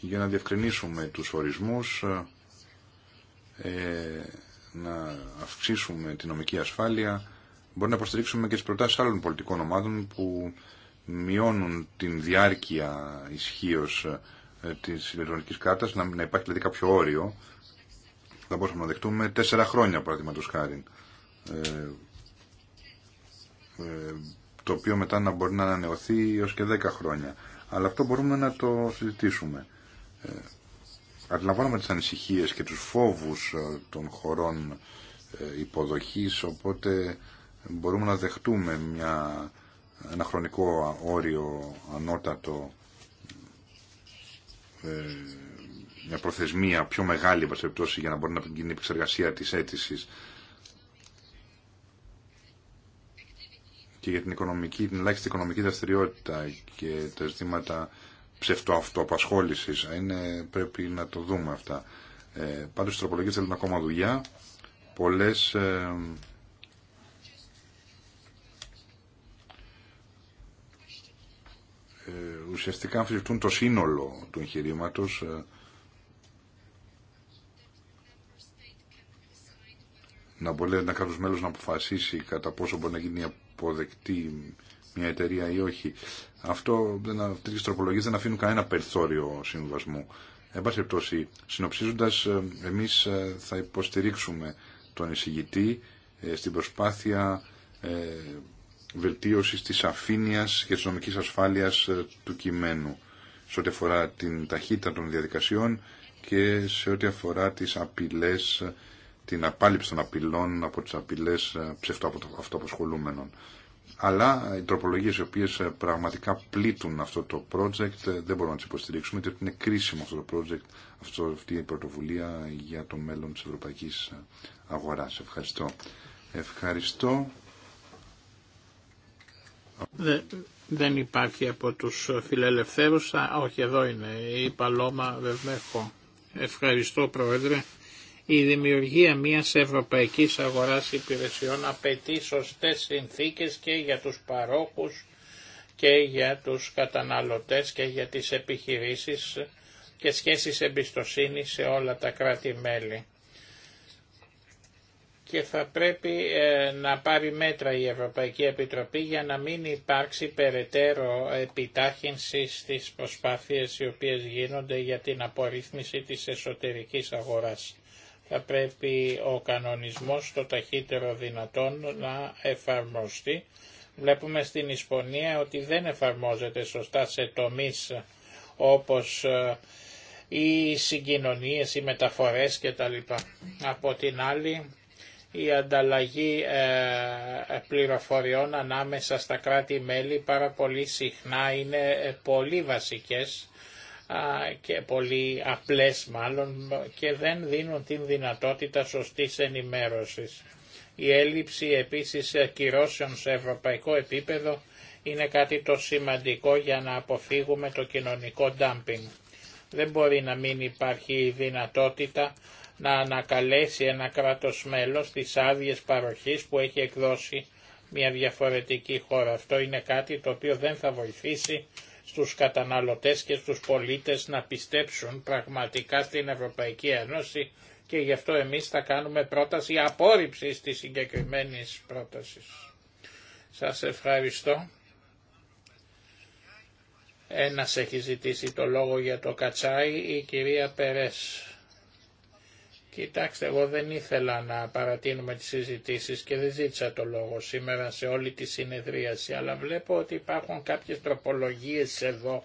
για να διευκρινίσουμε του ορισμού. Ε, ε, να αυξήσουμε την νομική ασφάλεια. Μπορεί να προστηρίξουμε και τις προτάσεις άλλων πολιτικών ομάδων που μειώνουν την διάρκεια ισχύω ε, της ηλεκτρονικής κάρτας, να, να υπάρχει δηλαδή κάποιο όριο. Θα μπορούσαμε να δεχτούμε τέσσερα χρόνια, παραδείγματο χάρη. Ε, ε, το οποίο μετά να μπορεί να ανανεωθεί έως και δέκα χρόνια. Αλλά αυτό μπορούμε να το συζητήσουμε. Αντιλαμβάνομαι τις ανησυχίες και τους φόβους ε, των χωρών ε, υποδοχής, οπότε μπορούμε να δεχτούμε μια, ένα χρονικό όριο ανώτατο, ε, μια προθεσμία πιο μεγάλη, για να μπορεί να γίνει η επεξεργασία της αίτησης. και για την, οικονομική, την ελάχιστη οικονομική δραστηριότητα και τα ζητήματα ψευτοαυτοαπασχόλησης. πρέπει να το δούμε αυτά. Ε, πάντως οι τροπολογίε θέλουν ακόμα δουλειά. Πολλέ. Ε, ε, ουσιαστικά αμφισβητούν το σύνολο του εγχειρήματο. Ε, να μπορεί ένα κράτο μέλος να αποφασίσει κατά πόσο μπορεί να γίνει αποδεκτή μια εταιρεία ή όχι. Αυτό, τέτοιες τροπολογίες δεν αφήνουν κανένα περιθώριο συμβασμού. Εν πάση περιπτώσει, συνοψίζοντας, ε, εμείς ε, θα υποστηρίξουμε τον εισηγητή ε, στην προσπάθεια βελτίωσης της αφήνειας και της νομικής ασφάλειας του κειμένου σε ό,τι αφορά την ταχύτητα των διαδικασιών και σε ό,τι αφορά τις απειλές, την απάλληψη των απειλών από τις απειλές ψευτοαυτοαπασχολούμενων. Αλλά οι τροπολογίε οι οποίε ε, πραγματικά πλήττουν αυτό το project ε, δεν μπορούμε να τις υποστηρίξουμε διότι είναι κρίσιμο αυτό το project, αυτό, αυτή η πρωτοβουλία για το μέλλον της ευρωπαϊκής ε, αγοράς. Ευχαριστώ. Ευχαριστώ. Δεν, υπάρχει από τους φιλελευθέρου. όχι, εδώ είναι η Παλώμα Βεβέχο. Ευχαριστώ Πρόεδρε. Η δημιουργία μιας ευρωπαϊκής αγοράς υπηρεσιών απαιτεί σωστές συνθήκες και για τους παρόχους και για τους καταναλωτές και για τις επιχειρήσεις και σχέσεις εμπιστοσύνη σε όλα τα κράτη-μέλη. Και θα πρέπει ε, να πάρει μέτρα η Ευρωπαϊκή Επιτροπή για να μην υπάρξει περαιτέρω επιτάχυνση στις προσπάθειες οι οποίες γίνονται για την απορρίθμιση της εσωτερικής αγοράς θα πρέπει ο κανονισμός το ταχύτερο δυνατόν να εφαρμοστεί. Βλέπουμε στην Ισπανία ότι δεν εφαρμόζεται σωστά σε τομείς όπως ε, οι συγκοινωνίες, οι μεταφορές κτλ. Από την άλλη η ανταλλαγή ε, πληροφοριών ανάμεσα στα κράτη-μέλη πάρα πολύ συχνά είναι ε, πολύ βασικές και πολύ απλές μάλλον και δεν δίνουν την δυνατότητα σωστής ενημέρωσης. Η έλλειψη επίσης κυρώσεων σε ευρωπαϊκό επίπεδο είναι κάτι το σημαντικό για να αποφύγουμε το κοινωνικό ντάμπινγκ. Δεν μπορεί να μην υπάρχει η δυνατότητα να ανακαλέσει ένα κράτος μέλος τις άδειες παροχής που έχει εκδώσει μια διαφορετική χώρα. Αυτό είναι κάτι το οποίο δεν θα βοηθήσει στους καταναλωτές και στους πολίτες να πιστέψουν πραγματικά στην Ευρωπαϊκή Ένωση και γι' αυτό εμείς θα κάνουμε πρόταση απόρριψης της συγκεκριμένης πρότασης. Σας ευχαριστώ. Ένας έχει ζητήσει το λόγο για το κατσάι, η κυρία Περές. Κοιτάξτε, εγώ δεν ήθελα να παρατείνουμε τις συζητήσεις και δεν ζήτησα το λόγο σήμερα σε όλη τη συνεδρίαση, αλλά βλέπω ότι υπάρχουν κάποιες τροπολογίες εδώ,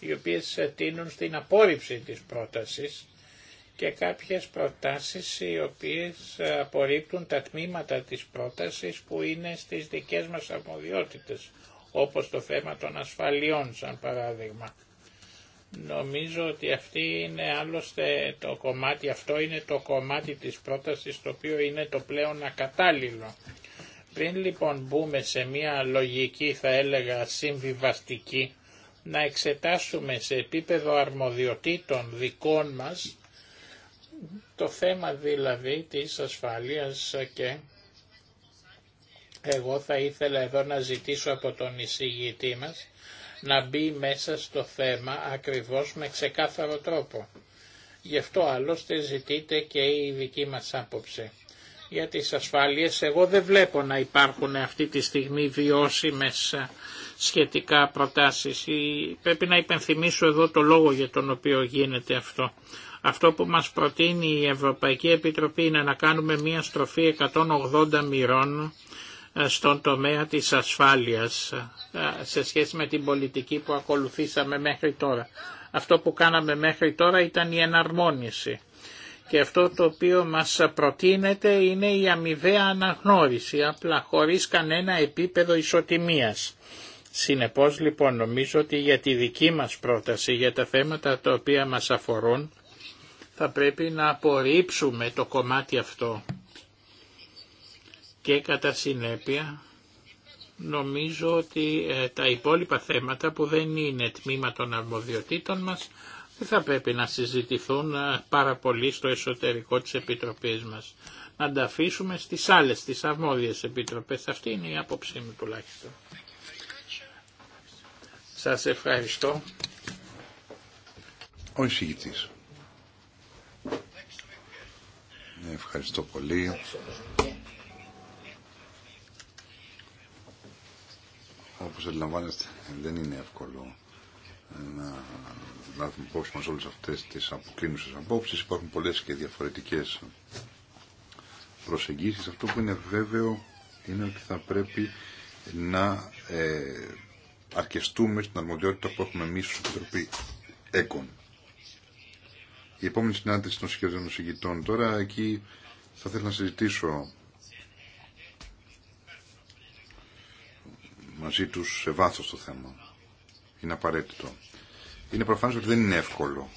οι οποίες τίνουν στην απόρριψη της πρότασης και κάποιες προτάσεις οι οποίες απορρίπτουν τα τμήματα της πρότασης που είναι στις δικές μας αρμοδιότητες, όπως το θέμα των ασφαλιών σαν παράδειγμα. Νομίζω ότι αυτή είναι άλλωστε το κομμάτι, αυτό είναι το κομμάτι της πρότασης το οποίο είναι το πλέον ακατάλληλο. Πριν λοιπόν μπούμε σε μια λογική θα έλεγα συμβιβαστική, να εξετάσουμε σε επίπεδο αρμοδιοτήτων δικών μας το θέμα δηλαδή της ασφάλειας και εγώ θα ήθελα εδώ να ζητήσω από τον εισηγητή μας να μπει μέσα στο θέμα ακριβώς με ξεκάθαρο τρόπο. Γι' αυτό άλλωστε ζητείται και η δική μας άποψη. Για τις ασφάλειες εγώ δεν βλέπω να υπάρχουν αυτή τη στιγμή βιώσιμες σχετικά προτάσεις. Πρέπει να υπενθυμίσω εδώ το λόγο για τον οποίο γίνεται αυτό. Αυτό που μας προτείνει η Ευρωπαϊκή Επιτροπή είναι να κάνουμε μία στροφή 180 μοιρών στον τομέα της ασφάλειας σε σχέση με την πολιτική που ακολουθήσαμε μέχρι τώρα. Αυτό που κάναμε μέχρι τώρα ήταν η εναρμόνιση. Και αυτό το οποίο μας προτείνεται είναι η αμοιβαία αναγνώριση, απλά χωρίς κανένα επίπεδο ισοτιμίας. Συνεπώς λοιπόν νομίζω ότι για τη δική μας πρόταση, για τα θέματα τα οποία μας αφορούν, θα πρέπει να απορρίψουμε το κομμάτι αυτό και κατά συνέπεια νομίζω ότι ε, τα υπόλοιπα θέματα που δεν είναι τμήμα των αρμοδιοτήτων μας δεν θα πρέπει να συζητηθούν ε, πάρα πολύ στο εσωτερικό της Επιτροπής μας. Να τα αφήσουμε στις άλλες, τις αρμόδιες Επιτροπές. Αυτή είναι η άποψή μου τουλάχιστον. Σας ευχαριστώ. Ο εισηγητής. Ευχαριστώ πολύ. Όπως αντιλαμβάνεστε δεν είναι εύκολο να λάβουμε υπόψη μας όλες αυτές τις αποκλίνουσες απόψεις. Υπάρχουν πολλές και διαφορετικές προσεγγίσεις. Αυτό που είναι βέβαιο είναι ότι θα πρέπει να ε, αρκεστούμε στην αρμοδιότητα που έχουμε εμείς στην Επιτροπή ΕΚΟΝ. Η επόμενη συνάντηση των σχεδίων συγκητών τώρα, εκεί θα θέλω να συζητήσω μαζί τους σε βάθο το θέμα. Είναι απαραίτητο. Είναι προφανέ ότι δεν είναι εύκολο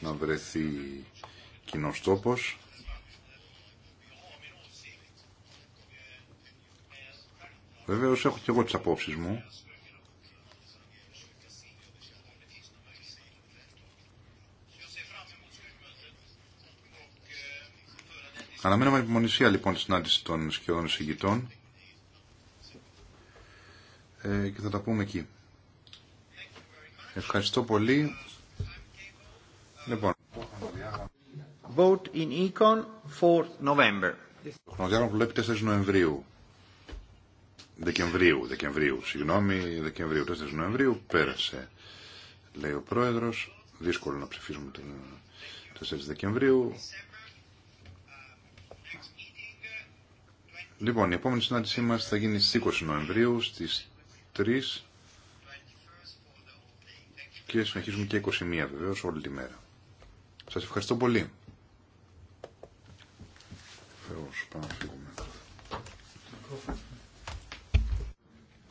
να βρεθεί κοινό τόπο. Βεβαίω έχω και εγώ τι απόψει μου. Αναμένουμε με επιμονησία λοιπόν τη συνάντηση των σχεδόν εισηγητών ε, και θα τα πούμε εκεί. Ευχαριστώ πολύ. Λοιπόν. Vote in Econ for November. Ο χρονοδιάγραμμα βλέπει 4 Νοεμβρίου. Δεκεμβρίου, Δεκεμβρίου, συγγνώμη, Δεκεμβρίου, 4 Νοεμβρίου, πέρασε, λέει ο Πρόεδρος, δύσκολο να ψηφίσουμε τον 4 Δεκεμβρίου. Λοιπόν, η επόμενη συνάντησή μας θα γίνει στις 20 Νοεμβρίου, στις 23 και συνεχίζουμε και 21 βεβαίως όλη τη μέρα. Σας ευχαριστώ πολύ. Θεός,